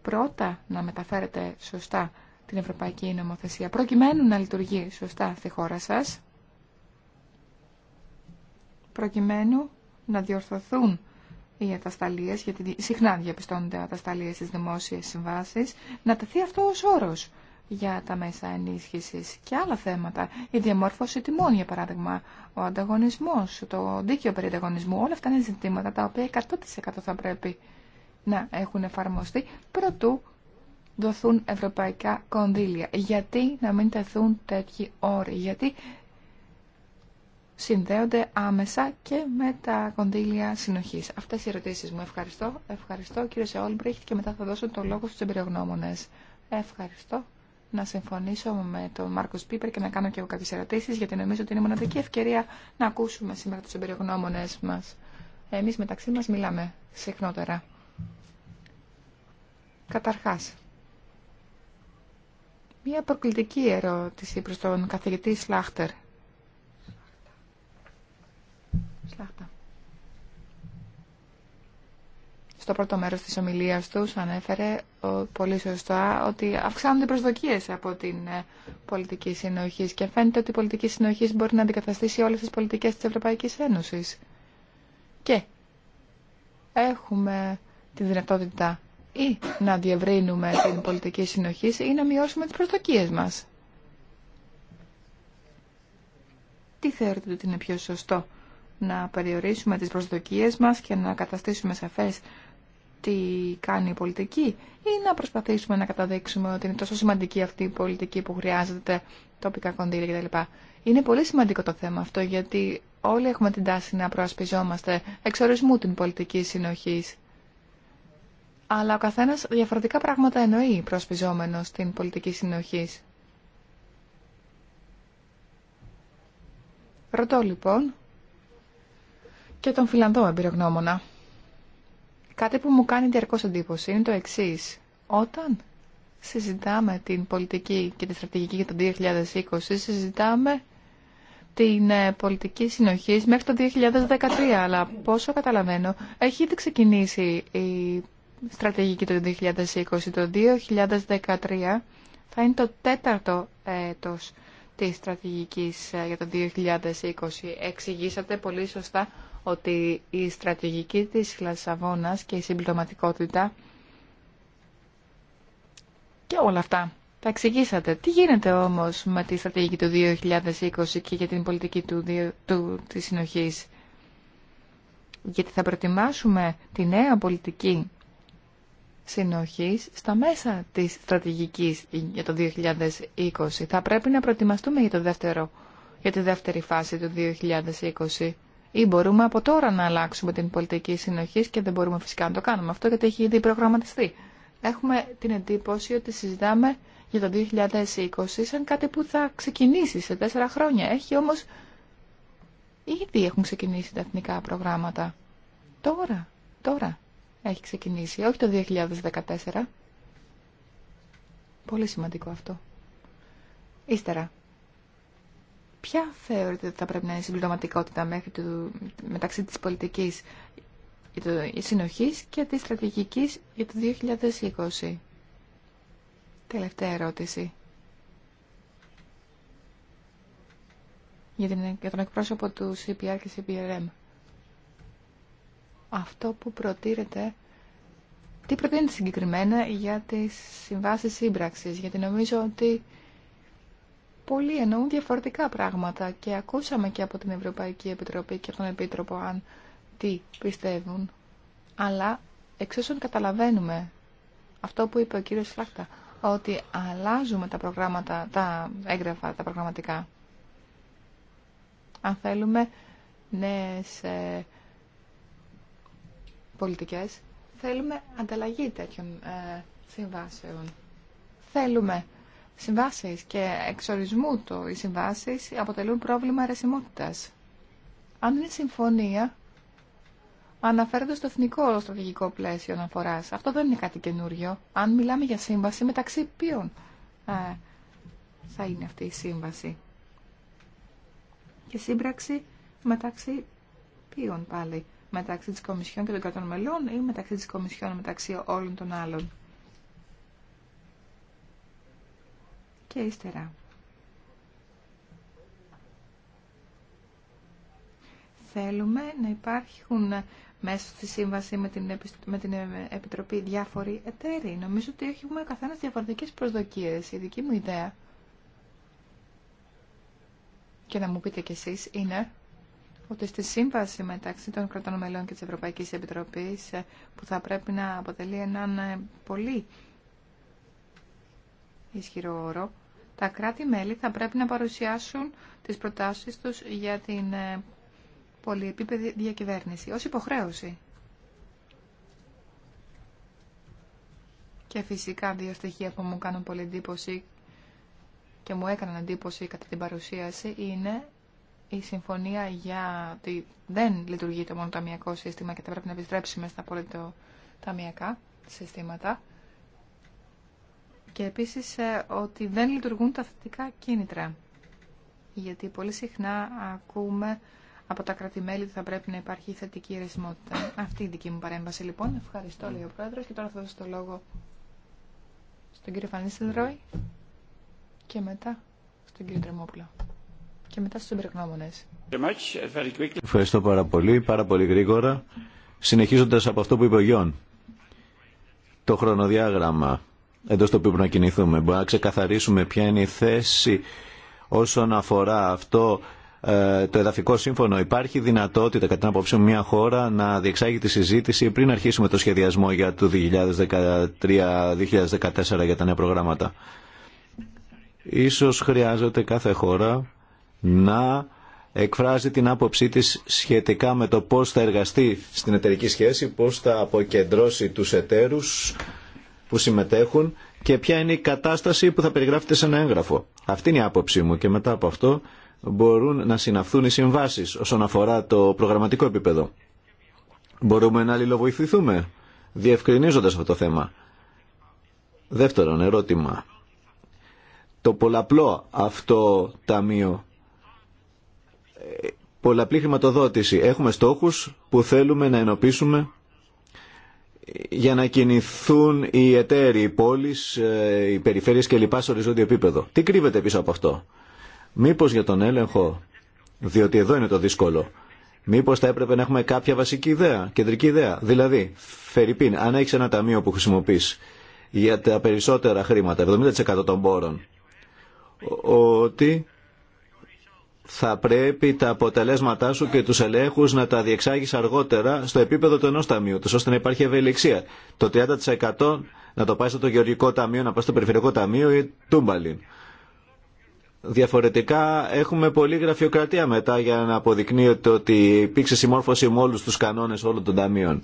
πρώτα να μεταφέρετε σωστά την ευρωπαϊκή νομοθεσία, προκειμένου να λειτουργεί σωστά στη χώρα σας, προκειμένου να διορθωθούν οι ατασταλίες, γιατί συχνά διαπιστώνονται ατασταλίες στις δημόσιες συμβάσεις, να τεθεί αυτό ως όρος για τα μέσα ενίσχυσης και άλλα θέματα. Η διαμόρφωση τιμών, για παράδειγμα, ο ανταγωνισμός, το δίκαιο περί ανταγωνισμού, όλα αυτά είναι ζητήματα τα οποία 100% θα πρέπει να έχουν εφαρμοστεί προτού δοθούν ευρωπαϊκά κονδύλια. Γιατί να μην τεθούν τέτοιοι όροι, γιατί συνδέονται άμεσα και με τα κονδύλια συνοχής. Αυτές οι ερωτήσεις μου. Ευχαριστώ. Ευχαριστώ κύριε Σεόλμπριχτ και μετά θα δώσω το λόγο στους εμπειρογνώμονες. Ευχαριστώ να συμφωνήσω με τον Μάρκο Πίπερ και να κάνω και εγώ κάποιε ερωτήσει, γιατί νομίζω ότι είναι μοναδική ευκαιρία να ακούσουμε σήμερα του εμπειρογνώμονε μα. Εμεί μεταξύ μα μιλάμε συχνότερα. Καταρχά, μία προκλητική ερώτηση προ τον καθηγητή Σλάχτερ. Σλάχτα. στο πρώτο μέρος της ομιλίας τους ανέφερε πολύ σωστά ότι αυξάνονται οι προσδοκίες από την ε, πολιτική συνοχή και φαίνεται ότι η πολιτική συνοχή μπορεί να αντικαταστήσει όλες τις πολιτικές της Ευρωπαϊκής Ένωσης. Και έχουμε τη δυνατότητα ή να διευρύνουμε την πολιτική συνοχή ή να μειώσουμε τις προσδοκίες μας. Τι θεωρείτε ότι είναι πιο σωστό να περιορίσουμε τις προσδοκίες μας και να καταστήσουμε σαφές τι κάνει η πολιτική ή να προσπαθήσουμε να καταδείξουμε ότι είναι τόσο σημαντική αυτή η πολιτική που χρειάζεται τοπικά κονδύλια κτλ. Είναι πολύ σημαντικό το θέμα αυτό γιατί όλοι έχουμε την τάση να προασπιζόμαστε εξορισμού την πολιτική συνοχή. Αλλά ο καθένας διαφορετικά πράγματα εννοεί προασπιζόμενος την πολιτική συνοχή. εννοει προσπιζόμενο την πολιτικη λοιπόν και τον Φιλανδό εμπειρογνώμονα. Κάτι που μου κάνει διαρκώ εντύπωση είναι το εξή. Όταν συζητάμε την πολιτική και τη στρατηγική για το 2020, συζητάμε την ε, πολιτική συνοχή μέχρι το 2013. Αλλά πόσο καταλαβαίνω, έχει ήδη ξεκινήσει η στρατηγική το 2020. Το 2013 θα είναι το τέταρτο έτος της στρατηγικής ε, για το 2020. Εξηγήσατε πολύ σωστά ότι η στρατηγική της Λασαβόνας και η συμπληρωματικότητα και όλα αυτά. Τα εξηγήσατε. Τι γίνεται όμως με τη στρατηγική του 2020 και για την πολιτική του, του, της συνοχής. Γιατί θα προετοιμάσουμε τη νέα πολιτική συνοχής στα μέσα της στρατηγικής για το 2020. Θα πρέπει να προετοιμαστούμε για, το δεύτερο, για τη δεύτερη φάση του 2020. Ή μπορούμε από τώρα να αλλάξουμε την πολιτική συνοχή και δεν μπορούμε φυσικά να το κάνουμε αυτό γιατί έχει ήδη προγραμματιστεί. Έχουμε την εντύπωση ότι συζητάμε για το 2020 σαν κάτι που θα ξεκινήσει σε τέσσερα χρόνια. Έχει όμως ήδη έχουν ξεκινήσει τα εθνικά προγράμματα. Τώρα, τώρα έχει ξεκινήσει, όχι το 2014. Πολύ σημαντικό αυτό. Ύστερα, Ποια θεωρείτε ότι θα πρέπει να είναι η συμπληρωματικότητα μέχρι μεταξύ της πολιτικής συνοχής και της στρατηγικής για το 2020. Τελευταία ερώτηση. Για, την, για τον εκπρόσωπο του CPR και CPRM. Αυτό που προτείνεται, τι προτείνεται συγκεκριμένα για τις συμβάσεις σύμπραξης, γιατί νομίζω ότι πολλοί εννοούν διαφορετικά πράγματα και ακούσαμε και από την Ευρωπαϊκή Επιτροπή και από τον Επίτροπο αν τι πιστεύουν. Αλλά εξ όσων καταλαβαίνουμε αυτό που είπε ο κύριος Φλάχτα, ότι αλλάζουμε τα προγράμματα, τα έγγραφα, τα προγραμματικά. Αν θέλουμε νέες ε, πολιτικές, θέλουμε ανταλλαγή τέτοιων ε, συμβάσεων. Θέλουμε συμβάσεις και εξορισμού το οι συμβάσεις αποτελούν πρόβλημα αιρεσιμότητας. Αν είναι συμφωνία, αναφέρονται στο εθνικό στρατηγικό πλαίσιο αναφορά. Αυτό δεν είναι κάτι καινούριο. Αν μιλάμε για σύμβαση, μεταξύ ποιων ε, θα είναι αυτή η σύμβαση. Και σύμπραξη μεταξύ ποιων πάλι. Μεταξύ της Κομισιόν και των κρατών μελών ή μεταξύ της Κομισιόν μεταξύ όλων των άλλων. και ύστερα. Θέλουμε να υπάρχουν μέσα στη σύμβαση με την, με την Επιτροπή διάφοροι εταίροι. Νομίζω ότι έχουμε καθένας διαφορετικές προσδοκίες. Η δική μου ιδέα, και να μου πείτε κι εσείς, είναι ότι στη σύμβαση μεταξύ των κρατών μελών και της Ευρωπαϊκής Επιτροπής ε, που θα πρέπει να αποτελεί έναν ε, πολύ ισχυρό όρο τα κράτη-μέλη θα πρέπει να παρουσιάσουν τις προτάσεις τους για την ε, πολυεπίπεδη διακυβέρνηση ως υποχρέωση. Και φυσικά δύο στοιχεία που μου κάνουν πολύ εντύπωση και μου έκαναν εντύπωση κατά την παρουσίαση είναι η συμφωνία για ότι δεν λειτουργεί το μονοταμιακό σύστημα και θα πρέπει να επιστρέψουμε στα πολυταμιακά συστήματα και επίσης ε, ότι δεν λειτουργούν τα θετικά κίνητρα. Γιατί πολύ συχνά ακούμε από τα κρατημέλη ότι θα πρέπει να υπάρχει θετική ρεσιμότητα. Αυτή η δική μου παρέμβαση λοιπόν. Ευχαριστώ λέει ο Πρόεδρος και τώρα θα δώσω το λόγο στον κύριο Φανίστη και μετά στον κύριο Τρεμόπουλο και μετά στους εμπειρογνώμονες. Ευχαριστώ πάρα πολύ, πάρα πολύ γρήγορα. Συνεχίζοντας από αυτό που είπε ο Γιόν, το χρονοδιάγραμμα εντός του οποίου πρέπει να κινηθούμε. Μπορεί να ξεκαθαρίσουμε ποια είναι η θέση όσον αφορά αυτό ε, το εδαφικό σύμφωνο. Υπάρχει δυνατότητα, κατά την άποψή μου, μια χώρα να διεξάγει τη συζήτηση πριν αρχίσουμε το σχεδιασμό για το 2013-2014 για τα νέα προγράμματα. Ίσως χρειάζεται κάθε χώρα να εκφράζει την άποψή της σχετικά με το πώς θα εργαστεί στην εταιρική σχέση, πώς θα αποκεντρώσει τους εταίρους που συμμετέχουν και ποια είναι η κατάσταση που θα περιγράφεται σε ένα έγγραφο. Αυτή είναι η άποψή μου και μετά από αυτό μπορούν να συναυθούν οι συμβάσεις όσον αφορά το προγραμματικό επίπεδο. Μπορούμε να αλληλοβοηθηθούμε διευκρινίζοντας αυτό το θέμα. Δεύτερον ερώτημα. Το πολλαπλό αυτό ταμείο ε, πολλαπλή χρηματοδότηση. Έχουμε στόχους που θέλουμε να ενοποιήσουμε για να κινηθούν οι εταίροι, οι πόλεις, ε, οι περιφέρειες κλπ. σε οριζόντιο επίπεδο. Τι κρύβεται πίσω από αυτό. Μήπως για τον έλεγχο, διότι εδώ είναι το δύσκολο, μήπως θα έπρεπε να έχουμε κάποια βασική ιδέα, κεντρική ιδέα. Δηλαδή, Φερρυπίν, αν έχει ένα ταμείο που χρησιμοποιείς για τα περισσότερα χρήματα, 70% των πόρων, ότι θα πρέπει τα αποτελέσματά σου και τους ελέγχους να τα διεξάγεις αργότερα στο επίπεδο του ενός ταμείου, τους, ώστε να υπάρχει ευελιξία. Το 30% να το πάει στο γεωργικό ταμείο, να πάει στο περιφερειακό ταμείο ή τούμπαλιν. Διαφορετικά έχουμε πολλή γραφειοκρατία μετά για να αποδεικνύεται ότι υπήρξε συμμόρφωση με όλους τους κανόνες όλων των ταμείων.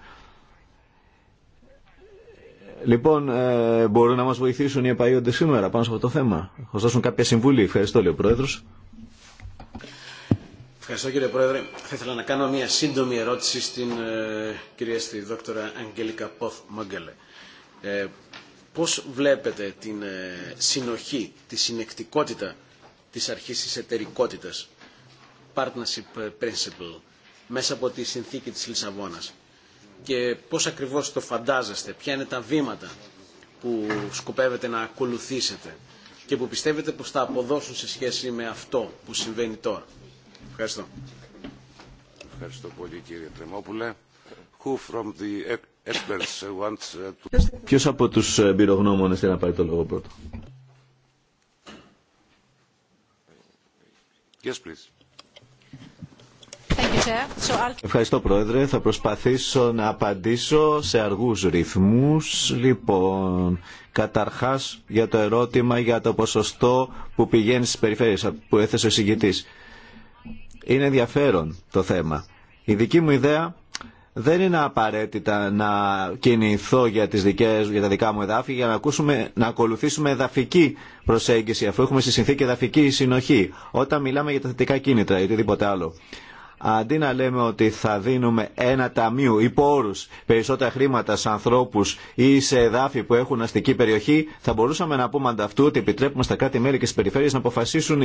Λοιπόν, ε, μπορούν να μας βοηθήσουν οι επαΐοντες σήμερα πάνω σε αυτό το θέμα. Θα δώσουν κάποια συμβουλή. Ευχαριστώ, λέει Πρόεδρος. Ευχαριστώ κύριε Πρόεδρε. Θα ήθελα να κάνω μια σύντομη ερώτηση στην ε, κυρία στη δόκτωρα Αγγέλικα Ποθ Μόγκελε. Ε, πώς βλέπετε την ε, συνοχή, τη συνεκτικότητα της αρχής της εταιρικότητας, partnership principle, μέσα από τη συνθήκη της Λισαβόνας και πώς ακριβώς το φαντάζεστε, ποια είναι τα βήματα που σκοπεύετε να ακολουθήσετε και που πιστεύετε πως θα αποδώσουν σε σχέση με αυτό που συμβαίνει τώρα. Ευχαριστώ. Ευχαριστώ πολύ κύριε Τρεμόπουλε. Who uh, Ποιος από τους ε, εμπειρογνώμονες θέλει να πάρει το λόγο πρώτο. Yes, please. Ευχαριστώ Πρόεδρε. Θα προσπαθήσω να απαντήσω σε αργούς ρυθμούς. Λοιπόν, καταρχάς για το ερώτημα για το ποσοστό που πηγαίνει στις περιφέρειες που έθεσε ο συγκητής είναι ενδιαφέρον το θέμα. Η δική μου ιδέα δεν είναι απαραίτητα να κινηθώ για, τις δικές, για τα δικά μου εδάφη για να, ακούσουμε, να ακολουθήσουμε εδαφική προσέγγιση αφού έχουμε στη συνθήκη εδαφική συνοχή όταν μιλάμε για τα θετικά κίνητρα ή οτιδήποτε άλλο. Αντί να λέμε ότι θα δίνουμε ένα ταμείο ή πόρου, περισσότερα χρήματα σε ανθρώπου ή σε εδάφη που έχουν αστική περιοχή, θα μπορούσαμε να πούμε ανταυτού ότι επιτρέπουμε στα κράτη-μέλη και στι περιφέρειε να αποφασίσουν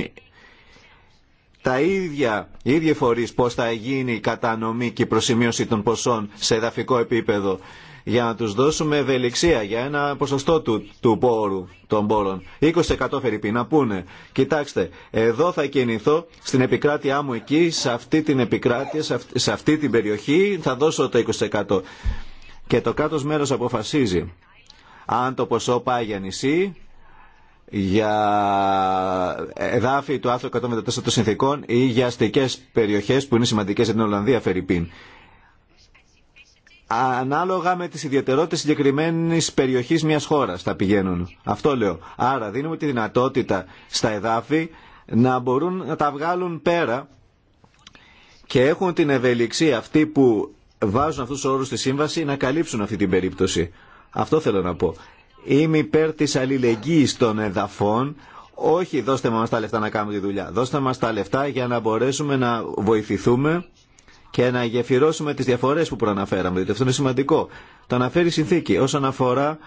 τα ίδια, οι ίδιοι φορείς πώς θα γίνει η κατανομή και η προσημείωση των ποσών σε εδαφικό επίπεδο για να τους δώσουμε ευελιξία για ένα ποσοστό του, του πόρου των πόρων. 20% φερρυπή να πούνε. Κοιτάξτε, εδώ θα κινηθώ στην επικράτειά μου εκεί, σε αυτή την επικράτεια, σε αυτή, σε αυτή την περιοχή θα δώσω το 20%. Και το κάτω μέρος αποφασίζει αν το ποσό πάει για νησί για εδάφη του άρθρου 154 των συνθήκων ή για αστικές περιοχές που είναι σημαντικές για την Ολλανδία, Φερρυπίν. Ανάλογα με τις ιδιαιτερότητες συγκεκριμένη περιοχής μιας χώρας θα πηγαίνουν. Αυτό λέω. Άρα δίνουμε τη δυνατότητα στα εδάφη να μπορούν να τα βγάλουν πέρα και έχουν την ευελιξία αυτοί που βάζουν αυτούς τους όρους στη σύμβαση να καλύψουν αυτή την περίπτωση. Αυτό θέλω να πω. Είμαι υπέρ τη αλληλεγγύη των εδαφών. Όχι δώστε μας τα λεφτά να κάνουμε τη δουλειά. Δώστε μας τα λεφτά για να μπορέσουμε να βοηθηθούμε και να γεφυρώσουμε τις διαφορές που προαναφέραμε. Διότι αυτό είναι σημαντικό. Το αναφέρει η συνθήκη όσον αφορά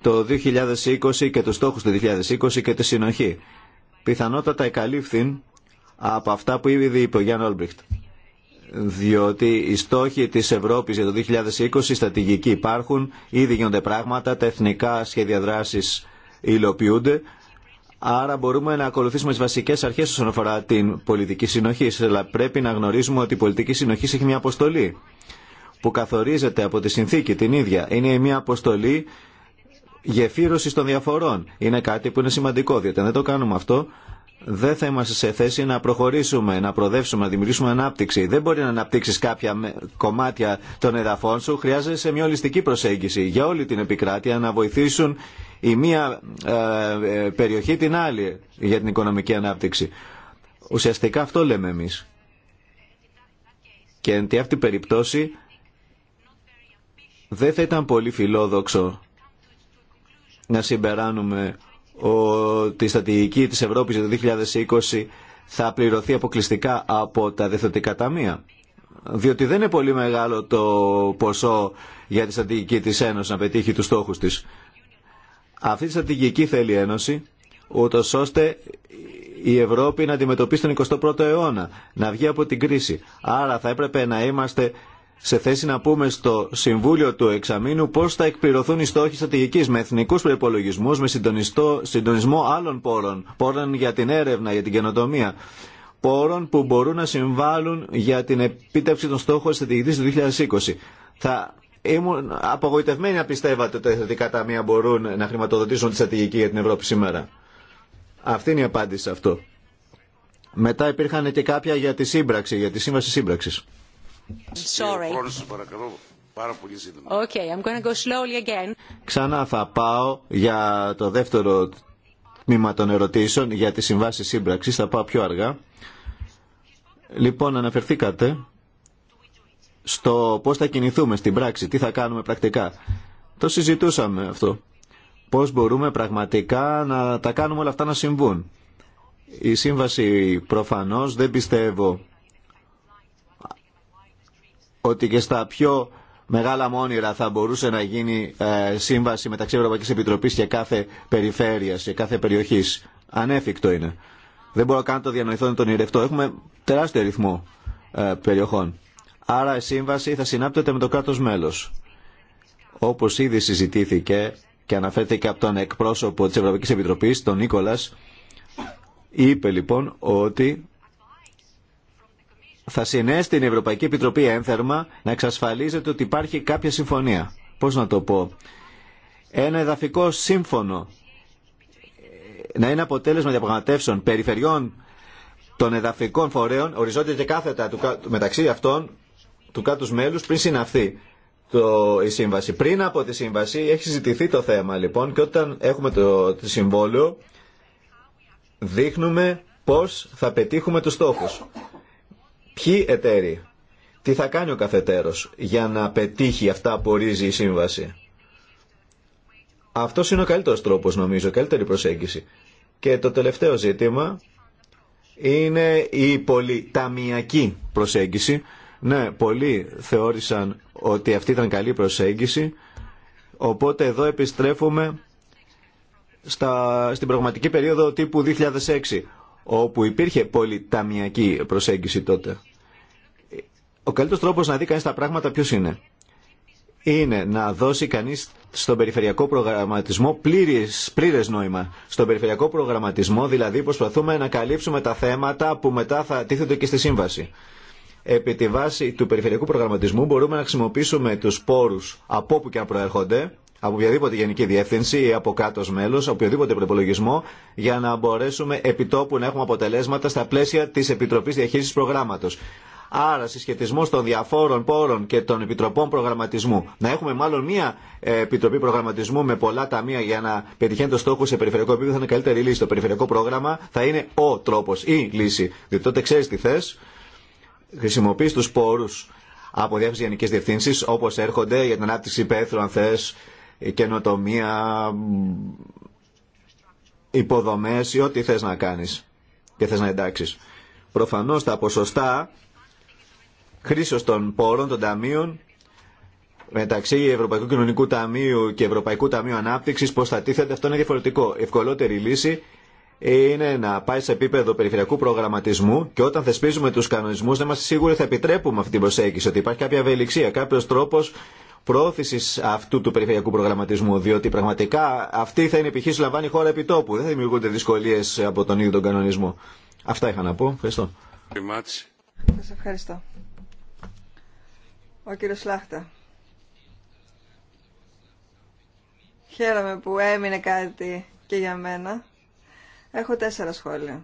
το 2020 και τους στόχους του 2020 και τη συνοχή. Πιθανότατα εκαλύφθην από αυτά που ήδη είπε ο Γιάννη Όλμπριχτ διότι οι στόχοι της Ευρώπης για το 2020 στρατηγικοί υπάρχουν, ήδη γίνονται πράγματα, τα εθνικά σχέδια δράσης υλοποιούνται, άρα μπορούμε να ακολουθήσουμε τις βασικές αρχές όσον αφορά την πολιτική συνοχή, αλλά πρέπει να γνωρίζουμε ότι η πολιτική συνοχή έχει μια αποστολή που καθορίζεται από τη συνθήκη την ίδια. Είναι μια αποστολή γεφύρωση των διαφορών. Είναι κάτι που είναι σημαντικό, διότι αν δεν το κάνουμε αυτό δεν θα είμαστε σε θέση να προχωρήσουμε, να προδεύσουμε, να δημιουργήσουμε ανάπτυξη. Δεν μπορεί να αναπτύξει κάποια κομμάτια των εδαφών σου. Χρειάζεσαι μια ολιστική προσέγγιση για όλη την επικράτεια να βοηθήσουν η μία ε, ε, περιοχή την άλλη για την οικονομική ανάπτυξη. Ουσιαστικά αυτό λέμε εμείς. Και εν τη αυτή περιπτώσει δεν θα ήταν πολύ φιλόδοξο να συμπεράνουμε ότι η στρατηγική της Ευρώπης για το 2020 θα πληρωθεί αποκλειστικά από τα διεθνωτικά ταμεία. Διότι δεν είναι πολύ μεγάλο το ποσό για τη στρατηγική της Ένωσης να πετύχει τους στόχους της. Αυτή τη στρατηγική θέλει η Ένωση, ούτως ώστε η Ευρώπη να αντιμετωπίσει τον 21ο αιώνα, να βγει από την κρίση. Άρα θα έπρεπε να είμαστε σε θέση να πούμε στο Συμβούλιο του Εξαμήνου πώ θα εκπληρωθούν οι στόχοι στρατηγική με εθνικού προπολογισμού, με συντονισμό άλλων πόρων, πόρων για την έρευνα, για την καινοτομία, πόρων που μπορούν να συμβάλλουν για την επίτευξη των στόχων στρατηγική του 2020. Θα ήμουν απογοητευμένοι να πιστεύατε ότι τα εθνικά ταμεία μπορούν να χρηματοδοτήσουν τη στρατηγική για την Ευρώπη σήμερα. Αυτή είναι η απάντηση σε αυτό. Μετά υπήρχαν και κάποια για τη σύμπραξη, για τη σύμβαση σύμπραξης. Okay, I'm going Ξανά θα πάω για το δεύτερο τμήμα των ερωτήσεων για τη συμβάση σύμπραξης. Θα πάω πιο αργά. Λοιπόν, αναφερθήκατε στο πώς θα κινηθούμε στην πράξη, τι θα κάνουμε πρακτικά. Το συζητούσαμε αυτό. Πώς μπορούμε πραγματικά να τα κάνουμε όλα αυτά να συμβούν. Η σύμβαση προφανώς δεν πιστεύω ότι και στα πιο μεγάλα μόνιρα θα μπορούσε να γίνει ε, σύμβαση μεταξύ Ευρωπαϊκή Επιτροπή και κάθε περιφέρεια και κάθε περιοχής. Ανέφικτο είναι. Δεν μπορώ καν να το διανοηθώ να τον ηρευτώ. Έχουμε τεράστιο ρυθμό ε, περιοχών. Άρα η σύμβαση θα συνάπτεται με το κράτο μέλο. Όπως ήδη συζητήθηκε και αναφέρθηκε από τον εκπρόσωπο τη Ευρωπαϊκή Επιτροπή, τον Νίκολας, είπε λοιπόν ότι θα συνέστη την Ευρωπαϊκή Επιτροπή ένθερμα να εξασφαλίζεται ότι υπάρχει κάποια συμφωνία. Πώς να το πω. Ένα εδαφικό σύμφωνο να είναι αποτέλεσμα διαπραγματεύσεων περιφερειών των εδαφικών φορέων, οριζόντια και κάθετα μεταξύ αυτών του κάτου μέλους πριν συναυθεί το, η σύμβαση. Πριν από τη σύμβαση έχει συζητηθεί το θέμα λοιπόν και όταν έχουμε το, το συμβόλαιο δείχνουμε πώς θα πετύχουμε τους στόχους. Ποιοι εταίροι, τι θα κάνει ο καθετέρος για να πετύχει αυτά που ορίζει η σύμβαση. Αυτός είναι ο καλύτερος τρόπος νομίζω, καλύτερη προσέγγιση. Και το τελευταίο ζήτημα είναι η πολυταμιακή προσέγγιση. Ναι, πολλοί θεώρησαν ότι αυτή ήταν καλή προσέγγιση, οπότε εδώ επιστρέφουμε στα, στην πραγματική περίοδο τύπου 2006, όπου υπήρχε πολυταμιακή προσέγγιση τότε. Ο καλύτερο τρόπος να δει κανείς τα πράγματα ποιο είναι. Είναι να δώσει κανείς στον περιφερειακό προγραμματισμό πλήρε πλήρες νόημα. Στον περιφερειακό προγραμματισμό δηλαδή προσπαθούμε να καλύψουμε τα θέματα που μετά θα τίθενται και στη σύμβαση. Επί τη βάση του περιφερειακού προγραμματισμού μπορούμε να χρησιμοποιήσουμε τους πόρους από όπου και αν προέρχονται, από οποιαδήποτε γενική διεύθυνση ή από κάτω μέλο, από οποιοδήποτε προπολογισμό, για να μπορέσουμε επιτόπου να έχουμε αποτελέσματα στα πλαίσια τη Επιτροπή Διαχείριση Προγράμματο. Άρα, συσχετισμό των διαφόρων πόρων και των επιτροπών προγραμματισμού. Να έχουμε μάλλον μία ε, επιτροπή προγραμματισμού με πολλά ταμεία για να πετυχαίνει το στόχο σε περιφερειακό επίπεδο θα είναι καλύτερη λύση. Το περιφερειακό πρόγραμμα θα είναι ο τρόπο ή λύση. Διότι τότε ξέρει τι θε, χρησιμοποιεί του πόρου από διάφορε γενικέ διευθύνσει όπω έρχονται για την ανάπτυξη υπαίθρου, αν θε, καινοτομία, υποδομέ ή ό,τι θε να κάνει και θε να εντάξει. Προφανώ τα ποσοστά χρήσεω των πόρων, των ταμείων, μεταξύ Ευρωπαϊκού Κοινωνικού Ταμείου και Ευρωπαϊκού Ταμείου Ανάπτυξη, πώ θα τίθεται, αυτό είναι διαφορετικό. Η ευκολότερη λύση είναι να πάει σε επίπεδο περιφερειακού προγραμματισμού και όταν θεσπίζουμε του κανονισμού δεν είμαστε σίγουροι θα επιτρέπουμε αυτή την προσέγγιση, ότι υπάρχει κάποια ευελιξία, κάποιο τρόπο προώθηση αυτού του περιφερειακού προγραμματισμού. Διότι πραγματικά αυτή θα είναι η λαμβάνει η χώρα επιτόπου. Δεν δημιουργούνται δυσκολίε από τον ίδιο τον κανονισμό. Αυτά είχα να πω. Ευχαριστώ. ευχαριστώ. Ο κύριος Λάχτα. Χαίρομαι που έμεινε κάτι και για μένα. Έχω τέσσερα σχόλια.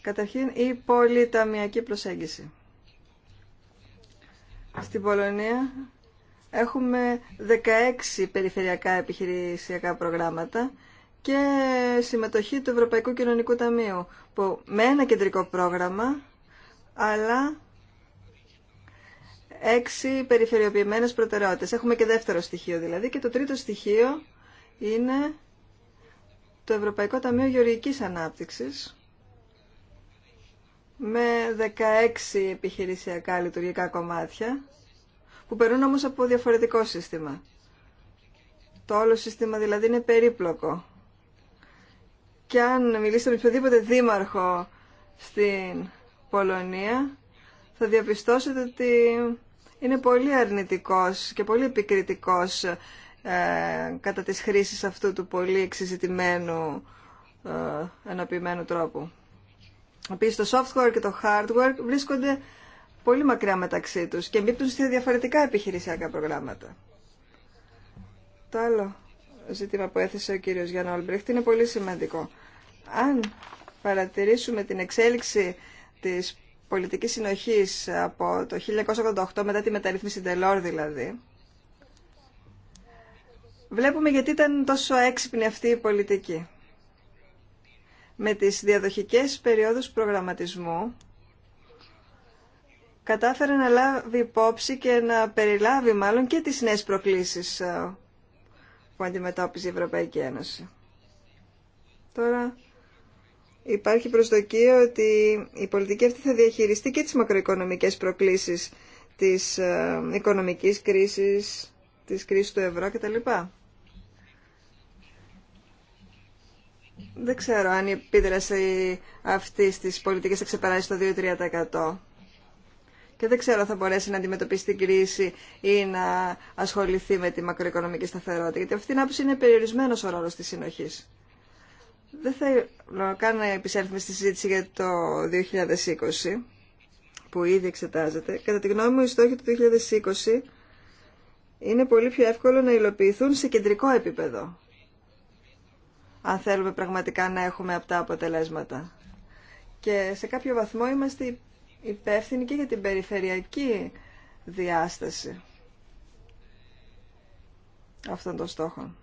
Καταρχήν, η πολυταμιακή προσέγγιση. Στην Πολωνία έχουμε 16 περιφερειακά επιχειρησιακά προγράμματα και συμμετοχή του Ευρωπαϊκού Κοινωνικού Ταμείου, που με ένα κεντρικό πρόγραμμα, αλλά έξι περιφερειοποιημένες προτεραιότητες. Έχουμε και δεύτερο στοιχείο δηλαδή. Και το τρίτο στοιχείο είναι το Ευρωπαϊκό Ταμείο Γεωργικής Ανάπτυξης με 16 επιχειρησιακά λειτουργικά κομμάτια που περνούν όμως από διαφορετικό σύστημα. Το όλο σύστημα δηλαδή είναι περίπλοκο. Και αν μιλήσετε με οποιοδήποτε δήμαρχο στην Πολωνία θα διαπιστώσετε ότι είναι πολύ αρνητικός και πολύ επικριτικός ε, κατά της χρήσεις αυτού του πολύ εξειζητημένου ε, ενοποιημένου τρόπου. Επίσης το software και το hardware βρίσκονται πολύ μακριά μεταξύ τους και εμπίπτουν σε διαφορετικά επιχειρησιακά προγράμματα. Το άλλο ζήτημα που έθεσε ο κύριος Γιάννα Ολμπριχτ είναι πολύ σημαντικό. Αν παρατηρήσουμε την εξέλιξη της πολιτική συνοχής από το 1988 μετά τη μεταρρύθμιση Τελόρ δηλαδή βλέπουμε γιατί ήταν τόσο έξυπνη αυτή η πολιτική. Με τις διαδοχικές περιόδους προγραμματισμού κατάφερε να λάβει υπόψη και να περιλάβει μάλλον και τις νέες προκλήσεις ε, που αντιμετώπιζε η Ευρωπαϊκή Ένωση. Τώρα υπάρχει προσδοκία ότι η πολιτική αυτή θα διαχειριστεί και τις μακροοικονομικές προκλήσεις της ε, οικονομικής κρίσης, της κρίσης του ευρώ κτλ. Δεν ξέρω αν η επίδραση αυτή τη πολιτική θα ξεπεράσει το 2-3%. Και δεν ξέρω αν θα μπορέσει να αντιμετωπίσει την κρίση ή να ασχοληθεί με τη μακροοικονομική σταθερότητα. Γιατί αυτή την άποψη είναι περιορισμένο ο ρόλο τη συνοχή. Δεν θα καν να επισέλθουμε στη συζήτηση για το 2020 που ήδη εξετάζεται. Κατά τη γνώμη μου, οι στόχοι του 2020 είναι πολύ πιο εύκολο να υλοποιηθούν σε κεντρικό επίπεδο, αν θέλουμε πραγματικά να έχουμε αυτά αποτελέσματα. Και σε κάποιο βαθμό είμαστε υπεύθυνοι και για την περιφερειακή διάσταση αυτών των στόχων.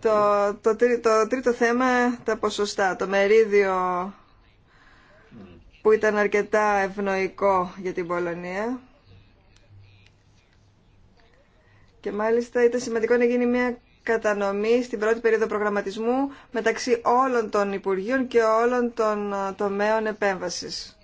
Το, το, το τρίτο θέμα, τα ποσοστά, το μερίδιο που ήταν αρκετά ευνοϊκό για την Πολωνία. Και μάλιστα ήταν σημαντικό να γίνει μια κατανομή στην πρώτη περίοδο προγραμματισμού μεταξύ όλων των Υπουργείων και όλων των τομέων επέμβασης.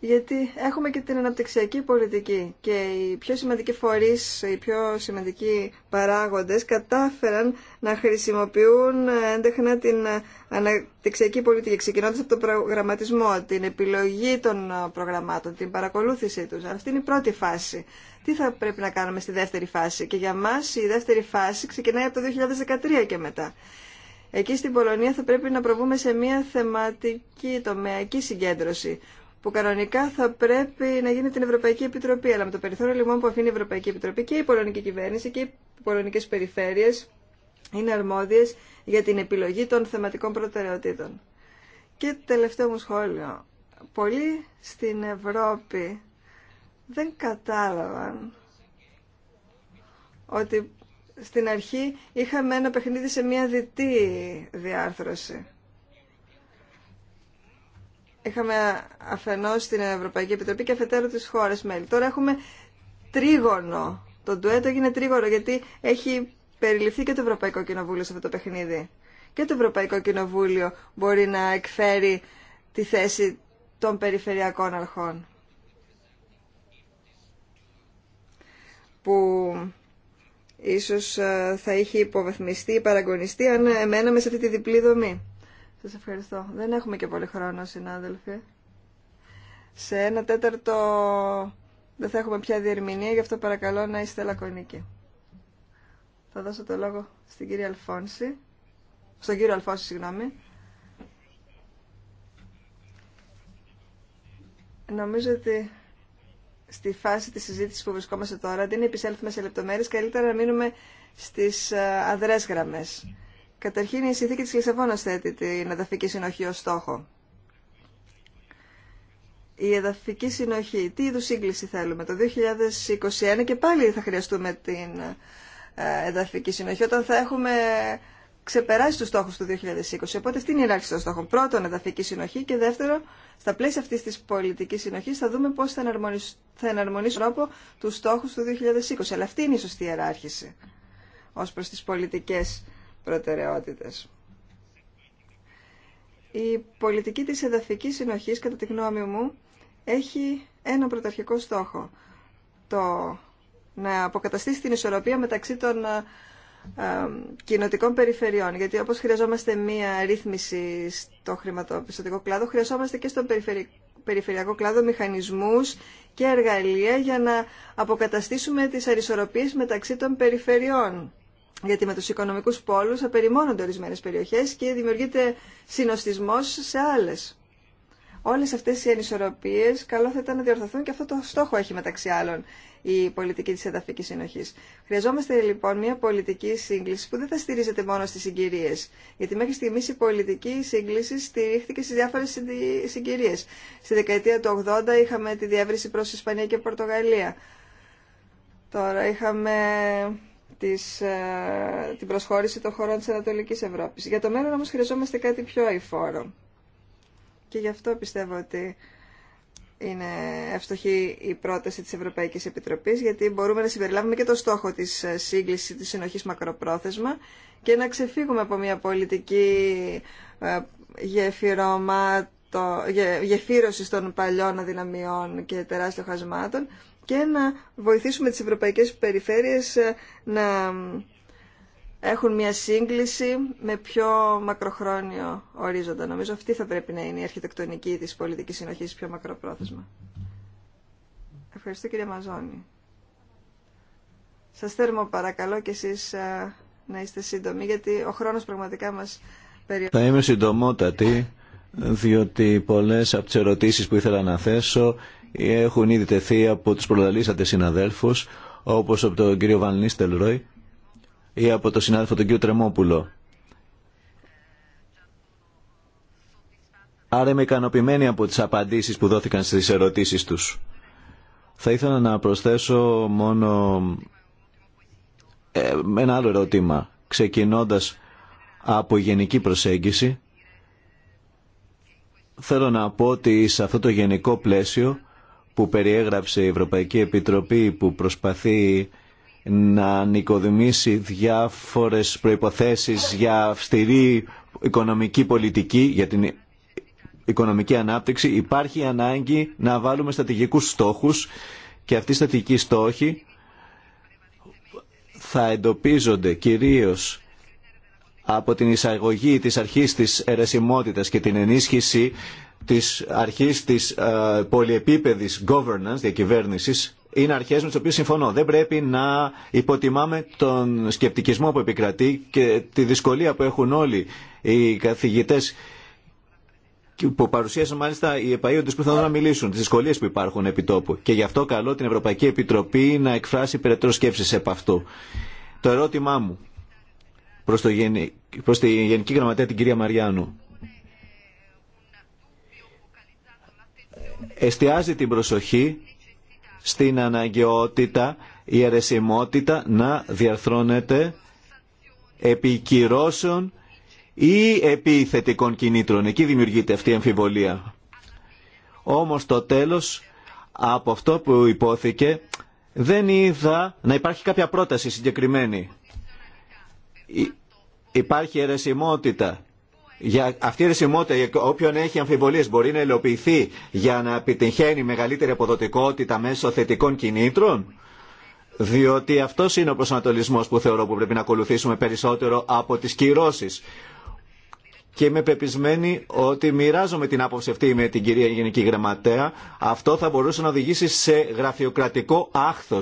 γιατί έχουμε και την αναπτυξιακή πολιτική και οι πιο σημαντικοί φορείς, οι πιο σημαντικοί παράγοντες κατάφεραν να χρησιμοποιούν έντεχνα την αναπτυξιακή πολιτική, ξεκινώντας από τον προγραμματισμό, την επιλογή των προγραμμάτων, την παρακολούθησή τους. Αυτή είναι η πρώτη φάση. Τι θα πρέπει να κάνουμε στη δεύτερη φάση και για μας η δεύτερη φάση ξεκινάει από το 2013 και μετά. Εκεί στην Πολωνία θα πρέπει να προβούμε σε μια θεματική τομεακή συγκέντρωση που κανονικά θα πρέπει να γίνει την Ευρωπαϊκή Επιτροπή. Αλλά με το περιθώριο λοιπόν που αφήνει η Ευρωπαϊκή Επιτροπή και η πολωνική κυβέρνηση και οι πολωνικές περιφέρειες είναι αρμόδιες για την επιλογή των θεματικών προτεραιοτήτων. Και τελευταίο μου σχόλιο. Πολλοί στην Ευρώπη δεν κατάλαβαν ότι στην αρχή είχαμε ένα παιχνίδι σε μια διτή διάρθρωση είχαμε αφενό την Ευρωπαϊκή Επιτροπή και αφετέρου τις χώρες μέλη. Τώρα έχουμε τρίγωνο. Το ντουέτο έγινε τρίγωνο γιατί έχει περιληφθεί και το Ευρωπαϊκό Κοινοβούλιο σε αυτό το παιχνίδι. Και το Ευρωπαϊκό Κοινοβούλιο μπορεί να εκφέρει τη θέση των περιφερειακών αρχών. Που ίσως ε, θα είχε υποβαθμιστεί ή παραγωνιστεί αν εμέναμε σε αυτή τη διπλή δομή. Σας ευχαριστώ. Δεν έχουμε και πολύ χρόνο, συνάδελφοι. Σε ένα τέταρτο δεν θα έχουμε πια διερμηνία, γι' αυτό παρακαλώ να είστε λακωνικοί. Θα δώσω το λόγο στην κυρία Αλφόνση. Στον κύριο Αλφόνση, συγγνώμη. Νομίζω ότι στη φάση της συζήτησης που βρισκόμαστε τώρα, δεν να επισέλθουμε σε λεπτομέρειες, καλύτερα να μείνουμε στις ε, αδρές γραμμές. Καταρχήν η συνθήκη της Λισαβόνας θέτει την εδαφική συνοχή ως στόχο. Η εδαφική συνοχή, τι είδους σύγκληση θέλουμε. Το 2021 και πάλι θα χρειαστούμε την ε, εδαφική συνοχή όταν θα έχουμε ξεπεράσει τους στόχους του 2020. Οπότε αυτή είναι η ελάχιστη των στόχων. Πρώτον, εδαφική συνοχή και δεύτερο, στα πλαίσια αυτής της πολιτικής συνοχής θα δούμε πώς θα εναρμονίσουν, θα εναρμονίσουν τρόπο τους στόχους του 2020. Αλλά αυτή είναι η σωστή εράρχηση ως προς τις πολιτικές προτεραιότητες. Η πολιτική της εδαφικής συνοχής, κατά τη γνώμη μου, έχει ένα πρωταρχικό στόχο. Το να αποκαταστήσει την ισορροπία μεταξύ των ε, κοινοτικών περιφερειών. Γιατί όπως χρειαζόμαστε μία ρύθμιση στο χρηματοπιστωτικό κλάδο, χρειαζόμαστε και στον περιφερειακό κλάδο μηχανισμούς και εργαλεία για να αποκαταστήσουμε τις αρισορροπίες μεταξύ των περιφερειών γιατί με τους οικονομικούς πόλους απεριμόνονται ορισμένες περιοχές και δημιουργείται συνοστισμός σε άλλες. Όλες αυτές οι ανισορροπίες καλό θα ήταν να διορθωθούν και αυτό το στόχο έχει μεταξύ άλλων η πολιτική της εδαφικής συνοχής. Χρειαζόμαστε λοιπόν μια πολιτική σύγκληση που δεν θα στηρίζεται μόνο στις συγκυρίες. Γιατί μέχρι στιγμής η πολιτική σύγκληση στηρίχθηκε στις διάφορες συγκυρίες. Στη δεκαετία του 80 είχαμε τη διεύρυνση προς Ισπανία και Πορτογαλία. Τώρα είχαμε της, ε, την προσχώρηση των χωρών της Ανατολικής Ευρώπης. Για το μέλλον όμως χρειαζόμαστε κάτι πιο αηφόρο. Και γι' αυτό πιστεύω ότι είναι ευστοχή η πρόταση της Ευρωπαϊκής Επιτροπής, γιατί μπορούμε να συμπεριλάβουμε και το στόχο της ε, σύγκλησης της συνοχής μακροπρόθεσμα και να ξεφύγουμε από μια πολιτική ε, γεφύρωση των παλιών αδυναμιών και τεράστιων χασμάτων και να βοηθήσουμε τις ευρωπαϊκές περιφέρειες ε, να έχουν μια σύγκληση με πιο μακροχρόνιο ορίζοντα. Νομίζω αυτή θα πρέπει να είναι η αρχιτεκτονική της πολιτικής συνοχής πιο μακροπρόθεσμα. Ευχαριστώ κύριε Μαζόνη. Σας θέρμο παρακαλώ και εσείς ε, να είστε σύντομοι γιατί ο χρόνος πραγματικά μας περιορίζει. Θα είμαι συντομότατη διότι πολλές από τις ερωτήσεις που ήθελα να θέσω έχουν ήδη τεθεί από τους προλαλήσαντες συναδέλφους όπως από τον κύριο Βαν ή από τον συνάδελφο τον κύριο Τρεμόπουλο. Άρα είμαι ικανοποιημένη από τις απαντήσεις που δόθηκαν στις ερωτήσεις τους. Θα ήθελα να προσθέσω μόνο ε, ένα άλλο ερώτημα, ξεκινώντας από γενική προσέγγιση. Θέλω να πω ότι σε αυτό το γενικό πλαίσιο που περιέγραψε η Ευρωπαϊκή Επιτροπή που προσπαθεί να νοικοδομήσει διάφορες προϋποθέσεις για αυστηρή οικονομική πολιτική, για την οικονομική ανάπτυξη, υπάρχει ανάγκη να βάλουμε στατηγικούς στόχους και αυτοί οι στατηγικοί στόχοι θα εντοπίζονται κυρίως από την εισαγωγή της αρχής της αιρεσιμότητας και την ενίσχυση της αρχής της ε, πολυεπίπεδης governance, διακυβέρνησης, είναι αρχές με τις οποίες συμφωνώ. Δεν πρέπει να υποτιμάμε τον σκεπτικισμό που επικρατεί και τη δυσκολία που έχουν όλοι οι καθηγητές που παρουσίασαν μάλιστα οι επαείοντες που θέλουν να μιλήσουν, τις δυσκολίε που υπάρχουν επί τόπου. Και γι' αυτό καλώ την Ευρωπαϊκή Επιτροπή να εκφράσει περαιτέρω σκέψει επ' αυτού. Το ερώτημά μου προ τη Γενική Γραμματέα την κυρία Μαριάνου εστιάζει την προσοχή στην αναγκαιότητα η αιρεσιμότητα να διαρθρώνεται επί κυρώσεων ή επί θετικών η αμφιβολία. Όμως το τέλος από αυτό που υπόθηκε δεν είδα να υπάρχει κάποια πρόταση συγκεκριμένη. Υπάρχει αιρεσιμότητα για αυτή η ρησιμότητα, όποιον έχει αμφιβολίες μπορεί να υλοποιηθεί για να επιτυχαίνει μεγαλύτερη αποδοτικότητα μέσω θετικών κινήτρων. Διότι αυτό είναι ο προσανατολισμό που θεωρώ που πρέπει να ακολουθήσουμε περισσότερο από τι κυρώσει. Και είμαι πεπισμένη ότι μοιράζομαι την άποψη αυτή με την κυρία Γενική Γραμματέα. Αυτό θα μπορούσε να οδηγήσει σε γραφειοκρατικό άχθο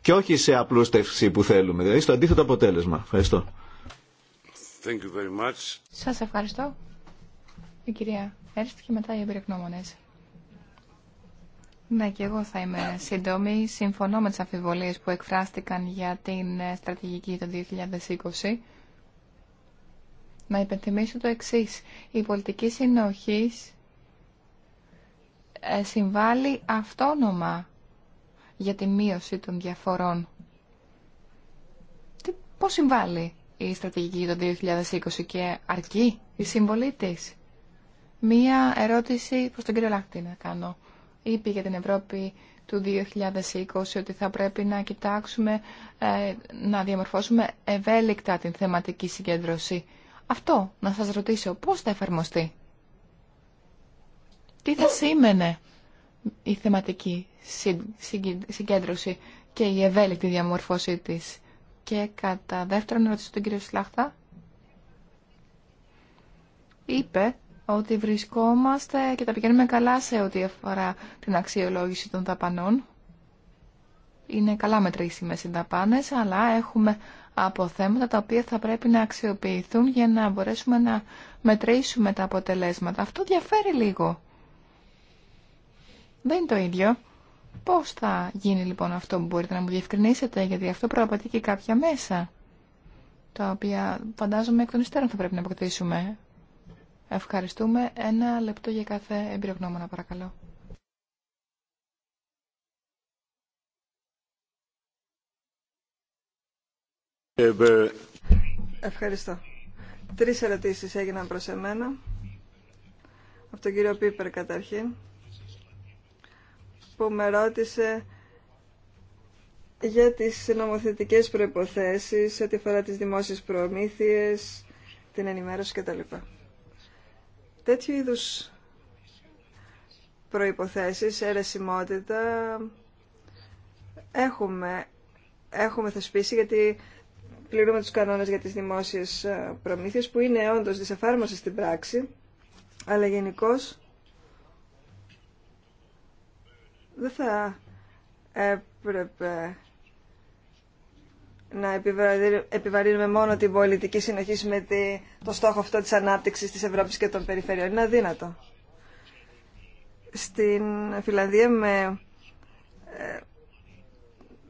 και όχι σε απλούστευση που θέλουμε. Δηλαδή στο αντίθετο αποτέλεσμα. Ευχαριστώ. Thank Σας ευχαριστώ. Η κυρία Έρστ και μετά οι εμπειρογνώμονες. Ναι, και εγώ θα είμαι σύντομη. Συμφωνώ με τις αμφιβολίες που εκφράστηκαν για την ε, στρατηγική το 2020. Να υπενθυμίσω το εξής. Η πολιτική συνοχής ε, συμβάλλει αυτόνομα για τη μείωση των διαφορών. Τι, πώς συμβάλλει η στρατηγική το 2020 και αρκεί η συμβολή τη. Μία ερώτηση προς τον κύριο Λάκτη να κάνω. Είπε για την Ευρώπη του 2020 ότι θα πρέπει να κοιτάξουμε, ε, να διαμορφώσουμε ευέλικτα την θεματική συγκέντρωση. Αυτό να σας ρωτήσω, πώς θα εφαρμοστεί. Τι θα σήμαινε η θεματική συγκέντρωση και η ευέλικτη διαμορφώση της και κατά δεύτερον ερώτηση του κύριο Σλάχτα είπε ότι βρισκόμαστε και τα πηγαίνουμε καλά σε ό,τι αφορά την αξιολόγηση των δαπανών. Είναι καλά μετρήσιμες οι δαπάνες, αλλά έχουμε αποθέματα τα οποία θα πρέπει να αξιοποιηθούν για να μπορέσουμε να μετρήσουμε τα αποτελέσματα. Αυτό διαφέρει λίγο. Δεν είναι το ίδιο. Πώς θα γίνει λοιπόν αυτό που μπορείτε να μου διευκρινίσετε, γιατί αυτό προαπαιτεί και κάποια μέσα, τα οποία φαντάζομαι εκ των υστέρων θα πρέπει να αποκτήσουμε. Ευχαριστούμε. Ένα λεπτό για κάθε εμπειρογνώμονα, παρακαλώ. Ευχαριστώ. Τρεις ερωτήσεις έγιναν προς εμένα. Από τον κύριο Πίπερ καταρχήν που με ρώτησε για τις νομοθετικές προϋποθέσεις ό,τι αφορά τις δημόσιες προμήθειες, την ενημέρωση κτλ. Τέτοιου είδους προϋποθέσεις, αιρεσιμότητα, έχουμε, έχουμε θεσπίσει γιατί πληρούμε τους κανόνες για τις δημόσιες ε, προμήθειες που είναι όντως δυσεφάρμοσες στην πράξη, αλλά γενικώ δεν θα έπρεπε να επιβαρύνουμε μόνο την πολιτική συνοχή με το στόχο αυτό της ανάπτυξης της Ευρώπης και των περιφερειών. Είναι αδύνατο. Στην Φιλανδία με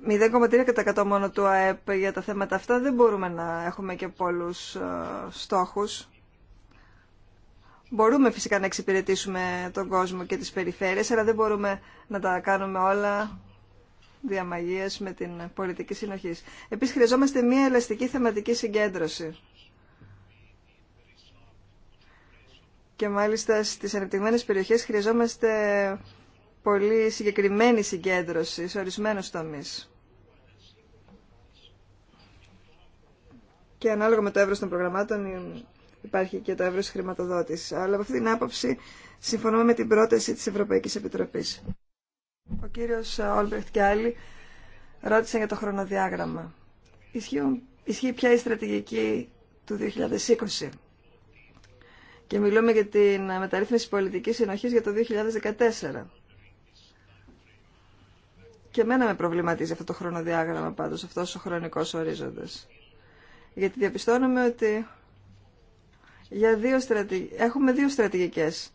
0,3% ε, μόνο του ΑΕΠ για τα θέματα αυτά δεν μπορούμε να έχουμε και πολλούς ε, στόχους. Μπορούμε φυσικά να εξυπηρετήσουμε τον κόσμο και τις περιφέρειες, αλλά δεν μπορούμε να τα κάνουμε όλα διαμαγείας με την πολιτική συνοχή. Επίσης χρειαζόμαστε μια ελαστική θεματική συγκέντρωση. Και μάλιστα στις ανεπτυγμένες περιοχές χρειαζόμαστε πολύ συγκεκριμένη συγκέντρωση σε ορισμένους τομείς. Και ανάλογα με το εύρος των προγραμμάτων, υπάρχει και το εύρος χρηματοδότηση. Αλλά από αυτή την άποψη συμφωνούμε με την πρόταση της Ευρωπαϊκής Επιτροπής. Ο κύριος Όλμπρεχτ και άλλοι ρώτησαν για το χρονοδιάγραμμα. Ισχύουν, ισχύει πια η στρατηγική του 2020. Και μιλούμε για την μεταρρύθμιση πολιτικής συνοχής για το 2014. Και εμένα με προβληματίζει αυτό το χρονοδιάγραμμα πάντως, αυτός ο χρονικός ορίζοντας. Γιατί διαπιστώνουμε ότι για δύο στρατη... Έχουμε δύο στρατηγικές.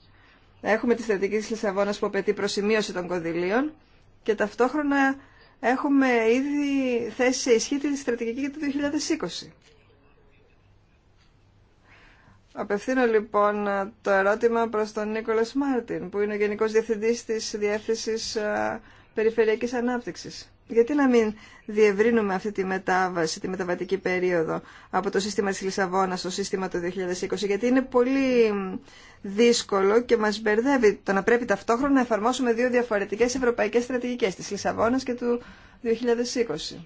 Έχουμε τη στρατηγική της Λισαβόνας που απαιτεί προσημείωση των κονδυλίων και ταυτόχρονα έχουμε ήδη θέσει σε ισχύ τη στρατηγική για το 2020. Απευθύνω λοιπόν το ερώτημα προς τον Νίκολας Μάρτιν, που είναι ο Γενικός Διευθυντής της Διεύθυνσης ε, Περιφερειακής Ανάπτυξης γιατί να μην διευρύνουμε αυτή τη μετάβαση, τη μεταβατική περίοδο από το σύστημα της Λισαβόνας στο σύστημα το 2020, γιατί είναι πολύ δύσκολο και μας μπερδεύει το να πρέπει ταυτόχρονα να εφαρμόσουμε δύο διαφορετικές ευρωπαϊκές στρατηγικές, της Λισαβόνας και του 2020.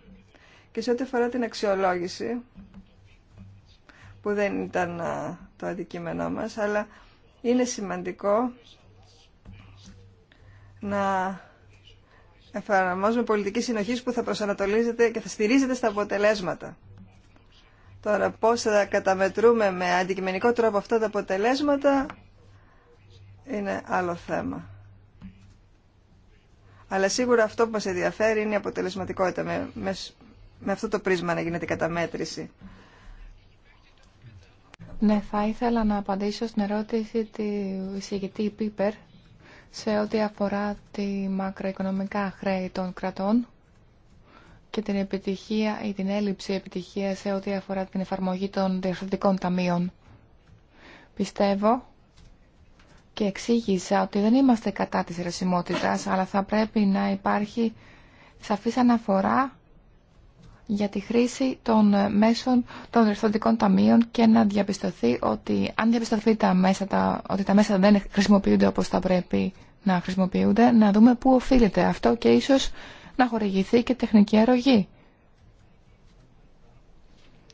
Και σε ό,τι αφορά την αξιολόγηση, που δεν ήταν το αντικείμενό μας, αλλά είναι σημαντικό να εφαρμόζουμε πολιτική συνοχή που θα προσανατολίζεται και θα στηρίζεται στα αποτελέσματα. Τώρα πώς θα καταμετρούμε με αντικειμενικό τρόπο αυτά τα αποτελέσματα είναι άλλο θέμα. Αλλά σίγουρα αυτό που μας ενδιαφέρει είναι η αποτελεσματικότητα με, με, με αυτό το πρίσμα να γίνεται η καταμέτρηση. Ναι, θα ήθελα να απαντήσω στην ερώτηση του εισηγητή Πίπερ σε ό,τι αφορά τη μακροοικονομικά χρέη των κρατών και την επιτυχία ή την έλλειψη επιτυχία σε ό,τι αφορά την εφαρμογή των διευθυντικών ταμείων. Πιστεύω και εξήγησα ότι δεν είμαστε κατά της ρεσιμότητας, αλλά θα πρέπει να υπάρχει σαφής αναφορά για τη χρήση των ε, μέσων των διευθυντικών ταμείων και να διαπιστωθεί ότι αν διαπιστωθεί τα μέσα, τα, ότι τα μέσα δεν χρησιμοποιούνται όπως θα πρέπει να χρησιμοποιούνται, να δούμε πού οφείλεται αυτό και ίσως να χορηγηθεί και τεχνική αρρωγή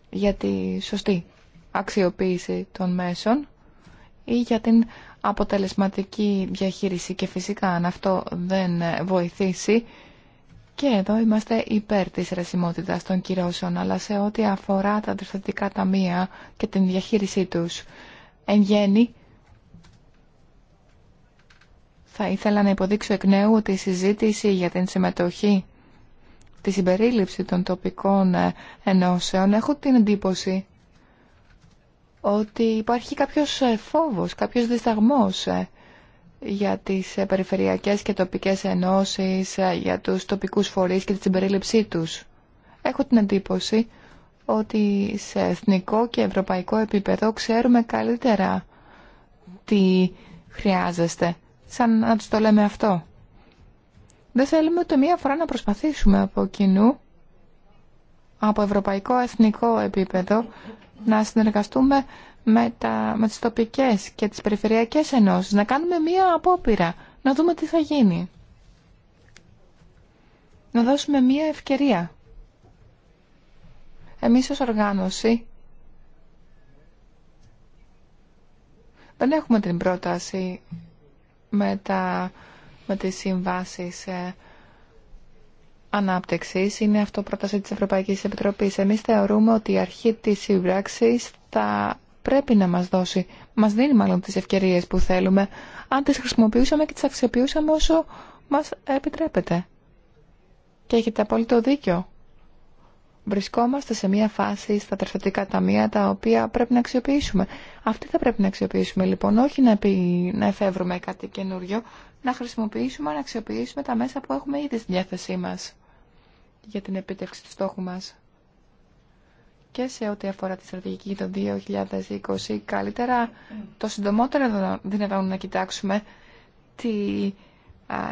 για τη σωστή αξιοποίηση των μέσων ή για την αποτελεσματική διαχείριση και φυσικά αν αυτό δεν βοηθήσει και εδώ είμαστε υπέρ της ρεσιμότητας των κυρώσεων, αλλά σε ό,τι αφορά τα αντιστατικά ταμεία και την διαχείρισή τους. Εν γέννη, θα ήθελα να υποδείξω εκ νέου ότι η συζήτηση για την συμμετοχή, τη συμπερίληψη των τοπικών ε, ενώσεων, έχω την εντύπωση ότι υπάρχει κάποιος ε, φόβος, κάποιος δισταγμός ε, για τις ε, περιφερειακές και τοπικές ενώσεις, ε, για τους τοπικούς φορείς και την συμπερίληψή τους. Έχω την εντύπωση ότι σε εθνικό και ευρωπαϊκό επίπεδο ξέρουμε καλύτερα τι χρειάζεστε, σαν να τους το λέμε αυτό. Δεν θέλουμε ούτε μία φορά να προσπαθήσουμε από κοινού, από ευρωπαϊκό εθνικό επίπεδο, να συνεργαστούμε με, τα, με τις τοπικές και τις περιφερειακές ενώσεις, να κάνουμε μία απόπειρα, να δούμε τι θα γίνει. Να δώσουμε μία ευκαιρία. Εμείς ως οργάνωση δεν έχουμε την πρόταση με, τα, με τις συμβάσεις ε, ανάπτυξης. Είναι αυτό πρόταση της Ευρωπαϊκής Επιτροπής. Εμείς θεωρούμε ότι η αρχή της σύμπραξης θα πρέπει να μας δώσει, μας δίνει μάλλον τις ευκαιρίες που θέλουμε, αν τις χρησιμοποιούσαμε και τις αξιοποιούσαμε όσο μας επιτρέπεται. Και έχετε απόλυτο δίκιο. Βρισκόμαστε σε μια φάση στα τερφετικά ταμεία τα οποία πρέπει να αξιοποιήσουμε. Αυτή θα πρέπει να αξιοποιήσουμε λοιπόν, όχι να, επί... να εφεύρουμε κάτι καινούριο, να χρησιμοποιήσουμε, να αξιοποιήσουμε τα μέσα που έχουμε ήδη στη διάθεσή μας για την επίτευξη του στόχου μας και σε ό,τι αφορά τη στρατηγική το 2020 καλύτερα το συντομότερο δυνατόν να κοιτάξουμε τι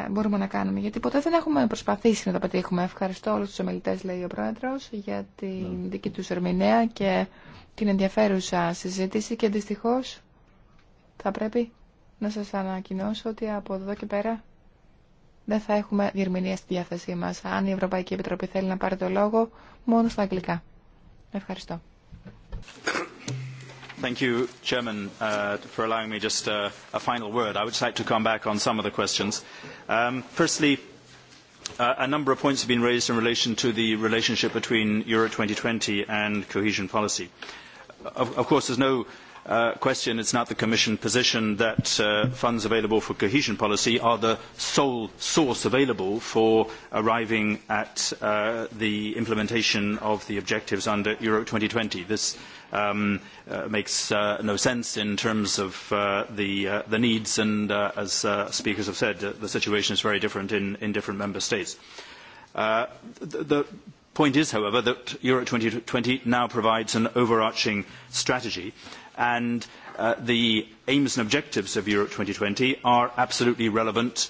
μπορούμε να κάνουμε. Γιατί ποτέ δεν έχουμε προσπαθήσει να το πετύχουμε. Ευχαριστώ όλους τους ομιλητές, λέει ο Πρόεδρος, για την ναι. δική του ερμηνεία και την ενδιαφέρουσα συζήτηση και δυστυχώ θα πρέπει να σας ανακοινώσω ότι από εδώ και πέρα δεν θα έχουμε διερμηνία στη διάθεσή μας. Αν η Ευρωπαϊκή Επιτροπή θέλει να πάρει το λόγο, μόνο στα αγγλικά. Ευχαριστώ. Thank you, Chairman, for allowing me just a final word. I would like to come back on some of the questions. Firstly, a number of points have been raised in relation to the relationship between Euro 2020 and cohesion policy. Of course, there's no question is not the commission position that funds available for cohesion policy are the sole source available for arriving at the implementation of the objectives under euro 2020 this makes no sense in terms of the needs and as speakers have said the situation is very different in different member states the point is however that euro 2020 now provides an overarching strategy and the aims and objectives of Europe 2020 are absolutely relevant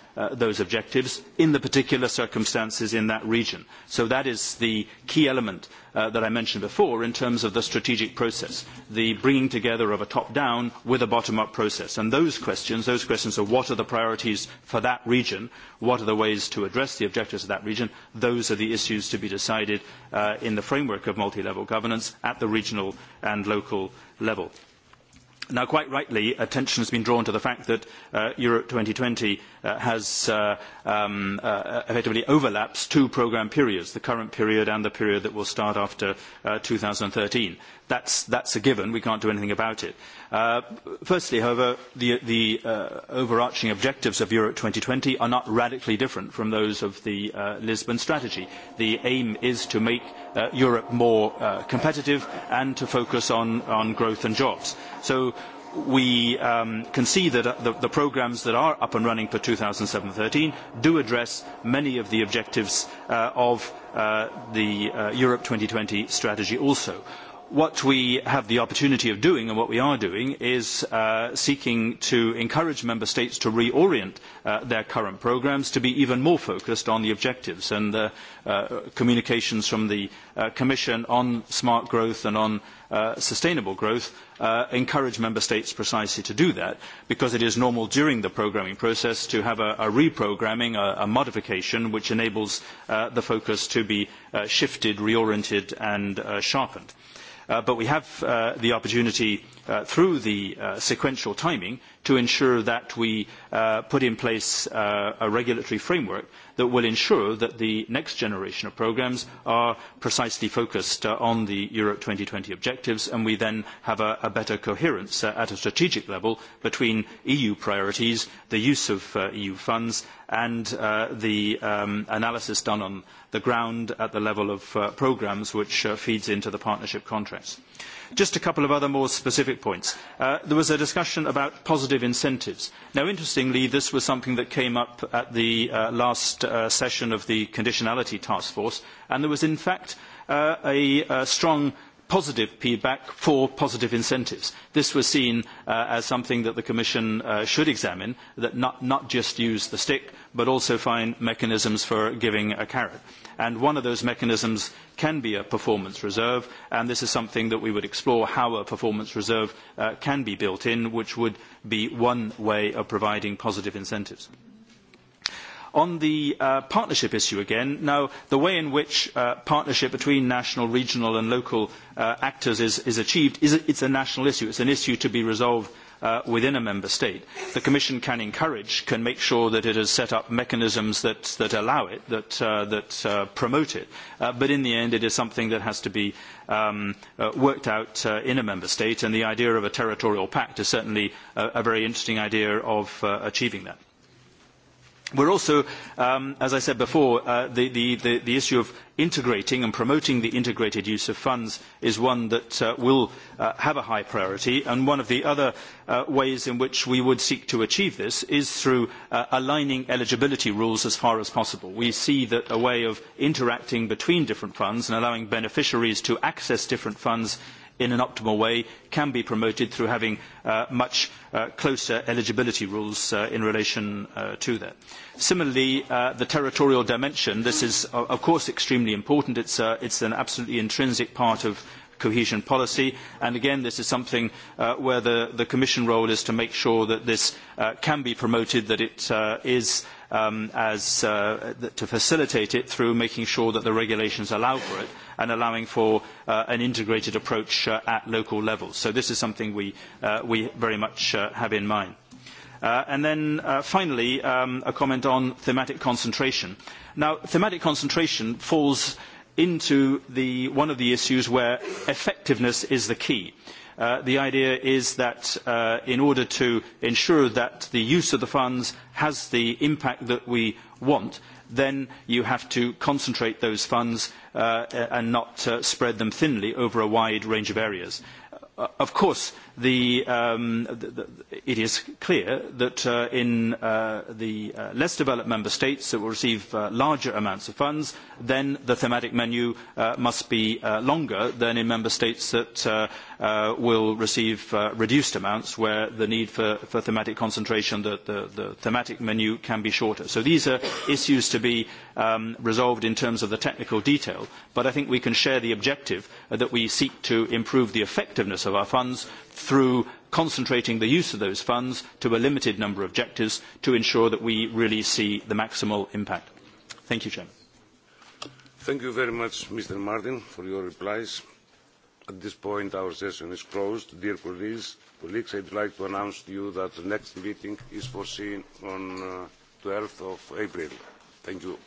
those objectives in the particular circumstances in that region. So that is the key element that I mentioned before in terms of the strategic process, the bringing together of a top-down with a bottom-up process. And those questions, those questions of what are the priorities for that region, what are the ways to address the objectives of that region, those are the issues to be decided in the framework of multi-level governance at the regional and local level. Now, quite rightly, attention has been drawn to the fact that Europe 2020 has effectively overlaps two programme periods, the current period and the period that will start after 2013. That's a given. We can't do anything about it. Firstly, however, the overarching objectives of Europe 2020 are not radically different from those of the Lisbon strategy. The aim is to make Europe more competitive and to focus on growth and jobs. So we can see that the programmes that are up and running for 2007-13 do address many of the objectives of the Europe 2020 strategy also. What we have the opportunity of doing and what we are doing is seeking to encourage Member States to reorient their current programmes to be even more focused on the objectives and the communications from the Commission on smart growth and on sustainable growth encourage member states precisely to do that because it is normal during the programming process to have a reprogramming a modification which enables the focus to be shifted reoriented and sharpened but we have the opportunity through the sequential timing to ensure that we put in place a regulatory framework that will ensure that the next generation of programmes are precisely focused on the Europe 2020 objectives and we then have a better coherence at a strategic level between EU priorities, the use of EU funds and the analysis done on the ground at the level of programmes which feeds into the partnership contracts. Just a couple of other more specific points. There was a discussion about positive incentives. Now, interestingly, this was something that came up at the last session of the conditionality task force, and there was, in fact, a strong positive feedback for positive incentives. This was seen as something that the Commission should examine, that not just use the stick, but also find mechanisms for giving a carrot and one of those mechanisms can be a performance reserve and this is something that we would explore how a performance reserve can be built in which would be one way of providing positive incentives. On the partnership issue again, now the way in which partnership between national, regional and local actors is achieved, it's a national issue. It's an issue to be resolved within a member state. The Commission can encourage, can make sure that it has set up mechanisms that allow it, that promote it. But in the end, it is something that has to be worked out in a member state, and the idea of a territorial pact is certainly a very interesting idea of achieving that are also, as I said before, the issue of integrating and promoting the integrated use of funds is one that will have a high priority. And one of the other ways in which we would seek to achieve this is through aligning eligibility rules as far as possible. We see that a way of interacting between different funds and allowing beneficiaries to access different funds in an optimal way can be promoted through having much closer eligibility rules in relation to that. Similarly, the territorial dimension, this is of course extremely important. It's an absolutely intrinsic part of cohesion policy and again this is something where the Commission role is to make sure that this can be promoted, that it is to facilitate it through making sure that the regulations allow for it and allowing for an integrated approach at local level. So this is something we very much have in mind. And then finally, a comment on thematic concentration. Now, thematic concentration falls into one of the issues where effectiveness is the key the idea is that in order to ensure that the use of the funds has the impact that we want, then you have to concentrate those funds and not spread them thinly over a wide range of areas. Of course, it is clear that in the less developed member states that will receive larger amounts of funds, then the thematic menu must be longer than in member states that will receive reduced amounts where the need for thematic concentration, the thematic menu can be shorter. So these are issues to be resolved in terms of the technical detail, but I think we can share the objective that we seek to improve the effectiveness of our funds through concentrating the use of those funds to a limited number of objectives to ensure that we really see the maximal impact. Thank you, Chairman. Thank you very much, Mr. Martin, for your replies. At this point, our session is closed. Dear colleagues, I would like to announce to you that the next meeting is foreseen on 12th of April. Thank you.